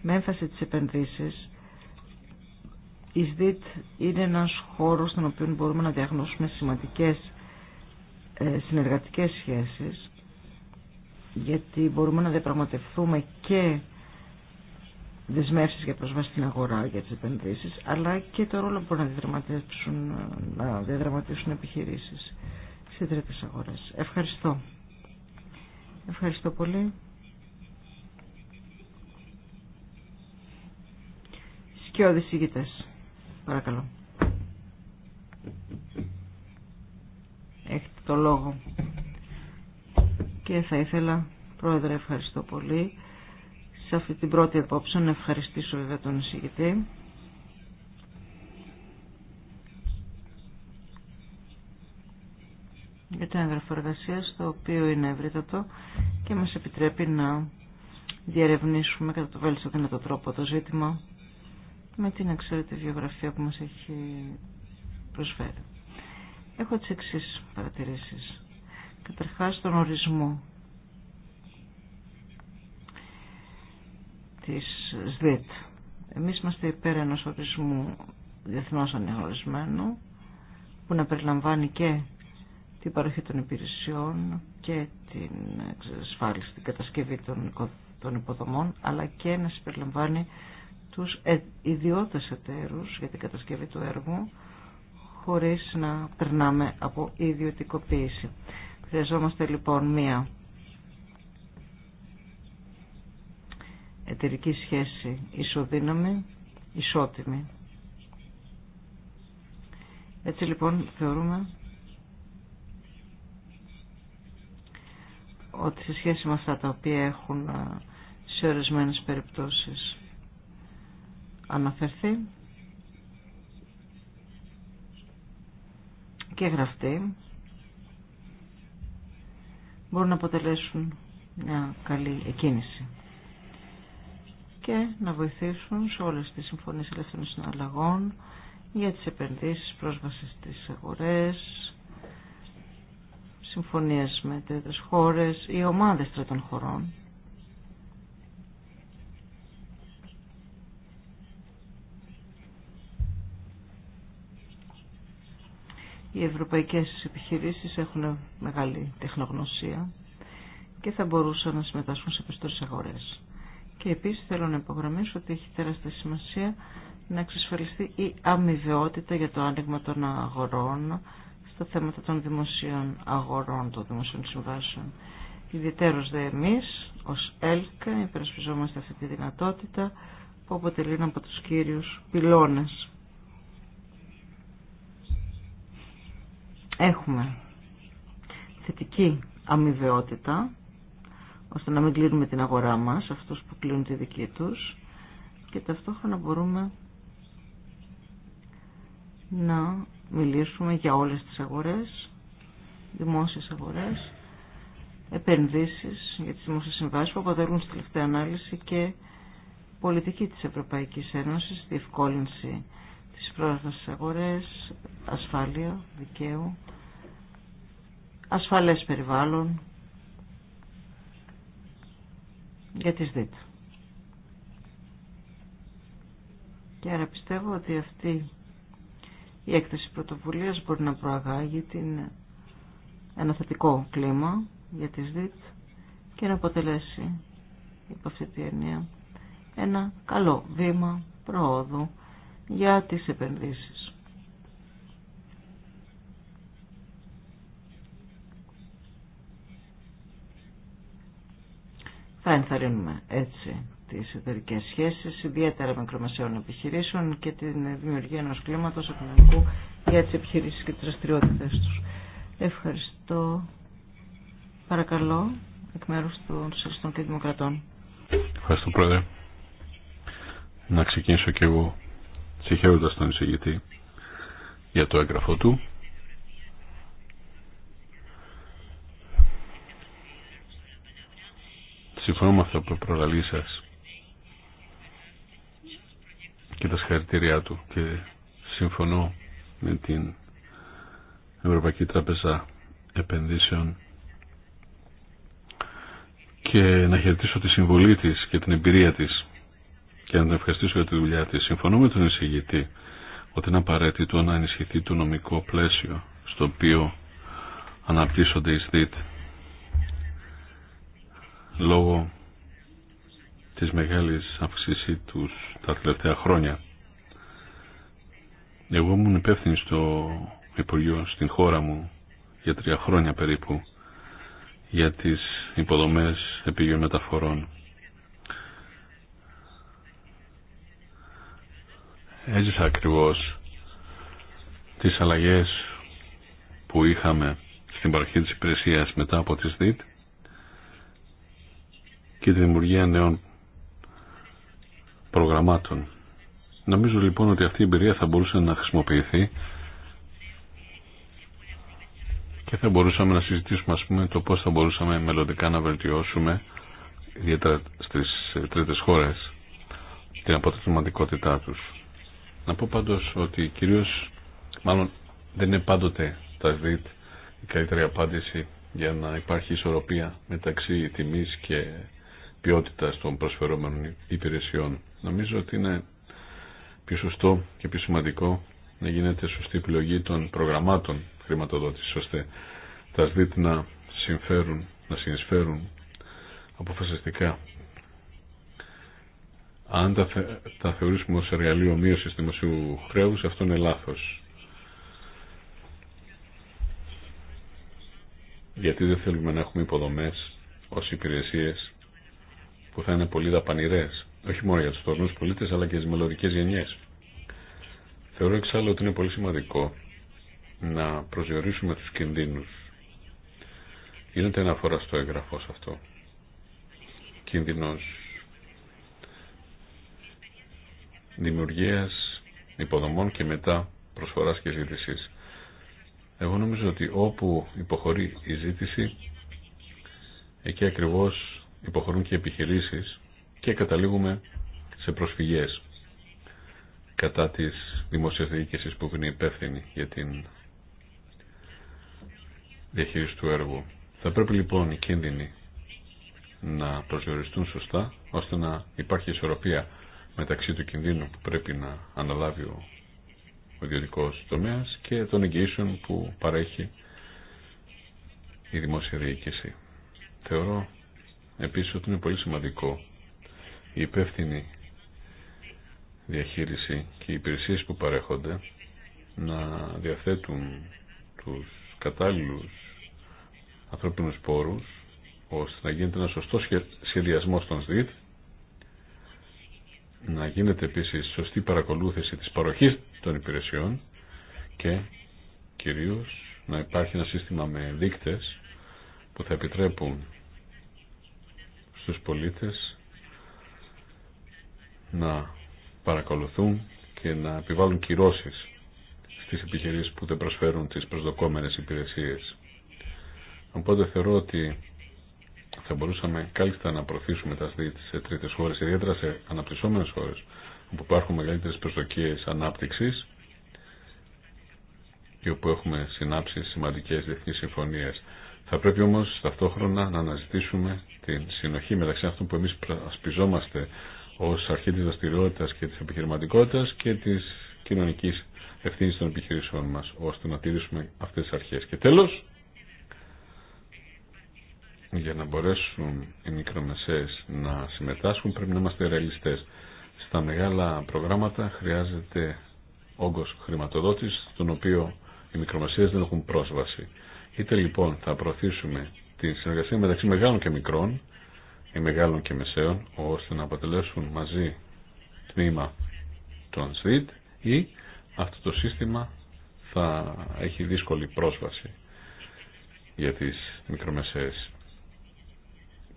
με έμφαση τις επενδύσεις, η ΣΔΙΤ είναι ένας χώρος στον οποίο μπορούμε να διαγνώσουμε σημαντικές ε, συνεργατικές σχέσεις, γιατί μπορούμε να διαπραγματευτούμε και δεσμεύσει για πρόσβαση στην αγορά για τις επενδύσει αλλά και το ρόλο που μπορούν να διαδραματίσουν, να διαδραματίσουν επιχειρήσεις σε τρίτε αγορές. Ευχαριστώ. Ευχαριστώ πολύ. Σκιώδη ηγητέ, Παρακαλώ. Έχετε το λόγο. Και θα ήθελα, Πρόεδρε, ευχαριστώ πολύ σε αυτή την πρώτη απόψη Να ευχαριστήσω βέβαια τον εισηγητή. για την έγγραφο εργασία, το οποίο είναι ευρύτατο και μας επιτρέπει να διαρευνήσουμε κατά το βέλτιστο δυνατό τρόπο το ζήτημα με την εξαιρετική βιογραφία που μας έχει προσφέρει. Έχω τις εξής παρατηρήσεις. Καταρχάς τον ορισμό της ΣΔΙΤ. Εμείς είμαστε υπέρ ενός ορισμού διεθνώς που να περιλαμβάνει και την παροχή των υπηρεσιών και την εξασφάλιση, την κατασκευή των υποδομών αλλά και να συμπεριλαμβάνει τους ε, ιδιώτες εταίρους για την κατασκευή του έργου χωρίς να περνάμε από ιδιωτικοποίηση. Χρειαζόμαστε λοιπόν μία εταιρική σχέση ισοδύναμη, ισότιμη. Έτσι λοιπόν θεωρούμε ότι σε σχέση με αυτά τα οποία έχουν ε, σε ορισμένε περιπτώσεις αναφερθεί και γραφτεί μπορούν να αποτελέσουν μια καλή εκκίνηση και να βοηθήσουν σε όλες τις συμφωνίες ελεύθερων συναλλαγών για τις επενδύσεις, πρόσβαση στις αγορές, συμφωνίες με τέτοιες χώρες ή ομάδες τρίτων χωρών. Οι ευρωπαϊκές επιχειρήσεις έχουν μεγάλη τεχνογνωσία και θα μπορούσαν να συμμετάσχουν σε περισσότερες αγορές. Και επίσης θέλω να υπογραμμίσω ότι έχει τεράστια σημασία να εξασφαλιστεί η αμοιβαιότητα για το άνοιγμα των αγορών στα θέματα των δημοσίων αγορών, των δημοσίων συμβάσεων. Ιδιαίτερος δε εμείς, ως ΕΛΚΑ, υπερασπιζόμαστε αυτή τη δυνατότητα που αποτελεί ένα από τους κύριους πυλώνες. Έχουμε θετική αμοιβαιότητα ώστε να μην κλείνουμε την αγορά μας, αυτούς που κλείνουν τη δική τους και ταυτόχρονα μπορούμε να μιλήσουμε για όλες τις αγορές, δημόσιες αγορές, επενδύσεις για τις δημόσιες συμβάσεις που αποτελούν στη τελευταία ανάλυση και πολιτική της Ευρωπαϊκής Ένωσης, διευκόλυνση της πρόσβασης στις αγορές, ασφάλεια, δικαίου, ασφαλές περιβάλλον για τις ΔΙΤ. Και άρα πιστεύω ότι αυτή η έκθεση πρωτοβουλίας μπορεί να προαγάγει την, ένα θετικό κλίμα για τις ΔΙΤ και να αποτελέσει υπό αυτή τη έννοια ένα καλό βήμα προόδου για τις επενδύσεις. θα ενθαρρύνουμε έτσι τις εταιρικές σχέσεις, ιδιαίτερα μικρομεσαίων επιχειρήσεων και την δημιουργία ενός κλίματος οικονομικού για τις επιχειρήσεις και τις δραστηριότητε τους. Ευχαριστώ. Παρακαλώ, εκ μέρους των Σοσιαλιστών και Δημοκρατών. Ευχαριστώ, Πρόεδρε. Να ξεκινήσω και εγώ συγχαίροντας τον εισηγητή για το έγγραφό του Συμφωνώ με αυτό που προλαλεί σα και τα συγχαρητήριά του και συμφωνώ με την Ευρωπαϊκή Τράπεζα Επενδύσεων και να χαιρετήσω τη συμβολή της και την εμπειρία της και να την ευχαριστήσω για τη δουλειά της. Συμφωνώ με τον εισηγητή ότι είναι απαραίτητο να ενισχυθεί το νομικό πλαίσιο στο οποίο αναπτύσσονται οι ΣΔΙΤ λόγω της μεγάλης αύξησή τους τα τελευταία χρόνια. Εγώ ήμουν υπεύθυνη στο Υπουργείο στην χώρα μου για τρία χρόνια περίπου για τις υποδομές επίγειων μεταφορών. Έζησα ακριβώς τις αλλαγές που είχαμε στην παροχή της υπηρεσίας μετά από τις ΔΙΤ και τη δημιουργία νέων προγραμμάτων. Νομίζω λοιπόν ότι αυτή η εμπειρία θα μπορούσε να χρησιμοποιηθεί και θα μπορούσαμε να συζητήσουμε ας πούμε το πώς θα μπορούσαμε μελλοντικά να βελτιώσουμε ιδιαίτερα στις τρίτες χώρες την αποτελεσματικότητά τους. Να πω πάντως ότι κυρίως μάλλον δεν είναι πάντοτε τα ΔΙΤ η καλύτερη απάντηση για να υπάρχει ισορροπία μεταξύ τιμής και ποιότητας των προσφερόμενων υπηρεσιών. Νομίζω ότι είναι πιο σωστό και πιο σημαντικό να γίνεται σωστή επιλογή των προγραμμάτων χρηματοδότησης ώστε τα ΣΔΙΤ να συμφέρουν, να συνεισφέρουν αποφασιστικά. Αν τα, θε, τα θεωρήσουμε ως εργαλείο μείωσης δημοσίου χρέους, αυτό είναι λάθος. Γιατί δεν θέλουμε να έχουμε υποδομές ως υπηρεσίες που θα είναι πολύ δαπανηρέ, όχι μόνο για τους τωρινού πολίτες, αλλά και για τις μελλοντικές γενιές. Θεωρώ εξάλλου ότι είναι πολύ σημαντικό να προσδιορίσουμε τους κινδύνους. Γίνεται αναφορά στο έγγραφο αυτό. Κίνδυνο δημιουργίας υποδομών και μετά προσφορά και ζήτηση. Εγώ νομίζω ότι όπου υποχωρεί η ζήτηση, εκεί ακριβώς υποχωρούν και επιχειρήσεις και καταλήγουμε σε προσφυγές κατά της δημόσιας διοίκησης που είναι υπεύθυνη για την διαχείριση του έργου. Θα πρέπει λοιπόν οι κίνδυνοι να προσδιοριστούν σωστά ώστε να υπάρχει ισορροπία μεταξύ του κινδύνου που πρέπει να αναλάβει ο ιδιωτικό τομέα και των εγγυήσεων που παρέχει η δημόσια διοίκηση. Θεωρώ επίσης ότι είναι πολύ σημαντικό η υπεύθυνη διαχείριση και οι υπηρεσίες που παρέχονται να διαθέτουν τους κατάλληλους ανθρώπινους πόρους ώστε να γίνεται ένα σωστό σχεδιασμός των ΣΔΙΤ να γίνεται επίσης σωστή παρακολούθηση της παροχής των υπηρεσιών και κυρίως να υπάρχει ένα σύστημα με δείκτες που θα επιτρέπουν στους πολίτες να παρακολουθούν και να επιβάλλουν κυρώσεις στις επιχειρήσεις που δεν προσφέρουν τις προσδοκόμενες υπηρεσίες. Οπότε θεωρώ ότι θα μπορούσαμε κάλλιστα να προωθήσουμε τα ΣΔΙΤ σε τρίτες χώρες, ιδιαίτερα σε αναπτυσσόμενες χώρες, όπου υπάρχουν μεγαλύτερες προσδοκίες ανάπτυξης και όπου έχουμε συνάψει σημαντικές διεθνεί συμφωνίε. Θα πρέπει όμω ταυτόχρονα να αναζητήσουμε την συνοχή μεταξύ αυτών που εμεί ασπιζόμαστε ω αρχή της δραστηριότητα και της επιχειρηματικότητα και της κοινωνικής ευθύνη των επιχειρήσεων μα ώστε να τηρήσουμε αυτές τι αρχέ. Και τέλο, για να μπορέσουν οι μικρομεσαίες να συμμετάσχουν πρέπει να είμαστε ρεαλιστές. Στα μεγάλα προγράμματα χρειάζεται όγκος χρηματοδότης στον οποίο οι μικρομεσαίες δεν έχουν πρόσβαση. Είτε λοιπόν θα προωθήσουμε τη συνεργασία μεταξύ μεγάλων και μικρών ή μεγάλων και μεσαίων ώστε να αποτελέσουν μαζί τμήμα των ΣΔΙΤ ή αυτό το σύστημα θα έχει δύσκολη πρόσβαση για τις μικρομεσαίες.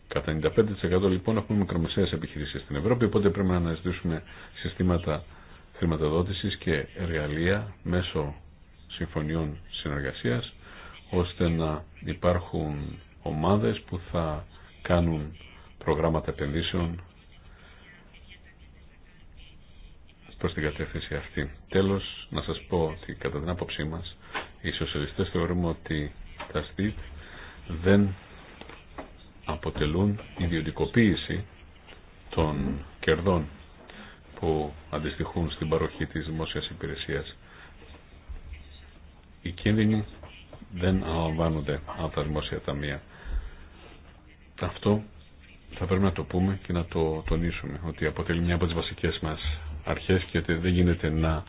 Κατά 95% λοιπόν έχουμε μικρομεσαίες επιχειρήσεις στην Ευρώπη, οπότε πρέπει να αναζητήσουμε συστήματα χρηματοδότησης και εργαλεία μέσω συμφωνιών συνεργασίας ώστε να υπάρχουν ομάδες που θα κάνουν προγράμματα επενδύσεων προς την κατεύθυνση αυτή. Τέλος, να σας πω ότι κατά την άποψή μας οι σοσιαλιστές θεωρούμε ότι τα ΣΤΙΤ δεν αποτελούν ιδιωτικοποίηση των κερδών που αντιστοιχούν στην παροχή της δημόσιας υπηρεσίας. Οι κίνδυνοι δεν αναλαμβάνονται από τα δημόσια ταμεία. Αυτό θα πρέπει να το πούμε και να το τονίσουμε ότι αποτελεί μια από τις βασικές μας αρχές και ότι δεν γίνεται να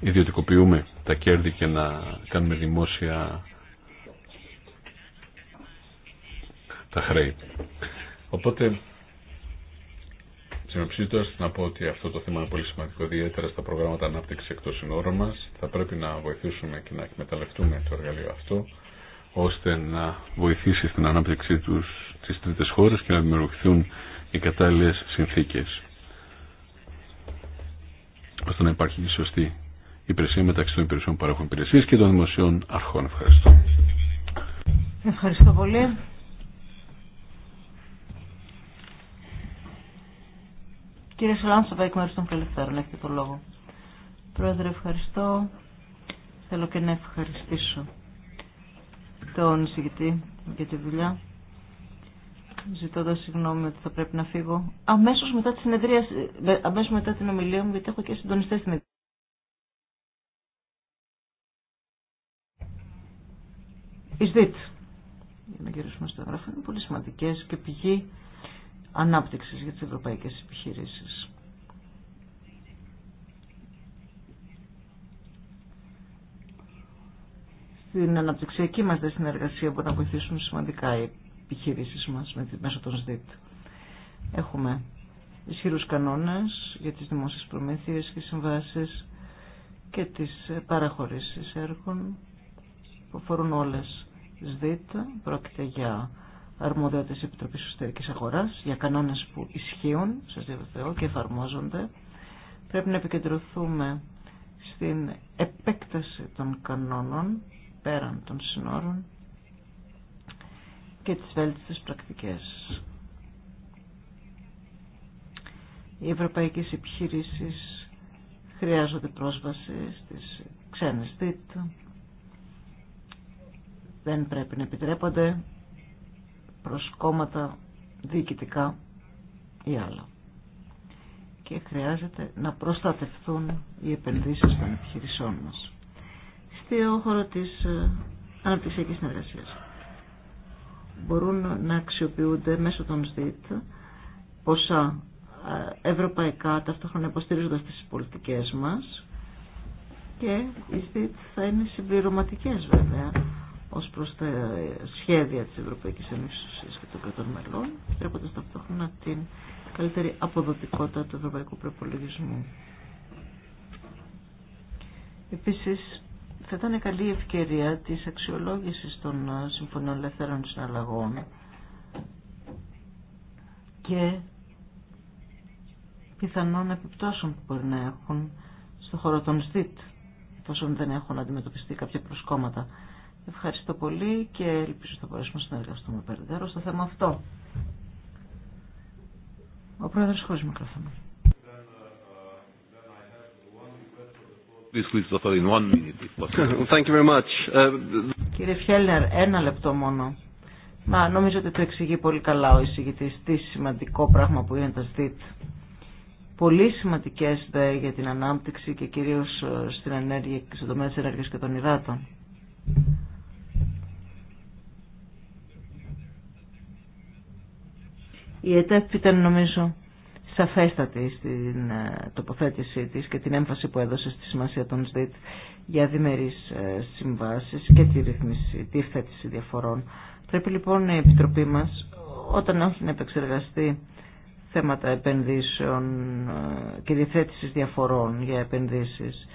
ιδιωτικοποιούμε τα κέρδη και να κάνουμε δημόσια τα χρέη. Οπότε ώστε να πω ότι αυτό το θέμα είναι πολύ σημαντικό, ιδιαίτερα στα προγράμματα ανάπτυξη εκτό συνόρων μα. Θα πρέπει να βοηθήσουμε και να εκμεταλλευτούμε το εργαλείο αυτό, ώστε να βοηθήσει στην ανάπτυξή του στι τρίτε χώρε και να δημιουργηθούν οι κατάλληλε συνθήκε. ώστε να υπάρχει και σωστή υπηρεσία μεταξύ των υπηρεσιών που παρέχουν υπηρεσίε και των δημοσίων αρχών. Ευχαριστώ. Ευχαριστώ πολύ. Κύριε Σολάντσοβα, εκ μέρου των Φιλελευθέρων, έχετε το λόγο. Πρόεδρε, ευχαριστώ. Θέλω και να ευχαριστήσω τον εισηγητή για τη δουλειά. Ζητώντα συγγνώμη ότι θα πρέπει να φύγω αμέσω μετά, τη συνεδρία, αμέσως μετά την ομιλία μου, γιατί έχω και συντονιστέ στην εταιρεία. Ισδίτ. για να γυρίσουμε στο είναι πολύ σημαντικές και πηγή ανάπτυξης για τις ευρωπαϊκές επιχειρήσεις. Στην αναπτυξιακή μας συνεργασία μπορεί να βοηθήσουν σημαντικά οι επιχειρήσεις μας μέσω των ΣΔΙΤ. Έχουμε ισχυρούς κανόνες για τις δημόσιες προμήθειες και συμβάσεις και τις παραχωρήσεις έργων που αφορούν όλες ΣΔΙΤ. Πρόκειται για αρμοδιότητα τη Επιτροπή Εσωτερική Αγοράς για κανόνες που ισχύουν, σα διαβεβαιώ, και εφαρμόζονται. Πρέπει να επικεντρωθούμε στην επέκταση των κανόνων πέραν των συνόρων και τις βέλτιστες πρακτικές. Οι ευρωπαϊκές επιχειρήσεις χρειάζονται πρόσβαση στις ξένες δίτ. Δεν πρέπει να επιτρέπονται προς κόμματα διοικητικά ή άλλα. Και χρειάζεται να προστατευτούν οι επενδύσεις των επιχειρησών μας. στη χώρο της ε, αναπτυξιακής συνεργασίας μπορούν να αξιοποιούνται μέσω των ΣΔΙΤ ποσά ε, ευρωπαϊκά ταυτόχρονα υποστηρίζοντας τις πολιτικές μας και οι ΣΔΙΤ θα είναι συμπληρωματικές βέβαια ως προς τα σχέδια της Ευρωπαϊκής Ένωσης και των κρατών μελών, τρέποντας ταυτόχρονα την καλύτερη αποδοτικότητα του ευρωπαϊκού προπολογισμού. Επίσης, θα ήταν καλή ευκαιρία της αξιολόγησης των Συμφωνιών Ελευθέρων Συναλλαγών και πιθανών επιπτώσεων που μπορεί να έχουν στον χώρο των ΣΔΙΤ, εφόσον δεν έχουν αντιμετωπιστεί κάποια προσκόμματα Ευχαριστώ πολύ και ελπίζω ότι θα μπορέσουμε να συνεργαστούμε περαιτέρω στο θέμα αυτό. Ο πρόεδρος χωρίς μικρόφωνο. Κύριε Φιέλνερ, ένα λεπτό μόνο. Μα νομίζω ότι το εξηγεί πολύ καλά ο εισηγητής τι σημαντικό πράγμα που είναι τα ΣΔΙΤ. Πολύ σημαντικές δε για την ανάπτυξη και κυρίως ε, στην ενέργεια και στον τομέα της ενέργεια και των υδάτων. Η ΕΤΕΠ ήταν νομίζω σαφέστατη στην ε, τοποθέτησή της και την έμφαση που έδωσε στη σημασία των ΣΔΙΤ για διμερείς ε, συμβάσεις και τη ρυθμίση, τη θέτηση διαφορών. Πρέπει λοιπόν η Επιτροπή μας όταν έχει να επεξεργαστεί θέματα επενδύσεων ε, και διθέτησης διαφορών για επενδύσεις.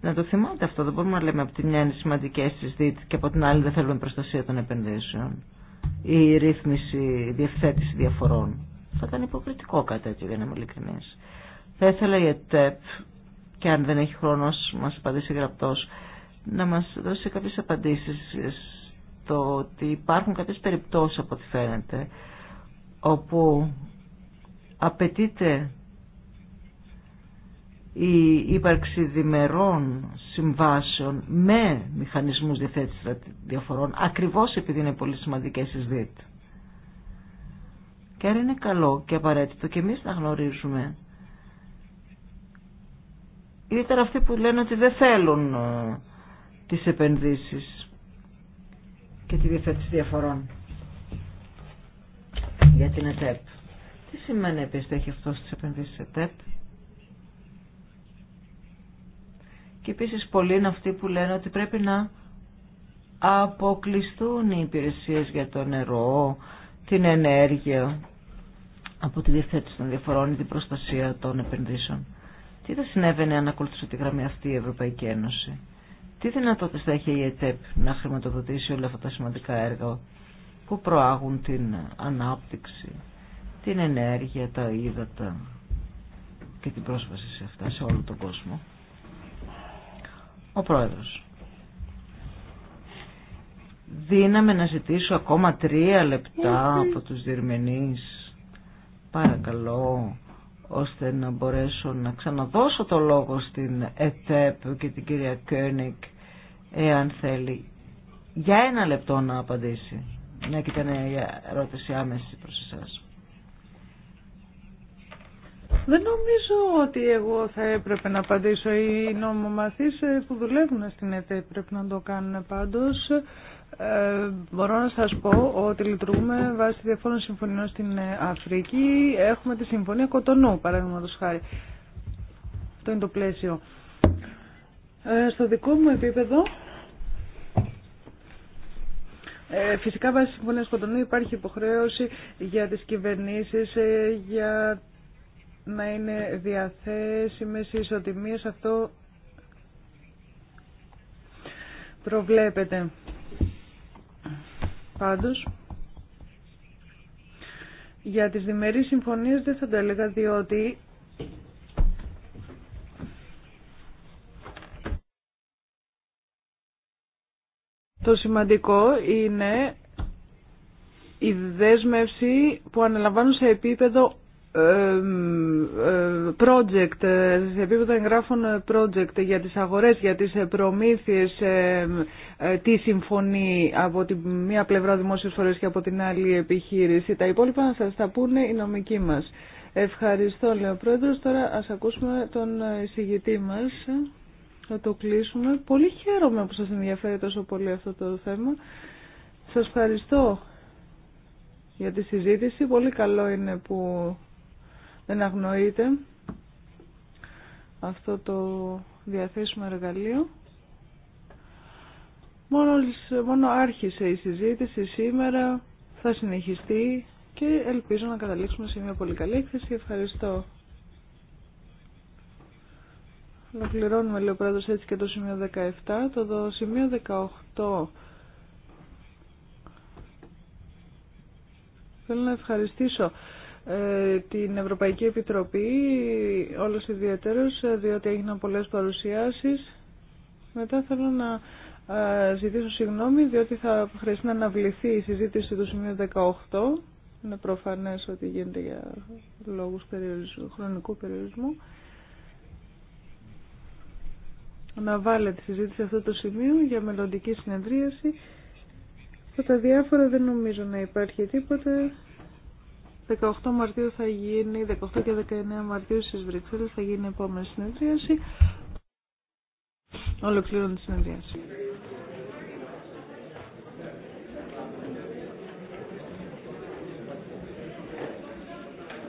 Να το θυμάται αυτό, δεν μπορούμε να λέμε από τη μια είναι σημαντικές οι και από την άλλη δεν θέλουμε προστασία των επενδύσεων η ρύθμιση, η διευθέτηση διαφορών. Θα ήταν υποκριτικό κάτι τέτοιο για να είμαι ειλικρινής. Θα ήθελα η ΕΤΕΠ και αν δεν έχει χρόνο μας απαντήσει γραπτός να μας δώσει κάποιες απαντήσεις στο ότι υπάρχουν κάποιες περιπτώσεις από ό,τι φαίνεται όπου απαιτείται η ύπαρξη διμερών συμβάσεων με μηχανισμούς διαθέτησης διαφορών ακριβώς επειδή είναι πολύ σημαντικές οι ΣΔΙΤ. Και άρα είναι καλό και απαραίτητο και εμείς να γνωρίζουμε ιδιαίτερα αυτοί που λένε ότι δεν θέλουν ε, τις επενδύσεις και τη διαθέτηση διαφορών για την ΕΤΕΠ. Τι σημαίνει επίσης έχει αυτό στις επενδύσεις ΕΤΕΠ. Και επίση πολλοί είναι αυτοί που λένε ότι πρέπει να αποκλειστούν οι υπηρεσίες για το νερό, την ενέργεια από τη διευθέτηση των διαφορών ή την προστασία των επενδύσεων. Τι θα συνέβαινε αν ακολουθούσε τη γραμμή αυτή η Ευρωπαϊκή Ένωση. Τι δυνατότητε θα είχε η ΕΤΕΠ να χρηματοδοτήσει όλα αυτά τα σημαντικά έργα που προάγουν την ανάπτυξη, την ενέργεια, τα ύδατα και την πρόσβαση σε αυτά σε όλο τον κόσμο ο πρόεδρος. Δύναμε να ζητήσω ακόμα τρία λεπτά από τους διερμενείς, Παρακαλώ, ώστε να μπορέσω να ξαναδώσω το λόγο στην ΕΤΕΠ και την κυρία Κέρνικ, εάν θέλει, για ένα λεπτό να απαντήσει. Ναι, και ήταν η ερώτηση άμεση προς εσάς. Δεν νομίζω ότι εγώ θα έπρεπε να απαντήσω. Οι νομομαθείς ε, που δουλεύουν στην ΕΤΕ πρέπει να το κάνουν πάντως. Ε, μπορώ να σας πω ότι λειτουργούμε βάσει διαφόρων συμφωνιών στην ε, Αφρική. Έχουμε τη Συμφωνία Κοτονού, παραδείγματος χάρη. Αυτό είναι το πλαίσιο. Ε, στο δικό μου επίπεδο, φυσικά βάσει συμφωνία Κοτονού υπάρχει υποχρέωση για τις κυβερνήσεις, για να είναι διαθέσιμες ισοτιμίες. Αυτό προβλέπεται. Πάντως, για τις διμερείς συμφωνίες δεν θα το έλεγα διότι το σημαντικό είναι η δέσμευση που αναλαμβάνουν σε επίπεδο project, ε, σε επίπεδο εγγράφων ε, project για τις αγορές, για τις ε, προμήθειες, τι συμφωνεί από τη μία πλευρά δημόσιες φορές και από την άλλη επιχείρηση. Τα υπόλοιπα θα σας τα πούνε οι νομικοί μας. Ευχαριστώ, λέει ο Πρόεδρος. Τώρα ας ακούσουμε τον εισηγητή μας. Θα το κλείσουμε. Πολύ χαίρομαι που σας ενδιαφέρει τόσο πολύ αυτό το θέμα. Σας ευχαριστώ για τη συζήτηση. Πολύ καλό είναι που δεν αγνοείται αυτό το διαθέσιμο εργαλείο. Μόνο, μόνο άρχισε η συζήτηση σήμερα, θα συνεχιστεί και ελπίζω να καταλήξουμε σε μια πολύ καλή έκθεση. Ευχαριστώ. Ολοκληρώνουμε, λέει ο Πράτος, έτσι και το σημείο 17. Το δω, σημείο 18. Θέλω να ευχαριστήσω ε, την Ευρωπαϊκή Επιτροπή, όλος ιδιαίτερος, διότι έγιναν πολλές παρουσιάσεις. Μετά θέλω να ε, ζητήσω συγγνώμη, διότι θα χρειαστεί να αναβληθεί η συζήτηση του σημείου 18. Είναι προφανές ότι γίνεται για λόγους περιορισμού, χρονικού περιορισμού. Να βάλε τη συζήτηση αυτό το σημείο για μελλοντική συνεδρίαση. τα διάφορα δεν νομίζω να υπάρχει τίποτε. 18 Μαρτίου θα γίνει, 18 και 19 Μαρτίου στις Βρυξέλλες θα γίνει η επόμενη συνεδρίαση. τη συνεδρίαση.